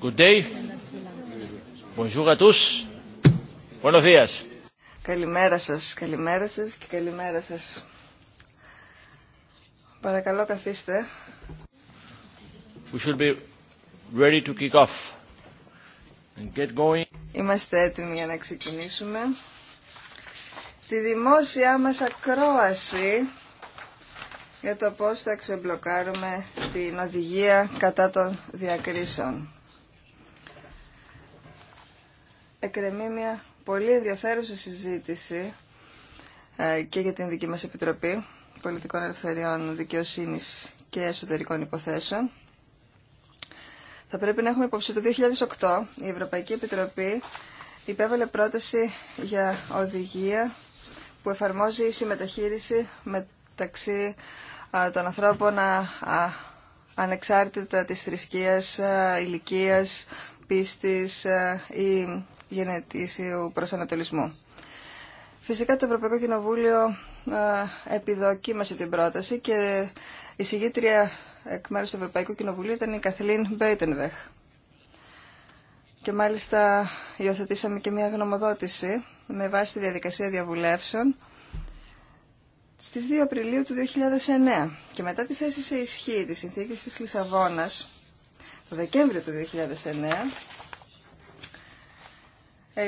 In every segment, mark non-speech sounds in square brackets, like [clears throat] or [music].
Good day. Bonjour à tous. Buenos días. Καλημέρα σας, καλημέρα σας και καλημέρα σας. Παρακαλώ καθίστε. We should be ready to kick off and get going. Είμαστε έτοιμοι για να ξεκινήσουμε. Στη δημόσια μας ακρόαση για το πώς θα ξεμπλοκάρουμε την οδηγία κατά των διακρίσεων. Εκρεμεί μια πολύ ενδιαφέρουσα συζήτηση ε, και για την δική μας Επιτροπή Πολιτικών Ελευθεριών Δικαιοσύνης και Εσωτερικών Υποθέσεων. Θα πρέπει να έχουμε υπόψη το 2008 η Ευρωπαϊκή Επιτροπή υπέβαλε πρόταση για οδηγία που εφαρμόζει η συμμεταχείριση μεταξύ των ανθρώπων ανεξάρτητα της θρησκείας, ηλικίας, πίστης ή γενετήσιου προσανατολισμού. Φυσικά το Ευρωπαϊκό Κοινοβούλιο επιδοκίμασε την πρόταση και η συγγήτρια εκ μέρους του Ευρωπαϊκού Κοινοβουλίου ήταν η Καθλίν Μπέιτενβεχ. Και μάλιστα υιοθετήσαμε και μια γνωμοδότηση με βάση τη διαδικασία διαβουλεύσεων στις 2 Απριλίου του 2009 και μετά τη θέση σε ισχύ της συνθήκης της Λισαβόνας το Δεκέμβριο του 2009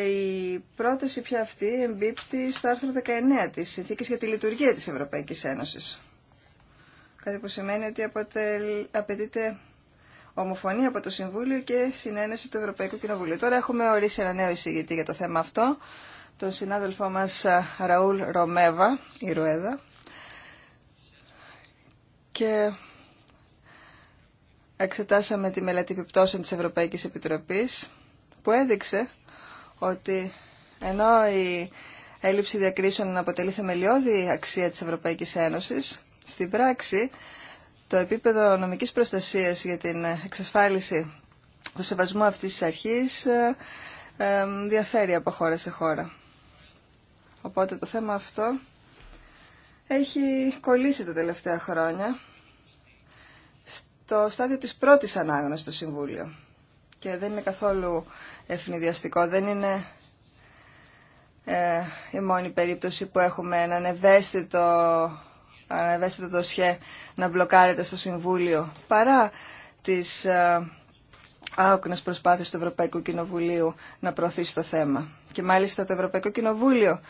η πρόταση πια αυτή εμπίπτει στο άρθρο 19 της συνθήκης για τη λειτουργία της Ευρωπαϊκής Ένωσης. Κάτι που σημαίνει ότι απαιτείται ομοφωνία από το Συμβούλιο και συνένεση του Ευρωπαϊκού Κοινοβουλίου. Τώρα έχουμε ορίσει ένα νέο εισηγητή για το θέμα αυτό, τον συνάδελφό μας ε, Ραούλ Ρομέβα, η Ρουέδα, και εξετάσαμε τη μελέτη επιπτώσεων της Ευρωπαϊκής Επιτροπής, που έδειξε ότι ενώ η έλλειψη διακρίσεων αποτελεί θεμελιώδη αξία της Ευρωπαϊκής Ένωσης, στην πράξη το επίπεδο νομικής προστασίας για την εξασφάλιση του σεβασμού αυτής της αρχής ε, ε, διαφέρει από χώρα σε χώρα. Οπότε το θέμα αυτό έχει κολλήσει τα τελευταία χρόνια στο στάδιο της πρώτης ανάγνωσης στο Συμβούλιο. Και δεν είναι καθόλου ευνηδιαστικό, δεν είναι ε, η μόνη περίπτωση που έχουμε έναν ευαίσθητο, έναν ευαίσθητο δοσιέ να μπλοκάρεται στο Συμβούλιο παρά τις ε, άοκνες προσπάθειες του Ευρωπαϊκού Κοινοβουλίου να προωθήσει το θέμα. Και μάλιστα το Ευρωπαϊκό Κοινοβούλιο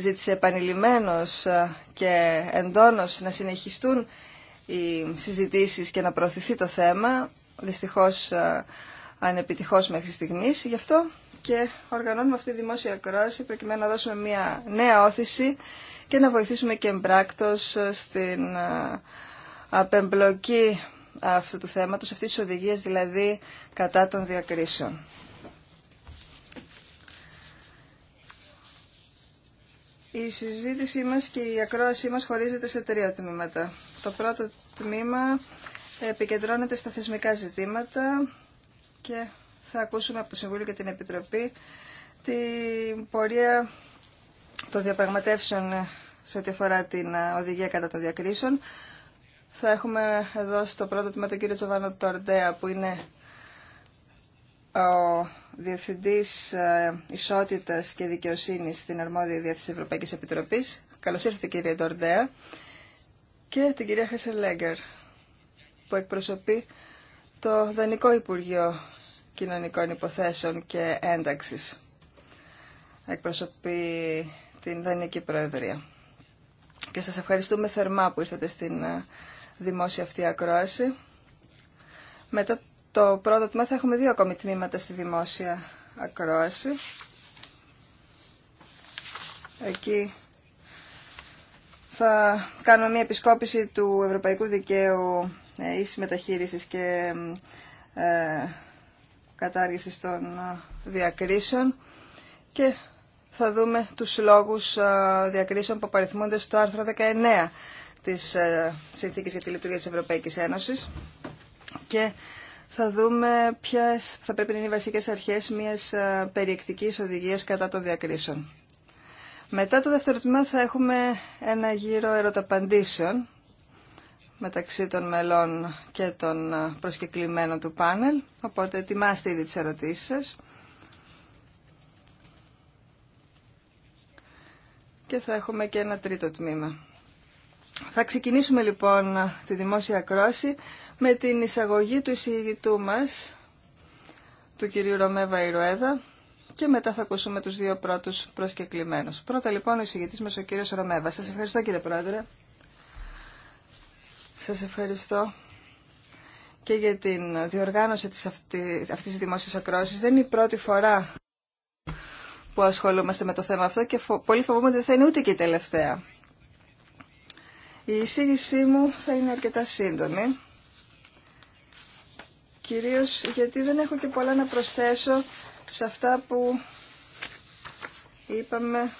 ζήτησε επανειλημμένος ε, και εντόνως να συνεχιστούν οι συζητήσεις και να προωθηθεί το θέμα, δυστυχώς ε, ανεπιτυχώς μέχρι στιγμής. Γι' αυτό και οργανώνουμε αυτή τη δημόσια κρόση προκειμένου να δώσουμε μια νέα όθηση και να βοηθήσουμε και εμπράκτος ε, στην απεμπλοκή αυτού του θέματος, αυτής της οδηγίας δηλαδή κατά των διακρίσεων. Η συζήτησή μας και η ακρόασή μας χωρίζεται σε τρία τμήματα. Το πρώτο τμήμα επικεντρώνεται στα θεσμικά ζητήματα και θα ακούσουμε από το Συμβούλιο και την Επιτροπή την πορεία των διαπραγματεύσεων σε ό,τι αφορά την οδηγία κατά των διακρίσεων. Θα έχουμε εδώ στο πρώτο τμήμα τον κύριο Τσοβάνο Τορντέα που είναι ο Διευθυντής ε, Ισότητας και Δικαιοσύνης στην Αρμόδια Διεύθυνση Ευρωπαϊκής Επιτροπής. Καλώς ήρθατε κυρία Ντορντέα και την κυρία Χεσελέγκερ που εκπροσωπεί το Δανικό Υπουργείο Κοινωνικών Υποθέσεων και Ένταξης. Εκπροσωπεί την Δανική Προεδρία. Και σας ευχαριστούμε θερμά που ήρθατε στην ε, δημόσια αυτή ακρόαση. Μετά το πρώτο τμήμα θα έχουμε δύο ακόμη τμήματα στη δημόσια ακρόαση. Εκεί θα κάνουμε μια επισκόπηση του Ευρωπαϊκού Δικαίου ε, ίσης μεταχείρισης και ε, κατάργησης των ε, διακρίσεων και θα δούμε τους λόγους ε, διακρίσεων που απαριθμούνται στο άρθρο 19 της Συνθήκης για τη Λειτουργία της Ευρωπαϊκής Ένωσης και θα δούμε ποιε θα πρέπει να είναι οι βασικές αρχές μιας ε, περιεκτικής οδηγίας κατά των διακρίσεων. Μετά το δεύτερο τμήμα θα έχουμε ένα γύρο ερωταπαντήσεων μεταξύ των μελών και των ε, προσκεκλημένων του πάνελ, οπότε ετοιμάστε ήδη τις ερωτήσεις σα. Και θα έχουμε και ένα τρίτο τμήμα. Θα ξεκινήσουμε λοιπόν τη δημόσια κρόση με την εισαγωγή του εισηγητού μας, του κυρίου Ρωμέβα Ιρουέδα, και μετά θα ακούσουμε τους δύο πρώτους προσκεκλημένους. Πρώτα λοιπόν ο εισηγητής μας ο κύριος Ρωμέβα. Σας ευχαριστώ κύριε Πρόεδρε. Σας ευχαριστώ και για την διοργάνωση της αυτή, αυτής της δημόσιας ακρόσης. Δεν είναι η πρώτη φορά που ασχολούμαστε με το θέμα αυτό και πολύ φοβούμαι ότι δεν θα είναι ούτε και η τελευταία. Η εισήγησή μου θα είναι αρκετά σύντομη κυρίως γιατί δεν έχω και πολλά να προσθέσω σε αυτά που είπαμε,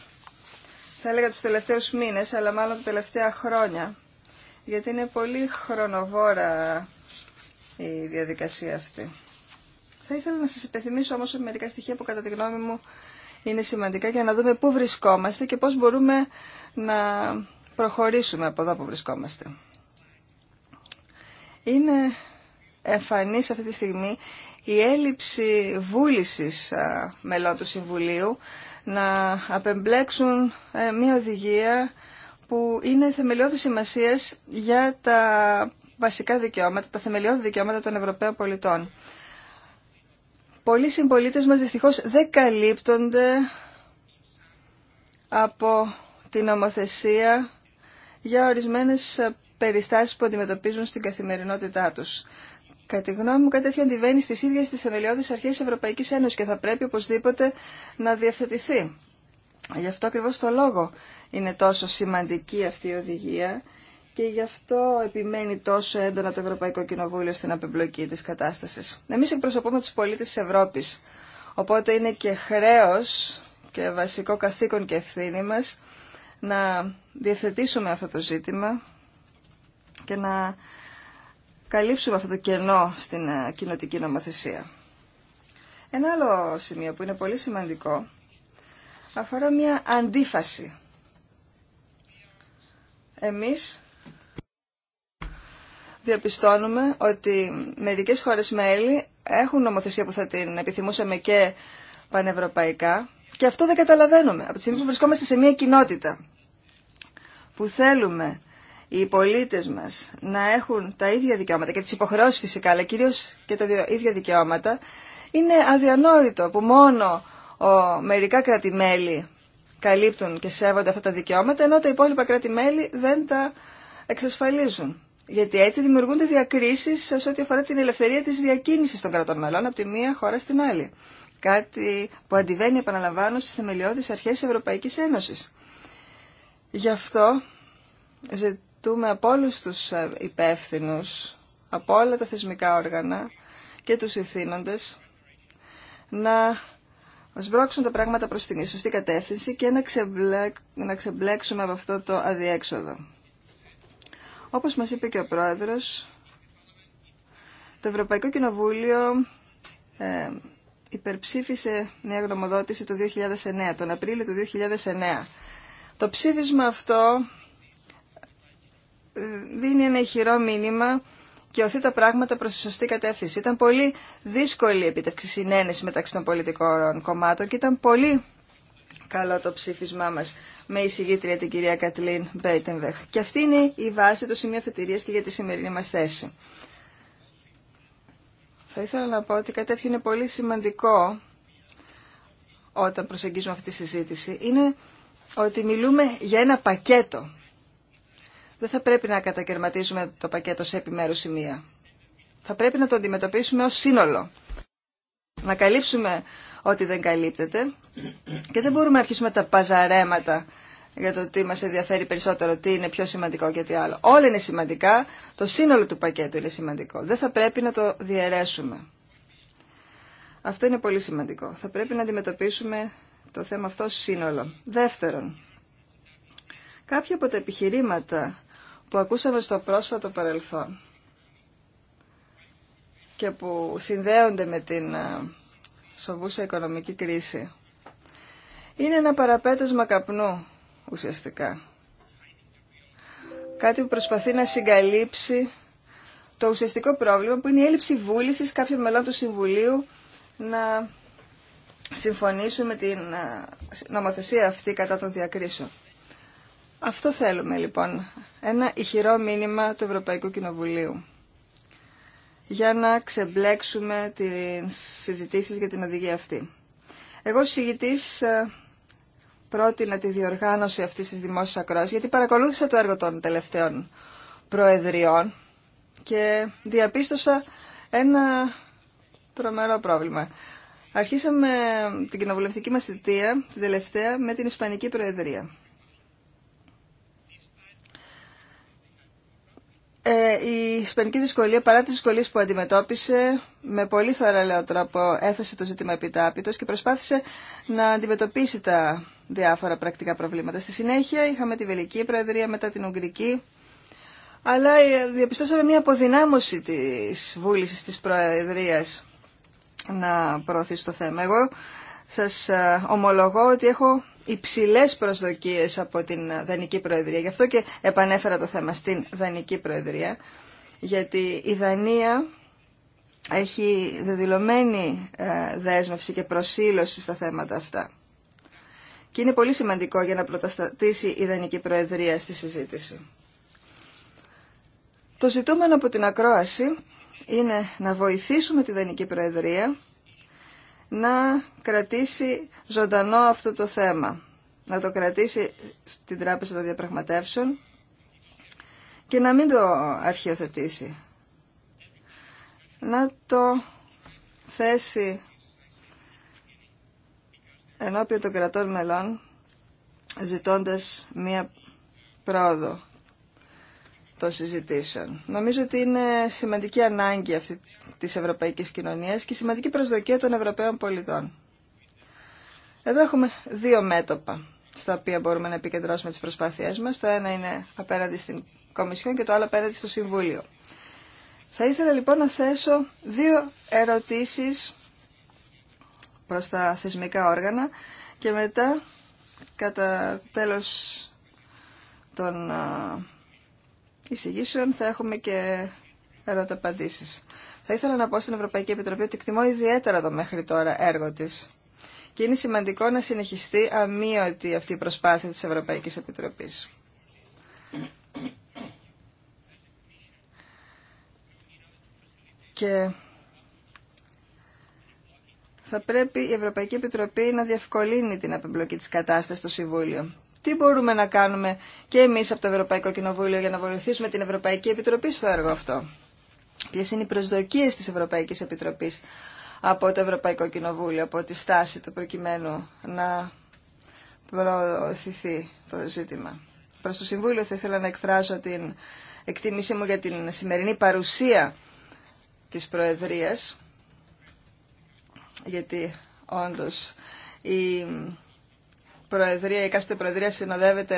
θα έλεγα τους τελευταίους μήνες, αλλά μάλλον τα τελευταία χρόνια, γιατί είναι πολύ χρονοβόρα η διαδικασία αυτή. Θα ήθελα να σας υπενθυμίσω όμως μερικά στοιχεία που κατά τη γνώμη μου είναι σημαντικά για να δούμε πού βρισκόμαστε και πώς μπορούμε να προχωρήσουμε από εδώ που βρισκόμαστε. Είναι σε αυτή τη στιγμή η έλλειψη βούλησης μελών του Συμβουλίου να απεμπλέξουν ε, μια οδηγία που είναι θεμελιώδη σημασία για τα βασικά δικαιώματα, τα θεμελιώδη δικαιώματα των Ευρωπαίων πολιτών. Πολλοί συμπολίτες μας δυστυχώς δεν καλύπτονται από την νομοθεσία για ορισμένες περιστάσεις που αντιμετωπίζουν στην καθημερινότητά τους. Κατά τη γνώμη μου, κάτι τέτοιο αντιβαίνει στι ίδιε τι θεμελιώδει αρχέ τη Ευρωπαϊκή Ένωση και θα πρέπει οπωσδήποτε να διευθετηθεί. Γι' αυτό ακριβώ το λόγο είναι τόσο σημαντική αυτή η οδηγία και γι' αυτό επιμένει τόσο έντονα το Ευρωπαϊκό Κοινοβούλιο στην απεμπλοκή τη κατάσταση. Εμεί εκπροσωπούμε του πολίτε τη Ευρώπη. Οπότε είναι και χρέο και βασικό καθήκον και ευθύνη μα να διευθετήσουμε αυτό το ζήτημα και να καλύψουμε αυτό το κενό στην ε, κοινοτική νομοθεσία. Ένα άλλο σημείο που είναι πολύ σημαντικό αφορά μια αντίφαση. Εμείς διαπιστώνουμε ότι μερικές χώρες μέλη έχουν νομοθεσία που θα την επιθυμούσαμε και πανευρωπαϊκά και αυτό δεν καταλαβαίνουμε. Από τη στιγμή που βρισκόμαστε σε μια κοινότητα που θέλουμε οι πολίτες μας να έχουν τα ίδια δικαιώματα και τις υποχρεώσεις φυσικά, αλλά κυρίως και τα ίδια δικαιώματα, είναι αδιανόητο που μόνο ο, μερικά κρατημέλη καλύπτουν και σέβονται αυτά τα δικαιώματα, ενώ τα υπόλοιπα κρατημέλη δεν τα εξασφαλίζουν. Γιατί έτσι δημιουργούνται διακρίσει σε ό,τι αφορά την ελευθερία τη διακίνηση των κρατών μελών από τη μία χώρα στην άλλη. Κάτι που αντιβαίνει, επαναλαμβάνω, στι θεμελιώδει αρχέ Ευρωπαϊκή Ένωση. Γι' αυτό ζητούμε από όλους τους ε, υπεύθυνου, από όλα τα θεσμικά όργανα και τους ηθήνοντες να σβρώξουν τα πράγματα προς την σωστή κατεύθυνση και να, ξεμπλέ, ξεμπλέξουμε από αυτό το αδιέξοδο. Όπως μας είπε και ο Πρόεδρος, το Ευρωπαϊκό Κοινοβούλιο ε, υπερψήφισε μια γνωμοδότηση το 2009, τον Απρίλιο του 2009. Το ψήφισμα αυτό δίνει ένα ηχηρό μήνυμα και οθεί τα πράγματα προς τη σωστή κατεύθυνση. Ήταν πολύ δύσκολη η επίτευξη συνένεση μεταξύ των πολιτικών κομμάτων και ήταν πολύ καλό το ψήφισμά μας με εισηγήτρια την κυρία Κατλίν Μπέιτεμβεχ. Και αυτή είναι η βάση του σημείου αφετηρίας και για τη σημερινή μας θέση. Θα ήθελα να πω ότι κάτι είναι πολύ σημαντικό όταν προσεγγίζουμε αυτή τη συζήτηση. Είναι ότι μιλούμε για ένα πακέτο δεν θα πρέπει να κατακαιρματίζουμε το πακέτο σε επιμέρους σημεία. Θα πρέπει να το αντιμετωπίσουμε ως σύνολο. Να καλύψουμε ό,τι δεν καλύπτεται και δεν μπορούμε να αρχίσουμε τα παζαρέματα για το τι μας ενδιαφέρει περισσότερο, τι είναι πιο σημαντικό και τι άλλο. Όλα είναι σημαντικά, το σύνολο του πακέτου είναι σημαντικό. Δεν θα πρέπει να το διαιρέσουμε. Αυτό είναι πολύ σημαντικό. Θα πρέπει να αντιμετωπίσουμε το θέμα αυτό σύνολο. Δεύτερον, κάποια από τα επιχειρήματα που ακούσαμε στο πρόσφατο παρελθόν και που συνδέονται με την ε, σοβούσα οικονομική κρίση είναι ένα παραπέτασμα καπνού ουσιαστικά. Κάτι που προσπαθεί να συγκαλύψει το ουσιαστικό πρόβλημα που είναι η έλλειψη βούλησης κάποιων μελών του Συμβουλίου να συμφωνήσουν με την ε, νομοθεσία αυτή κατά των διακρίσεων. Αυτό θέλουμε λοιπόν, ένα ηχηρό μήνυμα του Ευρωπαϊκού Κοινοβουλίου για να ξεμπλέξουμε τις συζητήσεις για την οδηγία αυτή. Εγώ συγητής ε, πρότεινα τη διοργάνωση αυτής της δημόσιας ακρόαση γιατί παρακολούθησα το έργο των τελευταίων προεδριών και διαπίστωσα ένα τρομερό πρόβλημα. Αρχίσαμε την κοινοβουλευτική μας θητεία, την τελευταία, με την Ισπανική Προεδρία. Ε, η ισπανική δυσκολία, παρά τις δυσκολίες που αντιμετώπισε, με πολύ θαραλέο τρόπο έθεσε το ζήτημα επιτάπητος και προσπάθησε να αντιμετωπίσει τα διάφορα πρακτικά προβλήματα. Στη συνέχεια είχαμε τη Βελική Προεδρία, μετά την Ουγγρική, αλλά ε, διαπιστώσαμε μια αποδυνάμωση της βούλησης της Προεδρίας να προωθήσει το θέμα. Εγώ σας ε, ομολογώ ότι έχω υψηλέ προσδοκίες από την Δανική Προεδρία. Γι' αυτό και επανέφερα το θέμα στην Δανική Προεδρία, γιατί η Δανία έχει δεδηλωμένη ε, δέσμευση και προσήλωση στα θέματα αυτά. Και είναι πολύ σημαντικό για να προταστατήσει η Δανική Προεδρία στη συζήτηση. Το ζητούμενο από την ακρόαση είναι να βοηθήσουμε τη Δανική Προεδρία να κρατήσει ζωντανό αυτό το θέμα, να το κρατήσει στην Τράπεζα των Διαπραγματεύσεων και να μην το αρχιοθετήσει. Να το θέσει ενώπιον των κρατών μελών ζητώντας μία πρόοδο των συζητήσεων. Νομίζω ότι είναι σημαντική ανάγκη αυτή της ευρωπαϊκής κοινωνίας και σημαντική προσδοκία των Ευρωπαίων πολιτών. Εδώ έχουμε δύο μέτωπα στα οποία μπορούμε να επικεντρώσουμε τις προσπάθειές μας. Το ένα είναι απέναντι στην Κομισιόν και το άλλο απέναντι στο Συμβούλιο. Θα ήθελα λοιπόν να θέσω δύο ερωτήσεις προς τα θεσμικά όργανα και μετά κατά τέλος των εισηγήσεων θα έχουμε και ερωταπαντήσει. Θα ήθελα να πω στην Ευρωπαϊκή Επιτροπή ότι εκτιμώ ιδιαίτερα το μέχρι τώρα έργο της και είναι σημαντικό να συνεχιστεί αμύωτη αυτή η προσπάθεια της Ευρωπαϊκής Επιτροπής. Και θα πρέπει η Ευρωπαϊκή Επιτροπή να διευκολύνει την απεμπλοκή της κατάστασης στο Συμβούλιο τι μπορούμε να κάνουμε και εμείς από το Ευρωπαϊκό Κοινοβούλιο για να βοηθήσουμε την Ευρωπαϊκή Επιτροπή στο έργο αυτό. Ποιε είναι οι προσδοκίες της Ευρωπαϊκής Επιτροπής από το Ευρωπαϊκό Κοινοβούλιο, από τη στάση του προκειμένου να προωθηθεί το ζήτημα. Προς το Συμβούλιο θα ήθελα να εκφράσω την εκτίμησή μου για την σημερινή παρουσία της Προεδρίας, γιατί όντως η Προεδρία, η κάθε Προεδρία συνοδεύεται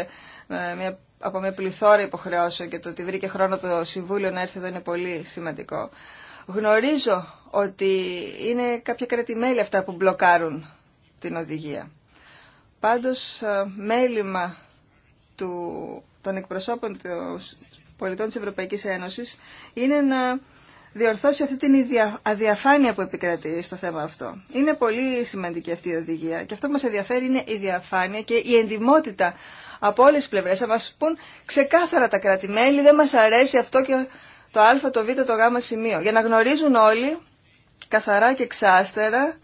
ε, μια, από μια πληθώρα υποχρεώσεων και το ότι βρήκε χρόνο το Συμβούλιο να έρθει εδώ είναι πολύ σημαντικό. Γνωρίζω ότι είναι κάποια κρατημέλη αυτά που μπλοκάρουν την οδηγία. Πάντως, ε, μέλημα του, των εκπροσώπων των πολιτών της Ευρωπαϊκής Ένωσης είναι να διορθώσει αυτή την αδιαφάνεια που επικρατεί στο θέμα αυτό. Είναι πολύ σημαντική αυτή η οδηγία και αυτό που μας ενδιαφέρει είναι η διαφάνεια και η εντιμότητα από όλες τις πλευρές. Θα μας πούν ξεκάθαρα τα κρατημέλη, δεν μας αρέσει αυτό και το α, το β, το γ σημείο. Για να γνωρίζουν όλοι καθαρά και ξάστερα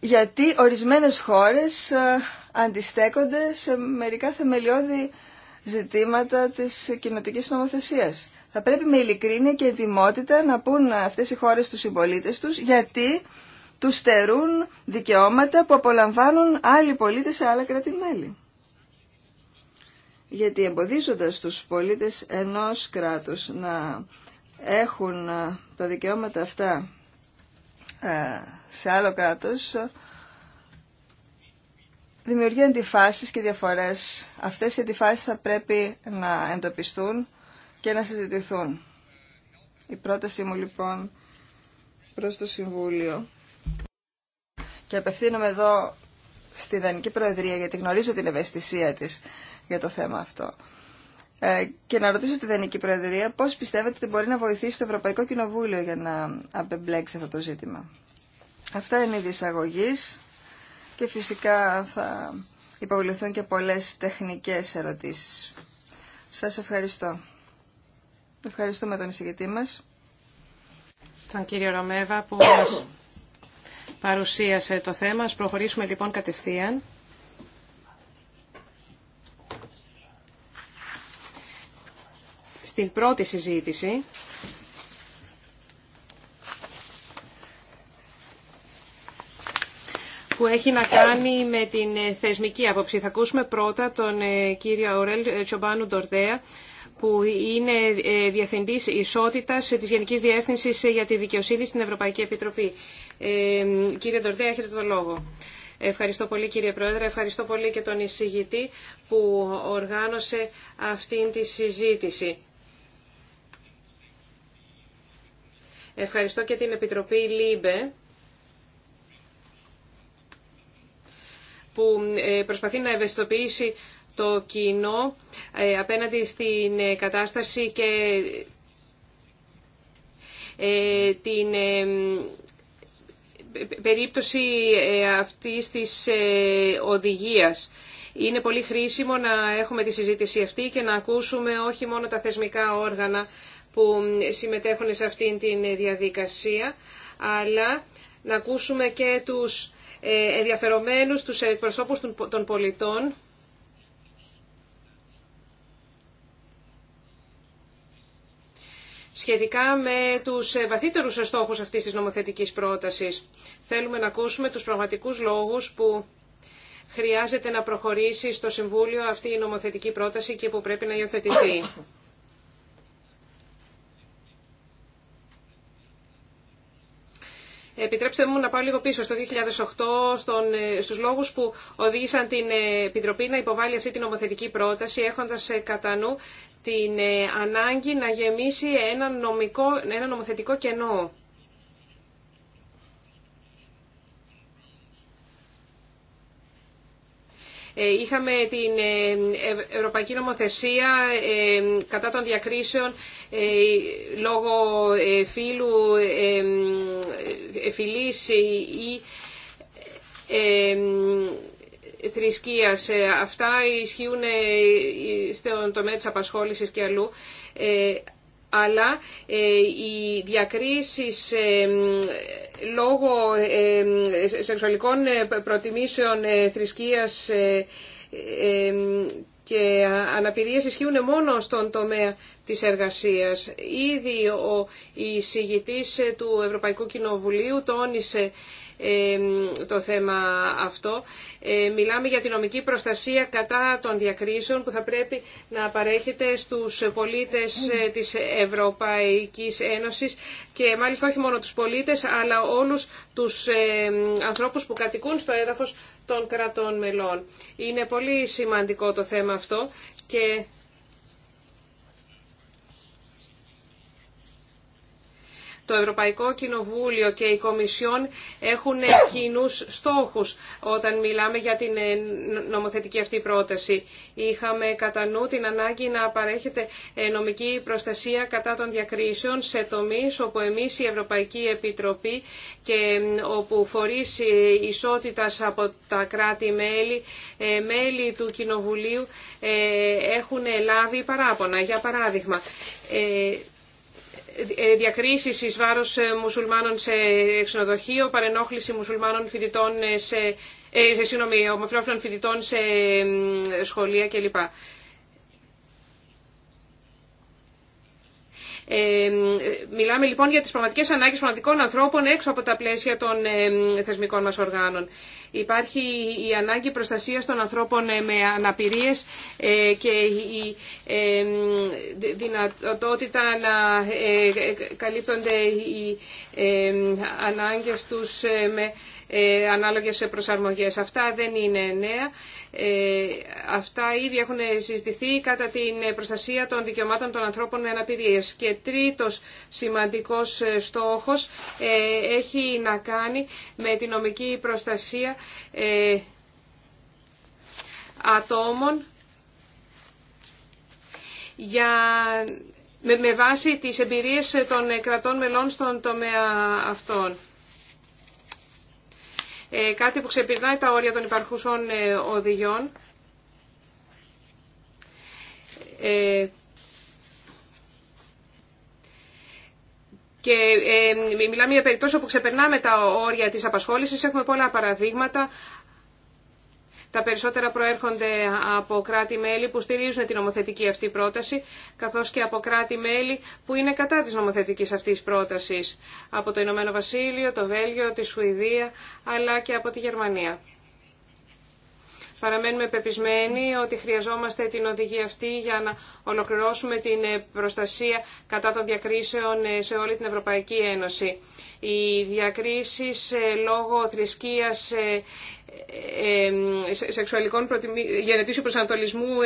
γιατί ορισμένες χώρες ε, αντιστέκονται σε μερικά θεμελιώδη ζητήματα της κοινοτικής νομοθεσίας θα πρέπει με ειλικρίνεια και ετοιμότητα να πούν αυτές οι χώρες τους συμπολίτε τους γιατί τους στερούν δικαιώματα που απολαμβάνουν άλλοι πολίτες σε άλλα κράτη-μέλη. Γιατί εμποδίζοντας τους πολίτες ενός κράτους να έχουν ε, τα δικαιώματα αυτά ε, σε άλλο κράτος, ε, δημιουργεί αντιφάσεις και διαφορές. Αυτές οι αντιφάσεις θα πρέπει να εντοπιστούν και να συζητηθούν. Η πρότασή μου λοιπόν προς το Συμβούλιο και απευθύνομαι εδώ στη Δανική Προεδρία γιατί γνωρίζω την ευαισθησία της για το θέμα αυτό. Ε, και να ρωτήσω τη Δανική Προεδρία πώς πιστεύετε ότι μπορεί να βοηθήσει το Ευρωπαϊκό Κοινοβούλιο για να απεμπλέξει αυτό το ζήτημα. Αυτά είναι οι εισαγωγής και φυσικά θα υποβληθούν και πολλές τεχνικές ερωτήσεις. Σας ευχαριστώ. Ευχαριστούμε τον εισηγητή μας. Τον κύριο Ρωμέβα που [coughs] μας παρουσίασε το θέμα. Ας προχωρήσουμε λοιπόν κατευθείαν. Στην πρώτη συζήτηση που έχει να κάνει με την θεσμική άποψη. Θα ακούσουμε πρώτα τον ε, κύριο Αουρέλ ε, Τσομπάνου Ντορτέα που είναι ε, Διευθυντής Ισότητας της Γενικής Διεύθυνσης για τη Δικαιοσύνη στην Ευρωπαϊκή Επιτροπή. Ε, κύριε Ντορντέ, έχετε το λόγο. Ευχαριστώ πολύ κύριε Πρόεδρε, ευχαριστώ πολύ και τον εισηγητή που οργάνωσε αυτήν τη συζήτηση. Ευχαριστώ και την Επιτροπή ΛΥΜΠΕ που ε, προσπαθεί να ευαισθητοποιήσει το κοινό ε, απέναντι στην ε, κατάσταση και ε, την περίπτωση αυτής της οδηγίας. Είναι πολύ χρήσιμο να έχουμε τη συζήτηση αυτή και να ακούσουμε όχι μόνο τα θεσμικά όργανα που συμμετέχουν σε αυτήν τη διαδικασία, αλλά να ακούσουμε και τους ενδιαφερομένους, τους εκπροσώπους των πολιτών, σχετικά με τους ε, βαθύτερους στόχους αυτής της νομοθετικής πρότασης. Θέλουμε να ακούσουμε τους πραγματικούς λόγους που χρειάζεται να προχωρήσει στο Συμβούλιο αυτή η νομοθετική πρόταση και που πρέπει να υιοθετηθεί. Επιτρέψτε μου να πάω λίγο πίσω στο 2008 στου ε, στους λόγους που οδήγησαν την ε, Επιτροπή να υποβάλει αυτή την νομοθετική πρόταση έχοντας ε, κατά νου την ανάγκη να γεμίσει ένα, νομικό, ένα νομοθετικό κενό. Ε, είχαμε την ε, Ευρωπαϊκή Νομοθεσία ε, κατά των διακρίσεων λόγω φύλου, φιλής ή θρησκείας. Αυτά ισχύουν στον τομέα της απασχόλησης και αλλού αλλά ε, οι διακρίσεις ε, λόγω ε, σεξουαλικών προτιμήσεων θρησκείας και αναπηρίες ισχύουν μόνο στον τομέα της εργασίας. Ήδη ο εισηγητής του Ευρωπαϊκού Κοινοβουλίου τόνισε το θέμα αυτό. Ε, μιλάμε για την νομική προστασία κατά των διακρίσεων που θα πρέπει να παρέχεται στους πολίτες ε, της Ευρωπαϊκής Ένωσης και μάλιστα όχι μόνο τους πολίτες αλλά όλους τους ε, ανθρώπους που κατοικούν στο έδαφος των κρατών μελών. Είναι πολύ σημαντικό το θέμα αυτό και Το Ευρωπαϊκό Κοινοβούλιο και η Κομισιόν έχουν κοινού στόχους όταν μιλάμε για την ε, νομοθετική αυτή πρόταση. Είχαμε κατά νου την ανάγκη να παρέχεται ε, νομική προστασία κατά των διακρίσεων σε τομείς όπου εμείς η Ευρωπαϊκή Επιτροπή και ε, όπου φορείς ισότητας από τα κράτη-μέλη, μέλη του Κοινοβουλίου έχουν λάβει παράπονα. Για παράδειγμα, ε, διακρίσεις εις βάρος ε, μουσουλμάνων σε ξενοδοχείο, παρενόχληση μουσουλμάνων φοιτητών ε, σε, σε φοιτητών σε σχολεία κλπ. μιλάμε λοιπόν για τις πραγματικές ανάγκες πραγματικών ανθρώπων έξω από τα πλαίσια των θεσμικών μας οργάνων. Υπάρχει η ανάγκη προστασίας των ανθρώπων ε, με αναπηρίες ε, και η δυνατότητα να ε, καλύπτονται οι ανάγκες τους με ε, ανάλογες προσαρμογές. Αυτά δεν είναι νέα. Ε, αυτά ήδη έχουν συζητηθεί κατά την προστασία των δικαιωμάτων των ανθρώπων με αναπηρίες. Και τρίτος σημαντικός ε, στόχος έχει να κάνει με την νομική προστασία ατόμων για με, βάση τις εμπειρίες των κρατών μελών στον τομέα αυτών. Ε, κάτι που ξεπερνάει τα όρια των υπαρχουσών ε, οδηγιών. Ε, και μιλάμε για περιπτώσεις όπου ξεπερνάμε τα όρια της απασχόλησης. Έχουμε πολλά παραδείγματα τα περισσότερα προέρχονται από κράτη-μέλη που στηρίζουν την νομοθετική αυτή πρόταση, καθώς και από κράτη-μέλη που είναι κατά της νομοθετικής αυτής πρότασης, από το Ηνωμένο Βασίλειο, το Βέλγιο, τη Σουηδία, αλλά και από τη Γερμανία. Παραμένουμε πεπισμένοι ότι χρειαζόμαστε την οδηγία αυτή για να ολοκληρώσουμε την προστασία κατά των διακρίσεων σε όλη την Ευρωπαϊκή Ένωση. Οι διακρίσεις ε, λόγω θρησκείας, ε, σεξουαλικών γενετήσεων προσανατολισμού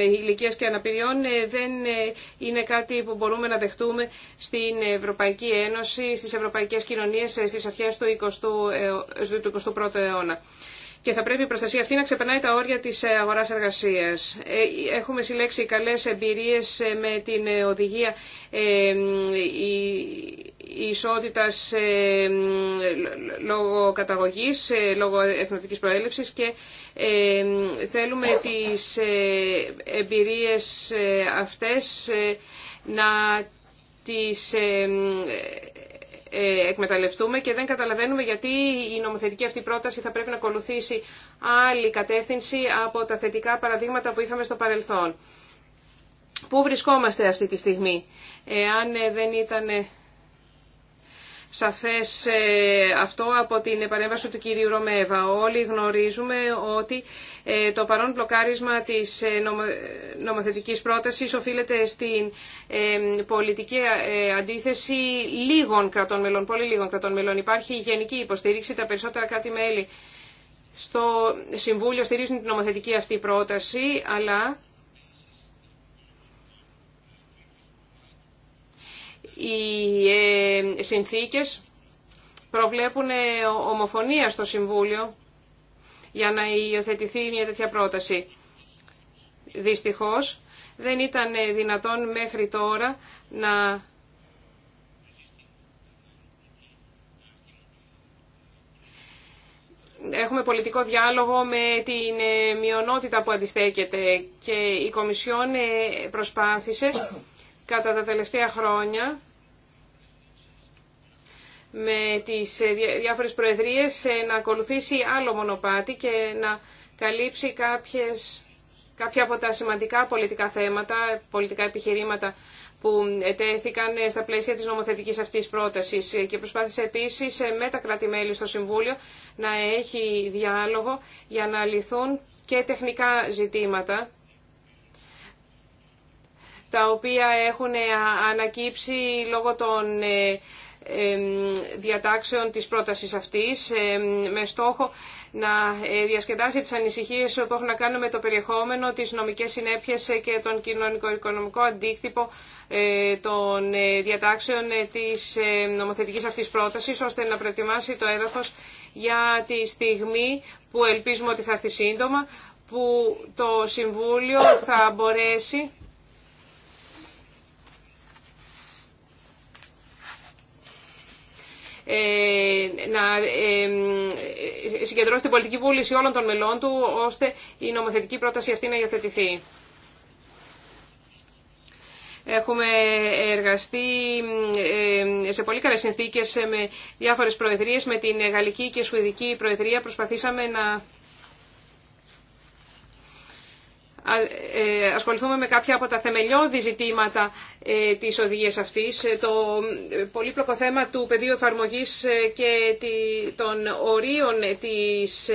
ηλικία και αναπηριών ε, δεν ε, είναι κάτι που μπορούμε να δεχτούμε στην Ευρωπαϊκή Ένωση, στις ευρωπαϊκές κοινωνίες, ε, στις αρχές του 21ου αιώνα και θα πρέπει η προστασία αυτή να ξεπερνάει τα όρια της ε, αγοράς εργασίας. Ε, έχουμε συλλέξει καλές εμπειρίες ε, με την οδηγία ισότητας λόγω καταγωγής, λόγω εθνοτικής προέλευσης και θέλουμε τις εμπειρίες αυτές να τις ε, εκμεταλλευτούμε και δεν καταλαβαίνουμε γιατί η νομοθετική αυτή πρόταση θα πρέπει να ακολουθήσει άλλη κατεύθυνση από τα θετικά παραδείγματα που είχαμε στο παρελθόν. Πού βρισκόμαστε αυτή τη στιγμή. Εάν ε, δεν ήταν ε, σαφές αυτό από την επανέμβαση του κυρίου Ρωμέβα. Όλοι γνωρίζουμε ότι ε, το παρόν μπλοκάρισμα της ε, νομοθετικής πρότασης οφείλεται στην ε, πολιτική αντίθεση λίγων κρατών μελών, πολύ λίγων κρατών μελών. Υπάρχει γενική υποστήριξη, τα περισσότερα κράτη-μέλη στο Συμβούλιο στηρίζουν την νομοθετική αυτή πρόταση, αλλά... Οι συνθήκες προβλέπουν ομοφωνία στο Συμβούλιο για να υιοθετηθεί μια τέτοια πρόταση. Δυστυχώς δεν ήταν δυνατόν μέχρι τώρα να έχουμε πολιτικό διάλογο με την ε, μειονότητα που αντιστέκεται και η Κομισιόν ε, προσπάθησε κατά τα τελευταία χρόνια με τις ε, διάφορες προεδρίες ε, να ακολουθήσει άλλο μονοπάτι και να καλύψει κάποιες, κάποια από τα σημαντικά πολιτικά θέματα, πολιτικά επιχειρήματα που ετέθηκαν ε, στα πλαίσια της νομοθετικής αυτής πρότασης και προσπάθησε επίσης με τα κράτη-μέλη στο Συμβούλιο να έχει διάλογο για να λυθούν και τεχνικά ζητήματα τα οποία έχουν ανακύψει λόγω των διατάξεων της πρότασης αυτής με στόχο να ε, διασκεδάσει τις ανησυχίες που έχουν να κάνουν με το περιεχόμενο, τις νομικές συνέπειες και τον κοινωνικο-οικονομικό αντίκτυπο ε, των ε, διατάξεων της νομοθετικής αυτής πρότασης, ώστε να προετοιμάσει το έδαφος για τη στιγμή που ελπίζουμε ότι θα έρθει σύντομα, που το Συμβούλιο θα μπορέσει Ε, να ε, συγκεντρώσει την πολιτική βούληση όλων των μελών του, ώστε η νομοθετική πρόταση αυτή να υιοθετηθεί. Έχουμε εργαστεί ε, σε πολύ καλές συνθήκες με διάφορες προεδρίες. Με την Γαλλική και Σουηδική Προεδρία προσπαθήσαμε να Ε, ασχοληθούμε με κάποια από τα θεμελιώδη ζητήματα ε, της οδηγίας αυτής, ε, το πολύπλοκο θέμα του πεδίου εφαρμογής και των ορίων της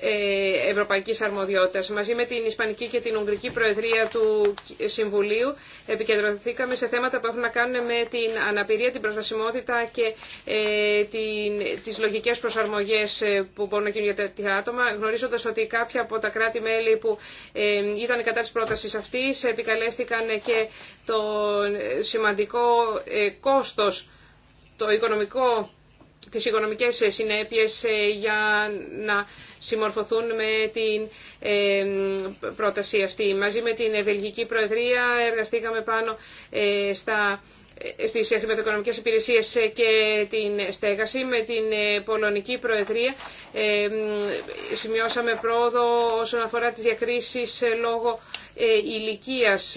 ε, ευρωπαϊκής αρμοδιότητας. Μαζί με την Ισπανική και την Ουγγρική Προεδρία του Συμβουλίου επικεντρωθήκαμε σε θέματα που έχουν να κάνουν με την αναπηρία, την προσβασιμότητα και ε, την, τις λογικές προσαρμογές ε, που μπορούν να γίνουν για τέτοια άτομα, γνωρίζοντας ότι κάποια από τα κράτη-μέλη που ήταν κατά της πρότασης αυτής επικαλέστηκαν και το σημαντικό κόστος, το οικονομικό τις οικονομικές συνέπειες ε, για να συμμορφωθούν με την ε, πρόταση αυτή. Μαζί με την Βελγική Προεδρία εργαστήκαμε πάνω ε, στα στι χρηματοοικονομικές υπηρεσίε και την στέγαση. Με την ε, Πολωνική Προεδρία ε, σημειώσαμε πρόοδο όσον αφορά τι διακρίσει ε, λόγω ηλικίας,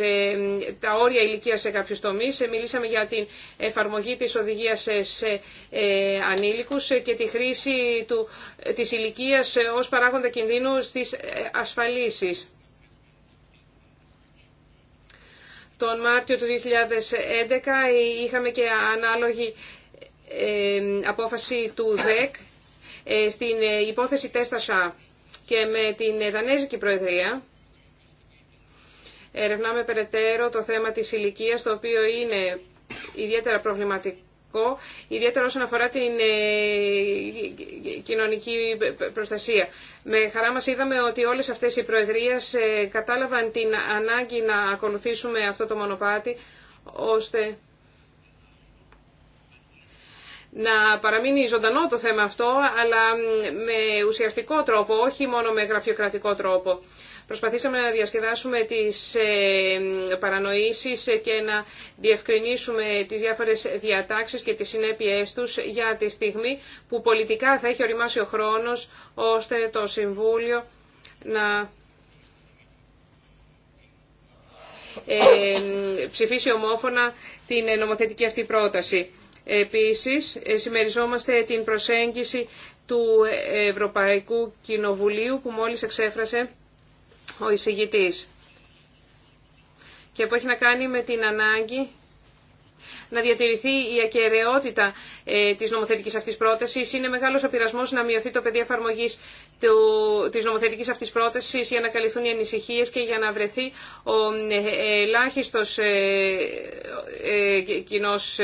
τα όρια ηλικία σε κάποιους τομείς. Μιλήσαμε για την εφαρμογή της οδηγίας σε ανήλικους και τη χρήση του, της ηλικίας ως παράγοντα κινδύνου στις ασφαλίσεις. Τον Μάρτιο του 2011 ε, είχαμε και ανάλογη ε, απόφαση του ΔΕΚ ε, στην υπόθεση Τέστασα και με την Δανέζικη Προεδρία ερευνάμε περαιτέρω το θέμα της ηλικία, το οποίο είναι ιδιαίτερα προβληματικό, ιδιαίτερα όσον αφορά την κοινωνική προστασία. Με χαρά μας είδαμε ότι όλες αυτές οι προεδρίες ε, κατάλαβαν την ανάγκη να ακολουθήσουμε αυτό το μονοπάτι, ώστε να παραμείνει ζωντανό το θέμα αυτό, αλλά με ουσιαστικό τρόπο, όχι μόνο με γραφειοκρατικό τρόπο. Προσπαθήσαμε να διασκεδάσουμε τις ε, παρανοήσεις και να διευκρινίσουμε τις διάφορες διατάξεις και τις συνέπειές τους για τη στιγμή που πολιτικά θα έχει οριμάσει ο χρόνος ώστε το Συμβούλιο να ε, ψηφίσει ομόφωνα την νομοθετική αυτή πρόταση. Επίσης, ε, συμμεριζόμαστε την προσέγγιση του Ευρωπαϊκού Κοινοβουλίου που μόλις εξέφρασε ο εισηγητής και που έχει να κάνει με την ανάγκη να διατηρηθεί η ακαιρεότητα ε, της νομοθετικής αυτής πρότασης. Είναι μεγάλος ο πειρασμός να μειωθεί το πεδίο εφαρμογή της νομοθετικής αυτής πρότασης για να καλυφθούν οι ανησυχίες και για να βρεθεί ο ε, ελάχιστος ε, κοινός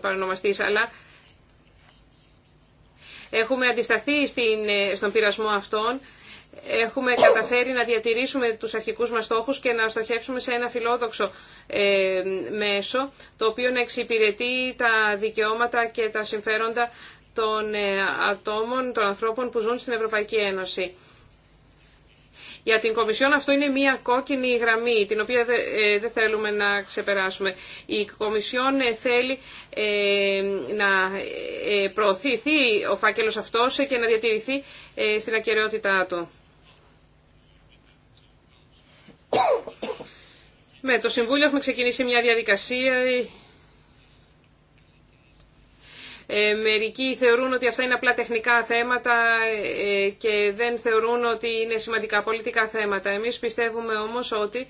παρονομαστής. Αλλά έχουμε αντισταθεί στην, στον πειρασμό αυτόν έχουμε καταφέρει να διατηρήσουμε τους αρχικούς μας στόχους και να στοχεύσουμε σε ένα φιλόδοξο ε, μέσο το οποίο να εξυπηρετεί τα δικαιώματα και τα συμφέροντα των ε, ατόμων, των ανθρώπων που ζουν στην Ευρωπαϊκή Ένωση. Για την Κομισιόν αυτό είναι μια κόκκινη γραμμή, την οποία ε, δεν θέλουμε να ξεπεράσουμε. Η Κομισιόν θέλει να προωθηθεί ο φάκελος αυτός και να διατηρηθεί στην ακαιρεότητά του. Με το Συμβούλιο έχουμε ξεκινήσει μια διαδικασία. Ε, μερικοί θεωρούν ότι αυτά είναι απλά τεχνικά θέματα ε, και δεν θεωρούν ότι είναι σημαντικά πολιτικά θέματα. Εμείς πιστεύουμε όμως ότι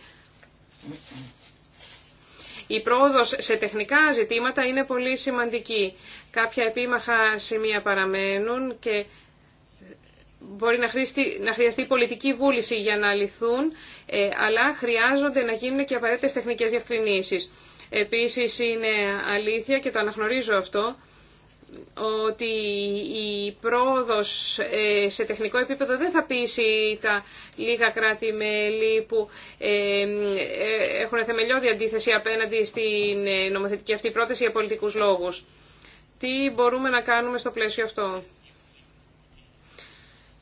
η πρόοδος σε τεχνικά ζητήματα είναι πολύ σημαντική. Κάποια επίμαχα σημεία παραμένουν και μπορεί να, χρειαστεί, να χρειαστεί πολιτική βούληση για να λυθούν, ε, αλλά χρειάζονται να γίνουν και απαραίτητες τεχνικές διευκρινήσεις. Επίσης είναι αλήθεια και το αναγνωρίζω αυτό, ότι η πρόοδος ε, σε τεχνικό επίπεδο δεν θα πείσει τα λίγα κράτη-μέλη που ε, έχουν θεμελιώδη αντίθεση απέναντι στην νομοθετική αυτή πρόταση για πολιτικούς λόγους. Τι μπορούμε να κάνουμε στο πλαίσιο αυτό.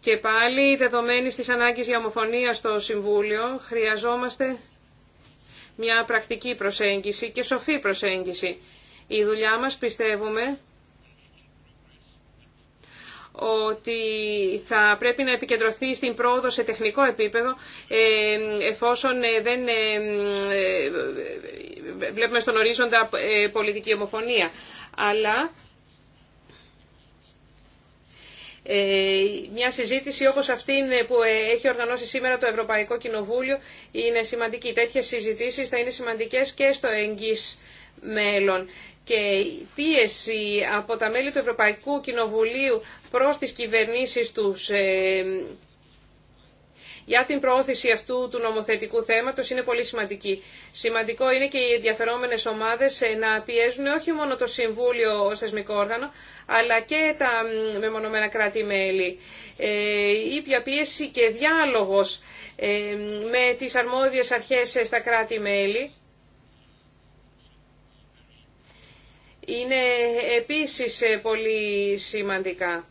Και πάλι, δεδομένη στις ανάγκη για ομοφωνία στο Συμβούλιο, χρειαζόμαστε μια πρακτική προσέγγιση και σοφή προσέγγιση. Η δουλειά μας πιστεύουμε ότι θα πρέπει να επικεντρωθεί στην πρόοδο σε τεχνικό επίπεδο ε, εφόσον ε, δεν ε, βλέπουμε στον ορίζοντα πολιτική ομοφωνία. Αλλά ε, μια συζήτηση όπως αυτή που ε, έχει οργανώσει σήμερα το Ευρωπαϊκό Κοινοβούλιο είναι σημαντική. Τέτοιες συζητήσεις θα είναι σημαντικές και στο εγγύς μέλλον. Και η πίεση από τα μέλη του Ευρωπαϊκού Κοινοβουλίου προς τις κυβερνήσεις τους ε, για την προώθηση αυτού του νομοθετικού θέματος είναι πολύ σημαντική. Σημαντικό είναι και οι ενδιαφερόμενες ομάδες ε, να πιέζουν όχι μόνο το Συμβούλιο ως θεσμικό όργανο, αλλά και τα μεμονωμένα κράτη-μέλη. Ε, η ήπια πίεση και διάλογος ε, με τις αρμόδιες αρχές στα κράτη-μέλη είναι επίσης πολύ σημαντικά.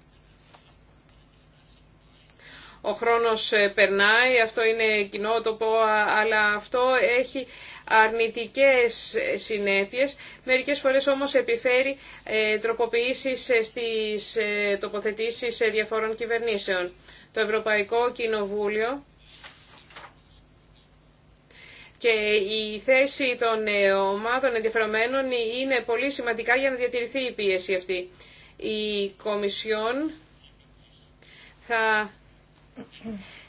Ο χρόνος ε, περνάει, αυτό είναι κοινότοπο, αλλά αυτό έχει αρνητικές ε, συνέπειες. Μερικές φορές όμως επιφέρει ε, τροποποιήσεις στις τοποθετήσεις διαφόρων κυβερνήσεων. Το Ευρωπαϊκό Κοινοβούλιο και η θέση των ομάδων ενδιαφερομένων είναι πολύ σημαντικά για να διατηρηθεί η πίεση αυτή. Η Κομισιόν θα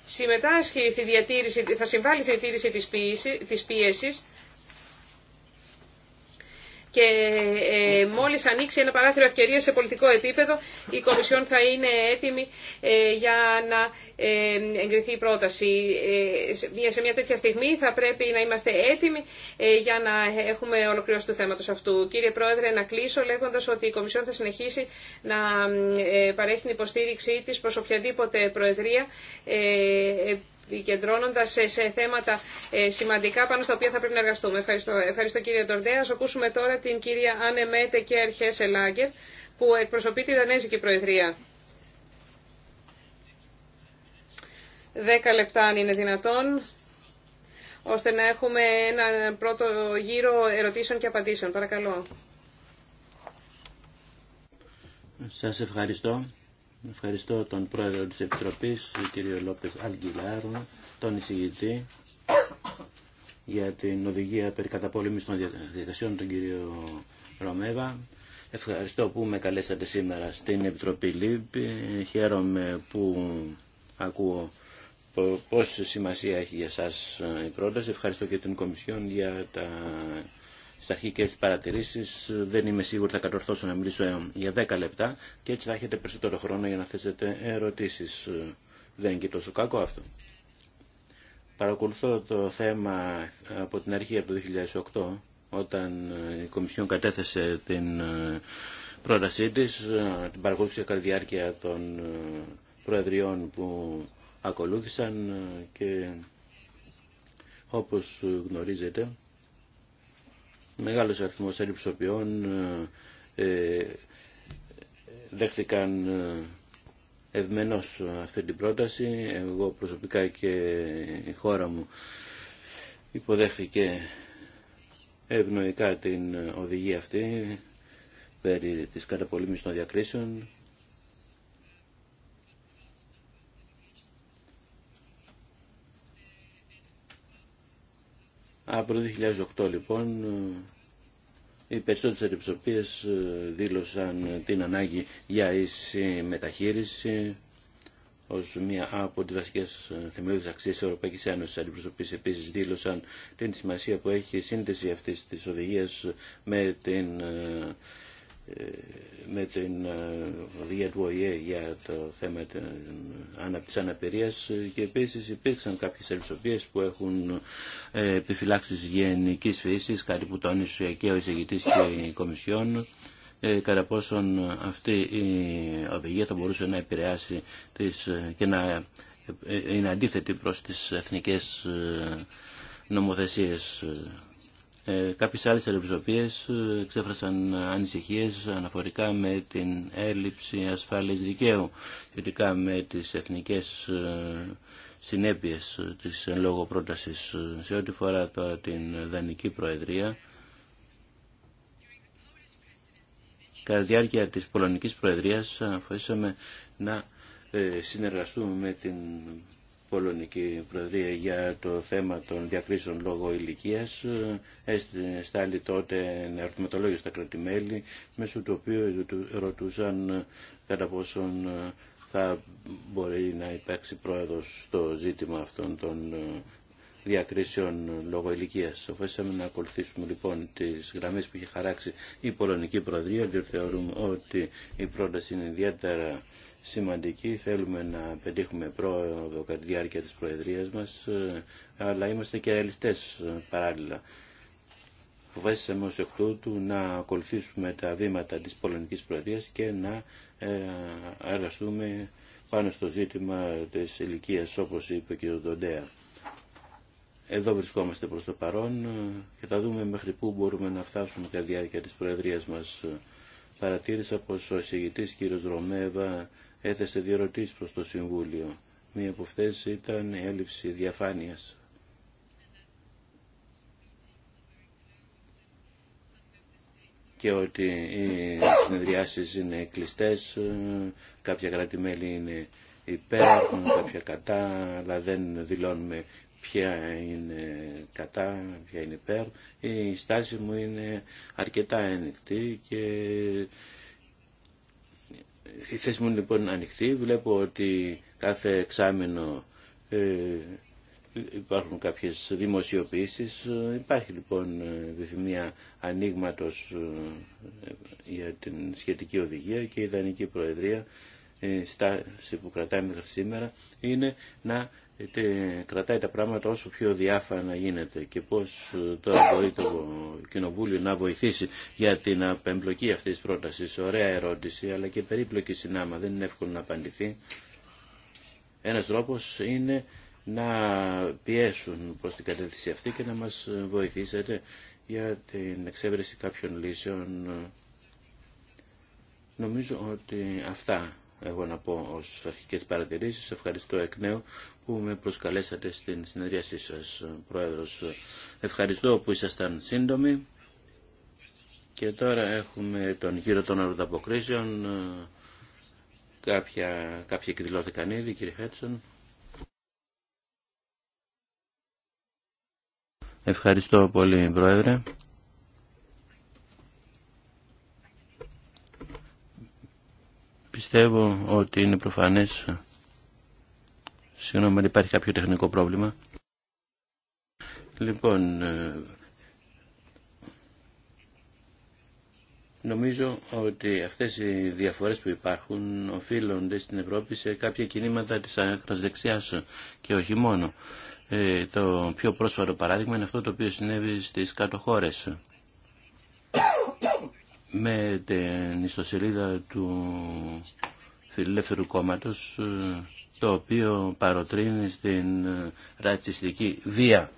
συμμετάσχει στη διατήρηση, θα συμβάλλει στη διατήρηση της, πίεσης, της πίεσης και ε, μόλις ανοίξει ένα παράθυρο ευκαιρία σε πολιτικό επίπεδο η Κομισιόν θα είναι έτοιμη ε, για να ε, εγκριθεί η πρόταση. Σε μια τέτοια στιγμή θα πρέπει να είμαστε έτοιμοι για να έχουμε ολοκληρώσει το θέμα του αυτού. Κύριε Πρόεδρε, να κλείσω λέγοντας ότι η Κομισιόν θα συνεχίσει να παρέχει την υποστήριξή της προς οποιαδήποτε Προεδρία κεντρώνοντα σε θέματα ε, σημαντικά πάνω στα οποία θα πρέπει να εργαστούμε. Ευχαριστώ, Ευχαριστώ κύριε Ντορντέα. ακούσουμε τώρα την κυρία Άνε Μέτε και Αρχέ που εκπροσωπεί τη Δανέζικη Προεδρία. Δέκα λεπτά αν είναι δυνατόν, ώστε να έχουμε ένα πρώτο γύρο ερωτήσεων και απαντήσεων. Παρακαλώ. Σας ευχαριστώ. Ευχαριστώ τον πρόεδρο της Επιτροπής, τον κύριο Λόπες Αλγκυλάρου, τον εισηγητή για την οδηγία περί καταπολέμησης των διαδικασιών, τον κύριο Ρωμέβα. Ευχαριστώ που με καλέσατε σήμερα στην Επιτροπή ΛΥΠ. Χαίρομαι που ακούω πόση σημασία έχει για σας η πρόταση. Ευχαριστώ και την Κομισιόν για τα στις αρχικέ παρατηρήσει, ε, δεν είμαι ότι θα κατορθώσω να μιλήσω ε, για 10 λεπτά και έτσι θα έχετε περισσότερο χρόνο για να θέσετε ερωτήσεις. Ε, δεν είναι και τόσο κακό αυτό. Παρακολουθώ το θέμα από την αρχή από το 2008 όταν η Κομισιόν κατέθεσε την πρότασή της, την παρακολούθησε κατά των προεδριών που ακολούθησαν και όπως γνωρίζετε μεγάλος αριθμός ανυψοποιών ε, ε δέχθηκαν ε, ευμενώς αυτή την πρόταση. Εγώ προσωπικά και η χώρα μου υποδέχθηκε ευνοϊκά την οδηγία αυτή περί της καταπολύμησης των διακρίσεων Από το 2008 λοιπόν ε, οι περισσότερες αντιπροσωπείες ε, δήλωσαν ε, την ανάγκη για ίση μεταχείριση ως μία από τις βασικές θεμελιώδεις αξίες της Ευρωπαϊκής Ένωσης. Αντιπροσωπείς επίσης δήλωσαν την σημασία που έχει η σύνδεση αυτής της οδηγίας με την ε, με την ε, οδηγία του ΟΗΕ για το θέμα ε, της αναπηρίας και επίσης υπήρξαν κάποιες ελισσοπίες που έχουν επιφυλάξεις γενικής φύσης, κάτι που τόνισε και ο εισηγητής και η Κομισιόν, κατά πόσον αυτή η οδηγία θα μπορούσε να επηρεάσει τις, και να είναι αντίθετη προς τις εθνικές νομοθεσίες ε, κάποιες άλλες ερωτησίες ε, εξέφρασαν ανησυχίες αναφορικά με την έλλειψη ασφάλειας δικαίου σχετικά με τις εθνικές ε, συνέπειες της εν λόγω πρότασης ε, σε ό,τι φορά τώρα την Δανική Προεδρία. Κατά τη διάρκεια της Πολωνικής Προεδρίας αφορήσαμε να συνεργαστούμε με την Πολωνική Προεδρία για το θέμα των διακρίσεων λόγω ηλικία. Στάλει τότε ένα ερωτηματολόγιο στα κρατημέλη, μέσω του οποίου ρωτούσαν κατά πόσον ε, θα μπορεί να υπάρξει πρόεδρος στο ζήτημα αυτών των ε, διακρίσεων λόγω ηλικία. Αποφασίσαμε να ακολουθήσουμε λοιπόν τι γραμμέ που είχε χαράξει η Πολωνική Προεδρία, διότι θεωρούμε ότι η πρόταση είναι ιδιαίτερα σημαντική. Θέλουμε να πετύχουμε πρόοδο κατά τη διάρκεια της Προεδρίας μας, ε, αλλά είμαστε και ρεαλιστές ε, παράλληλα. Φοβάσισαμε ως εκ τούτου να ακολουθήσουμε τα βήματα της Πολωνικής Προεδρίας και να ε, εργαστούμε πάνω στο ζήτημα της ηλικία όπως είπε ο κ. Δοντέα. Εδώ βρισκόμαστε προς το παρόν και θα δούμε μέχρι πού μπορούμε να φτάσουμε κατά τη διάρκεια της Προεδρίας μας. Παρατήρησα πως ο εισηγητής κ. Ρωμέβα έθεσε δύο ερωτήσει προς το Συμβούλιο. Μία από αυτέ ήταν η έλλειψη διαφάνειας. και ότι οι συνεδριάσεις είναι κλειστές, κάποια κράτη-μέλη είναι υπέρ, κάποια κατά, αλλά δεν δηλώνουμε ποια είναι κατά, ποια είναι υπέρ. Η στάση μου είναι αρκετά ένεκτη και η θέση μου λοιπόν είναι ανοιχτή. Βλέπω ότι κάθε εξάμεινο ε, υπάρχουν κάποιες δημοσιοποιήσεις. Υπάρχει λοιπόν επιθυμία ανοίγματο ε, για την σχετική οδηγία και η Ιδανική Προεδρία ε, η στάση που κρατάμε μέχρι σήμερα είναι να είτε κρατάει τα πράγματα όσο πιο διάφανα γίνεται και πώς ε, τώρα μπορεί το Κοινοβούλιο να βοηθήσει για την απεμπλοκή αυτής της πρότασης. Ωραία ερώτηση, αλλά και περίπλοκη συνάμα, δεν είναι εύκολο να απαντηθεί. Ένας τρόπος είναι να πιέσουν προς την κατεύθυνση αυτή και να μας βοηθήσετε για την εξέβρεση κάποιων λύσεων. Νομίζω ότι αυτά εγώ να πω ως αρχικές παρατηρήσεις. Ευχαριστώ εκ νέου που με προσκαλέσατε στην συνεδρίασή σας, Πρόεδρος. Ευχαριστώ που ήσασταν σύντομοι. Και τώρα έχουμε τον γύρο των ερωταποκρίσεων. Κάποια, κάποια εκδηλώθηκαν ήδη, κύριε Χέτσον. Ευχαριστώ πολύ, Πρόεδρε. Πιστεύω ότι είναι προφανές Συγγνώμη αν υπάρχει κάποιο τεχνικό πρόβλημα. Λοιπόν, ε, νομίζω ότι αυτές οι διαφορές που υπάρχουν οφείλονται στην Ευρώπη σε κάποια κινήματα της άκρας δεξιάς και όχι μόνο. Ε, το πιο πρόσφατο παράδειγμα είναι αυτό το οποίο συνέβη στις κάτω χώρες. με την ιστοσελίδα του Φιλελεύθερου Κόμματος ε, το οποίο παροτρύνει στην ε, ρατσιστική βία.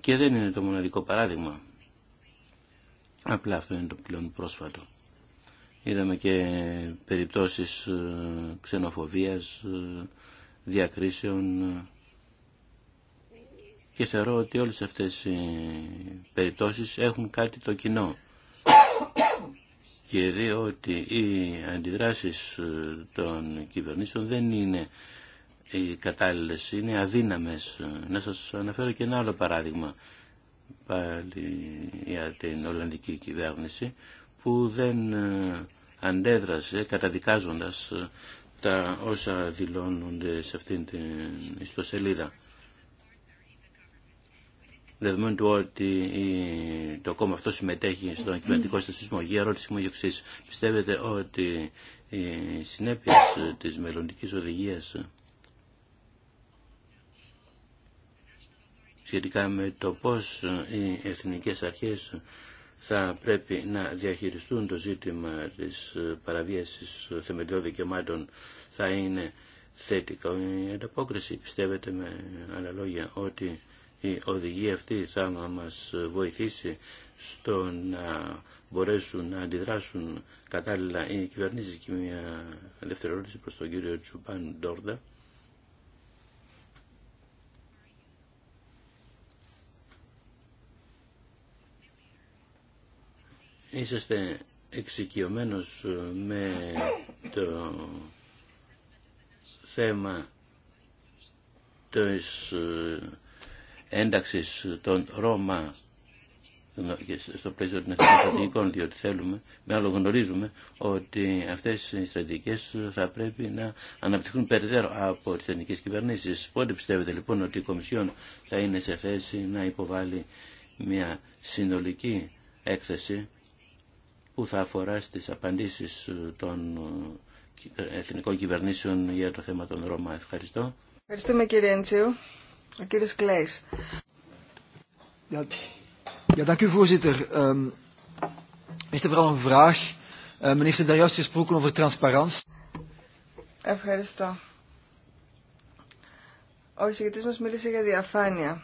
Και δεν είναι το μοναδικό παράδειγμα. Απλά αυτό είναι το πλέον πρόσφατο. Είδαμε και περιπτώσεις ε, ξενοφοβίας, ε, διακρίσεων και θεωρώ ότι όλες αυτές οι περιπτώσεις έχουν κάτι το κοινό. Και ότι οι αντιδράσεις ε, των κυβερνήσεων δεν είναι οι κατάλληλες, είναι αδύναμες. Ε, να σας αναφέρω και ένα άλλο παράδειγμα πάλι για την Ολλανδική κυβέρνηση που δεν ε, αντέδρασε καταδικάζοντας τα όσα δηλώνονται σε αυτήν την ιστοσελίδα δεδομένου ότι το κόμμα αυτό συμμετέχει στον κυβερνητικό στασισμό. για ερώτηση μου εξή. Πιστεύετε ότι οι συνέπειε τη μελλοντική οδηγία σχετικά με το πώς οι εθνικές αρχές θα πρέπει να διαχειριστούν το ζήτημα της παραβίασης θεμελιώδη δικαιωμάτων θα είναι θετικά η ανταπόκριση. Πιστεύετε με άλλα λόγια ότι η οδηγία αυτή θα μας βοηθήσει στο να μπορέσουν να αντιδράσουν κατάλληλα οι κυβερνήσεις και μια δεύτερη ερώτηση προς τον κύριο Τσουπάν Ντόρντα. Είσαστε εξοικειωμένος με το θέμα της Ένταξη των Ρώμα στο πλαίσιο των εθνικών στρατηγικών, διότι θέλουμε, με άλλο γνωρίζουμε ότι αυτές οι στρατηγικές θα πρέπει να αναπτυχθούν περαιτέρω από τις εθνικές κυβερνήσεις. Πότε πιστεύετε λοιπόν ότι η Κομισιόν θα είναι σε θέση να υποβάλει μια συνολική έκθεση που θα αφορά στις απαντήσεις των εθνικών κυβερνήσεων για το θέμα των Ρώμα. Ευχαριστώ. Ευχαριστούμε κύριε Εντσίου. Ο κύριος Κλέης. Ευχαριστώ. Ο εισηγητής μα μίλησε για διαφάνεια.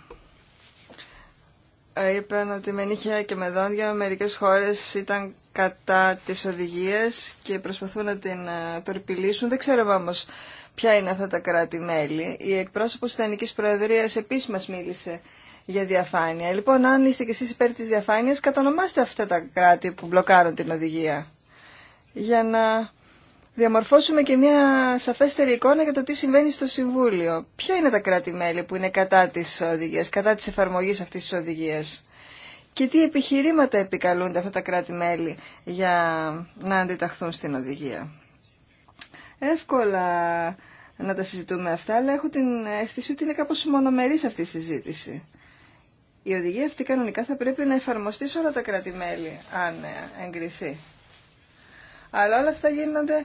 Ε, Είπαν ότι με νύχια και με δόντια Μερικέ χώρε ήταν κατά τις οδηγίες και προσπαθούν να την ε, τορπιλήσουν. Δεν ξέρω όμω ποια είναι αυτά τα κράτη-μέλη. Η εκπρόσωπος της Ιταλικής Προεδρίας επίσης μας μίλησε για διαφάνεια. Λοιπόν, αν είστε κι εσείς υπέρ της διαφάνειας, κατανομάστε αυτά τα κράτη που μπλοκάρουν την οδηγία. Για να διαμορφώσουμε και μια σαφέστερη εικόνα για το τι συμβαίνει στο Συμβούλιο. Ποια είναι τα κράτη-μέλη που είναι κατά της οδηγίας, κατά της εφαρμογής αυτής της οδηγίας και τι επιχειρήματα επικαλούνται αυτά τα κράτη-μέλη για να αντιταχθούν στην οδηγία. Εύκολα να τα συζητούμε αυτά, αλλά έχω την αίσθηση ότι είναι κάπως μονομερής αυτή η συζήτηση. Η οδηγία αυτή κανονικά θα πρέπει να εφαρμοστεί σε όλα τα κράτη-μέλη, αν εγκριθεί. Αλλά όλα αυτά γίνονται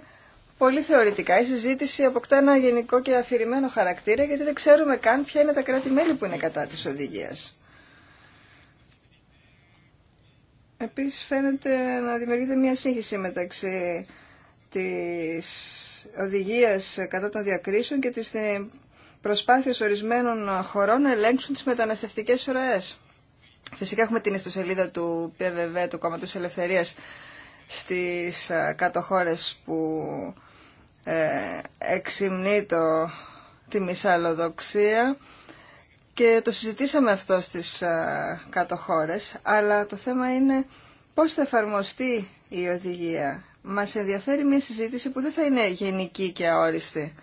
πολύ θεωρητικά. Η συζήτηση αποκτά ένα γενικό και αφηρημένο χαρακτήρα, γιατί δεν ξέρουμε καν ποια είναι τα κράτη-μέλη που είναι κατά της οδηγίας. Επίσης φαίνεται να δημιουργείται μια σύγχυση μεταξύ της οδηγίας κατά των διακρίσεων και της προσπάθειας ορισμένων χωρών να ελέγξουν τις μεταναστευτικές ροές. Φυσικά έχουμε την ιστοσελίδα του ΠΒΒ, του Κόμματος Ελευθερίας, στις ε, κάτω χώρες που ε, εξυμνεί το, τη μισαλοδοξία και το συζητήσαμε αυτό στις κάτω χώρες, αλλά το θέμα είναι πώς θα εφαρμοστεί η οδηγία. Μας ενδιαφέρει μια συζήτηση που δεν θα είναι γενική και αόριστη.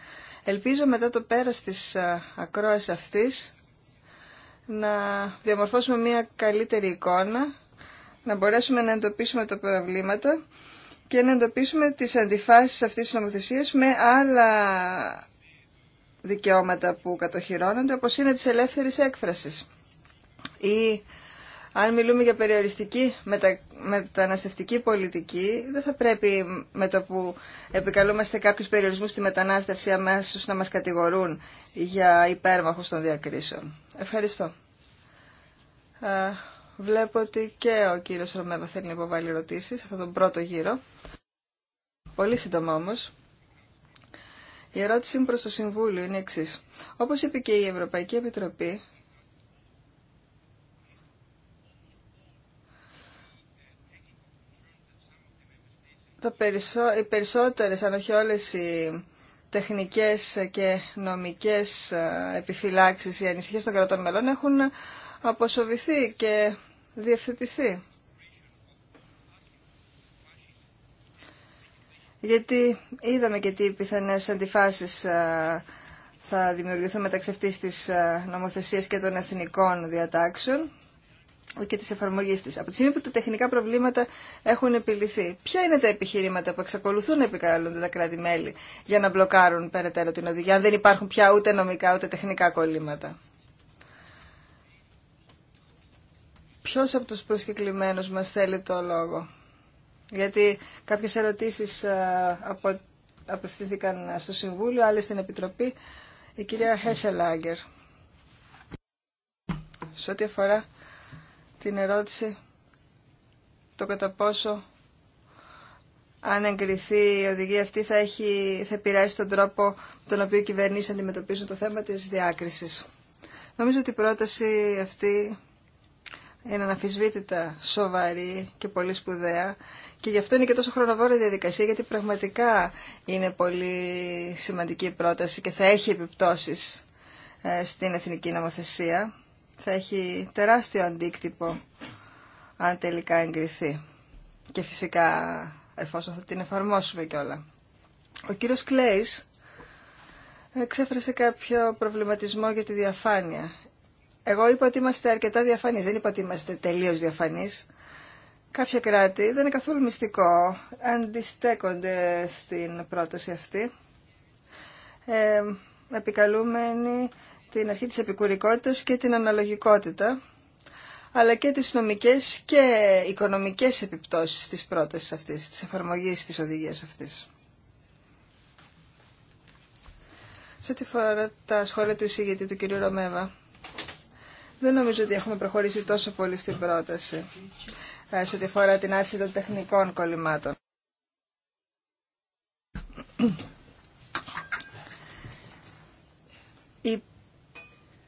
Ελπίζω μετά το πέρας της ακρόας αυτής να διαμορφώσουμε μια καλύτερη εικόνα, να μπορέσουμε να εντοπίσουμε τα προβλήματα και να εντοπίσουμε τις αντιφάσεις αυτής της νομοθεσίας με άλλα δικαιώματα που κατοχυρώνονται, όπως είναι της ελεύθερης έκφρασης. Ή αν μιλούμε για περιοριστική μετα... μεταναστευτική πολιτική, δεν θα πρέπει με το που επικαλούμαστε κάποιους περιορισμούς στη μετανάστευση αμέσως να μας κατηγορούν για υπέρμαχους των διακρίσεων. Ευχαριστώ. Βλέπω ότι και ο κύριος Ρωμέβα θέλει να υποβάλει ερωτήσεις σε αυτόν τον πρώτο γύρο. Πολύ σύντομα όμως. Η ερώτησή μου προς το Συμβούλιο είναι εξή. Όπως είπε και η Ευρωπαϊκή Επιτροπή, το οι περισσότερες, αν όχι όλες οι τεχνικές και νομικές ε, επιφυλάξεις, οι ανησυχίες των κρατών μελών έχουν αποσοβηθεί και διευθετηθεί. γιατί είδαμε και τι πιθανές αντιφάσεις ε, θα δημιουργηθούν μεταξύ αυτής της ε, νομοθεσίας και των εθνικών διατάξεων και της εφαρμογής της. Από τη στιγμή που τα τεχνικά προβλήματα έχουν επιληθεί, ποια είναι τα επιχειρήματα που εξακολουθούν να επικαλούνται τα κράτη-μέλη για να μπλοκάρουν περαιτέρω την οδηγία, αν δεν υπάρχουν πια ούτε νομικά ούτε τεχνικά κολλήματα. Ποιος από τους προσκεκλημένους μας θέλει το λόγο γιατί κάποιες ερωτήσεις ε, απο... απευθύνθηκαν στο Συμβούλιο, άλλες στην Επιτροπή. Η κυρία Χέσελάγκερ, σε ό,τι αφορά την ερώτηση το κατά πόσο αν εγκριθεί η οδηγία αυτή θα, έχει, θα τον τρόπο τον οποίο οι κυβερνήσεις αντιμετωπίζουν το θέμα της διάκρισης. Νομίζω ότι η πρόταση αυτή είναι αναφυσβήτητα σοβαρή και πολύ σπουδαία και γι' αυτό είναι και τόσο χρονοβόρη διαδικασία, γιατί πραγματικά είναι πολύ σημαντική η πρόταση και θα έχει επιπτώσεις ε, στην εθνική νομοθεσία. Θα έχει τεράστιο αντίκτυπο αν τελικά εγκριθεί. Και φυσικά εφόσον θα την εφαρμόσουμε κιόλα. Ο κύριος Κλέης εξέφρασε κάποιο προβληματισμό για τη διαφάνεια. Εγώ είπα ότι είμαστε αρκετά διαφανείς, δεν είπα ότι είμαστε τελείως διαφανείς. Κάποια κράτη, δεν είναι καθόλου μυστικό, αντιστέκονται στην πρόταση αυτή, ε, επικαλούμενοι την αρχή της επικουρικότητας και την αναλογικότητα, αλλά και τις νομικές και οικονομικές επιπτώσεις της πρότασης αυτής, της εφαρμογής της οδηγίας αυτής. Σε ό,τι φορά τα σχόλια του εισηγητή του κ. Ρωμέβα, δεν νομίζω ότι έχουμε προχωρήσει τόσο πολύ στην πρόταση. Ε, σε ό,τι φορά την άρση των τεχνικών κολλημάτων.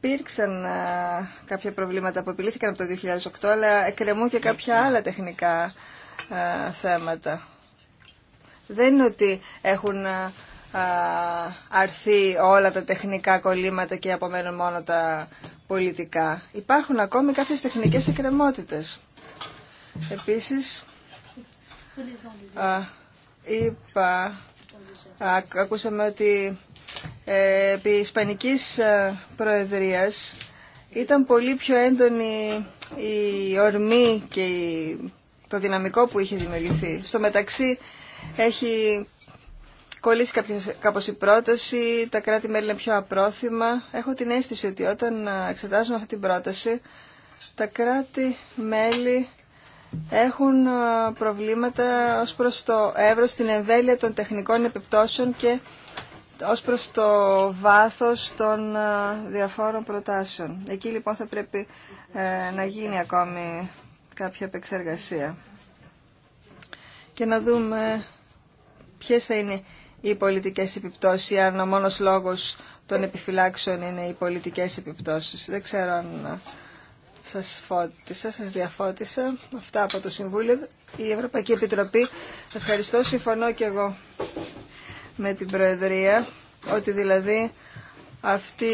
Υπήρξαν ε, κάποια προβλήματα που επιλύθηκαν από το 2008, αλλά εκκρεμούν και κάποια άλλα τεχνικά ε, θέματα. Δεν είναι ότι έχουν αρθεί όλα τα τεχνικά κολλήματα και απομένουν μόνο τα πολιτικά. Υπάρχουν ακόμη κάποιες τεχνικές εκκρεμότητες. Επίσης, είπα, ακούσαμε ότι ε, επί Ισπανικής ε, Προεδρίας ήταν πολύ πιο έντονη η ορμή και το δυναμικό που είχε δημιουργηθεί. Στο μεταξύ έχει κολλήσει κάπως η πρόταση, τα κράτη-μέλη είναι πιο απρόθυμα. Έχω την αίσθηση ότι όταν ε, εξετάζουμε αυτή την πρόταση, τα κράτη-μέλη έχουν ε, προβλήματα ως προς το εύρος, την εμβέλεια των τεχνικών επιπτώσεων και ως προς το βάθος των ε, διαφόρων προτάσεων. Εκεί λοιπόν θα πρέπει ε, να γίνει ακόμη κάποια επεξεργασία και να δούμε ποιες θα είναι οι πολιτικές επιπτώσεις, αν ο μόνος λόγος των επιφυλάξεων είναι οι πολιτικές επιπτώσεις. Δεν ξέρω αν σας φώτισα, σας διαφώτισα αυτά από το Συμβούλιο. Η Ευρωπαϊκή Επιτροπή, ευχαριστώ, συμφωνώ και εγώ με την Προεδρία, ότι δηλαδή αυτή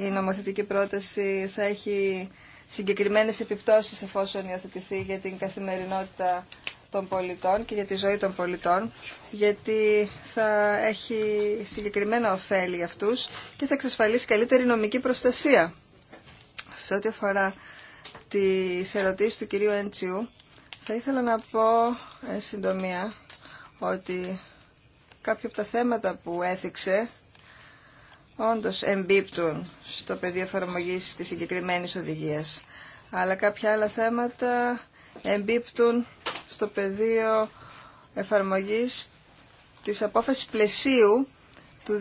η νομοθετική πρόταση θα έχει συγκεκριμένες επιπτώσεις εφόσον υιοθετηθεί για την καθημερινότητα των πολιτών και για τη ζωή των πολιτών, γιατί θα έχει συγκεκριμένα ωφέλη για αυτούς και θα εξασφαλίσει καλύτερη νομική προστασία. Σε ό,τι αφορά τι ερωτήσει του κυρίου Έντσιου, θα ήθελα να πω εν συντομία ότι κάποια από τα θέματα που έθιξε όντως εμπίπτουν στο πεδίο εφαρμογή της συγκεκριμένη οδηγίας. Αλλά κάποια άλλα θέματα εμπίπτουν στο πεδίο εφαρμογής της απόφασης πλαισίου του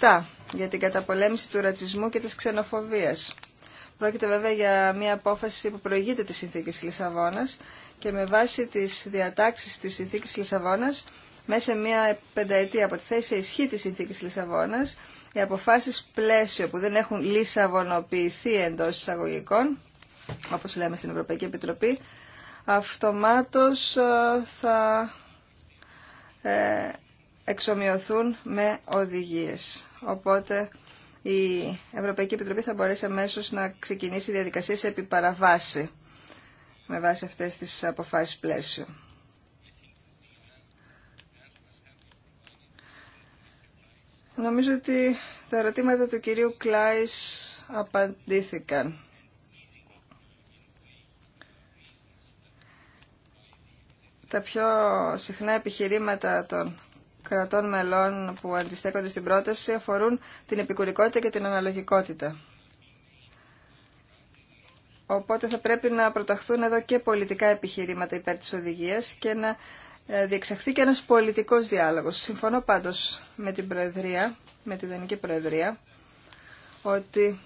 2007 για την καταπολέμηση του ρατσισμού και της ξενοφοβίας. Πρόκειται βέβαια για μια απόφαση που προηγείται τη συνθήκη Λισαβόνα και με βάση τι διατάξει τη συνθήκη Λισαβόνα, μέσα σε μια πενταετία από τη θέση ισχύ τη συνθήκη Λισαβόνα, οι αποφάσει πλαίσιο που δεν έχουν λισαβονοποιηθεί εντό εισαγωγικών, όπω λέμε στην Ευρωπαϊκή Επιτροπή, αυτομάτω ε, θα ε, εξομοιωθούν με οδηγίες. Οπότε η Ευρωπαϊκή Επιτροπή θα μπορέσει αμέσω να ξεκινήσει διαδικασίε επί παραβάση με βάση αυτές τις αποφάσεις πλαίσιο. Νομίζω ότι τα ερωτήματα του κυρίου Κλάης απαντήθηκαν. Τα πιο συχνά επιχειρήματα των κρατών μελών που αντιστέκονται στην πρόταση αφορούν την επικουρικότητα και την αναλογικότητα. Οπότε θα πρέπει να προταχθούν εδώ και πολιτικά επιχειρήματα υπέρ της οδηγίας και να ε, διεξαχθεί και ένας πολιτικός διάλογος. Συμφωνώ πάντως με την Προεδρία, με τη Δανική Προεδρία, ότι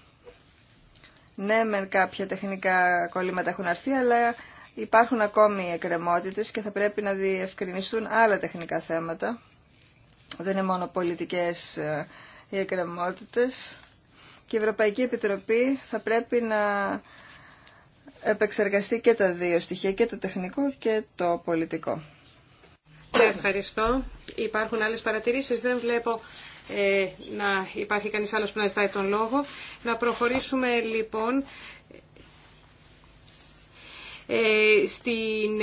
ναι με κάποια τεχνικά κολλήματα έχουν αρθεί, αλλά υπάρχουν ακόμη εκκρεμότητες και θα πρέπει να διευκρινιστούν άλλα τεχνικά θέματα δεν είναι μόνο πολιτικές ε, οι εκκρεμότητες. Και η Ευρωπαϊκή Επιτροπή θα πρέπει να επεξεργαστεί και τα δύο στοιχεία, και το τεχνικό και το πολιτικό. Ε, ευχαριστώ. Υπάρχουν άλλες παρατηρήσεις. Δεν βλέπω ε, να υπάρχει κανείς άλλος που να ζητάει τον λόγο. Να προχωρήσουμε λοιπόν στην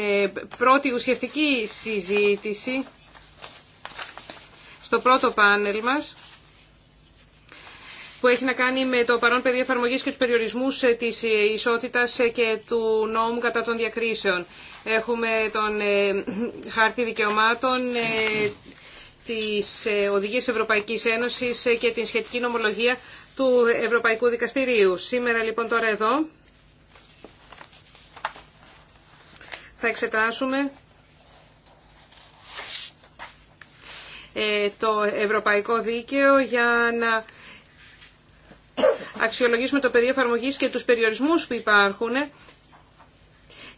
πρώτη ουσιαστική συζήτηση στο πρώτο πάνελ μας που έχει να κάνει με το παρόν πεδίο εφαρμογή και του περιορισμούς ε, της ε, ισότητας ε, και του νόμου κατά των διακρίσεων. Έχουμε τον χάρτη δικαιωμάτων της Οδηγίας Ευρωπαϊκής Ένωσης και την σχετική νομολογία του Ευρωπαϊκού Δικαστηρίου. Σήμερα λοιπόν τώρα εδώ θα εξετάσουμε Ε, το ευρωπαϊκό δίκαιο για να αξιολογήσουμε το πεδίο εφαρμογή και τους περιορισμούς που υπάρχουν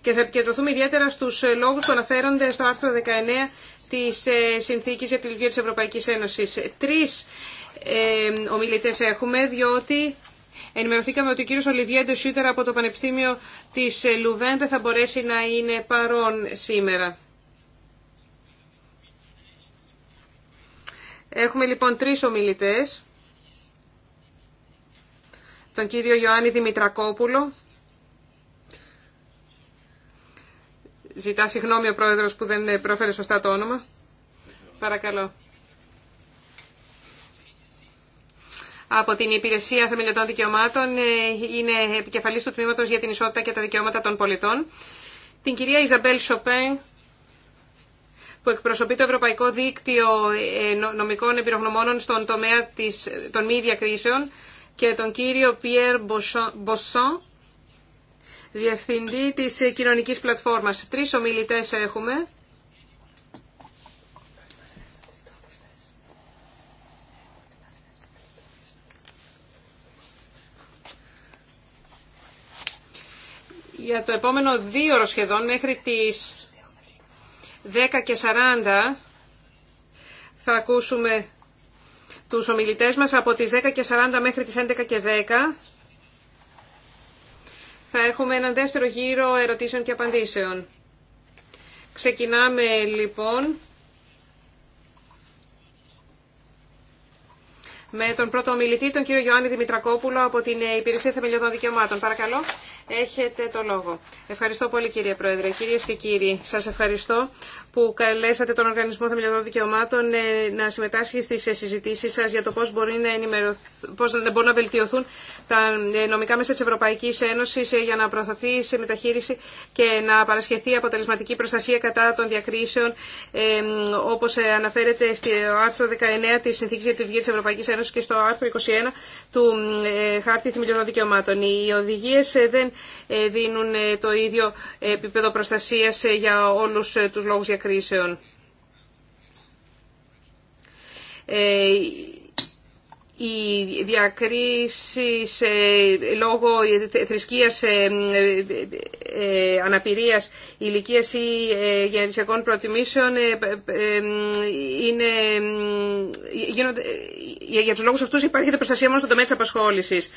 και θα επικεντρωθούμε ιδιαίτερα στους λόγους που αναφέρονται στο άρθρο 19 της ε, Συνθήκης για τη Λειτουργία της Ευρωπαϊκής Ένωσης. Τρεις ε, ομιλητές έχουμε, διότι ενημερωθήκαμε ότι ο κύριος Ολιβιέντε Σούτερ από το Πανεπιστήμιο της Λουβέντε θα μπορέσει να είναι παρόν σήμερα. Έχουμε λοιπόν τρεις ομιλητές. Τον κύριο Ιωάννη Δημητρακόπουλο. Ζητά συγγνώμη ο πρόεδρος που δεν πρόφερε σωστά το όνομα. Παρακαλώ. από την Υπηρεσία Θεμελιωτών Δικαιωμάτων, ε, είναι επικεφαλής του Τμήματος για την Ισότητα και τα Δικαιώματα των Πολιτών. Την κυρία Ιζαμπέλ Σοπέν, που εκπροσωπεί το Ευρωπαϊκό Δίκτυο ε, Νομικών Επιρογνωμόνων στον τομέα της, των μη διακρίσεων και τον κύριο Πιέρ Μποσσόν, Διευθυντή της Κοινωνικής Πλατφόρμας. Τρεις ομιλητές έχουμε. για το επόμενο δύο ώρο σχεδόν μέχρι τις 10 και 40 θα ακούσουμε τους ομιλητές μας από τις 10 και 40 μέχρι τις 11 και 10. Θα έχουμε έναν δεύτερο γύρο ερωτήσεων και απαντήσεων. Ξεκινάμε λοιπόν με τον πρώτο ομιλητή, τον κύριο Γιωάννη Δημητρακόπουλο από την ε, Υπηρεσία Θεμελιωδών Δικαιωμάτων. Παρακαλώ, έχετε το λόγο. Ευχαριστώ πολύ κύριε Πρόεδρε. Κυρίες και κύριοι, σας ευχαριστώ που καλέσατε τον Οργανισμό Θεμελιωδών Δικαιωμάτων ε, να συμμετάσχει στις ε, συζητήσεις σας για το πώς, μπορεί να πώς μπορούν να βελτιωθούν τα ε, νομικά μέσα της Ευρωπαϊκής Ένωσης για να προωθηθεί σε μεταχείριση και να παρασχεθεί αποτελεσματική προστασία κατά των διακρίσεων όπως αναφέρεται στο άρθρο 19 της Συνθήκης για τη Λειτουργία της Ευρωπαϊκής Ένωσης και στο άρθρο 21 του Χάρτη Θεμελιωδών Δικαιωμάτων. Οι οδηγίες δεν δίνουν το ίδιο επίπεδο προστασίας για όλους τους λόγους διακρίσεων ε, οι διακρίσεις ε, λόγω θρησκείας, ε, αναπηρίας, ηλικίας ή γενετικών προτιμήσεων είναι, για τους λόγους αυτούς υπάρχει προστασία μόνο στον τομέα της απασχόλησης.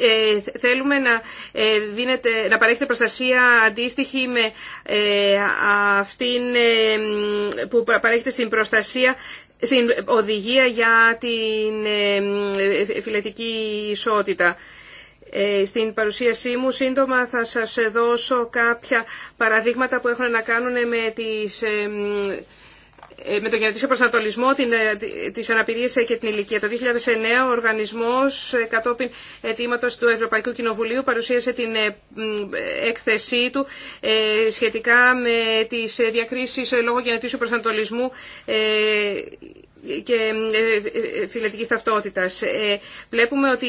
Ε, θέλουμε να, ε, δίνετε, να παρέχετε προστασία αντίστοιχη με ε, αυτήν που παρέχεται στην προστασία στην οδηγία για την φυλετική ισότητα. Στην παρουσίασή μου σύντομα θα σας δώσω κάποια παραδείγματα που έχουν να κάνουν με τις ε, με τον γενετήσιο προσανατολισμό, την, ε, τις αναπηρίες ε, και την ηλικία. Το 2009 ο οργανισμός κατόπιν αιτήματος του Ευρωπαϊκού Κοινοβουλίου παρουσίασε την έκθεσή του σχετικά με τις διακρίσεις λόγω γενετήσιου προσανατολισμού και ε, ε, φυλετικής ταυτότητας. Ε, βλέπουμε ότι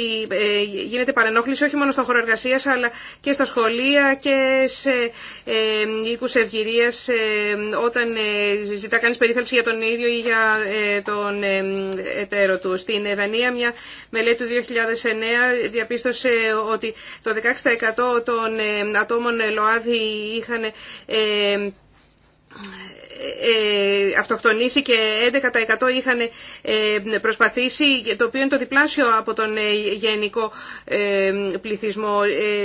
γίνεται παρενόχληση όχι μόνο στον χώρο εργασία, αλλά και στα σχολεία και σε οίκους ευγυρίας όταν ζητά κανείς περίθαλψη για τον ίδιο ή για τον εταίρο του. Στην Δανία μια μελέτη του 2009 διαπίστωσε ότι το 16% των ατόμων ΛΟΑΔΗ είχαν ε, αυτοκτονήσει και 11% είχαν ε, προσπαθήσει, το οποίο είναι το διπλάσιο από τον ε, γενικό πληθυσμό.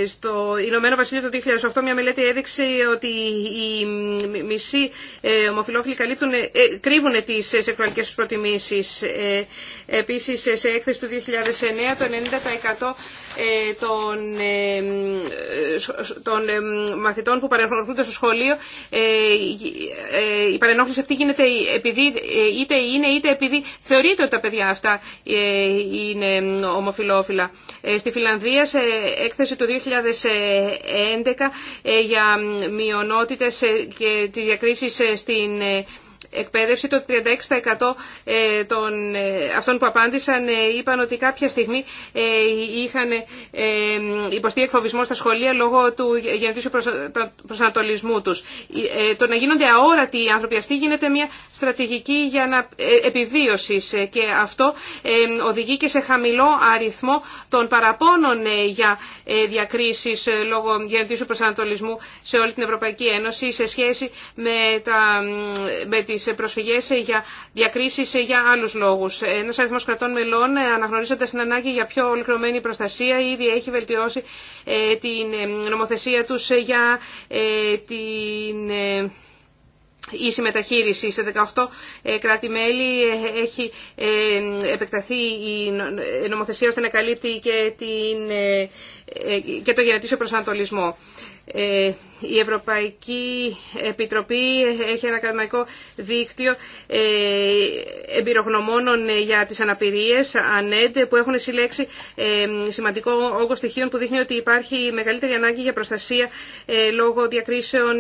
Στο Ηνωμένο Βασίλειο το 2008 μια μελέτη έδειξε ότι οι μισοί ομοφυλόφιλοι καλύπτουν, κρύβουν τις σεξουαλικές τους προτιμήσεις. Επίσης, σε έκθεση του 2009, το 90% ε, των ε, ε, μαθητών που παρενόχλησαν στο σχολείο. Η παρενόχληση αυτή γίνεται επειδή είτε είναι είτε επειδή θεωρείται ότι τα παιδιά αυτά είναι ομοφιλόφιλα. Στη Φιλανδία σε έκθεση του 2011 για μειονότητες και τις διακρίσεις στην εκπαίδευση. Το 36% ε, των ε, αυτών που απάντησαν ε, είπαν ότι κάποια στιγμή είχαν υποστεί εκφοβισμό στα σχολεία λόγω του γενετήσου προσανατολισμού τους. Το να γίνονται αόρατοι οι άνθρωποι αυτοί γίνεται μια στρατηγική για να επιβίωσης και αυτό οδηγεί και σε χαμηλό αριθμό των παραπώνων για διακρίσεις λόγω γενετήσου προσανατολισμού σε όλη την Ευρωπαϊκή Ένωση σε σχέση με, τα, τις προσφυγές για διακρίσεις για άλλους λόγους. Ένας αριθμός κρατών μελών, ε, αναγνωρίζοντας την ανάγκη για πιο ολοκληρωμένη προστασία, ήδη έχει βελτιώσει ε, την ε, νομοθεσία τους για την ίση μεταχείριση. Σε 18 κράτη-μέλη έχει επεκταθεί η νομοθεσία ώστε να καλύπτει και, την, και το γενετήσιο προσανατολισμό. Ε, η Ευρωπαϊκή Επιτροπή έχει ένα ακαδημαϊκό δίκτυο ε, εμπειρογνωμόνων για τις αναπηρίες, ΑΝΕΔ, που έχουν συλλέξει ε, σημαντικό όγκο στοιχείων που δείχνει ότι υπάρχει μεγαλύτερη ανάγκη για προστασία λόγω διακρίσεων,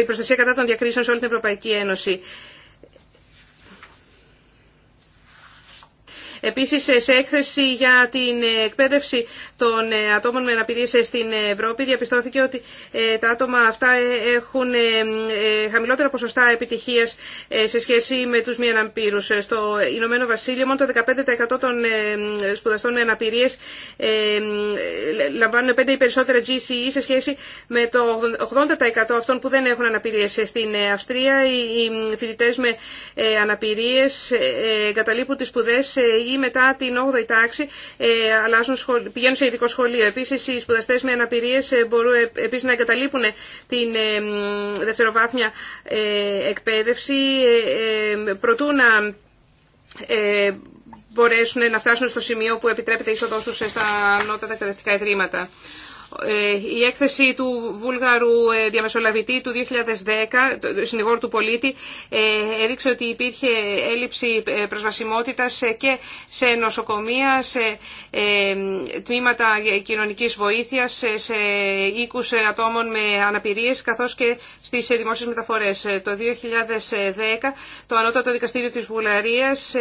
η προστασία κατά των διακρίσεων σε όλη την Ευρωπαϊκή Ένωση. Επίσης, σε έκθεση για την εκπαίδευση των ε, ατόμων με αναπηρίες ε, στην Ευρώπη διαπιστώθηκε ότι ε, τα άτομα αυτά έχουν χαμηλότερα ποσοστά επιτυχίας σε σχέση με τους μη αναπήρου. Στο Ηνωμένο Βασίλειο, μόνο το 15% των σπουδαστών με αναπηρίε, λαμβάνουν 5 ή περισσότερα GCE σε σχέση με το 80% αυτών που δεν έχουν αναπηρίε. Στην Αυστρία, οι φοιτητέ με αναπηρίε εγκαταλείπουν τις σπουδές μετα την 8 η ταξη αλλαζουν πηγαινουν σε ειδικο σχολειο επισης οι σπουδαστέ με αναπηριες μπορουν επισης να εγκαταλειπουν την δευτεροβαθμια εκπαιδευση προτου να μπορεσουν να φτασουν στο σημειο που επιτρεπεται η είσοδό τους στα ανώτατα εκπαιδευτικά ιδρύματα. Ε, η έκθεση του Βούλγαρου ε, διαμεσολαβητή του 2010, του συνηγόρου του πολίτη, ε, έδειξε ότι υπήρχε έλλειψη προσβασιμότητας και σε νοσοκομεία, σε τμήματα κοινωνικής βοήθειας, σε οίκους ατόμων με αναπηρίες, καθώς και στις δημόσιες μεταφορές. Το 2010 το Ανώτατο Δικαστήριο της Βουλαρίας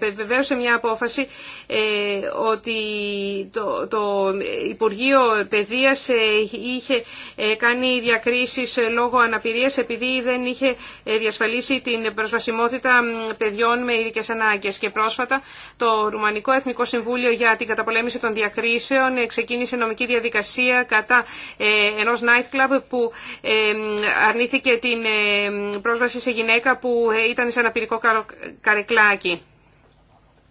επιβεβαίωσε μια απόφαση ότι το Υπουργείο Υπουργείο Παιδείας ε, είχε ε, κάνει διακρίσεις ε, λόγω αναπηρίας επειδή δεν είχε διασφαλίσει την προσβασιμότητα παιδιών με ειδικέ ανάγκες. Και πρόσφατα το Ρουμανικό Εθνικό Συμβούλιο για την καταπολέμηση των διακρίσεων ξεκίνησε νομική διαδικασία κατά ενός nightclub που αρνήθηκε την πρόσβαση σε γυναίκα που ήταν σε αναπηρικό καρεκλάκι.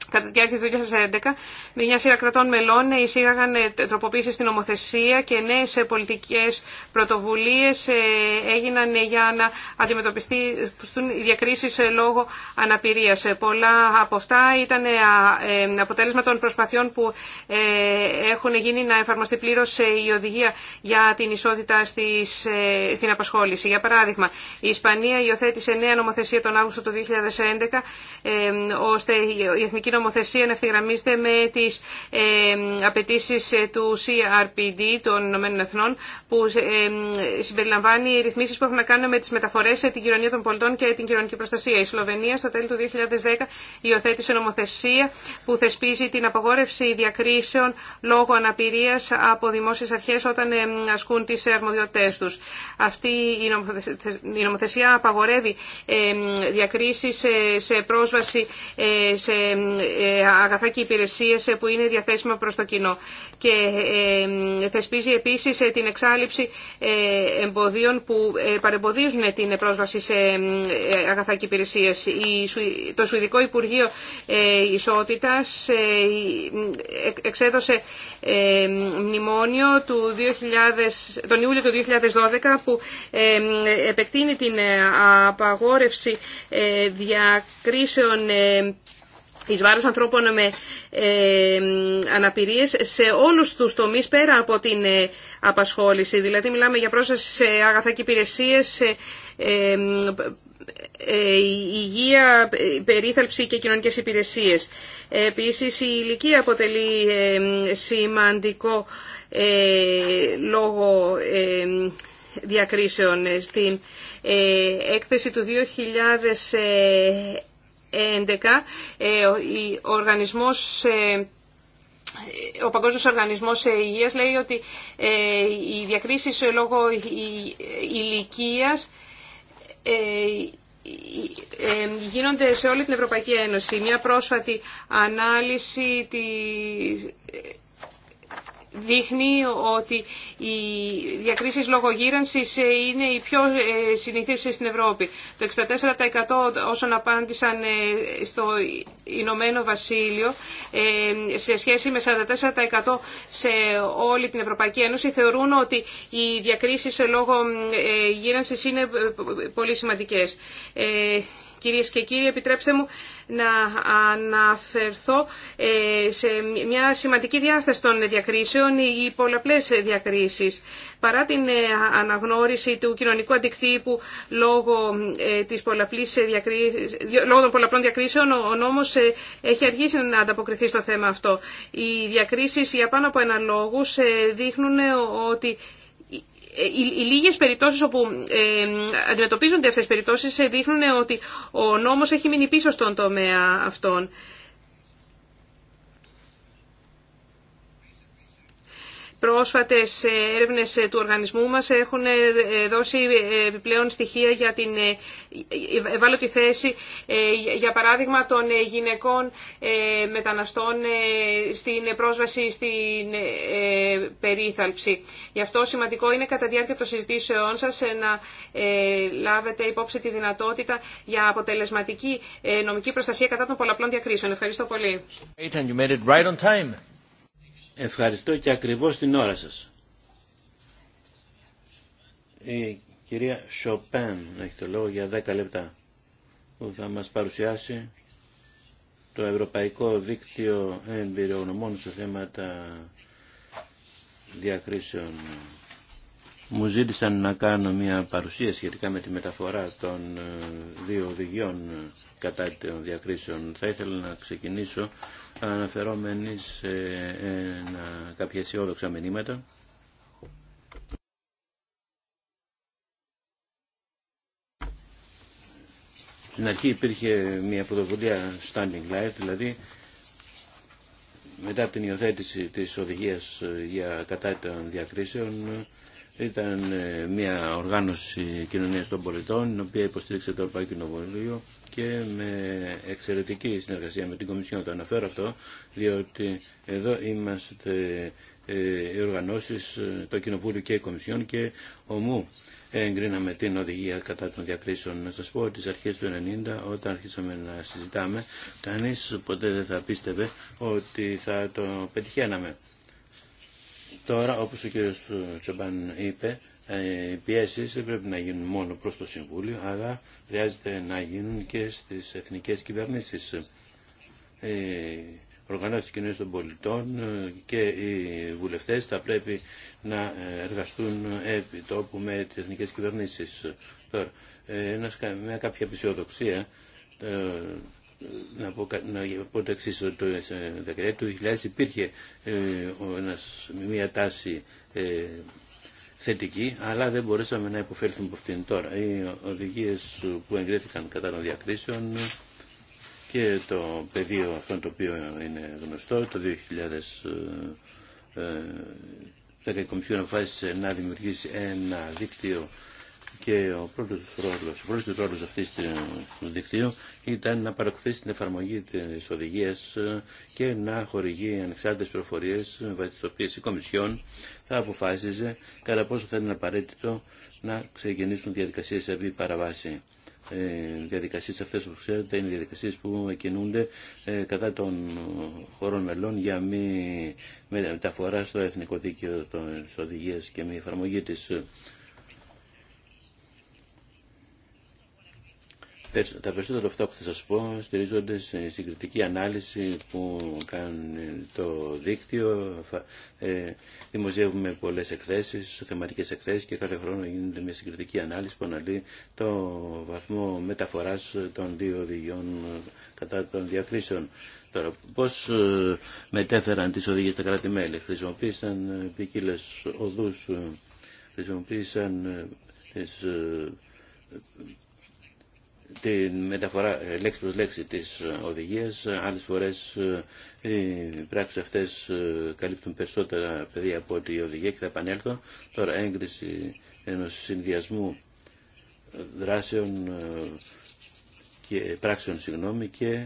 Κατά τη διάρκεια του 2011, μια σειρά κρατών μελών εισήγαγαν ε, τροποποίηση στην ομοθεσία και νέε πολιτικέ πρωτοβουλίε ε, έγιναν ε, για να αντιμετωπιστεί οι διακρίσει λόγω αναπηρία. Πολλά από αυτά ήταν αποτέλεσμα των προσπαθειών που έχουν γίνει να εφαρμοστεί πλήρω η οδηγία για την ισότητα στην απασχόληση. Για παράδειγμα, η Ισπανία υιοθέτησε νέα νομοθεσία τον Αύγουστο του 2011, ώστε η εθνική νομοθεσία να ευθυγραμμίζεται με τις ε, απαιτήσει ε, του CRPD των Ηνωμένων Εθνών που ε, συμπεριλαμβάνει ρυθμίσεις που έχουν να κάνουν με τις μεταφορές, την κοινωνία των πολιτών και την κοινωνική προστασία. Η Σλοβενία στο τέλο του 2010 υιοθέτησε νομοθεσία που θεσπίζει την απαγόρευση διακρίσεων λόγω αναπηρίας από δημόσιε αρχέ όταν ασκούν τι αρμοδιότητε του. Αυτή η νομοθεσία απαγορεύει διακρίσεις σε πρόσβαση σε ε, αγαθά και υπηρεσίες που είναι διαθέσιμα προς το κοινό. Και ε, θεσπίζει επίσης ε, την εξάλληψη εμποδίων που παρεμποδίζουν την πρόσβαση σε αγαθά και υπηρεσίες. Το Σουηδικό Υπουργείο Ισότητας εξέδωσε μνημόνιο του τον Ιούλιο του 2012 που επεκτείνει την απαγόρευση διακρίσεων εις βάρος ανθρώπων με ε, αναπηρίες σε όλους τους τομείς πέρα από την ε, απασχόληση. Δηλαδή μιλάμε για πρόσβαση σε αγαθά και υπηρεσίες, σε, ε, ε, υγεία, περίθαλψη και κοινωνικές υπηρεσίες. Επίσης η ηλικία αποτελεί σημαντικό λόγο διακρίσεων στην έκθεση του 2011 ο ε, οργανισμός ε, ο Παγκόσμιος Οργανισμός ε, Υγείας λέει ότι οι διακρίσεις λόγω ηλικίας γίνονται σε όλη την Ευρωπαϊκή Ένωση. Μια πρόσφατη ανάλυση δείχνει ότι οι διακρίσεις λόγω γύρανση ε, είναι οι πιο ε, συνηθίσεις στην Ευρώπη. Το 64% όσων απάντησαν ε, στο Ηνωμένο Βασίλειο σε σχέση με 44% σε όλη την Ευρωπαϊκή Ένωση θεωρούν ότι οι διακρίσεις λόγω γύρανσης είναι πολύ σημαντικές. Κυρίες και κύριοι, επιτρέψτε μου να αναφερθώ ε, σε μια σημαντική διάσταση των διακρίσεων, ή πολλαπλές διακρίσεις. Παρά την ε, αναγνώριση του κοινωνικού αντικτύπου λόγω, ε, της λόγω των πολλαπλών διακρίσεων, ο νόμος έχει αργήσει να ανταποκριθεί στο θέμα αυτό. Οι διακρίσεις για πάνω από ένα λόγους δείχνουν ότι ε, οι λίγε περιπτώσει όπου ε, αντιμετωπίζονται αυτές τι περιπτώσεις ε, δείχνουν ότι ο νόμος έχει μείνει πίσω στον τομέα αυτών. Πρόσφατες έρευνες του οργανισμού μας έχουν ε, ε, δώσει ε, επιπλέον στοιχεία για την ευάλωτη θέση, για παράδειγμα, των γυναικών μεταναστών στην πρόσβαση στην περίθαλψη. Γι' αυτό σημαντικό είναι κατά διάρκεια των συζητήσεών σας να λάβετε υπόψη τη δυνατότητα για αποτελεσματική νομική προστασία κατά των πολλαπλών διακρίσεων. Ευχαριστώ πολύ. Ευχαριστώ και ακριβώς την ώρα σας. Η κυρία Σοπέν έχει το λόγο για 10 λεπτά που θα μας παρουσιάσει το Ευρωπαϊκό Δίκτυο Εμπειρογνωμών σε θέματα διακρίσεων. Μου ζήτησαν να κάνω μια παρουσία σχετικά με τη μεταφορά των ε, δύο οδηγιών κατά των διακρίσεων. Θα ήθελα να ξεκινήσω αναφερόμενοι σε ε, ένα, κάποια αισιόδοξα μηνύματα. Στην αρχή υπήρχε μια πρωτοβουλία standing light, δηλαδή μετά την υιοθέτηση της οδηγίας ε, για κατά διακρίσεων ήταν ε, μια οργάνωση κοινωνίας των πολιτών, την οποία υποστήριξε το Ευρωπαϊκό Κοινοβούλιο και με εξαιρετική συνεργασία με την Κομισιόν. Το αναφέρω αυτό, διότι εδώ είμαστε ε, οι οργανώσεις, ε, το Κοινοβούλιο και η Κομισιόν και ομού εγκρίναμε την οδηγία κατά των διακρίσεων. Να σας πω ότι στις αρχές του 90 όταν αρχίσαμε να συζητάμε, κανείς ποτέ δεν θα πίστευε ότι θα το πετυχαίναμε. Τώρα, όπως ο κύριος ε, Τσομπάν είπε, ε, οι πιέσεις δεν πρέπει να γίνουν μόνο προς το Συμβούλιο, αλλά χρειάζεται να γίνουν και στις εθνικές κυβερνήσεις. Οι ε, οργανώσεις κοινωνίας των πολιτών και οι βουλευτές θα πρέπει να εργαστούν επί τόπου με τις εθνικές κυβερνήσεις. Τώρα, με κάποια επισιοδοξία, να πω, να πω το εξή το ε, του 2000 υπήρχε ε, μια τάση ε, θετική, αλλά δεν μπορέσαμε να υποφέρθουμε από αυτήν τώρα. Οι οδηγίες που εγκρίθηκαν κατά των διακρίσεων και το πεδίο αυτό το οποίο είναι γνωστό, το 2000 ε, η Κομισιόν αποφάσισε να δημιουργήσει ένα δίκτυο και ο πρώτος ρόλος, ο ρόλος αυτής του δικτύου ήταν να παρακολουθήσει την εφαρμογή της οδηγίας και να χορηγεί ανεξάρτητες πληροφορίε βάσει τις οποίε η Κομισιόν θα αποφάσιζε κατά πόσο θα είναι απαραίτητο να ξεκινήσουν διαδικασίες επί παραβάση. Οι ε, διαδικασίες αυτές που ξέρετε είναι διαδικασίες που κινούνται ε, κατά των χωρών μελών για μη μεταφορά στο εθνικό δίκαιο της οδηγίας και μη εφαρμογή τη. Τα περισσότερα αυτά που θα σας πω στηρίζονται σε συγκριτική ανάλυση που κάνει το δίκτυο. Ε, δημοσιεύουμε πολλές εκθέσεις, θεματικές εκθέσεις και κάθε χρόνο γίνεται μια συγκριτική ανάλυση που αναλύει το βαθμό μεταφοράς των δύο οδηγιών κατά των διακρίσεων. Τώρα, πώς ε, μετέφεραν τις οδηγίες τα κράτη-μέλη. Χρησιμοποίησαν ποικίλε οδούς, ε, χρησιμοποίησαν τις τη μεταφορά ε, λέξη προς λέξη της ε, οδηγίας. Άλλες φορές ε, οι πράξεις αυτές καλύπτουν περισσότερα παιδιά από ότι η οδηγία και θα επανέλθω. Τώρα έγκριση ενός συνδυασμού δράσεων και πράξεων συγγνώμη και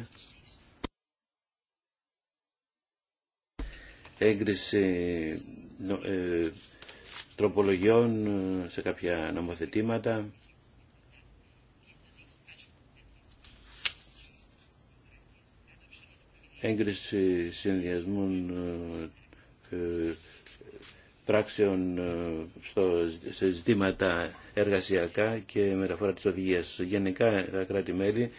έγκριση τροπολογιών σε κάποια νομοθετήματα έγκριση συνδυασμού ε, ε, πράξεων ε, σε ζητήματα εργασιακά και μεταφορά της οδηγίας. Γενικά τα κράτη-μέλη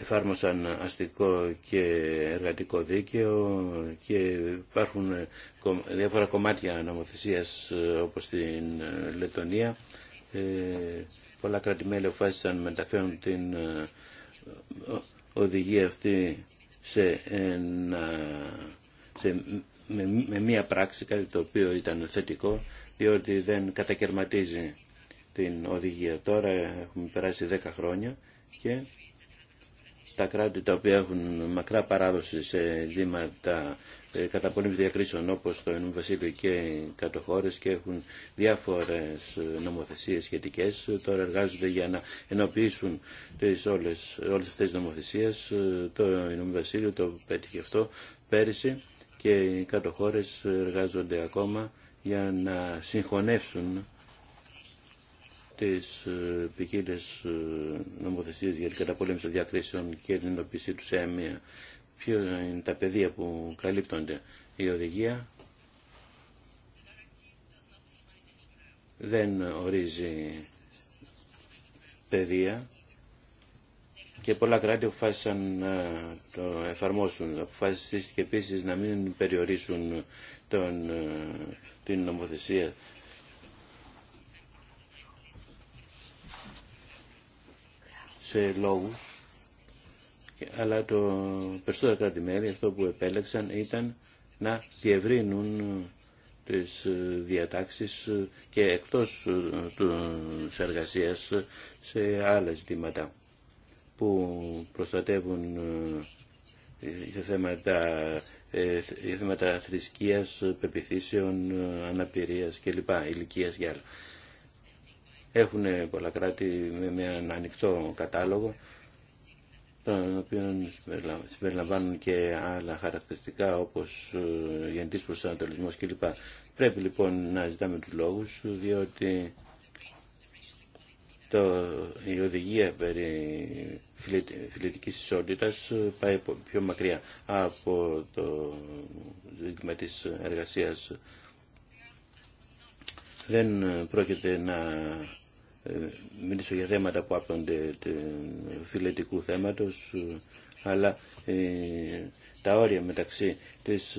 εφάρμοσαν αστικό και εργατικό δίκαιο και υπάρχουν διάφορα κομμάτια νομοθεσίας όπως στην Λετωνία. Πολλά κράτη-μέλη αποφάσισαν μεταφέρουν την οδηγία αυτή σε, με, μία πράξη, κάτι το οποίο ήταν θετικό, διότι δεν κατακαιρματίζει την οδηγία. Τώρα έχουμε περάσει 10 χρόνια και τα κράτη τα οποία έχουν μακρά παράδοση σε δήματα ε, καταπολέμηση διακρίσεων όπως το Ενού Βασίλειο και οι κατοχώρες και έχουν διάφορες ε, νομοθεσίες σχετικέ. Τώρα εργάζονται για να ενοποιήσουν όλε όλες, όλες αυτές τις νομοθεσίες. Ε, το Ενού Βασίλειο το πέτυχε αυτό πέρυσι και οι κατοχώρες εργάζονται ακόμα για να συγχωνεύσουν τις ποικίλε νομοθεσίες για την καταπολέμηση των διακρίσεων και την ενοποίησή του σε μια ποιο είναι τα πεδία που καλύπτονται. Η οδηγία δεν ορίζει πεδία και πολλά κράτη αποφάσισαν να το εφαρμόσουν. Αποφάσιστηκε επίσης να μην περιορίσουν τον, την νομοθεσία. σε λόγους αλλά το περισσότερα κράτη-μέλη αυτό που επέλεξαν ήταν να διευρύνουν ε, τις ε, διατάξεις ε, και εκτός της εργασίας σε άλλα ζητήματα που προστατεύουν για θέματα, για θέματα θρησκείας, πεπιθήσεων, αναπηρίας κλπ, ηλικίας για άλλα. Έχουν πολλά κράτη με έναν ανοιχτό κατάλογο των οποίων συμπεριλαμβάνουν και άλλα χαρακτηριστικά όπως ε, γεννητής προσανατολισμός κλπ. Πρέπει λοιπόν να ζητάμε τους λόγους, διότι το, η οδηγία περί φιλετικής ισότητας ε, πάει πιο μακριά από το ζήτημα της εργασίας. Δεν ε, πρόκειται να ε, μιλήσω για θέματα που άπτονται φιλετικού θέματος, ε, αλλά ε, τα όρια μεταξύ της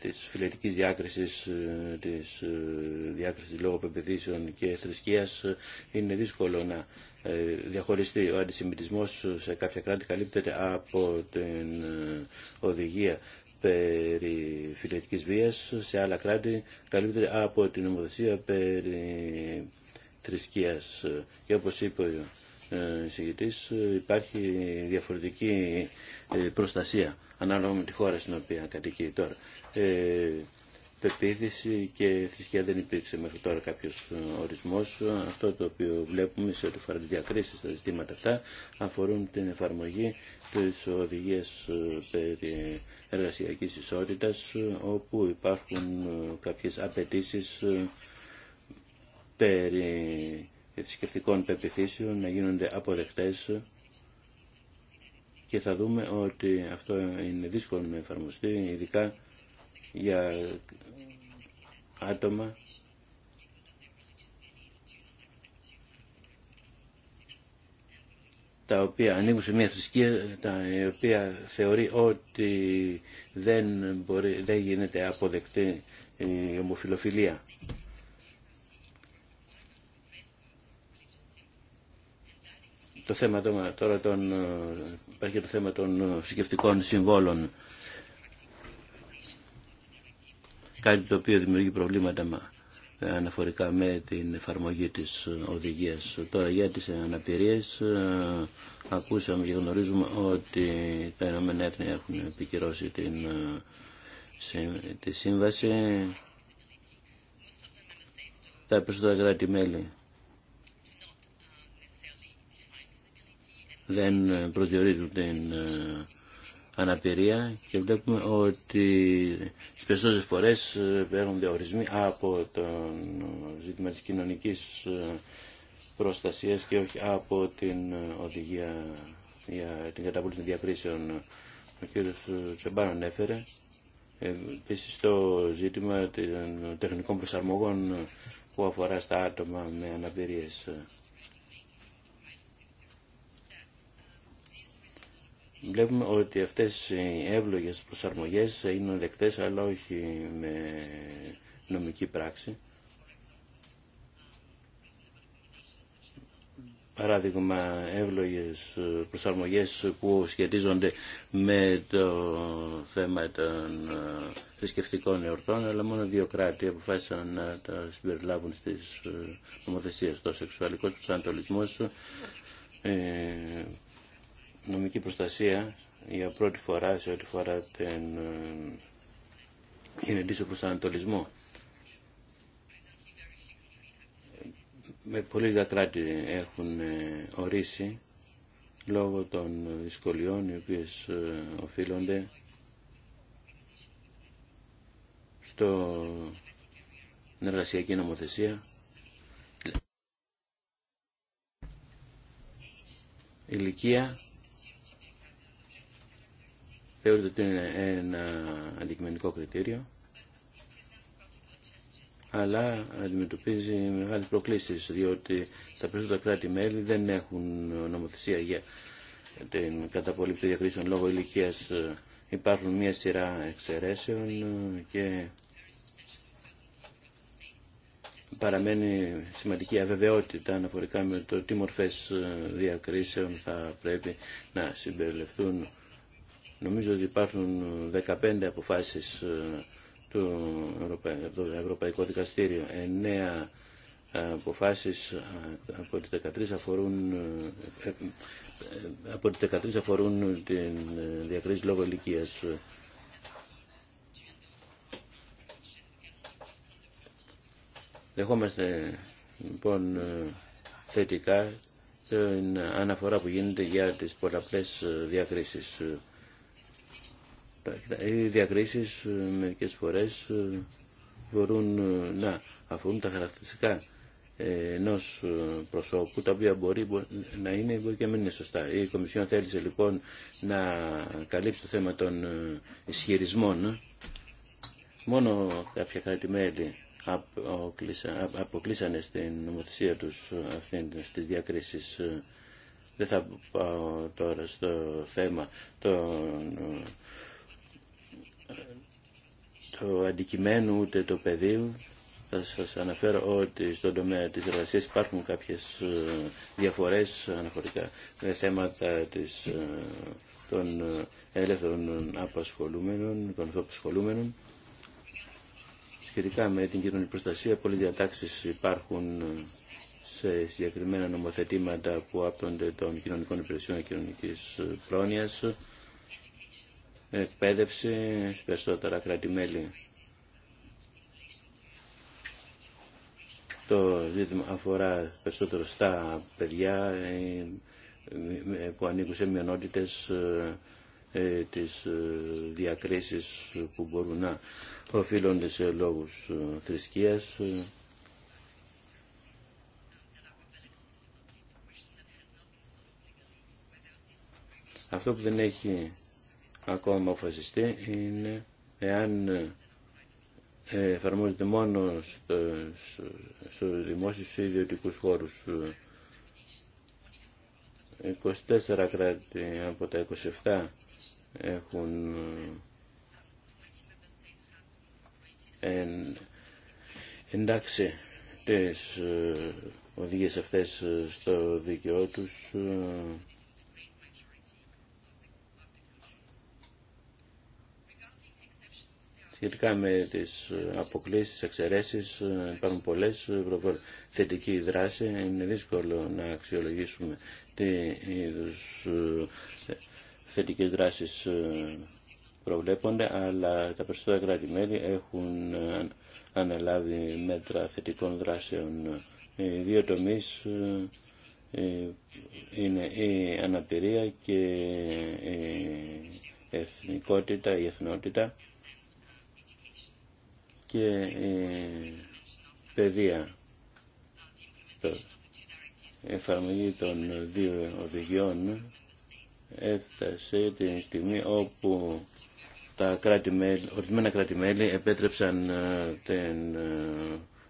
της φιλετικής διάκρισης, της διάκρισης λόγω πεπιθήσεων και θρησκείας είναι δύσκολο να διαχωριστεί. Ο αντισημιτισμός σε κάποια κράτη καλύπτεται από την οδηγία περί φυλετικής βίας σε άλλα κράτη καλύπτεται από την νομοθεσία περί θρησκείας. Και όπως είπε ο ε, εισηγητής υπάρχει διαφορετική ε, προστασία ανάλογα με τη χώρα στην οποία κατοικεί τώρα. Ε, πεποίθηση και θρησκεία δεν υπήρξε μέχρι τώρα κάποιος ε, ορισμός. Αυτό το οποίο βλέπουμε σε ό,τι αφορά διακρίσεις στα ζητήματα αυτά αφορούν την εφαρμογή της οδηγίας ε, περί εργασιακής ισότητας ε, όπου υπάρχουν κάποιες απαιτήσει περί θρησκευτικών πεπιθήσεων να γίνονται αποδεκτές και θα δούμε ότι αυτό είναι δύσκολο να εφαρμοστεί, ειδικά για άτομα τα οποία ανήκουν σε μια θρησκεία τα οποία θεωρεί ότι δεν, μπορεί, δεν γίνεται αποδεκτή η ομοφιλοφιλία. Το θέμα τώρα, τον, υπάρχει το θέμα των θρησκευτικών συμβόλων. κάτι το οποίο δημιουργεί προβλήματα ε, αναφορικά με την εφαρμογή της οδηγίας. Τώρα για τις αναπηρίες ε, ακούσαμε και γνωρίζουμε ότι τα Ηνωμένα Έθνη έχουν επικυρώσει την, ε, τη σύμβαση. Τα περισσότερα κράτη-μέλη δεν προσδιορίζουν την αναπηρία και βλέπουμε ότι τι περισσότερες φορές ε, παίρνουν διαορισμοί από το ζήτημα της κοινωνικής ε, προστασίας και όχι από την ε, οδηγία για την κατάπολη των διακρίσεων. Ο κ. Τσεμπάν ανέφερε επίση το ζήτημα των τεχνικών προσαρμογών που αφορά στα άτομα με αναπηρίες. βλέπουμε ότι αυτές οι εύλογες προσαρμογές είναι δεκτές αλλά όχι με νομική πράξη. Παράδειγμα, εύλογες προσαρμογές που σχετίζονται με το θέμα των θρησκευτικών εορτών, αλλά μόνο δύο κράτη αποφάσισαν να τα συμπεριλάβουν στις νομοθεσίες. Το σεξουαλικό του αντολισμός ε, νομική προστασία για πρώτη φορά σε ό,τι φορά την γενετήσιο ε, προσανατολισμό. Με πολύ λίγα έχουν ε, ορίσει λόγω των δυσκολιών οι οποίες ε, οφείλονται στο εργασιακή νομοθεσία ηλικία θεωρείται ότι είναι ένα αντικειμενικό κριτήριο, αλλά αντιμετωπίζει μεγάλες προκλήσεις, διότι τα περισσότερα κράτη-μέλη δεν έχουν νομοθεσία για την καταπολύπτωση διακρίσεων λόγω ηλικίας. Υπάρχουν μια σειρά εξαιρέσεων και παραμένει σημαντική αβεβαιότητα αναφορικά με το τι μορφές διακρίσεων θα πρέπει να συμπεριληφθούν Νομίζω ότι υπάρχουν 15 αποφάσεις ε, του από το Ευρωπαϊκό Δικαστήριο. 9 ε, αποφάσεις ε, από τις 13 αφορούν από τις 13 αφορούν την διακρίση λόγω ηλικίας. Δεχόμαστε λοιπόν θετικά την αναφορά που γίνεται για τις πολλαπλές διακρίσεις. Οι διακρίσεις ε, μερικέ φορές ε, μπορούν ε, να αφορούν τα χαρακτηριστικά ενό προσώπου, τα οποία μπορεί να είναι μπορεί και να μην είναι σωστά. Η Κομισιόν θέλησε λοιπόν να καλύψει το θέμα των ισχυρισμών. Μόνο κάποια κράτη-μέλη αποκλείσανε στην νομοθεσία τους αυτές της διακρίσεις. Δεν θα πάω τώρα στο θέμα των το αντικειμένο ούτε το πεδίο. Θα σας αναφέρω ότι στον τομέα της εργασία υπάρχουν κάποιες ε, διαφορές αναφορικά με θέματα της, ε, των ε, ελεύθερων απασχολούμενων, των απασχολούμενων. Σχετικά με την κοινωνική προστασία, πολλές διατάξεις υπάρχουν σε συγκεκριμένα νομοθετήματα που άπτονται των κοινωνικών υπηρεσιών και κοινωνικής πρόνοιας εκπαίδευση περισσότερα κράτη-μέλη. Το ζήτημα αφορά περισσότερο στα παιδιά ε, ε, που ανήκουν σε μειονότητες ε, τις διακρίσεις που μπορούν να οφείλονται σε λόγους θρησκείας. Αυτό που δεν έχει ακόμα αποφασιστεί είναι εάν ε, εφαρμόζεται μόνο στους στο δημόσιους ή ιδιωτικούς χώρους. 24 κράτη από τα 27 έχουν εν, εντάξει τις ε, οδηγίες αυτές στο δίκαιό τους Σχετικά με τις ε, αποκλήσεις, τις εξαιρέσεις, ε, υπάρχουν πολλές ε, θετική δράση. Είναι δύσκολο να αξιολογήσουμε τι είδους θετικές δράσεις προβλέπονται, αλλά τα περισσότερα κράτη-μέλη έχουν αναλάβει μέτρα θετικών δράσεων. Οι δύο τομείς είναι η αναπηρία και η εθνικότητα, η εθνότητα και η παιδεία. εφαρμογή των δύο οδηγιών έφτασε την στιγμή όπου τα κράτη -μέλη, ορισμένα κράτη-μέλη επέτρεψαν ε, τον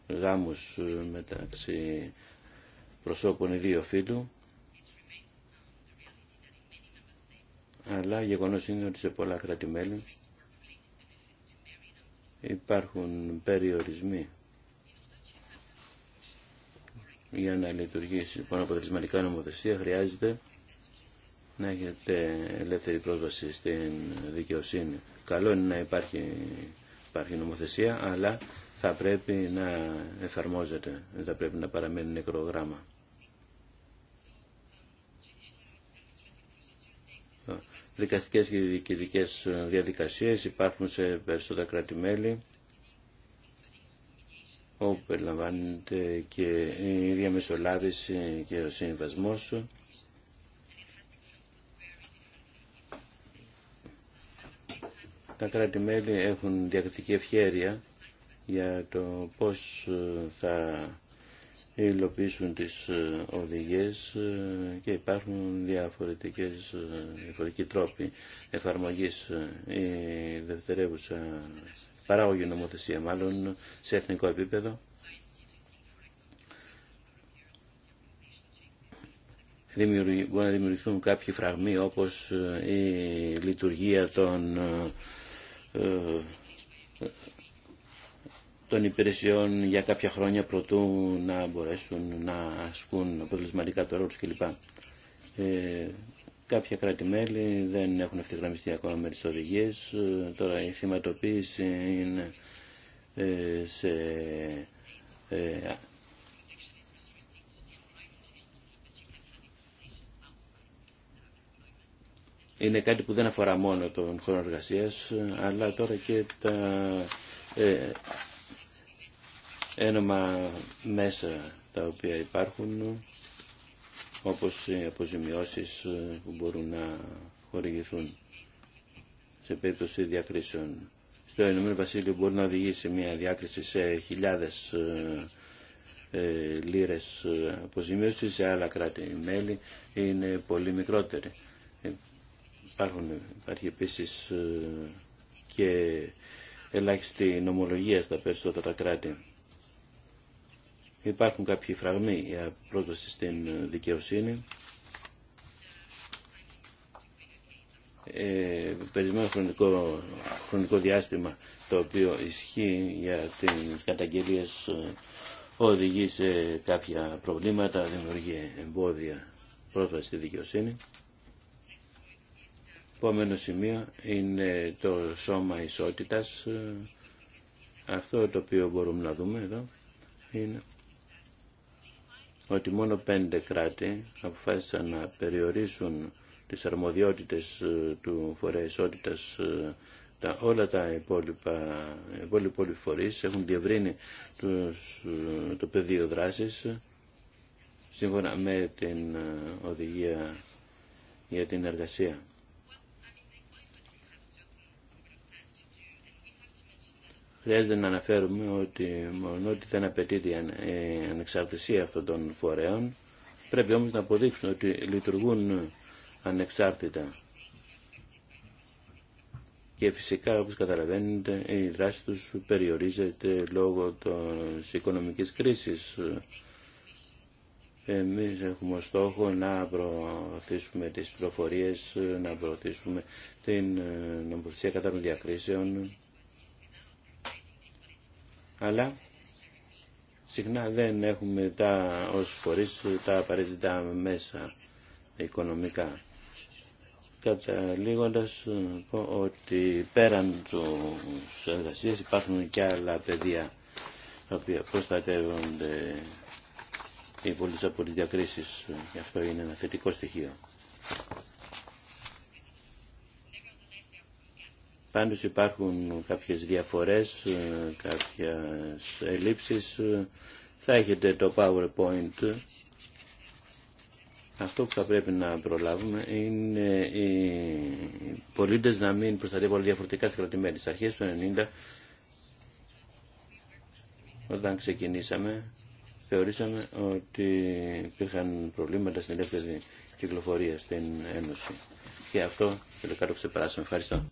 ε, γάμους μεταξύ προσώπων δυο φιλου αλλά γεγονός είναι ότι σε πολλά κράτη-μέλη υπάρχουν περιορισμοί για να λειτουργήσει πάνω λοιπόν αποτελεσματικά νομοθεσία χρειάζεται να έχετε ελεύθερη πρόσβαση στην δικαιοσύνη. Καλό είναι να υπάρχει, υπάρχει νομοθεσία, αλλά θα πρέπει να εφαρμόζεται, δεν θα πρέπει να παραμένει νεκρογράμμα. δικαστικές και διοικητικές ε, διαδικασίες υπάρχουν σε περισσότερα κράτη-μέλη όπου περιλαμβάνεται και η διαμεσολάβηση και ο συμβασμός τα κράτη-μέλη έχουν διακριτική ευχέρεια για το πώς ε, θα υλοποιήσουν τις ε, οδηγίες ε, και υπάρχουν διαφορετικές, ε, διαφορετικοί τρόποι εφαρμογής η δευτερεύουσα παράγωγη νομοθεσία μάλλον σε εθνικό επίπεδο. Μπορεί να δημιουργηθούν κάποιοι φραγμοί όπως η λειτουργία των των υπηρεσιών για κάποια χρόνια προτού να μπορέσουν να ασκούν αποτελεσματικά το ρόλο τους κλπ. Ε, κάποια κράτη-μέλη δεν έχουν ευθυγραμμιστεί ακόμα με τις οδηγίες. Ε, τώρα η θυματοποίηση είναι ε, σε ε, είναι κάτι που δεν αφορά μόνο τον χρόνο εργασίας, αλλά τώρα και τα ένομα μέσα τα οποία υπάρχουν όπως οι αποζημιώσεις που μπορούν να χορηγηθούν σε περίπτωση διακρίσεων. Στο Ηνωμένο Βασίλειο μπορεί να οδηγήσει μια διάκριση σε χιλιάδες ε, ε, λίρες αποζημίωση σε άλλα κράτη-μέλη είναι πολύ μικρότερη. Υπάρχουν, υπάρχει επίσης ε, και ελάχιστη νομολογία στα περισσότερα κράτη. Υπάρχουν κάποιοι φραγμοί για πρόσβαση στην ε, δικαιοσύνη. Ε, χρονικό, χρονικό διάστημα το οποίο ισχύει για τις καταγγελίες ε, οδηγεί σε κάποια προβλήματα, δημιουργεί εμπόδια πρόσβαση στη δικαιοσύνη. Επόμενο σημείο είναι το σώμα ισότητας. Ε, αυτό το οποίο μπορούμε να δούμε εδώ είναι ότι μόνο πέντε κράτη αποφάσισαν να περιορίσουν τις αρμοδιότητες ε, του φορέα ισότητας ε, τα, όλα τα υπόλοιπα, φορεί. φορείς έχουν διευρύνει τους, ε, το πεδίο δράσης σύμφωνα με την οδηγία για την εργασία. Χρειάζεται να αναφέρουμε ότι μόνο ότι δεν απαιτείται η ανεξαρτησία αυτών των φορέων, πρέπει όμως να αποδείξουν ότι λειτουργούν ανεξάρτητα. Και φυσικά, όπως καταλαβαίνετε, η δράση τους περιορίζεται λόγω της οικονομικής κρίσης. Εμείς έχουμε στόχο να προωθήσουμε τις προφορίες, να προωθήσουμε την νομοθεσία κατά των διακρίσεων αλλά συχνά δεν έχουμε τα, ως φορείς τα απαραίτητα μέσα οικονομικά. Καταλήγοντας πω ότι πέραν του εργασίες υπάρχουν και άλλα παιδιά τα οποία προστατεύονται οι πολίτες από τις αυτό είναι ένα θετικό στοιχείο. Πάντως υπάρχουν κάποιες διαφορές, ε, κάποιες ελλείψεις. Θα έχετε το PowerPoint. Αυτό που θα πρέπει να προλάβουμε είναι οι πολίτες να μην προστατεύουν διαφορετικά στις κρατημένες. Αρχές του 1990, όταν ξεκινήσαμε, θεωρήσαμε ότι υπήρχαν προβλήματα στην ελεύθερη κυκλοφορία στην Ένωση και αυτό καλό Ευχαριστώ.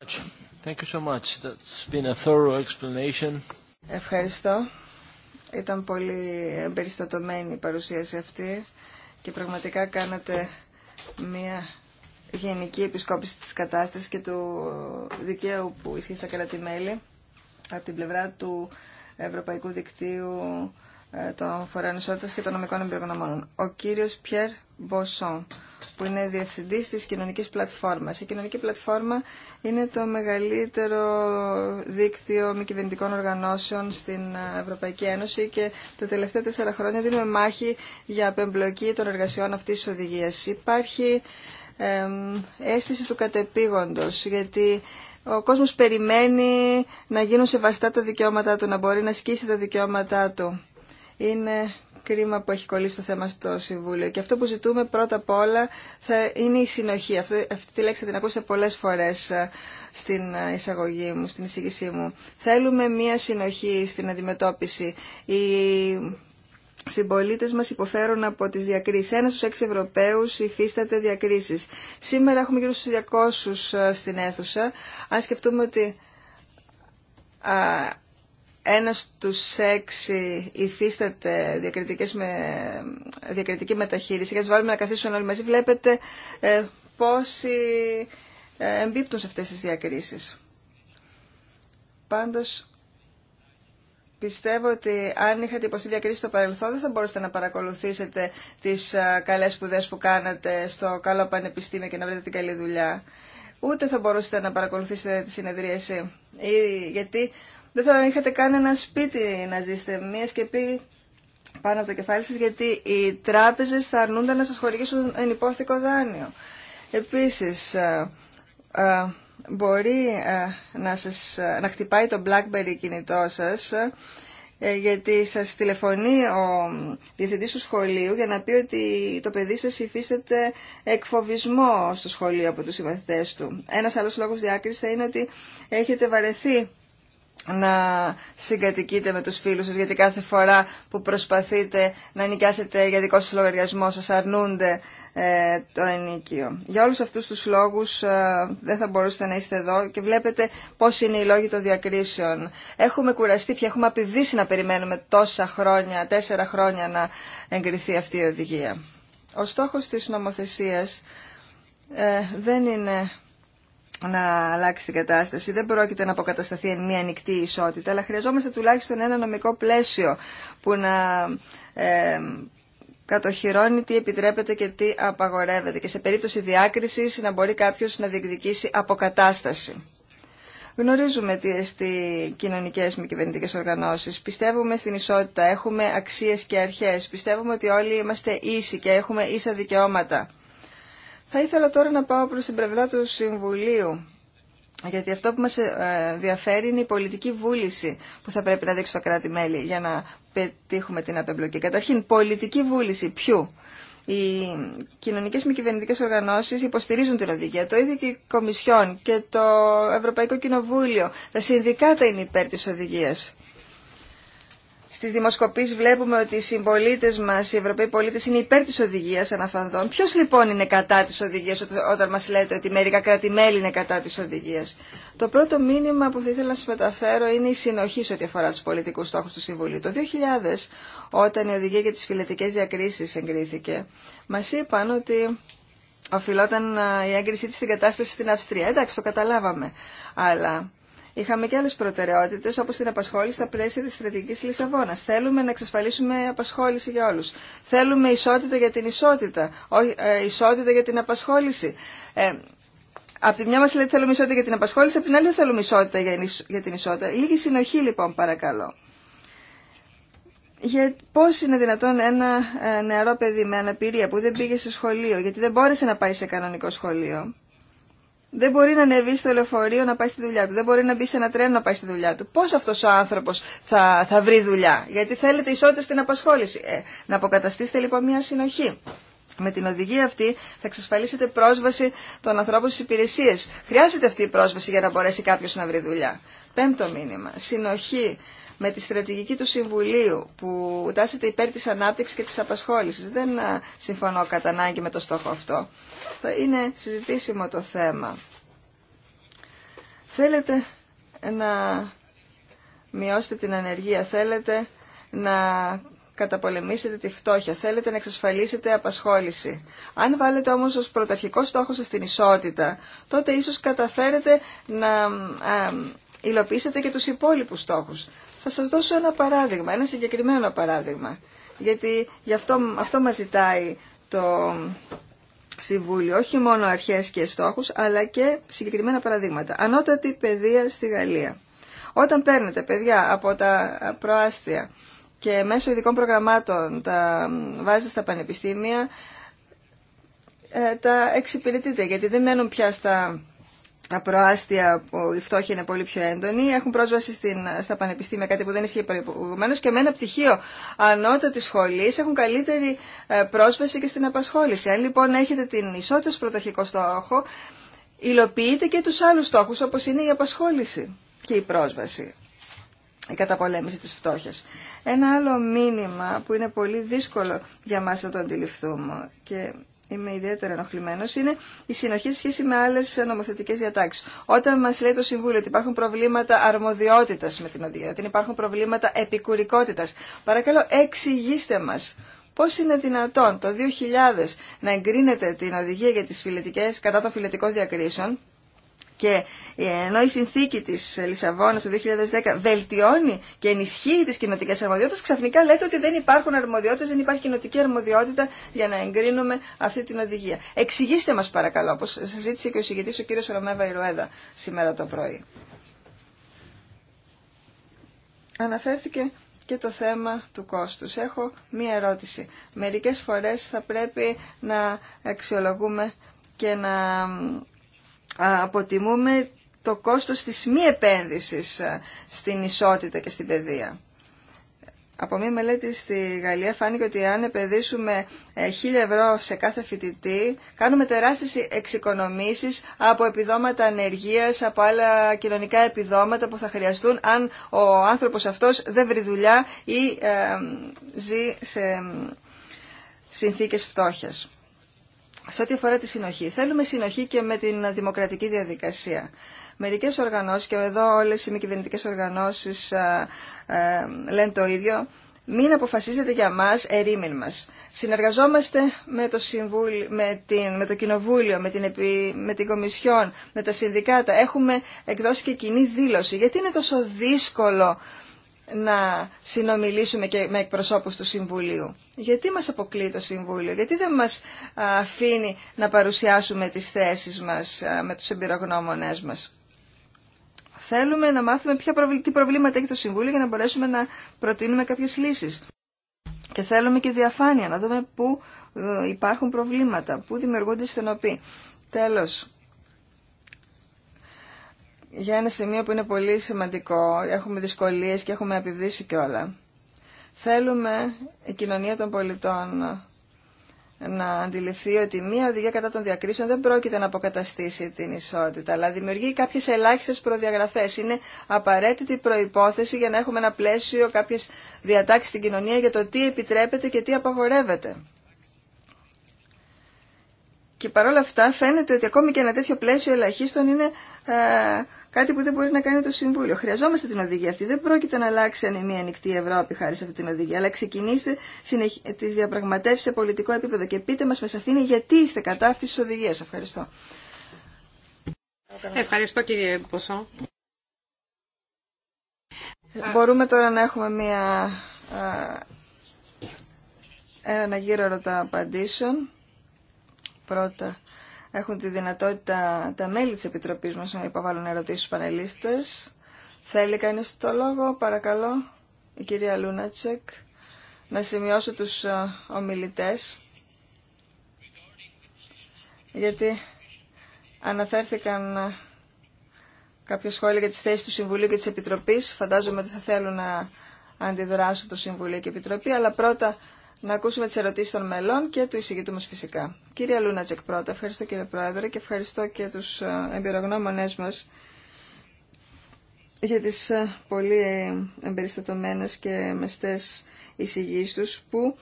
Thank you so much. That's been a thorough explanation. Ευχαριστώ. Ήταν πολύ εμπεριστατωμένη η παρουσίαση αυτή και πραγματικά κάνατε μια γενική επισκόπηση της κατάστασης και του δικαίου που ισχύει στα κράτη-μέλη από την πλευρά του Ευρωπαϊκού Δικτύου ε, των Φορέων και των Νομικών Εμπειρογνωμών. Ο κύριος Πιέρ Μποσόν, που είναι διευθυντή τη κοινωνική πλατφόρμα. Η κοινωνική πλατφόρμα είναι το μεγαλύτερο δίκτυο μη κυβερνητικών οργανώσεων στην ε, Ευρωπαϊκή Ένωση και τα τελευταία τέσσερα χρόνια δίνουμε μάχη για απεμπλοκή των εργασιών αυτή τη οδηγία. Υπάρχει αίσθηση του κατεπήγοντο, γιατί ο κόσμος περιμένει να γίνουν σεβαστά τα δικαιώματά του, να μπορεί να σκίσει τα δικαιώματά του. Είναι κρίμα που έχει κολλήσει το θέμα στο Συμβούλιο. Και αυτό που ζητούμε πρώτα απ' όλα θα είναι η συνοχή. Αυτή, τη λέξη θα την ακούσετε πολλές φορές ε, στην ε, εισαγωγή μου, στην εισηγησή μου. Θέλουμε μία συνοχή στην αντιμετώπιση. Η συμπολίτε μα υποφέρουν από τι διακρίσει. Ένα στου έξι Ευρωπαίου υφίσταται διακρίσει. Σήμερα έχουμε γύρω στου 200 ε, στην αίθουσα. Αν σκεφτούμε ότι ένα στους έξι υφίσταται διακριτικές με, διακριτική μεταχείριση για να βάλουμε να καθίσουν όλοι μαζί, βλέπετε ε, πόσοι ε, εμπίπτουν σε αυτές τις διακρίσεις. Πάντως, πιστεύω ότι αν είχατε υποστεί διακρίσεις στο παρελθόν δεν θα μπορούσατε να παρακολουθήσετε τις ε, καλές σπουδέ που κάνατε στο καλό πανεπιστήμιο και να βρείτε την καλή δουλειά. Ούτε θα μπορούσατε να παρακολουθήσετε τη συνεδρίαση. Γιατί δεν θα είχατε καν ένα σπίτι να ζήσετε. Μία σκεπή πάνω από το κεφάλι σας γιατί οι τράπεζες θα αρνούνταν να σας χορηγήσουν ενυπόθηκο δάνειο. Επίσης, ε, ε, μπορεί ε, να, σας, να χτυπάει το BlackBerry κινητό σας γιατί σας τηλεφωνεί ο διευθυντής του σχολείου για να πει ότι το παιδί σας υφίσταται εκφοβισμό στο σχολείο από τους συμμαθητές του. Ένας άλλος λόγος διάκρισης θα είναι ότι έχετε βαρεθεί να συγκατοικείτε με τους φίλους σας, γιατί κάθε φορά που προσπαθείτε να νοικιάσετε για δικό σας λογαριασμό σας αρνούνται ε, το ενίκιο. Για όλους αυτούς τους λόγους ε, δεν θα μπορούσατε να είστε εδώ και βλέπετε πώς είναι οι λόγοι των διακρίσεων. Έχουμε κουραστεί πια, έχουμε απειδήσει να περιμένουμε τόσα χρόνια, τέσσερα χρόνια να εγκριθεί αυτή η οδηγία. Ο στόχος της νομοθεσίας ε, δεν είναι να αλλάξει την κατάσταση. Δεν πρόκειται να αποκατασταθεί μία ανοιχτή ισότητα, αλλά χρειαζόμαστε τουλάχιστον ένα νομικό πλαίσιο που να ε, κατοχυρώνει τι επιτρέπεται και τι απαγορεύεται και σε περίπτωση διάκρισης να μπορεί κάποιο να διεκδικήσει αποκατάσταση. Γνωρίζουμε τι εστί κοινωνικέ μη κυβερνητικέ οργανώσει. Πιστεύουμε στην ισότητα, έχουμε αξίε και αρχέ. Πιστεύουμε ότι όλοι είμαστε ίσοι και έχουμε ίσα δικαιώματα. Θα ήθελα τώρα να πάω προς την πλευρά του Συμβουλίου. Γιατί αυτό που μας ε, διαφέρει είναι η πολιτική βούληση που θα πρέπει να δείξει το κράτη-μέλη για να πετύχουμε την απεμπλοκή. Καταρχήν, πολιτική βούληση ποιου. Οι κοινωνικέ μη κυβερνητικέ οργανώσει υποστηρίζουν την οδηγία. Το ίδιο και η Κομισιόν και το Ευρωπαϊκό Κοινοβούλιο. Τα συνδικάτα είναι υπέρ τη οδηγία στις δημοσκοπήσεις βλέπουμε ότι οι συμπολίτε μας, οι Ευρωπαίοι πολίτες, είναι υπέρ της οδηγίας αναφανδών. Ποιος λοιπόν είναι κατά της οδηγίας όταν μας λέτε ότι μερικά κράτη-μέλη είναι κατά της οδηγίας. Το πρώτο μήνυμα που θα ήθελα να σα μεταφέρω είναι η συνοχή σε ό,τι αφορά του πολιτικού στόχου του Συμβουλίου. Το 2000, όταν η οδηγία για τι φυλετικέ διακρίσει εγκρίθηκε, μα είπαν ότι οφειλόταν ε, η έγκρισή τη στην κατάσταση στην Αυστρία. Εντάξει, το καταλάβαμε. Αλλά Είχαμε και άλλε προτεραιότητε όπω την απασχόληση στα πλαίσια τη στρατηγική Λισαβόνα. Θέλουμε να εξασφαλίσουμε απασχόληση για όλου. Θέλουμε ισότητα για την ισότητα, ε, ισότητα για την απασχόληση. Ε, από τη μια μα λέει θέλουμε ισότητα για την απασχόληση, από την άλλη δεν θέλουμε ισότητα για την ισότητα. Λίγη συνοχή λοιπόν παρακαλώ για πώς είναι δυνατόν ένα ε, νεαρό παιδί με αναπηρία που δεν πήγε σε σχολείο, γιατί δεν μπόρεσε να πάει σε κανονικό σχολείο, δεν μπορεί να ανεβεί στο λεωφορείο να πάει στη δουλειά του. Δεν μπορεί να μπει σε ένα τρένο να πάει στη δουλειά του. Πώ αυτό ο άνθρωπο θα, θα βρει δουλειά, Γιατί θέλετε ισότητα στην απασχόληση. Ε, να αποκαταστήσετε λοιπόν μια συνοχή. Με την οδηγία αυτή θα εξασφαλίσετε πρόσβαση των ανθρώπων στι υπηρεσίε. Χρειάζεται αυτή η πρόσβαση για να μπορέσει κάποιο να βρει δουλειά. Πέμπτο μήνυμα. Συνοχή με τη στρατηγική του Συμβουλίου που τάσεται υπέρ της ανάπτυξης και της απασχόλησης. Δεν συμφωνώ κατά ανάγκη με το στόχο αυτό. Θα είναι συζητήσιμο το θέμα. Θέλετε να μειώσετε την ανεργία, θέλετε να καταπολεμήσετε τη φτώχεια, θέλετε να εξασφαλίσετε απασχόληση. Αν βάλετε όμως ως πρωταρχικό στόχο σας την ισότητα, τότε ίσως καταφέρετε να υλοποιήσετε και τους υπόλοιπους στόχους. Θα σας δώσω ένα παράδειγμα, ένα συγκεκριμένο παράδειγμα. Γιατί γι' αυτό, αυτό μας ζητάει το Συμβούλιο, όχι μόνο αρχές και στόχους, αλλά και συγκεκριμένα παραδείγματα. Ανώτατη παιδεία στη Γαλλία. Όταν παίρνετε παιδιά από τα προάστια και μέσω ειδικών προγραμμάτων τα βάζετε στα πανεπιστήμια, ε, τα εξυπηρετείτε, γιατί δεν μένουν πια στα απροάστια που η φτώχεια είναι πολύ πιο έντονη, έχουν πρόσβαση στην, στα πανεπιστήμια, κάτι που δεν ισχύει προηγουμένω. και με ένα πτυχίο ανώτατη σχολή έχουν καλύτερη ε, πρόσβαση και στην απασχόληση. Αν λοιπόν έχετε την ισότητα στο πρωτοχικό στόχο, υλοποιείτε και του άλλου στόχου, όπω είναι η απασχόληση και η πρόσβαση η καταπολέμηση της φτώχειας. Ένα άλλο μήνυμα που είναι πολύ δύσκολο για μας να το αντιληφθούμε και είμαι ιδιαίτερα ενοχλημένο, είναι η συνοχή σε σχέση με άλλε νομοθετικέ διατάξει. Όταν μα λέει το Συμβούλιο ότι υπάρχουν προβλήματα αρμοδιότητα με την οδηγία, ότι υπάρχουν προβλήματα επικουρικότητα, παρακαλώ εξηγήστε μα πώ είναι δυνατόν το 2000 να εγκρίνεται την οδηγία για τις φιλετικές, κατά των φιλετικών διακρίσεων και ε, ενώ η συνθήκη τη Λισαβόνα το 2010 βελτιώνει και ενισχύει τις κοινοτικέ αρμοδιότητες, ξαφνικά λέτε ότι δεν υπάρχουν αρμοδιότητε, δεν υπάρχει κοινοτική αρμοδιότητα για να εγκρίνουμε αυτή την οδηγία. Εξηγήστε μα παρακαλώ, όπω. Σα ζήτησε και ο συγγητή ο κύριος Ρωμέβα Ιρουέδα σήμερα το πρωί. Αναφέρθηκε και το θέμα του κόστους. Έχω μία ερώτηση. Μερικές φορές θα πρέπει να αξιολογούμε και να αποτιμούμε το κόστος της μη επένδυσης στην ισότητα και στην παιδεία. Από μία μελέτη στη Γαλλία φάνηκε ότι αν επενδύσουμε 1.000 ε, ευρώ σε κάθε φοιτητή, κάνουμε τεράστιες εξοικονομήσεις από επιδόματα ανεργίας, από άλλα κοινωνικά επιδόματα που θα χρειαστούν αν ο άνθρωπος αυτός δεν βρει δουλειά ή ε, ζει σε συνθήκες φτώχειας. Σε ό,τι αφορά τη συνοχή, θέλουμε συνοχή και με την δημοκρατική διαδικασία. Μερικέ οργανώσει, και εδώ όλε οι μη κυβερνητικέ οργανώσει ε, ε, λένε το ίδιο, μην αποφασίζετε για μας ερήμην μας. Συνεργαζόμαστε με το, συμβούλιο, με την, με το Κοινοβούλιο, με την, επι, με την Κομισιόν, με τα συνδικάτα. Έχουμε εκδώσει και κοινή δήλωση. Γιατί είναι τόσο δύσκολο να συνομιλήσουμε και με εκπροσώπους του Συμβουλίου. Γιατί μας αποκλεί το Συμβούλιο, γιατί δεν μας αφήνει να παρουσιάσουμε τις θέσεις μας με τους εμπειρογνώμονές μας. Θέλουμε να μάθουμε ποια τι προβλήματα έχει το Συμβούλιο για να μπορέσουμε να προτείνουμε κάποιες λύσεις. Και θέλουμε και διαφάνεια, να δούμε πού ε, υπάρχουν προβλήματα, πού δημιουργούνται στενοποί. Τέλος, για ένα σημείο που είναι πολύ σημαντικό, έχουμε δυσκολίες και έχουμε επιβδίσει κιόλα. Θέλουμε η κοινωνία των πολιτών να αντιληφθεί ότι μία οδηγία κατά των διακρίσεων δεν πρόκειται να αποκαταστήσει την ισότητα, αλλά δημιουργεί κάποιες ελάχιστες προδιαγραφές. Είναι απαραίτητη προϋπόθεση για να έχουμε ένα πλαίσιο, κάποιες διατάξεις στην κοινωνία για το τι επιτρέπεται και τι απαγορεύεται. Και παρόλα αυτά φαίνεται ότι ακόμη και ένα τέτοιο πλαίσιο ελαχίστων είναι ε, Κάτι που δεν μπορεί να κάνει το Συμβούλιο. Χρειαζόμαστε την οδηγία αυτή. Δεν πρόκειται να αλλάξει αν είναι μια ανοιχτή Ευρώπη χάρη σε αυτή την οδηγία. Αλλά ξεκινήστε τι διαπραγματεύσει σε πολιτικό επίπεδο και πείτε μα με σαφήνεια γιατί είστε κατά αυτή τη οδηγία. Ευχαριστώ. Ευχαριστώ κύριε Ποσό. Μπορούμε τώρα να έχουμε μια, ένα γύρο απαντήσεων. Πρώτα έχουν τη δυνατότητα τα μέλη της Επιτροπής μας να υποβάλουν ερωτήσεις στους πανελίστες. Θέλει κανείς το λόγο, παρακαλώ, η κυρία Λούνατσεκ, να σημειώσω τους ε, ομιλητές, γιατί αναφέρθηκαν ε, κάποια σχόλια για τις θέσεις του Συμβουλίου και της Επιτροπής. Φαντάζομαι ότι θα θέλουν να αντιδράσουν το Συμβουλίο και η Επιτροπή, αλλά πρώτα να ακούσουμε τις ερωτήσεις των μελών και του εισηγητού μας φυσικά. Κύριε Λούνατζεκ πρώτα, ευχαριστώ κύριε Πρόεδρε και ευχαριστώ και τους ε, εμπειρογνώμονές μας για τις ε, πολύ εμπεριστατωμένες και μεστές εισηγήσεις τους που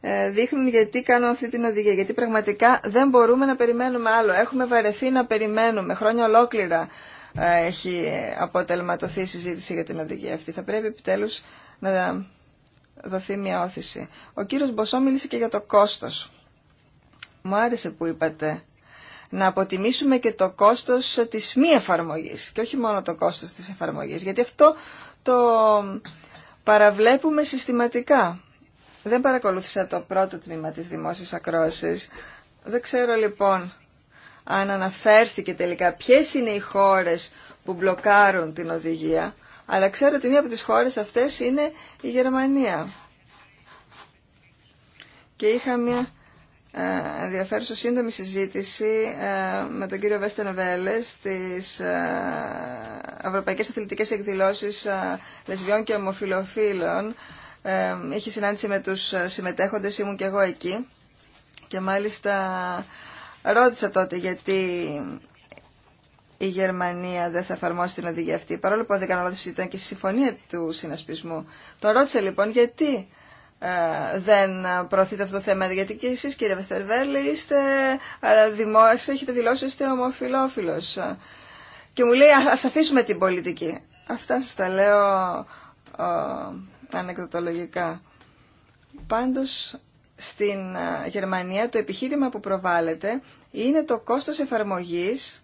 ε, δείχνουν γιατί κάνουμε αυτή την οδηγία. Γιατί πραγματικά δεν μπορούμε να περιμένουμε άλλο. Έχουμε βαρεθεί να περιμένουμε. Χρόνια ολόκληρα έχει αποτελματωθεί η συζήτηση για την οδηγία αυτή. Θα πρέπει επιτέλους να δοθεί μια όθηση. Ο κύριος Μποσό μίλησε και για το κόστος. Μου άρεσε που είπατε να αποτιμήσουμε και το κόστος της μη εφαρμογής και όχι μόνο το κόστος της εφαρμογής, γιατί αυτό το παραβλέπουμε συστηματικά. Δεν παρακολούθησα το πρώτο τμήμα της δημόσιας ακρόασης. Δεν ξέρω λοιπόν αν αναφέρθηκε τελικά ποιες είναι οι χώρες που μπλοκάρουν την οδηγία. Αλλά ξέρω ότι μία από τις χώρες αυτές είναι η Γερμανία. Και είχα μία ε, ενδιαφέρουσα σύντομη συζήτηση ε, με τον κύριο Βέστεν Βέλε στις ε, Ευρωπαϊκές Αθλητικές Εκδηλώσεις Λεσβιών και Ομοφιλοφίλων. Είχε συνάντηση με τους συμμετέχοντες, ήμουν και εγώ εκεί. Και μάλιστα ρώτησα τότε γιατί η Γερμανία δεν θα εφαρμόσει την οδηγία αυτή, παρόλο που αν δεν κάνω λάθος ήταν και στη συμφωνία του συνασπισμού. Το ρώτησε λοιπόν γιατί ε, δεν προωθείτε αυτό το θέμα, γιατί και εσείς κύριε Βεστερβέλη είστε ε, δημόσια, έχετε δηλώσει είστε ομοφιλόφιλος. Και μου λέει ας αφήσουμε την πολιτική. Αυτά σας τα λέω ε, ανεκδοτολογικά. Πάντως στην ε, Γερμανία το επιχείρημα που προβάλλεται είναι το κόστος εφαρμογής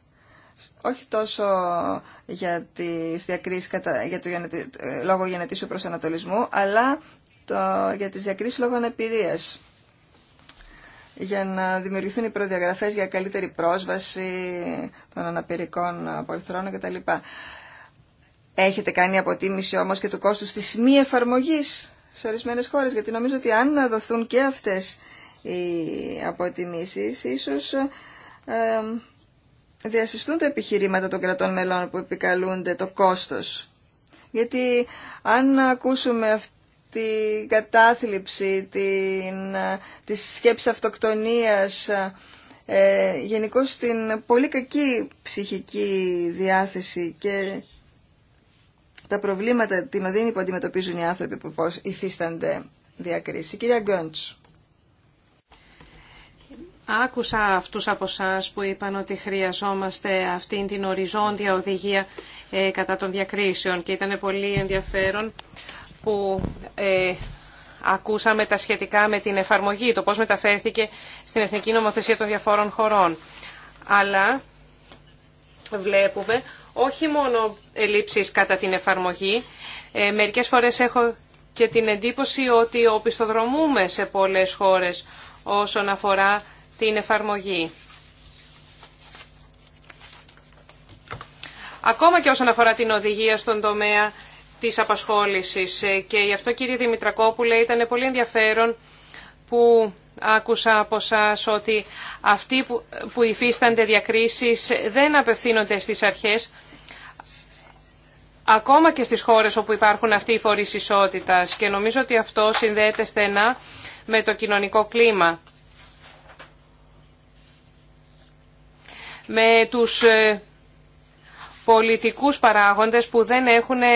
όχι τόσο για τις διακρίσεις κατά, για το γενετι, λόγω γενετήσου προσανατολισμού, αλλά το, για τις διακρίσεις λόγω αναπηρίας. Για να δημιουργηθούν οι προδιαγραφές για καλύτερη πρόσβαση των αναπηρικών πολυθρόνων κτλ. Έχετε κάνει αποτίμηση όμως και του κόστου της μη εφαρμογής σε ορισμένες χώρες, γιατί νομίζω ότι αν δοθούν και αυτές οι αποτιμήσεις, ίσως... Ε, διασυστούν τα επιχειρήματα των κρατών μελών που επικαλούνται το κόστος. Γιατί αν ακούσουμε αυτή την κατάθλιψη, την, τη σκέψη αυτοκτονίας, ε, γενικώ την πολύ κακή ψυχική διάθεση και τα προβλήματα, την οδύνη που αντιμετωπίζουν οι άνθρωποι που υφίστανται διακρίσεις. Κυρία Γκόντς. Άκουσα αυτούς από εσά που είπαν ότι χρειαζόμαστε αυτήν την οριζόντια οδηγία ε, κατά των διακρίσεων και ήταν πολύ ενδιαφέρον που ε, ακούσαμε τα σχετικά με την εφαρμογή, το πώς μεταφέρθηκε στην Εθνική Νομοθεσία των διαφόρων χωρών. Αλλά βλέπουμε όχι μόνο ελλείψεις κατά την εφαρμογή, ε, μερικές φορές έχω και την εντύπωση ότι οπισθοδρομούμε σε πολλές χώρες όσον αφορά την εφαρμογή. Ακόμα και όσον αφορά την οδηγία στον τομέα της απασχόλησης. Ε, και γι' αυτό κύριε Δημητρακόπουλε ήταν πολύ ενδιαφέρον που άκουσα από εσά ότι αυτοί που υφίστανται διακρίσεις δεν απευθύνονται στις αρχές, ακόμα και στις χώρες όπου υπάρχουν αυτοί οι φορείς ισότητας. Και νομίζω ότι αυτό συνδέεται στενά με το κοινωνικό κλίμα. με τους ε, πολιτικούς παράγοντες που δεν έχουν ε,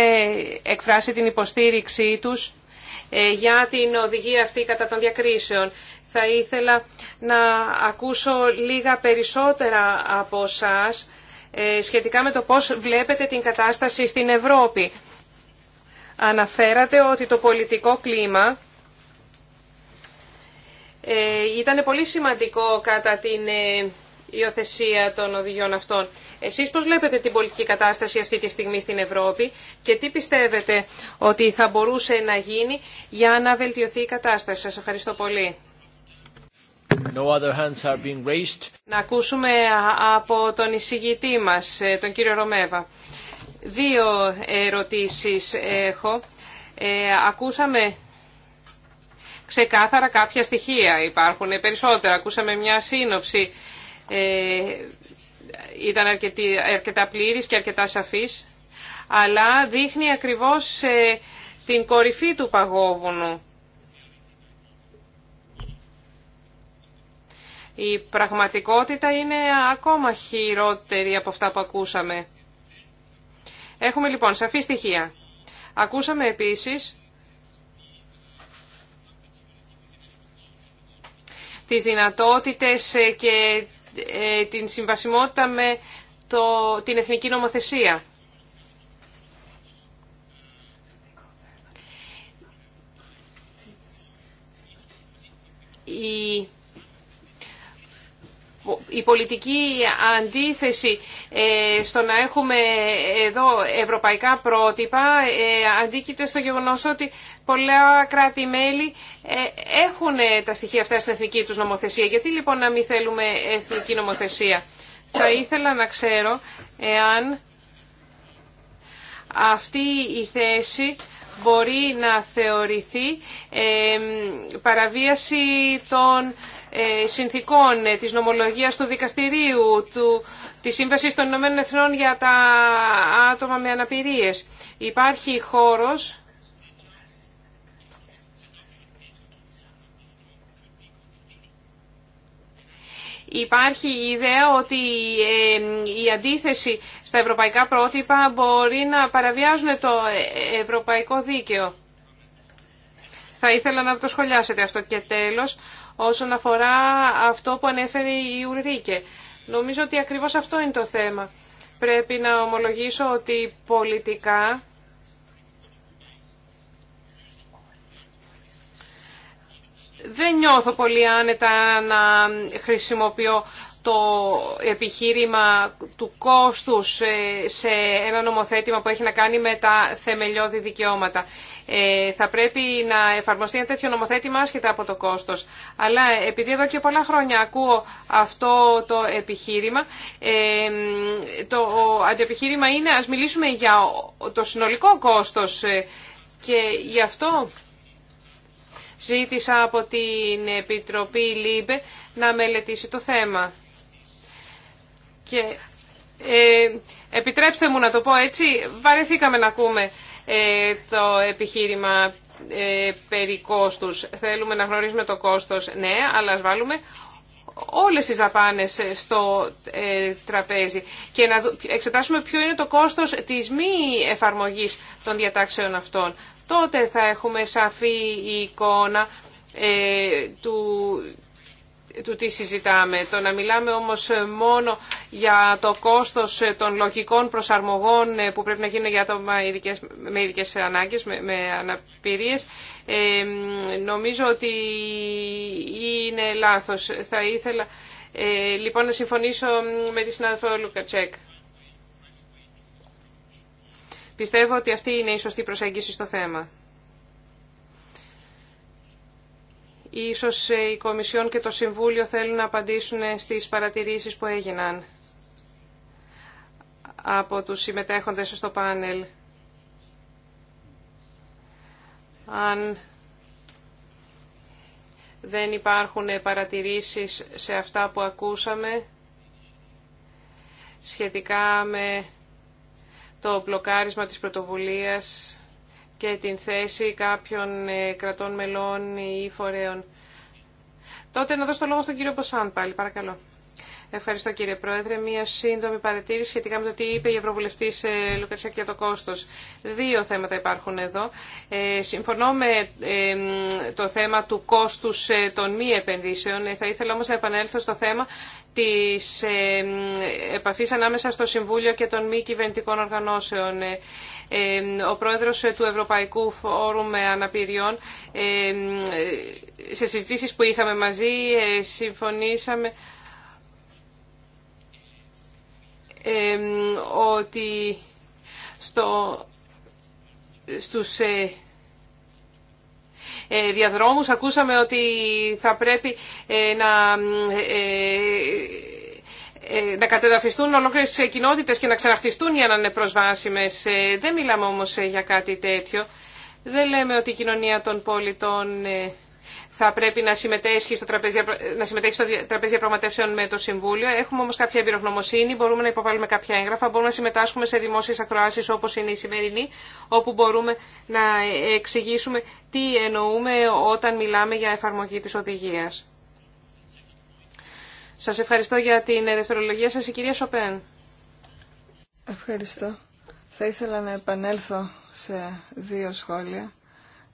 εκφράσει την υποστήριξή τους ε, για την οδηγία αυτή κατά των διακρίσεων. Θα ήθελα να ακούσω λίγα περισσότερα από εσά σχετικά με το πώς βλέπετε την κατάσταση στην Ευρώπη. Αναφέρατε ότι το πολιτικό κλίμα ήταν πολύ σημαντικό κατά την υιοθεσία των οδηγιών αυτών. Εσείς πώς βλέπετε την πολιτική κατάσταση αυτή τη στιγμή στην Ευρώπη και τι πιστεύετε ότι θα μπορούσε να γίνει για να βελτιωθεί η κατάσταση. Σας ευχαριστώ πολύ. No other hands are being raised. Να ακούσουμε από τον εισηγητή μας, ε, τον κύριο Ρωμέβα. Δύο ερωτήσεις έχω. Ε, ακούσαμε ξεκάθαρα κάποια στοιχεία υπάρχουν. Περισσότερα ακούσαμε μια σύνοψη ε, ήταν αρκετή, αρκετά πλήρης και αρκετά σαφής, αλλά δείχνει ακριβώς ε, την κορυφή του παγόβουνου. Η πραγματικότητα είναι ακόμα χειρότερη από αυτά που ακούσαμε. Έχουμε λοιπόν σαφή στοιχεία. Ακούσαμε επίσης τις δυνατότητες ε, και ε, την συμβασιμότητα με το, την εθνική νομοθεσία η πολιτική αντίθεση ε, στο να έχουμε εδώ ευρωπαϊκά πρότυπα ε, αντίκειται στο γεγονός ότι πολλά κράτη-μέλη ε, έχουν τα στοιχεία αυτά στην εθνική τους νομοθεσία. Γιατί λοιπόν να μην θέλουμε εθνική νομοθεσία. Θα ήθελα να ξέρω εάν αυτή η θέση μπορεί να θεωρηθεί παραβίαση των ε, συνθήκων, ε, της νομολογίας του δικαστηρίου, του, της Σύμβασης των Ηνωμένων Εθνών για τα άτομα με αναπηρίες. Υπάρχει χώρος Υπάρχει η ιδέα ότι ε, η αντίθεση στα ευρωπαϊκά πρότυπα μπορεί να παραβιάζουν το ευρωπαϊκό δίκαιο. Θα ήθελα να το σχολιάσετε αυτό. Και τέλος, όσον αφορά αυτό που ανέφερε η Ουρρίκε. Νομίζω ότι ακριβώς αυτό είναι το θέμα. Πρέπει να ομολογήσω ότι πολιτικά δεν νιώθω πολύ άνετα να χρησιμοποιώ το επιχείρημα του κόστους ε, σε ένα νομοθέτημα που έχει να κάνει με τα θεμελιώδη δικαιώματα. Ε, θα πρέπει να εφαρμοστεί ένα τέτοιο νομοθέτημα άσχετα από το κόστος. Αλλά επειδή εδώ και πολλά χρόνια ακούω αυτό το επιχείρημα, ε, το αντιεπιχείρημα είναι ας μιλήσουμε για το συνολικό κόστος ε, και γι' αυτό ζήτησα από την Επιτροπή ΛΥΜΠΕ να μελετήσει το θέμα. Και ε, επιτρέψτε μου να το πω έτσι, βαρεθήκαμε να ακούμε ε, το επιχείρημα ε, περί κόστους. Θέλουμε να γνωρίζουμε το κόστος, ναι, αλλά ας βάλουμε όλες τις δαπάνες στο ε, τραπέζι και να εξετάσουμε ποιο είναι το κόστος της μη εφαρμογής των διατάξεων αυτών. Τότε θα έχουμε σαφή εικόνα του του τι συζητάμε. Το να μιλάμε όμως μόνο για το κόστος των λογικών προσαρμογών ε, που πρέπει να γίνουν για άτομα με ειδικέ ανάγκες, με, με αναπηρίες, ε, νομίζω ότι είναι λάθος. Θα ήθελα ε, λοιπόν να συμφωνήσω με τη συνάδελφο Λουκατσέκ. Πιστεύω ότι αυτή είναι η σωστή προσέγγιση στο θέμα. Ίσως η Κομισιόν και το Συμβούλιο θέλουν να απαντήσουν στις παρατηρήσεις που έγιναν από τους συμμετέχοντες στο πάνελ. Αν δεν υπάρχουν παρατηρήσεις σε αυτά που ακούσαμε σχετικά με το μπλοκάρισμα της πρωτοβουλίας και την θέση κάποιων ε, κρατών μελών ή φορέων. Τότε να δώσω το λόγο στον κύριο Ποσάν πάλι, παρακαλώ. Ευχαριστώ κύριε Πρόεδρε. Μία σύντομη παρατήρηση σχετικά με το τι είπε η Ευρωβουλευτή ε, Λουκατσέκ για το κόστο. Δύο θέματα υπάρχουν εδώ. Ε, συμφωνώ με το θέμα του κόστου ε, των μη επενδύσεων. θα ήθελα όμω να επανέλθω στο θέμα τη επαφή ανάμεσα στο Συμβούλιο και των μη κυβερνητικών οργανώσεων. ο πρόεδρος του Ευρωπαϊκού Φόρουμ Αναπηριών σε συζητήσεις που είχαμε μαζί συμφωνήσαμε ότι στο, στους ε, ε, διαδρόμους ακούσαμε ότι θα πρέπει ε, να να κατεδαφιστούν ολόκληρες κοινότητες και να ξαναχτιστούν για να είναι προσβάσιμες. Δεν μιλάμε όμως για κάτι τέτοιο. Δεν λέμε ότι η κοινωνία των πολιτών θα πρέπει να συμμετέχει, στο τραπέζι, να συμμετέχει στο τραπέζι διαπραγματεύσεων με το Συμβούλιο. Έχουμε όμω κάποια εμπειρογνωμοσύνη, μπορούμε να υποβάλουμε κάποια έγγραφα, μπορούμε να συμμετάσχουμε σε δημόσιε ακροάσει όπω είναι η σημερινή, όπου μπορούμε να εξηγήσουμε τι εννοούμε όταν μιλάμε για εφαρμογή τη οδηγία. Σα ευχαριστώ για την ελευθερολογία σα, η κυρία Σοπέν. Ευχαριστώ. Θα ήθελα να επανέλθω σε δύο σχόλια.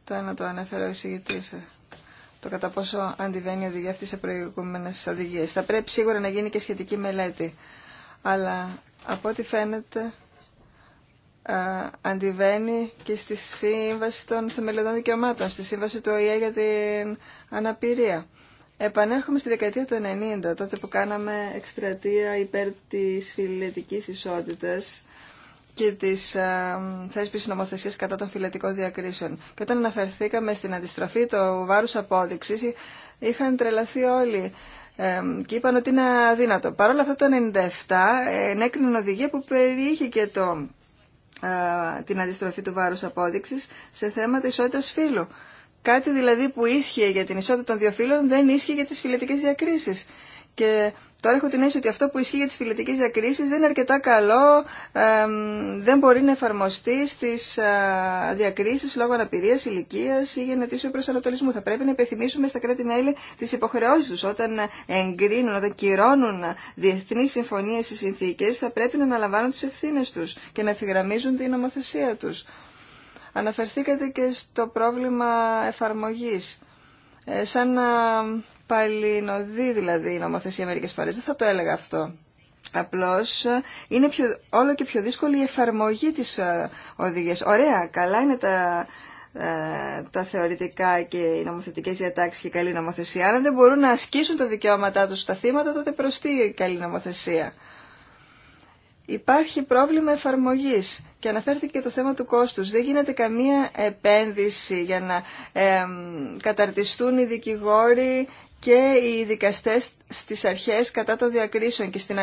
Το ένα το ανέφερε ο εισηγητής το κατά πόσο αντιβαίνει η οδηγία αυτή σε προηγούμενε οδηγίε. Θα πρέπει σίγουρα να γίνει και σχετική μελέτη. Αλλά από ό,τι φαίνεται αντιβαίνει και στη Σύμβαση των Θεμελιωδών Δικαιωμάτων, στη Σύμβαση του ΟΗΕ για την αναπηρία. Επανέρχομαι στη δεκαετία του 90, τότε που κάναμε εκστρατεία υπέρ της φιλετικής ισότητας και τη ε, θέσπιση νομοθεσία κατά των φυλετικών διακρίσεων. Και όταν αναφερθήκαμε στην αντιστροφή του βάρου απόδειξη, είχαν τρελαθεί όλοι και είπαν ότι είναι αδύνατο. Παρ' όλα αυτά το 1997 ε, ενέκρινε οδηγία που περιείχε και το, ε, την αντιστροφή του βάρους απόδειξης σε θέματα ισότητας φύλου. Κάτι δηλαδή που ίσχυε για την ισότητα των δύο φύλων δεν ίσχυε για τις φυλετικές διακρίσεις. Και Τώρα έχω την αίσθηση ότι αυτό που ισχύει για τις φυλετικές διακρίσεις δεν είναι αρκετά καλό, δεν μπορεί να εφαρμοστεί στις διακρίσεις λόγω αναπηρίας, ηλικίας ή γενετήσεω προσανατολισμού. Θα πρέπει να υπενθυμίσουμε στα κράτη-μέλη τις υποχρεώσεις τους όταν εγκρίνουν, όταν κυρώνουν διεθνείς συμφωνίες ή συνθήκες, θα πρέπει να αναλαμβάνουν τις ευθύνες τους και να ευθυγραμμίζουν την νομοθεσία τους. Αναφερθήκατε και στο πρόβλημα εφαρμογής. Ε, σαν να παλινοδεί δηλαδή η νομοθεσία μερικέ φορέ. Δεν θα το έλεγα αυτό. Απλώ είναι πιο, όλο και πιο δύσκολη η εφαρμογή τη ε, οδηγίας. Ωραία, καλά είναι τα, ε, τα θεωρητικά και οι νομοθετικές διατάξεις και καλή νομοθεσία. Αν δεν μπορούν να ασκήσουν τα δικαιώματά τους στα θύματα, τότε προς τι η καλή νομοθεσία. Υπάρχει πρόβλημα εφαρμογής και αναφέρθηκε και το θέμα του κόστους. Δεν γίνεται καμία επένδυση για να ε, καταρτιστούν οι δικηγόροι και οι δικαστές στις αρχές κατά των διακρίσεων και στην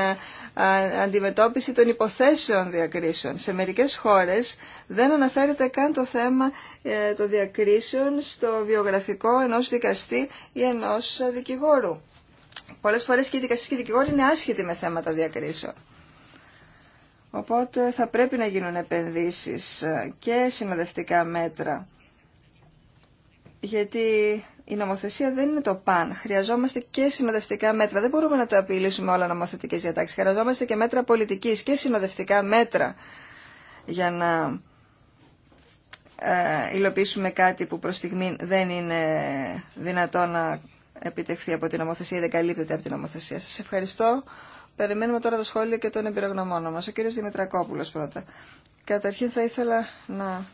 αντιμετώπιση των υποθέσεων διακρίσεων. Σε μερικές χώρες δεν αναφέρεται καν το θέμα ε, των διακρίσεων στο βιογραφικό ενός δικαστή ή ενός δικηγόρου. Πολλές φορές και οι δικαστές και οι δικηγόροι είναι άσχετοι με θέματα διακρίσεων. Οπότε θα πρέπει να γίνουν επενδύσεις ε, και συνοδευτικά μέτρα. Γιατί η νομοθεσία δεν είναι το παν. Χρειαζόμαστε και συνοδευτικά μέτρα. Δεν μπορούμε να τα απειλήσουμε όλα νομοθετικέ διατάξει. Χρειαζόμαστε και μέτρα πολιτική και συνοδευτικά μέτρα για να ε, υλοποιήσουμε κάτι που προ στιγμή δεν είναι δυνατό να επιτευχθεί από την νομοθεσία ή δεν καλύπτεται από την νομοθεσία. Σα ευχαριστώ. Περιμένουμε τώρα το σχόλιο και τον εμπειρογνωμόνων μα. Ο κύριο Δημητρακόπουλο πρώτα. Καταρχήν θα ήθελα να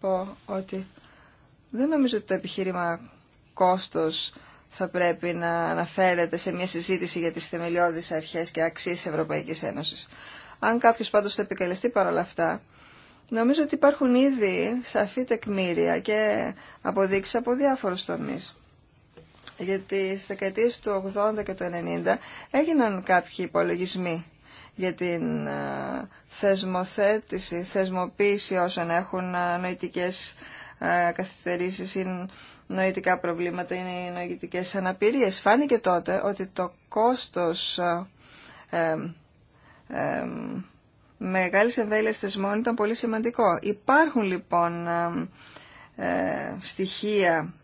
πω ότι δεν νομίζω ότι το επιχείρημα κόστος θα πρέπει να αναφέρεται σε μια συζήτηση για τις θεμελιώδεις αρχές και αξίες της Ευρωπαϊκής Ένωσης. Αν κάποιος πάντως το επικαλεστεί παρόλα αυτά, νομίζω ότι υπάρχουν ήδη σαφή τεκμήρια και αποδείξεις από διάφορους τομείς. Γιατί στις δεκαετίες του 80 και του 90 έγιναν κάποιοι υπολογισμοί για την ε, θεσμοθέτηση, θεσμοποίηση όσων έχουν ε, νοητικές ε, καθυστερήσεις ή νοητικά προβλήματα είναι οι νοητικές αναπηρίες. Φάνηκε τότε ότι το κόστος ε, ε, μεγάλης εμβέλειας θεσμών ήταν πολύ σημαντικό. Υπάρχουν λοιπόν ε, ε στοιχεία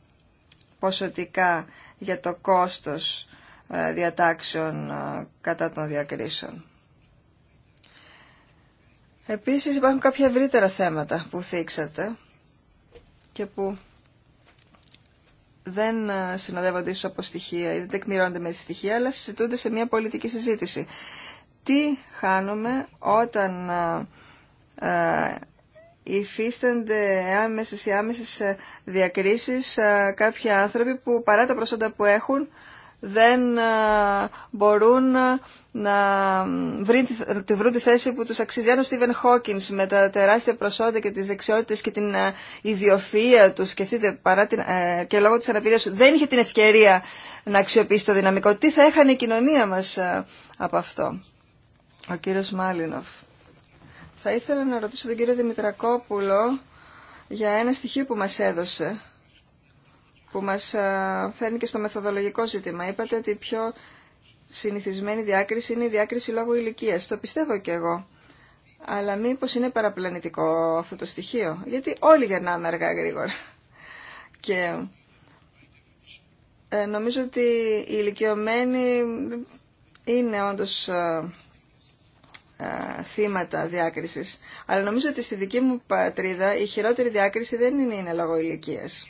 ποσοτικά για το κόστος ε, διατάξεων ε, κατά των διακρίσεων. Επίσης υπάρχουν κάποια ευρύτερα θέματα που θίξατε και που δεν ε, συνοδεύονται ίσως από στοιχεία ή δεν τεκμηρώνονται με στοιχεία, αλλά συζητούνται σε μια πολιτική συζήτηση. Τι χάνουμε όταν ε, ε, υφίστανται άμεσες ή άμεσες διακρίσεις κάποιοι άνθρωποι που παρά τα προσόντα που έχουν δεν ε, μπορούν να βρουν τη θέση που τους αξίζει. Ένα Στίβεν Χόκινς με τα τεράστια προσόντα και τις δεξιότητες και την ε, ιδιοφία του, σκεφτείτε, παρά την, ε, και λόγω της αναπηρίας του, δεν είχε την ευκαιρία να αξιοποιήσει το δυναμικό. Τι θα έχανε η κοινωνία μας από αυτό. Ο κύριος Μάλινοφ. Θα ήθελα να ρωτήσω τον κύριο Δημητρακόπουλο για ένα στοιχείο που μας έδωσε που μας ε, φέρνει και στο μεθοδολογικό ζήτημα. Είπατε ότι η πιο συνηθισμένη διάκριση είναι η διάκριση λόγω ηλικία. Το πιστεύω και εγώ. Αλλά μήπω είναι παραπλανητικό αυτό το στοιχείο. Γιατί όλοι γερνάμε αργά γρήγορα. Και ε, νομίζω ότι οι ηλικιωμένοι είναι όντως ε, θύματα διάκρισης. Αλλά νομίζω ότι στη δική μου πατρίδα η χειρότερη διάκριση δεν είναι, είναι λόγω ηλικίας.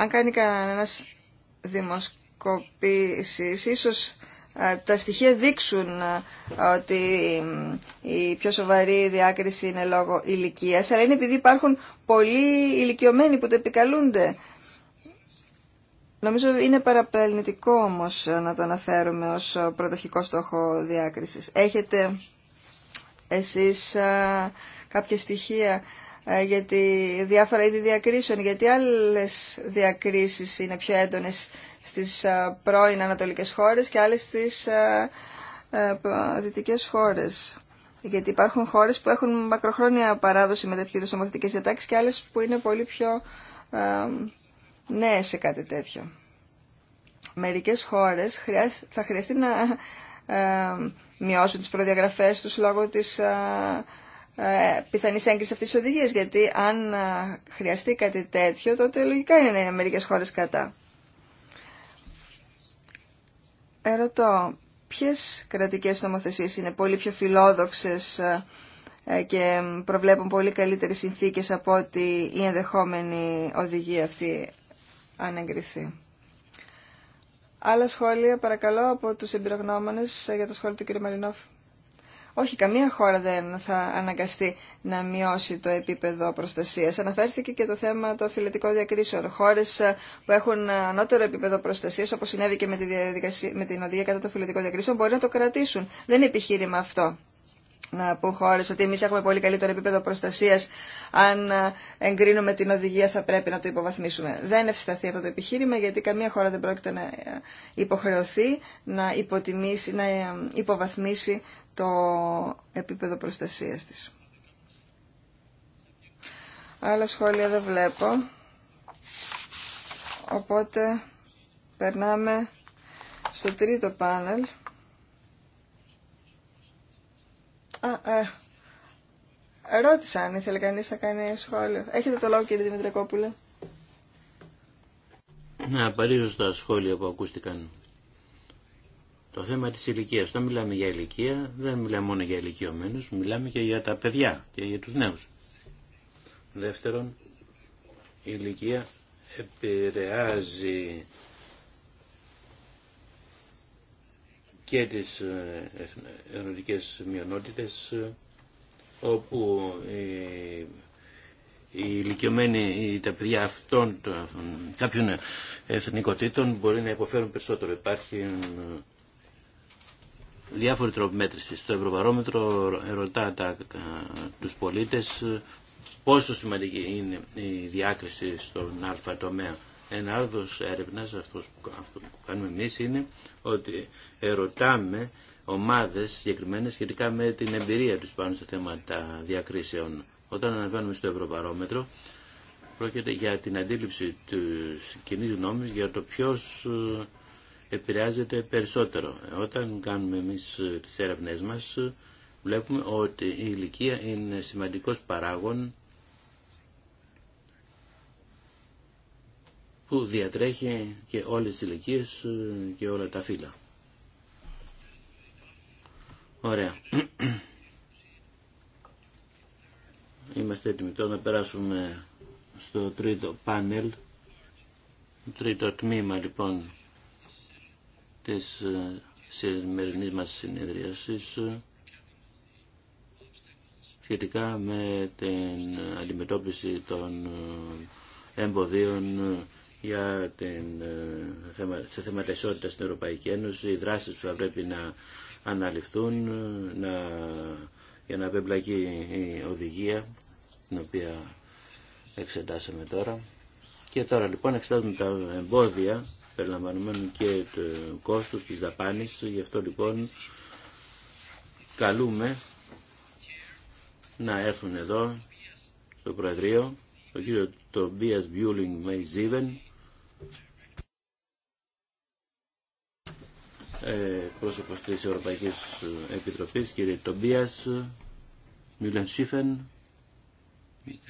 Αν κάνει κανένα δημοσκοπήσεις, ίσως ε, τα στοιχεία δείξουν ε, ότι ε, η πιο σοβαρή διάκριση είναι λόγω ηλικία, αλλά είναι επειδή υπάρχουν πολλοί ηλικιωμένοι που το επικαλούνται. Νομίζω είναι παραπλανητικό όμως να το αναφέρουμε ως πρωτοχικό στόχο διάκρισης. Έχετε εσείς κάποια στοιχεία ε, γιατί διάφορα είδη διακρίσεων, γιατί άλλες διακρίσεις είναι πιο έντονες στις ε, πρώην ανατολικές χώρες και άλλες στις ε, δυτικές χώρες. Γιατί υπάρχουν χώρες που έχουν μακροχρόνια παράδοση με τέτοιου είδους ομοθετικές διατάξεις και άλλες που είναι πολύ πιο νέες σε κάτι τέτοιο. Μερικές χώρες θα χρειαστεί να μειώσουν τις προδιαγραφές τους λόγω της ε, πιθανής έγκριση αυτής της οδηγίας, γιατί αν ε, χρειαστεί κάτι τέτοιο, τότε λογικά είναι να είναι μερικές χώρες κατά. Ερωτώ, ποιες κρατικές νομοθεσίες είναι πολύ πιο φιλόδοξες ε, και προβλέπουν πολύ καλύτερες συνθήκες από ότι η ενδεχόμενη οδηγία αυτή αν εγκριθεί. Άλλα σχόλια παρακαλώ από τους εμπειρογνώμονες για τα σχόλια του κ. Μαλινόφ. Όχι, καμία χώρα δεν θα αναγκαστεί να μειώσει το επίπεδο προστασίας. Αναφέρθηκε και το θέμα το φιλετικών διακρίσεων. Χώρες ε, που έχουν ανώτερο επίπεδο προστασίας, όπως συνέβη και με, τη με την οδηγία κατά το φιλετικών διακρίσεων, μπορεί να το κρατήσουν. Δεν είναι επιχείρημα αυτό να πούν χώρε ότι εμεί έχουμε πολύ καλύτερο επίπεδο προστασία. Αν ε, εγκρίνουμε την οδηγία, θα πρέπει να το υποβαθμίσουμε. Δεν ευσταθεί αυτό το επιχείρημα, γιατί καμία χώρα δεν πρόκειται να ε, υποχρεωθεί να, υποτιμήσει, να υποβαθμίσει το επίπεδο προστασίας της. Άλλα σχόλια δεν βλέπω. Οπότε περνάμε στο τρίτο πάνελ. Α, α, ρώτησα αν ήθελε κανείς να κάνει σχόλιο. Έχετε το λόγο κύριε Δημητρακόπουλε. Να απαντήσω στα σχόλια που ακούστηκαν. Το θέμα της ηλικία. Όταν μιλάμε για ηλικία, δεν μιλάμε μόνο για ηλικιωμένους, μιλάμε και για τα παιδιά και για τους νέους. Δεύτερον, η ηλικία επηρεάζει και τις ερωτικές μειονότητες όπου οι, οι ηλικιωμένοι, τα παιδιά αυτών, κάποιων εθνικοτήτων μπορεί να υποφέρουν περισσότερο. Υπάρχει ε, διάφοροι τρόποι μέτρησης. Το Ευρωβαρόμετρο ρωτά τα, τους πολίτες ε, πόσο σημαντική είναι η διάκριση στον α τομέα. Ένα άλλο έρευνα, αυτό που κάνουμε εμεί, είναι ότι ερωτάμε ομάδε συγκεκριμένε σχετικά με την εμπειρία του πάνω στα θέματα διακρίσεων. Όταν αναβαίνουμε στο Ευρωβαρόμετρο, πρόκειται για την αντίληψη τη κοινή γνώμη για το ποιο ε, επηρεάζεται περισσότερο. Όταν κάνουμε εμείς ε, τις έρευνές μας ε, βλέπουμε ότι η ηλικία είναι σημαντικός παράγων που διατρέχει και όλες τις ηλικίε ε, και όλα τα φύλλα. Ωραία. [clears throat] Είμαστε έτοιμοι τώρα να περάσουμε στο τρίτο πάνελ. τρίτο τμήμα λοιπόν της ε, σημερινής μας συνεδρίασης ε, σχετικά με την αντιμετώπιση των ε, εμποδίων για την, σε θέματα ισότητας στην Ευρωπαϊκή Ένωση, οι δράσεις που θα πρέπει να αναλυφθούν να, για να απεμπλακεί η οδηγία την οποία εξετάσαμε τώρα. Και τώρα λοιπόν εξετάζουμε τα εμπόδια περιλαμβανομένου και του κόστου της δαπάνης. Γι' αυτό λοιπόν καλούμε να έρθουν εδώ στο Προεδρείο ο κύριο Τομπίας Μπιούλινγκ Μαϊζίβεν ε, πρόσωπος της Ευρωπαϊκής Επιτροπής κύριε Τομπίας Μιούλεν Σίφεν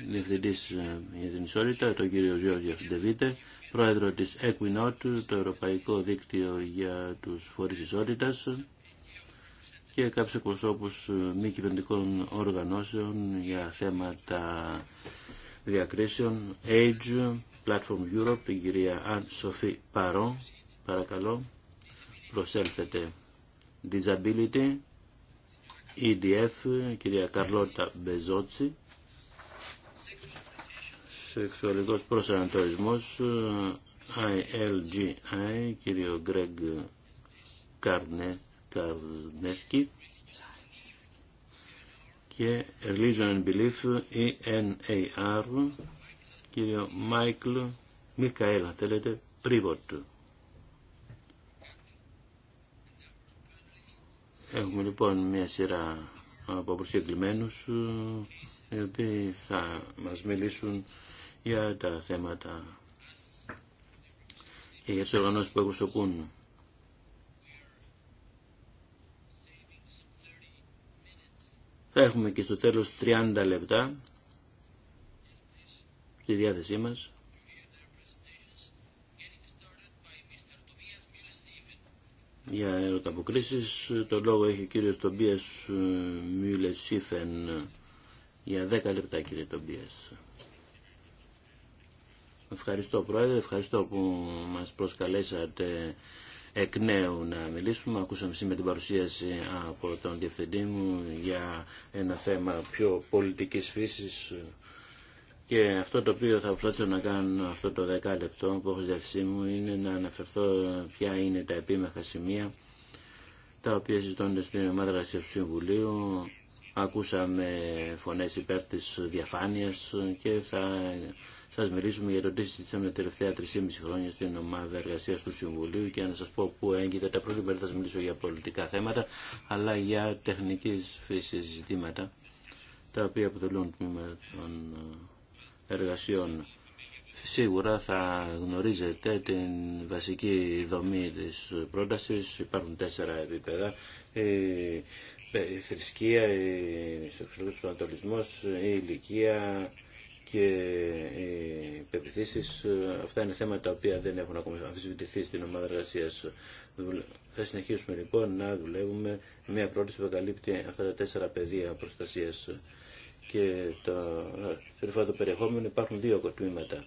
διευθυντής ε, για την ισότητα τον κύριο Ζιώργιο Φιντεβίτε πρόεδρο της Equinot, το Ευρωπαϊκό Δίκτυο για τους Φορείς Ισότητας και κάποιους εκπροσώπους μη κυβερνητικών οργανώσεων για θέματα διακρίσεων. Age, Platform Europe, την κυρία Αν Σοφή Παρό, παρακαλώ, προσέλθετε. Disability, EDF, κυρία Καρλότα Μπεζότσι σεξουαλικός προσανατολισμός ILGI, κύριο Γκρέγ Καρνέσκι και Religion and Belief, ENAR, κύριο Μάικλ Μικαέλα, θέλετε, Πρίβοτ. Έχουμε λοιπόν μια σειρά από προσκεκλημένους οι οποίοι θα μας μιλήσουν για τα θέματα και για τις οργανώσεις που εκπροσωπούν. Θα έχουμε και στο τέλος 30 λεπτά στη διάθεσή μας. Για ερωταποκρίσεις, το λόγο έχει ο κύριος Τομπίας Μιουλεσίφεν για 10 λεπτά κύριε Τομπίας. Ευχαριστώ Πρόεδρε, ευχαριστώ που μας προσκαλέσατε εκ νέου να μιλήσουμε. Ακούσαμε σήμερα την παρουσίαση από τον Διευθυντή μου για ένα θέμα πιο πολιτικής φύσης και αυτό το οποίο θα προσπαθήσω να κάνω αυτό το δεκάλεπτο που έχω διευθύνει μου είναι να αναφερθώ ποια είναι τα επίμεχα σημεία τα οποία συζητώνται στην ομάδα του Συμβουλίου Ακούσαμε φωνές υπέρ της διαφάνειας και θα σας μιλήσουμε για το τι συζητήσαμε τα τελευταία 3,5 χρόνια στην ομάδα εργασίας του Συμβουλίου και να σας πω που έγκυται τα πρώτα θα σας μιλήσω για πολιτικά θέματα αλλά για τεχνικής φύσης ζητήματα τα οποία αποτελούν τμήμα των εργασιών. Σίγουρα θα γνωρίζετε την βασική δομή της πρότασης. Υπάρχουν τέσσερα επίπεδα. Ε, η θρησκεία, η του Ανατολισμό, η ηλικία και οι πεπιθήσεις, ε, αυτά είναι θέματα τα οποία δεν έχουν ακόμα αμφισβητηθεί στην ομάδα εργασία. Θα συνεχίσουμε λοιπόν να δουλεύουμε μια πρόταση που καλύπτει αυτά τα τέσσερα πεδία προστασίας και το ε, περιεχόμενο υπάρχουν δύο τμήματα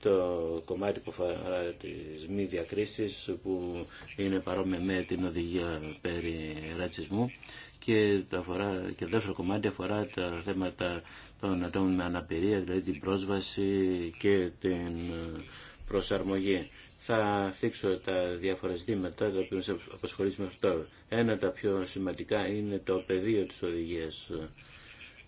το κομμάτι που αφορά τη μη διακρίσεις που είναι παρόμοια με την οδηγία περί ρατσισμού και, αφορά, και το δεύτερο κομμάτι αφορά τα θέματα των ατόμων με αναπηρία, δηλαδή την πρόσβαση και την ε, προσαρμογή. Θα θίξω τα διάφορα ζητήματα τα οποία μας απασχολήσει μέχρι τώρα. Ένα τα πιο σημαντικά είναι το πεδίο της οδηγίας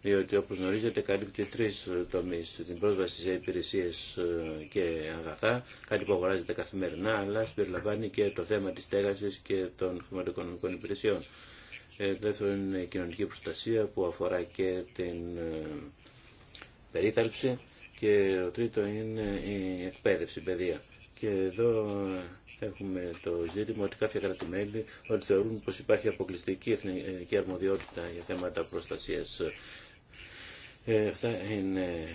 διότι όπως γνωρίζετε καλύπτει τρεις τομείς, την πρόσβαση σε υπηρεσίες ε, και αγαθά, κάτι που αγοράζεται καθημερινά, αλλά συμπεριλαμβάνει και το θέμα της στέγασης και των χρηματοοικονομικών υπηρεσιών. Ε, δεύτερο είναι η κοινωνική προστασία που αφορά και την ε, περίθαλψη και το τρίτο είναι η εκπαίδευση, η παιδεία. Και εδώ έχουμε το ζήτημα ότι κάποια κρατημέλη ότι θεωρούν πως υπάρχει αποκλειστική εθνική αρμοδιότητα για θέματα προστασίας. Ε, αυτά είναι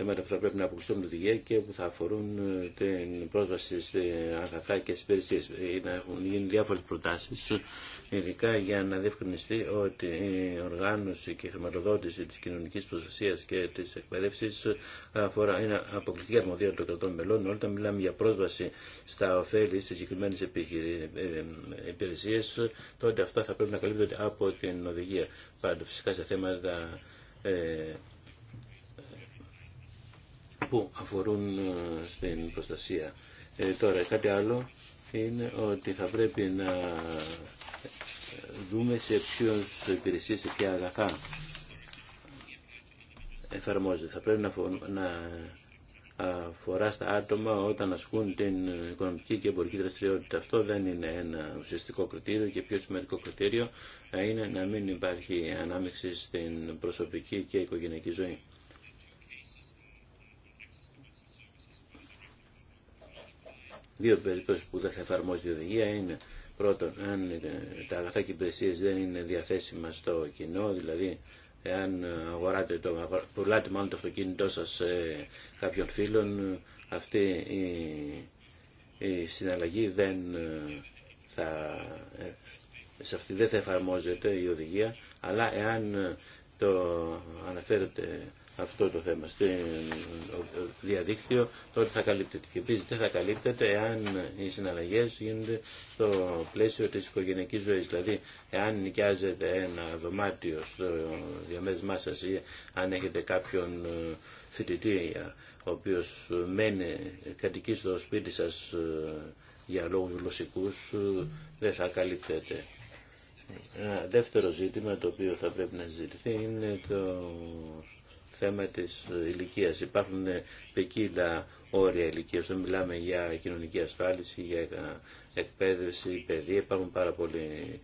θέματα που θα πρέπει να αποκλειστούν από την και που θα αφορούν ε, την πρόσβαση σε αγαθά και υπηρεσίε. Ε, έχουν γίνει διάφορε προτάσει, ειδικά για να διευκρινιστεί ότι η οργάνωση και η χρηματοδότηση τη κοινωνική προστασία και τη εκπαίδευση αφορά, είναι αποκλειστική αρμοδία των κρατών μελών. Όταν μιλάμε για πρόσβαση στα ωφέλη στι συγκεκριμένε ε, υπηρεσίε, τότε αυτά θα πρέπει να καλύπτονται από την οδηγία. Πάντα φυσικά σε θέματα που αφορούν ε, στην προστασία. Ε, τώρα κάτι άλλο είναι ότι θα πρέπει να ε, δούμε σε ποιους υπηρεσίες και αγαθά εφαρμόζεται. Θα πρέπει να αφορά στα άτομα όταν ασκούν την οικονομική και εμπορική δραστηριότητα. Αυτό δεν είναι ένα ουσιαστικό κριτήριο και πιο σημαντικό κριτήριο είναι να μην υπάρχει ανάμειξη στην προσωπική και οικογενειακή ζωή. Δύο περιπτώσει που δεν θα εφαρμόζει η οδηγία είναι πρώτον αν τα αγαθά και υπηρεσίε δεν είναι διαθέσιμα στο κοινό, δηλαδή εάν αγοράτε το, πουλάτε μάλλον το αυτοκίνητό σα σε κάποιον φίλον, αυτή η, συναλλαγή δεν θα, σε αυτή δεν θα εφαρμόζεται η οδηγία, αλλά εάν το αναφέρετε αυτό το θέμα στο διαδίκτυο, τότε θα καλύπτεται. Και επίση δεν θα καλύπτεται εάν οι συναλλαγέ γίνονται στο πλαίσιο τη οικογενειακή ζωή. Δηλαδή, εάν νοικιάζετε ένα δωμάτιο στο διαμέρισμά σα ή αν έχετε κάποιον ε, φοιτητή ο οποίο μένει κατοικεί στο σπίτι σα ε, για λόγους γλωσσικούς ε, δεν θα καλύπτεται. Ένα δεύτερο ζήτημα το οποίο θα πρέπει να συζητηθεί είναι το θέμα της ηλικία. Υπάρχουν ποικίλα όρια ηλικία. Όταν μιλάμε για κοινωνική ασφάλιση, για εκπαίδευση, παιδεία, υπάρχουν πάρα πολλοί